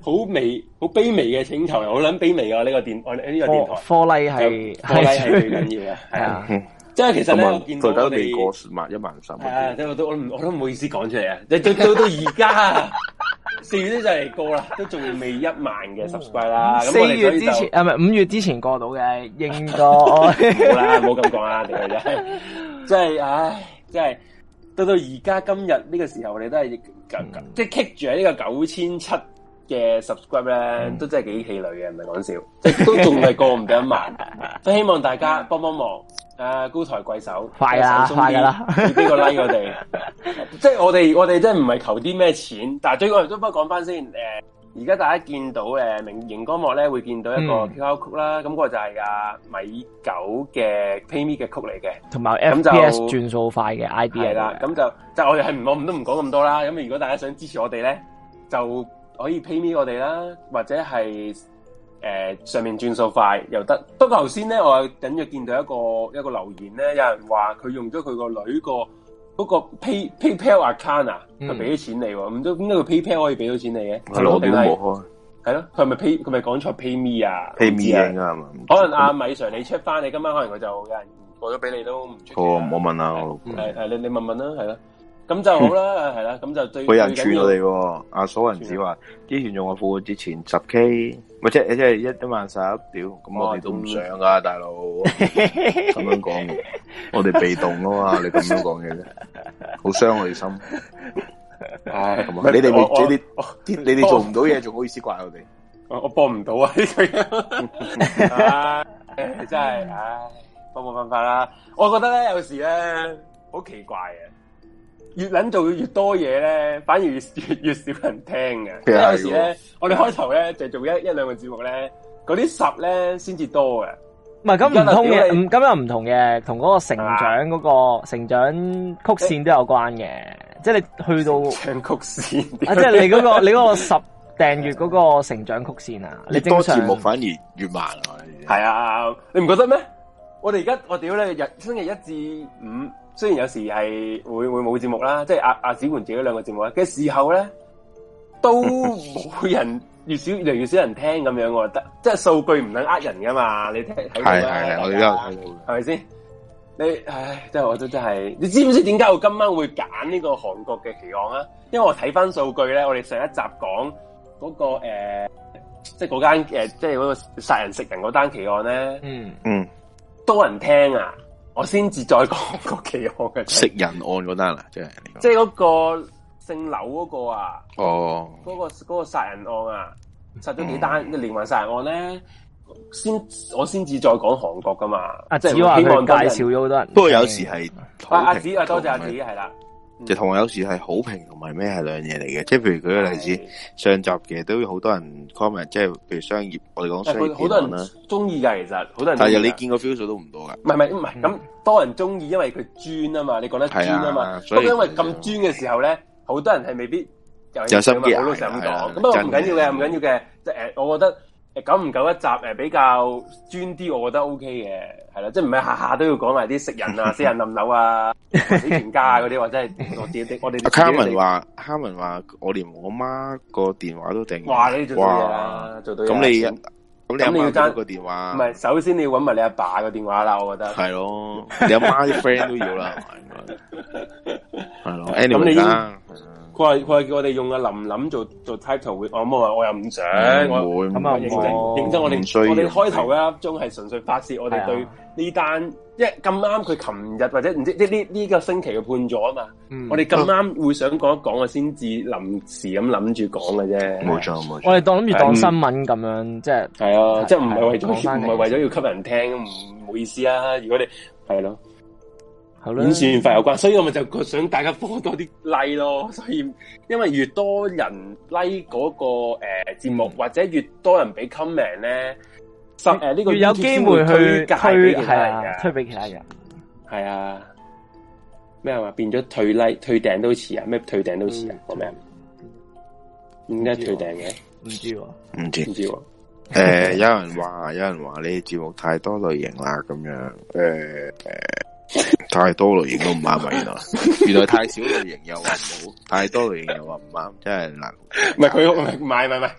好微好卑微嘅請求，又好捻卑微啊，呢、呢個電我呢個電台，科 like 係係最緊要啊，係啊。即係其實我見到你過萬一萬三。係、啊，都我都唔好意思講出嚟啊！到到而家，四 月都就嚟過啦，都仲未一萬嘅 subscribe 啦。四、嗯、月之前，啊唔係五月之前過到嘅，應該。好 啦、哦，唔好咁講啊，真 係麼，真 係、就是，唉，真、就、係、是，到到而家今日呢、這個時候，我哋都係即係 keep 住喺呢個九千七嘅 subscribe 咧，都真係幾氣餒嘅，唔係講笑，即、嗯、係、就是、都仲係過唔到一萬，都 希望大家幫幫忙。誒、啊，高抬貴手，快啊快啦、啊，俾個 like 我哋， 即係我哋，我哋真係唔係求啲咩錢，但係最我哋都不如講翻先。誒、呃，而家大家見到誒明熒光幕咧，會見到一個 q 曲啦，咁、那個就係阿米九嘅 pay me 嘅曲嚟嘅，同埋 m p s 轉數快嘅 ID 嚟啦，咁就就我哋係我唔都唔講咁多啦。咁如果大家想支持我哋咧，就可以 pay me 我哋啦，或者係。誒、呃，上面轉數快又得，不過頭先咧，我等約見到一個一個留言咧，有人話佢用咗佢個女個個 Pay PayPal account 啊，佢俾咗錢你，唔知點解個 PayPal 可以俾到錢你嘅，我哋都冇開，係咯，佢係咪 Pay 佢咪講錯 Pay me 啊，Pay me 啊，可能阿米 Sir 你 check 翻，你今晚可能佢就有人過咗俾你都、啊，唔好，問我問下，誒誒，你你問問啦，係咯。咁就好啦，係、嗯、啦，咁就對。每、啊、人傳我哋，阿鎖雲子話之前用我付之前十 K，咪即係即係一一萬十，屌！咁、哦、我哋都唔想噶、啊哦，大佬。咁 樣講，我哋被動啊嘛、 哎，你咁樣講嘢啫，好傷我哋心。唉，你哋你哋做唔到嘢，仲好意思怪我哋？我我幫唔到啊！你、 哎、真係唉，幫冇辦法啦。我覺得咧，有時咧，好奇怪嘅。越撚做越多嘢咧，反而越越越少人聽嘅。即係有時咧，我哋開頭咧就做一一兩個節目咧，嗰啲十咧先至多嘅。唔係咁唔通嘅，咁又唔同嘅，同嗰個成長嗰個成長曲線都有關嘅。即係你去到唱曲線，即係你嗰個你嗰個十訂閱嗰個成長曲線啊！你多節目反而越慢啊，係啊，你唔覺得咩？我哋而家我屌你，日星期一至五。雖然有時係會會冇節目啦，即係阿阿小煥自己兩個節目啦嘅時候咧都冇人，越少越嚟，越少人聽咁樣，我覺得即係數據唔能呃人噶嘛，你睇，係係我都有睇到，係咪先？你唉，即係我都真係，你知唔知點解我今晚會揀呢個韓國嘅奇案啊？因為我睇翻數據咧，我哋上一集講嗰嗰個誒、呃，即係嗰間誒，即係嗰個殺人食人嗰單奇案咧，嗯嗯，多人聽啊！我先至再講個奇案嘅，食人案嗰單啦，即係即係嗰個姓劉嗰個啊，哦、那個，嗰、那個嗰個殺人案啊，殺咗幾單、嗯，連環殺人案咧，先我先至再講韓國噶嘛，啊，即係希望介紹咗好多，人她她多人，不過有時係阿阿子啊，多謝阿子係啦。就、嗯、同有時係好評同埋咩係兩樣嘢嚟嘅，即係譬如舉個例子，上集嘅都有好多人 comment，即係譬如商業，我哋講商業，好多人中意噶，其實好多人。但係你見過 feel 數都唔多噶。唔係唔係唔係，咁多人中意，因為佢專啊嘛，你講得專啊嘛，咁、就是、因為咁專嘅時候咧，好多人係未必有，有心嘅。我都想講，咁不過唔緊要嘅，唔緊要嘅，即係誒，我覺得。久唔久一集，比較專啲，我覺得 O K 嘅，係啦，即係唔係下下都要講埋啲食人啊、死 人冧樓啊、死全家啊嗰啲，或者係我點啲。我哋 Carmen 話，Carmen 話，我連我媽個電話都定。哇！你做到啊？做到。咁你咁你，你，你要媽，媽個電話？唔係，首先要你要揾埋你阿爸個電話啦，我覺得。係咯，你阿媽啲 friend 都要啦，係 咪？係咯，咁你阿媽。嗯佢話佢話叫我哋用阿琳琳做做 title 會、哦嗯，我冇話我又唔想，嗯、我咁啊、嗯嗯嗯嗯、認真、嗯、認真，我哋、嗯、我哋開頭一粒鐘係純粹發泄，我哋對呢單、啊，即係咁啱佢琴日或者唔知即呢呢個星期嘅判咗啊嘛，嗯、我哋咁啱會想講一講，我先至臨時咁諗住講嘅啫，冇錯冇錯，啊、我哋當諗住當新聞咁樣，嗯、即係係啊，就是、即係唔係為咗唔係為咗要吸引人聽，唔好意思啊，如果你係咯。好算線費有關，所以我咪就想大家幫多多啲 like 咯。所以因為越多人 like 嗰，那個誒節、呃、目、嗯，或者越多人俾 comment 咧，誒、嗯、呢、呃這個越有機會去推係推俾其，其他人係啊。咩話變咗退 like 退訂都似啊？咩退訂都似啊？嗯、講咩啊？點解退訂嘅？唔知喎，唔知唔知喎。誒、 欸，有人話有人話你啲節目太多類型啦，咁樣誒。欸太多類型都唔啱，原喇。原來太少類型又唔好，太多類型又話唔啱，真係難。唔係佢唔係，唔係唔係，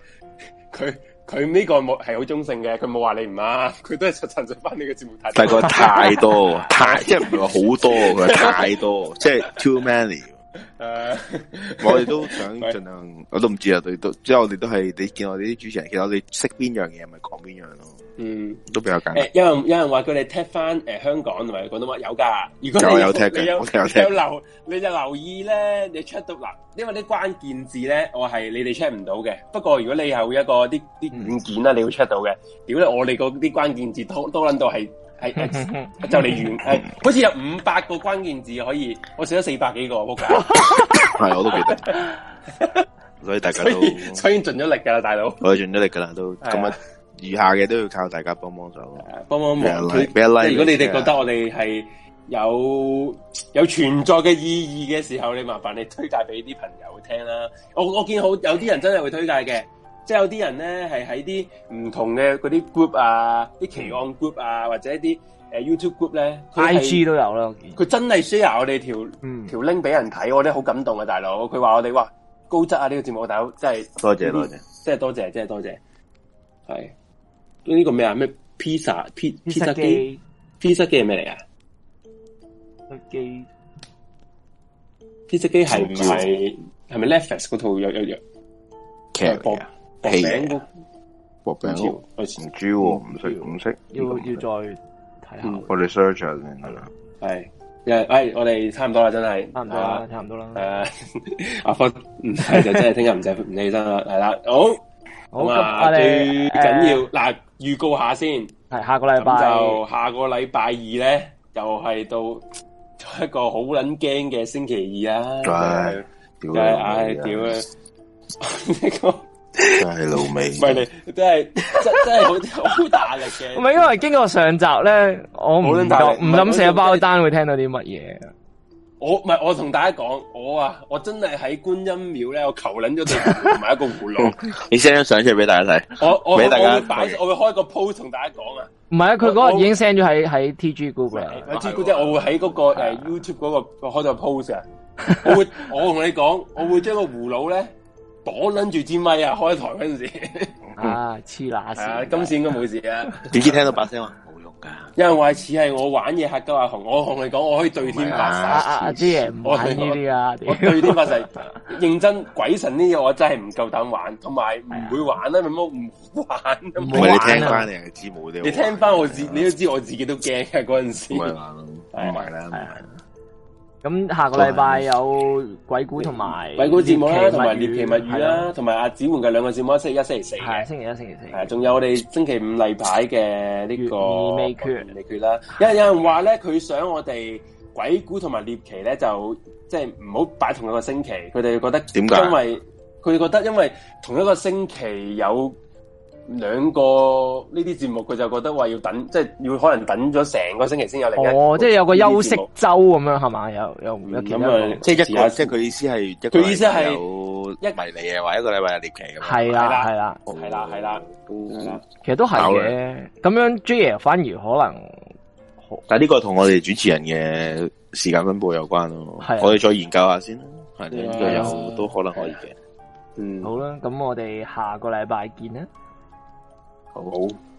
佢佢呢個冇係好中性嘅，佢冇話你唔啱，佢都係陳述返翻你個節目太太過太多， 太即係唔係話好多，佢太多， 即係 too many。Uh, 我哋都想盡量，uh, 我都唔知啊。 對，都即係我哋都係你見我哋啲主持人，其實我哋識邊樣嘢，咪講邊樣咯。嗯，都比較緊。誒、欸，有人有人話佢哋踢翻誒香港同埋廣東話有噶。如果你有踢噶。有，有，有，有，有，有，有留，你就留意咧。你出到嗱，因為啲關鍵字咧，我係你哋 check 唔到嘅。不過如果你是會有一個啲啲軟件咧、啊，你會 check 到嘅。屌咧，我哋嗰啲關鍵字多多諗到係係就嚟完， 欸、好似有五百個關鍵字可以，我寫咗四百幾個。係，我都記得。所以大家都，所以盡咗力噶啦，大佬。我係盡咗力噶啦，都今日。 這樣餘下嘅都要靠大家幫幫手，幫幫忙,忙。俾一 like 如果你哋覺得我哋係有有存在嘅意義嘅時候，你麻煩你推介俾啲朋友聽啦。我我見好有啲人真係會推介嘅，即係有啲人咧係喺啲唔同嘅嗰啲 group 啊，啲奇案 group 啊，嗯、或者一啲 YouTube group 咧，IG 都有啦。佢真係 share 我哋條、嗯、條 link 俾人睇，我哋好感動啊，大佬。佢話我哋哇高質啊呢、呢個節目，大佬真係多謝、嗯、多謝，真係多謝，真係多謝，係。呢個咩啊？咩披薩披披薩機？披薩機係咩嚟啊？機，披薩機係唔係係咪 Lefties 嗰套有有有？其實薄餅，個薄餅個豬喎，唔識唔識要要再睇下我哋 search 下先啦。係誒，哎，我哋差唔多啦，真係差唔多啦，差唔多啦。誒，阿 Fox 唔係，就真係聽日唔使唔起身啦。係啦，好好啊，最緊要嗱。預告下先是，係下個禮拜就下個禮拜二咧，又係到一個好捻驚嘅星期二啊！屌、就是、啊？唉，點啊？呢個、啊啊啊、 真係老味，唔係你真係真真係好好大力嘅。唔係 因為經過上集咧，我唔諗唔諗寫包單會聽到啲乜嘢。 我唔係我同大家講，我啊，我真係喺觀音廟咧，我求捻咗對，同埋一個葫蘆、 嗯。你 send 張相出俾大家睇，我我大家我家。開， 我會開個 post 同大家講啊。唔係啊，佢嗰日已經 send 咗喺喺 TG group TG group 即係我會喺嗰個誒 YouTube 嗰個開咗 post 啊,啊。我會我同你講，我會將 個葫蘆咧擋捻住支咪,咪 啊，開台嗰陣時啊，黐乸線，今次應該冇事啊。點 知聽到把聲啊？因為我係似係我玩嘢嚇到阿紅。跟我同你講，我可以對天發誓，啲嘢唔玩呢啊！啊啊啊我對，我對天發誓，認真 鬼神呢嘢我真係唔夠膽玩，同埋唔會玩明，為乜唔玩？你聽翻你知冇？你聽翻我自，你都知我自己都驚嘅嗰陣時，唔係啦。咁下個禮拜有鬼故同埋鬼故節目咧、啊，同埋獵奇物語啦，同埋阿子換嘅兩個節目，星期一、星期四。係星期一、星期四。係仲有我哋星期五例牌嘅呢個未決未決啦。有有人話咧，佢想我哋鬼故同埋獵奇咧，就即係唔好擺同一個星期。佢哋覺得點解？因為佢覺得因為同一個星期有。兩個呢啲節目，佢就覺得話要等，即係要可能等咗成個星期先有另一，個一個哦，即係有個休息周咁樣係嘛？有有唔一咁樣即係一個，即係佢意思係一個。一一個意思係一個一迷你嘅話一個禮拜有連期咁。係啦，係啦，係啦，係啦、嗯。其實都係嘅。咁樣 J 爺反而可能，但係呢個同我哋主持人嘅時間分布有關咯。係、嗯，我哋再研究一下先。係，呢個都可能可以嘅。嗯，好啦，咁我哋下個禮拜見啦。好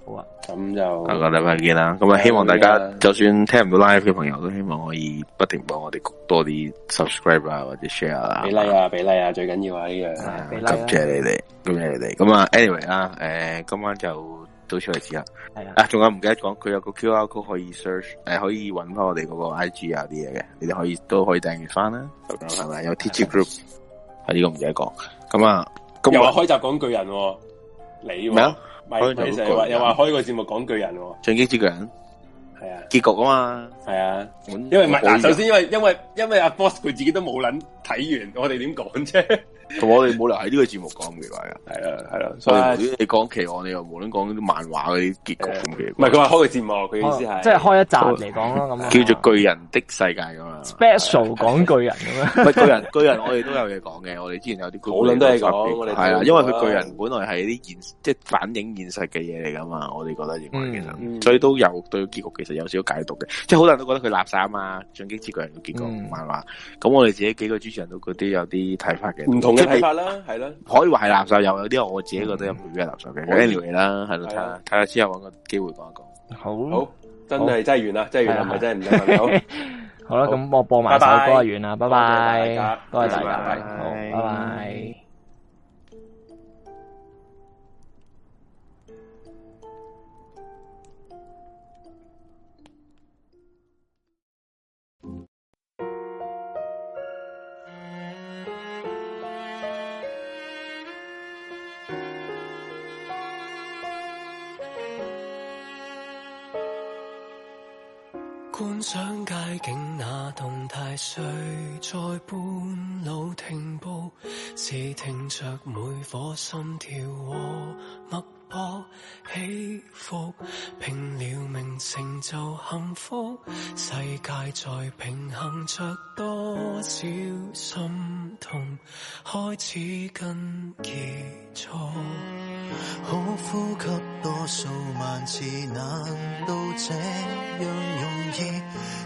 好啊，咁就下、那個禮拜見啦。咁啊，希望大家就，啊、就算聽唔到 live 嘅朋友，都希望可以不停幫我哋多啲 subscribe 啊，或者 share 啊，比例啊，比、啊、例啊，最緊要啊呢樣、這個啊 like 啊。感謝你哋，感謝你哋。咁啊，anyway 啦，誒，今晚就到此為止啦。係啊，仲、啊、有唔記得講，佢有個 Q R code 可以 search，誒、啊，可以搵翻我哋嗰個 I G 啊啲嘢嘅，你哋可以都可以訂閱翻啦，係咪、啊啊？有 tg group 係呢個唔記得講。咁啊，又話開閘講巨人，你咩啊？咪話又話開個節目講巨人，進擊之巨人、哦，係啊，結局啊嘛，係啊，因為唔係，嗱，首先因為因為因為阿、啊、boss 佢自己都冇捻睇完，我哋點講啫？ 同我哋冇留喺呢個節目講咁嘅嘢噶，係啊係咯，所以你講奇我哋，又無論講啲漫畫嗰啲結局咁嘅。唔係佢話開個節目，佢意思係即係開一集嚟講咯咁。叫做《巨人的世界嘛》噶嘛？Special 講巨人咁樣。唔係巨人，巨人我哋都有嘢講嘅。 我哋之前有啲無論都係講，係啊，因為佢巨人本來係啲現即係反映現實嘅嘢嚟噶嘛。我哋覺得認為其實、嗯嗯，所以都有對結局其實有少少解讀嘅。即係好多人都覺得佢垃圾啊嘛，進擊之巨人嘅結局、嗯、漫畫。咁我哋自己幾個主持人都嗰啲有啲睇法嘅，唔同嘅。睇法啦，係啦，可以話係垃圾又有啲我自己覺得有冇咩垃圾嘅。Anyway 啦，係啦，睇下之後搵個機會講一講。好，真係真係完啦，真係完啦，係真係唔得。好，好啦，咁我播埋首歌完啦，拜拜。多謝大家，好，拜拜。拜拜。想街景那動態，誰在半路停步？是聽着每顆心跳和脈搏。波起伏，拼了命成就幸福。世界在平衡着多少心痛，開始跟結束。可呼吸多數萬次，難道這樣容易？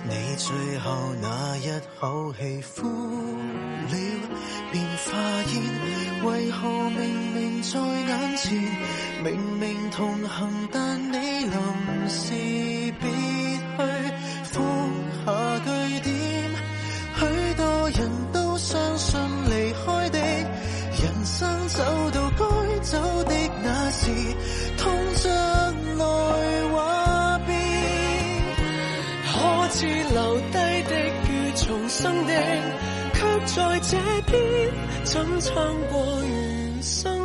你最後那一口氣呼了，便發現為何明明在眼前。明明同行，但你臨時別去，放下句點。許多人都相信離開的，人生走到該走的那時，通盡愛話變，可恥留低的，與重生的，卻在這邊怎撐過餘生？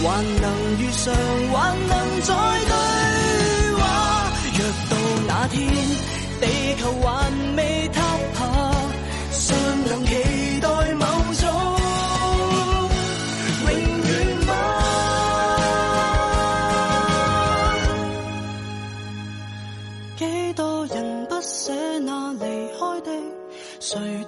還能遇上，還能再對話。若到那天，地球還未塌下，尚能期待某種永遠嗎？ 幾多人不捨那離開的誰？誰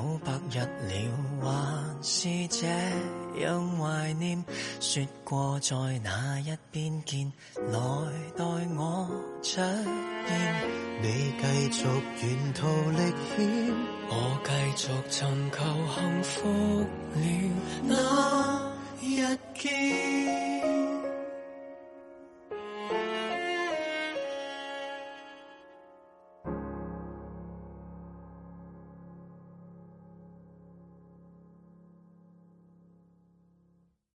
九百日了，還是這樣懷念。說過在那一邊見，來待我出現。 你繼續沿途歷險， 我繼續尋求幸福了那一見，哪一天？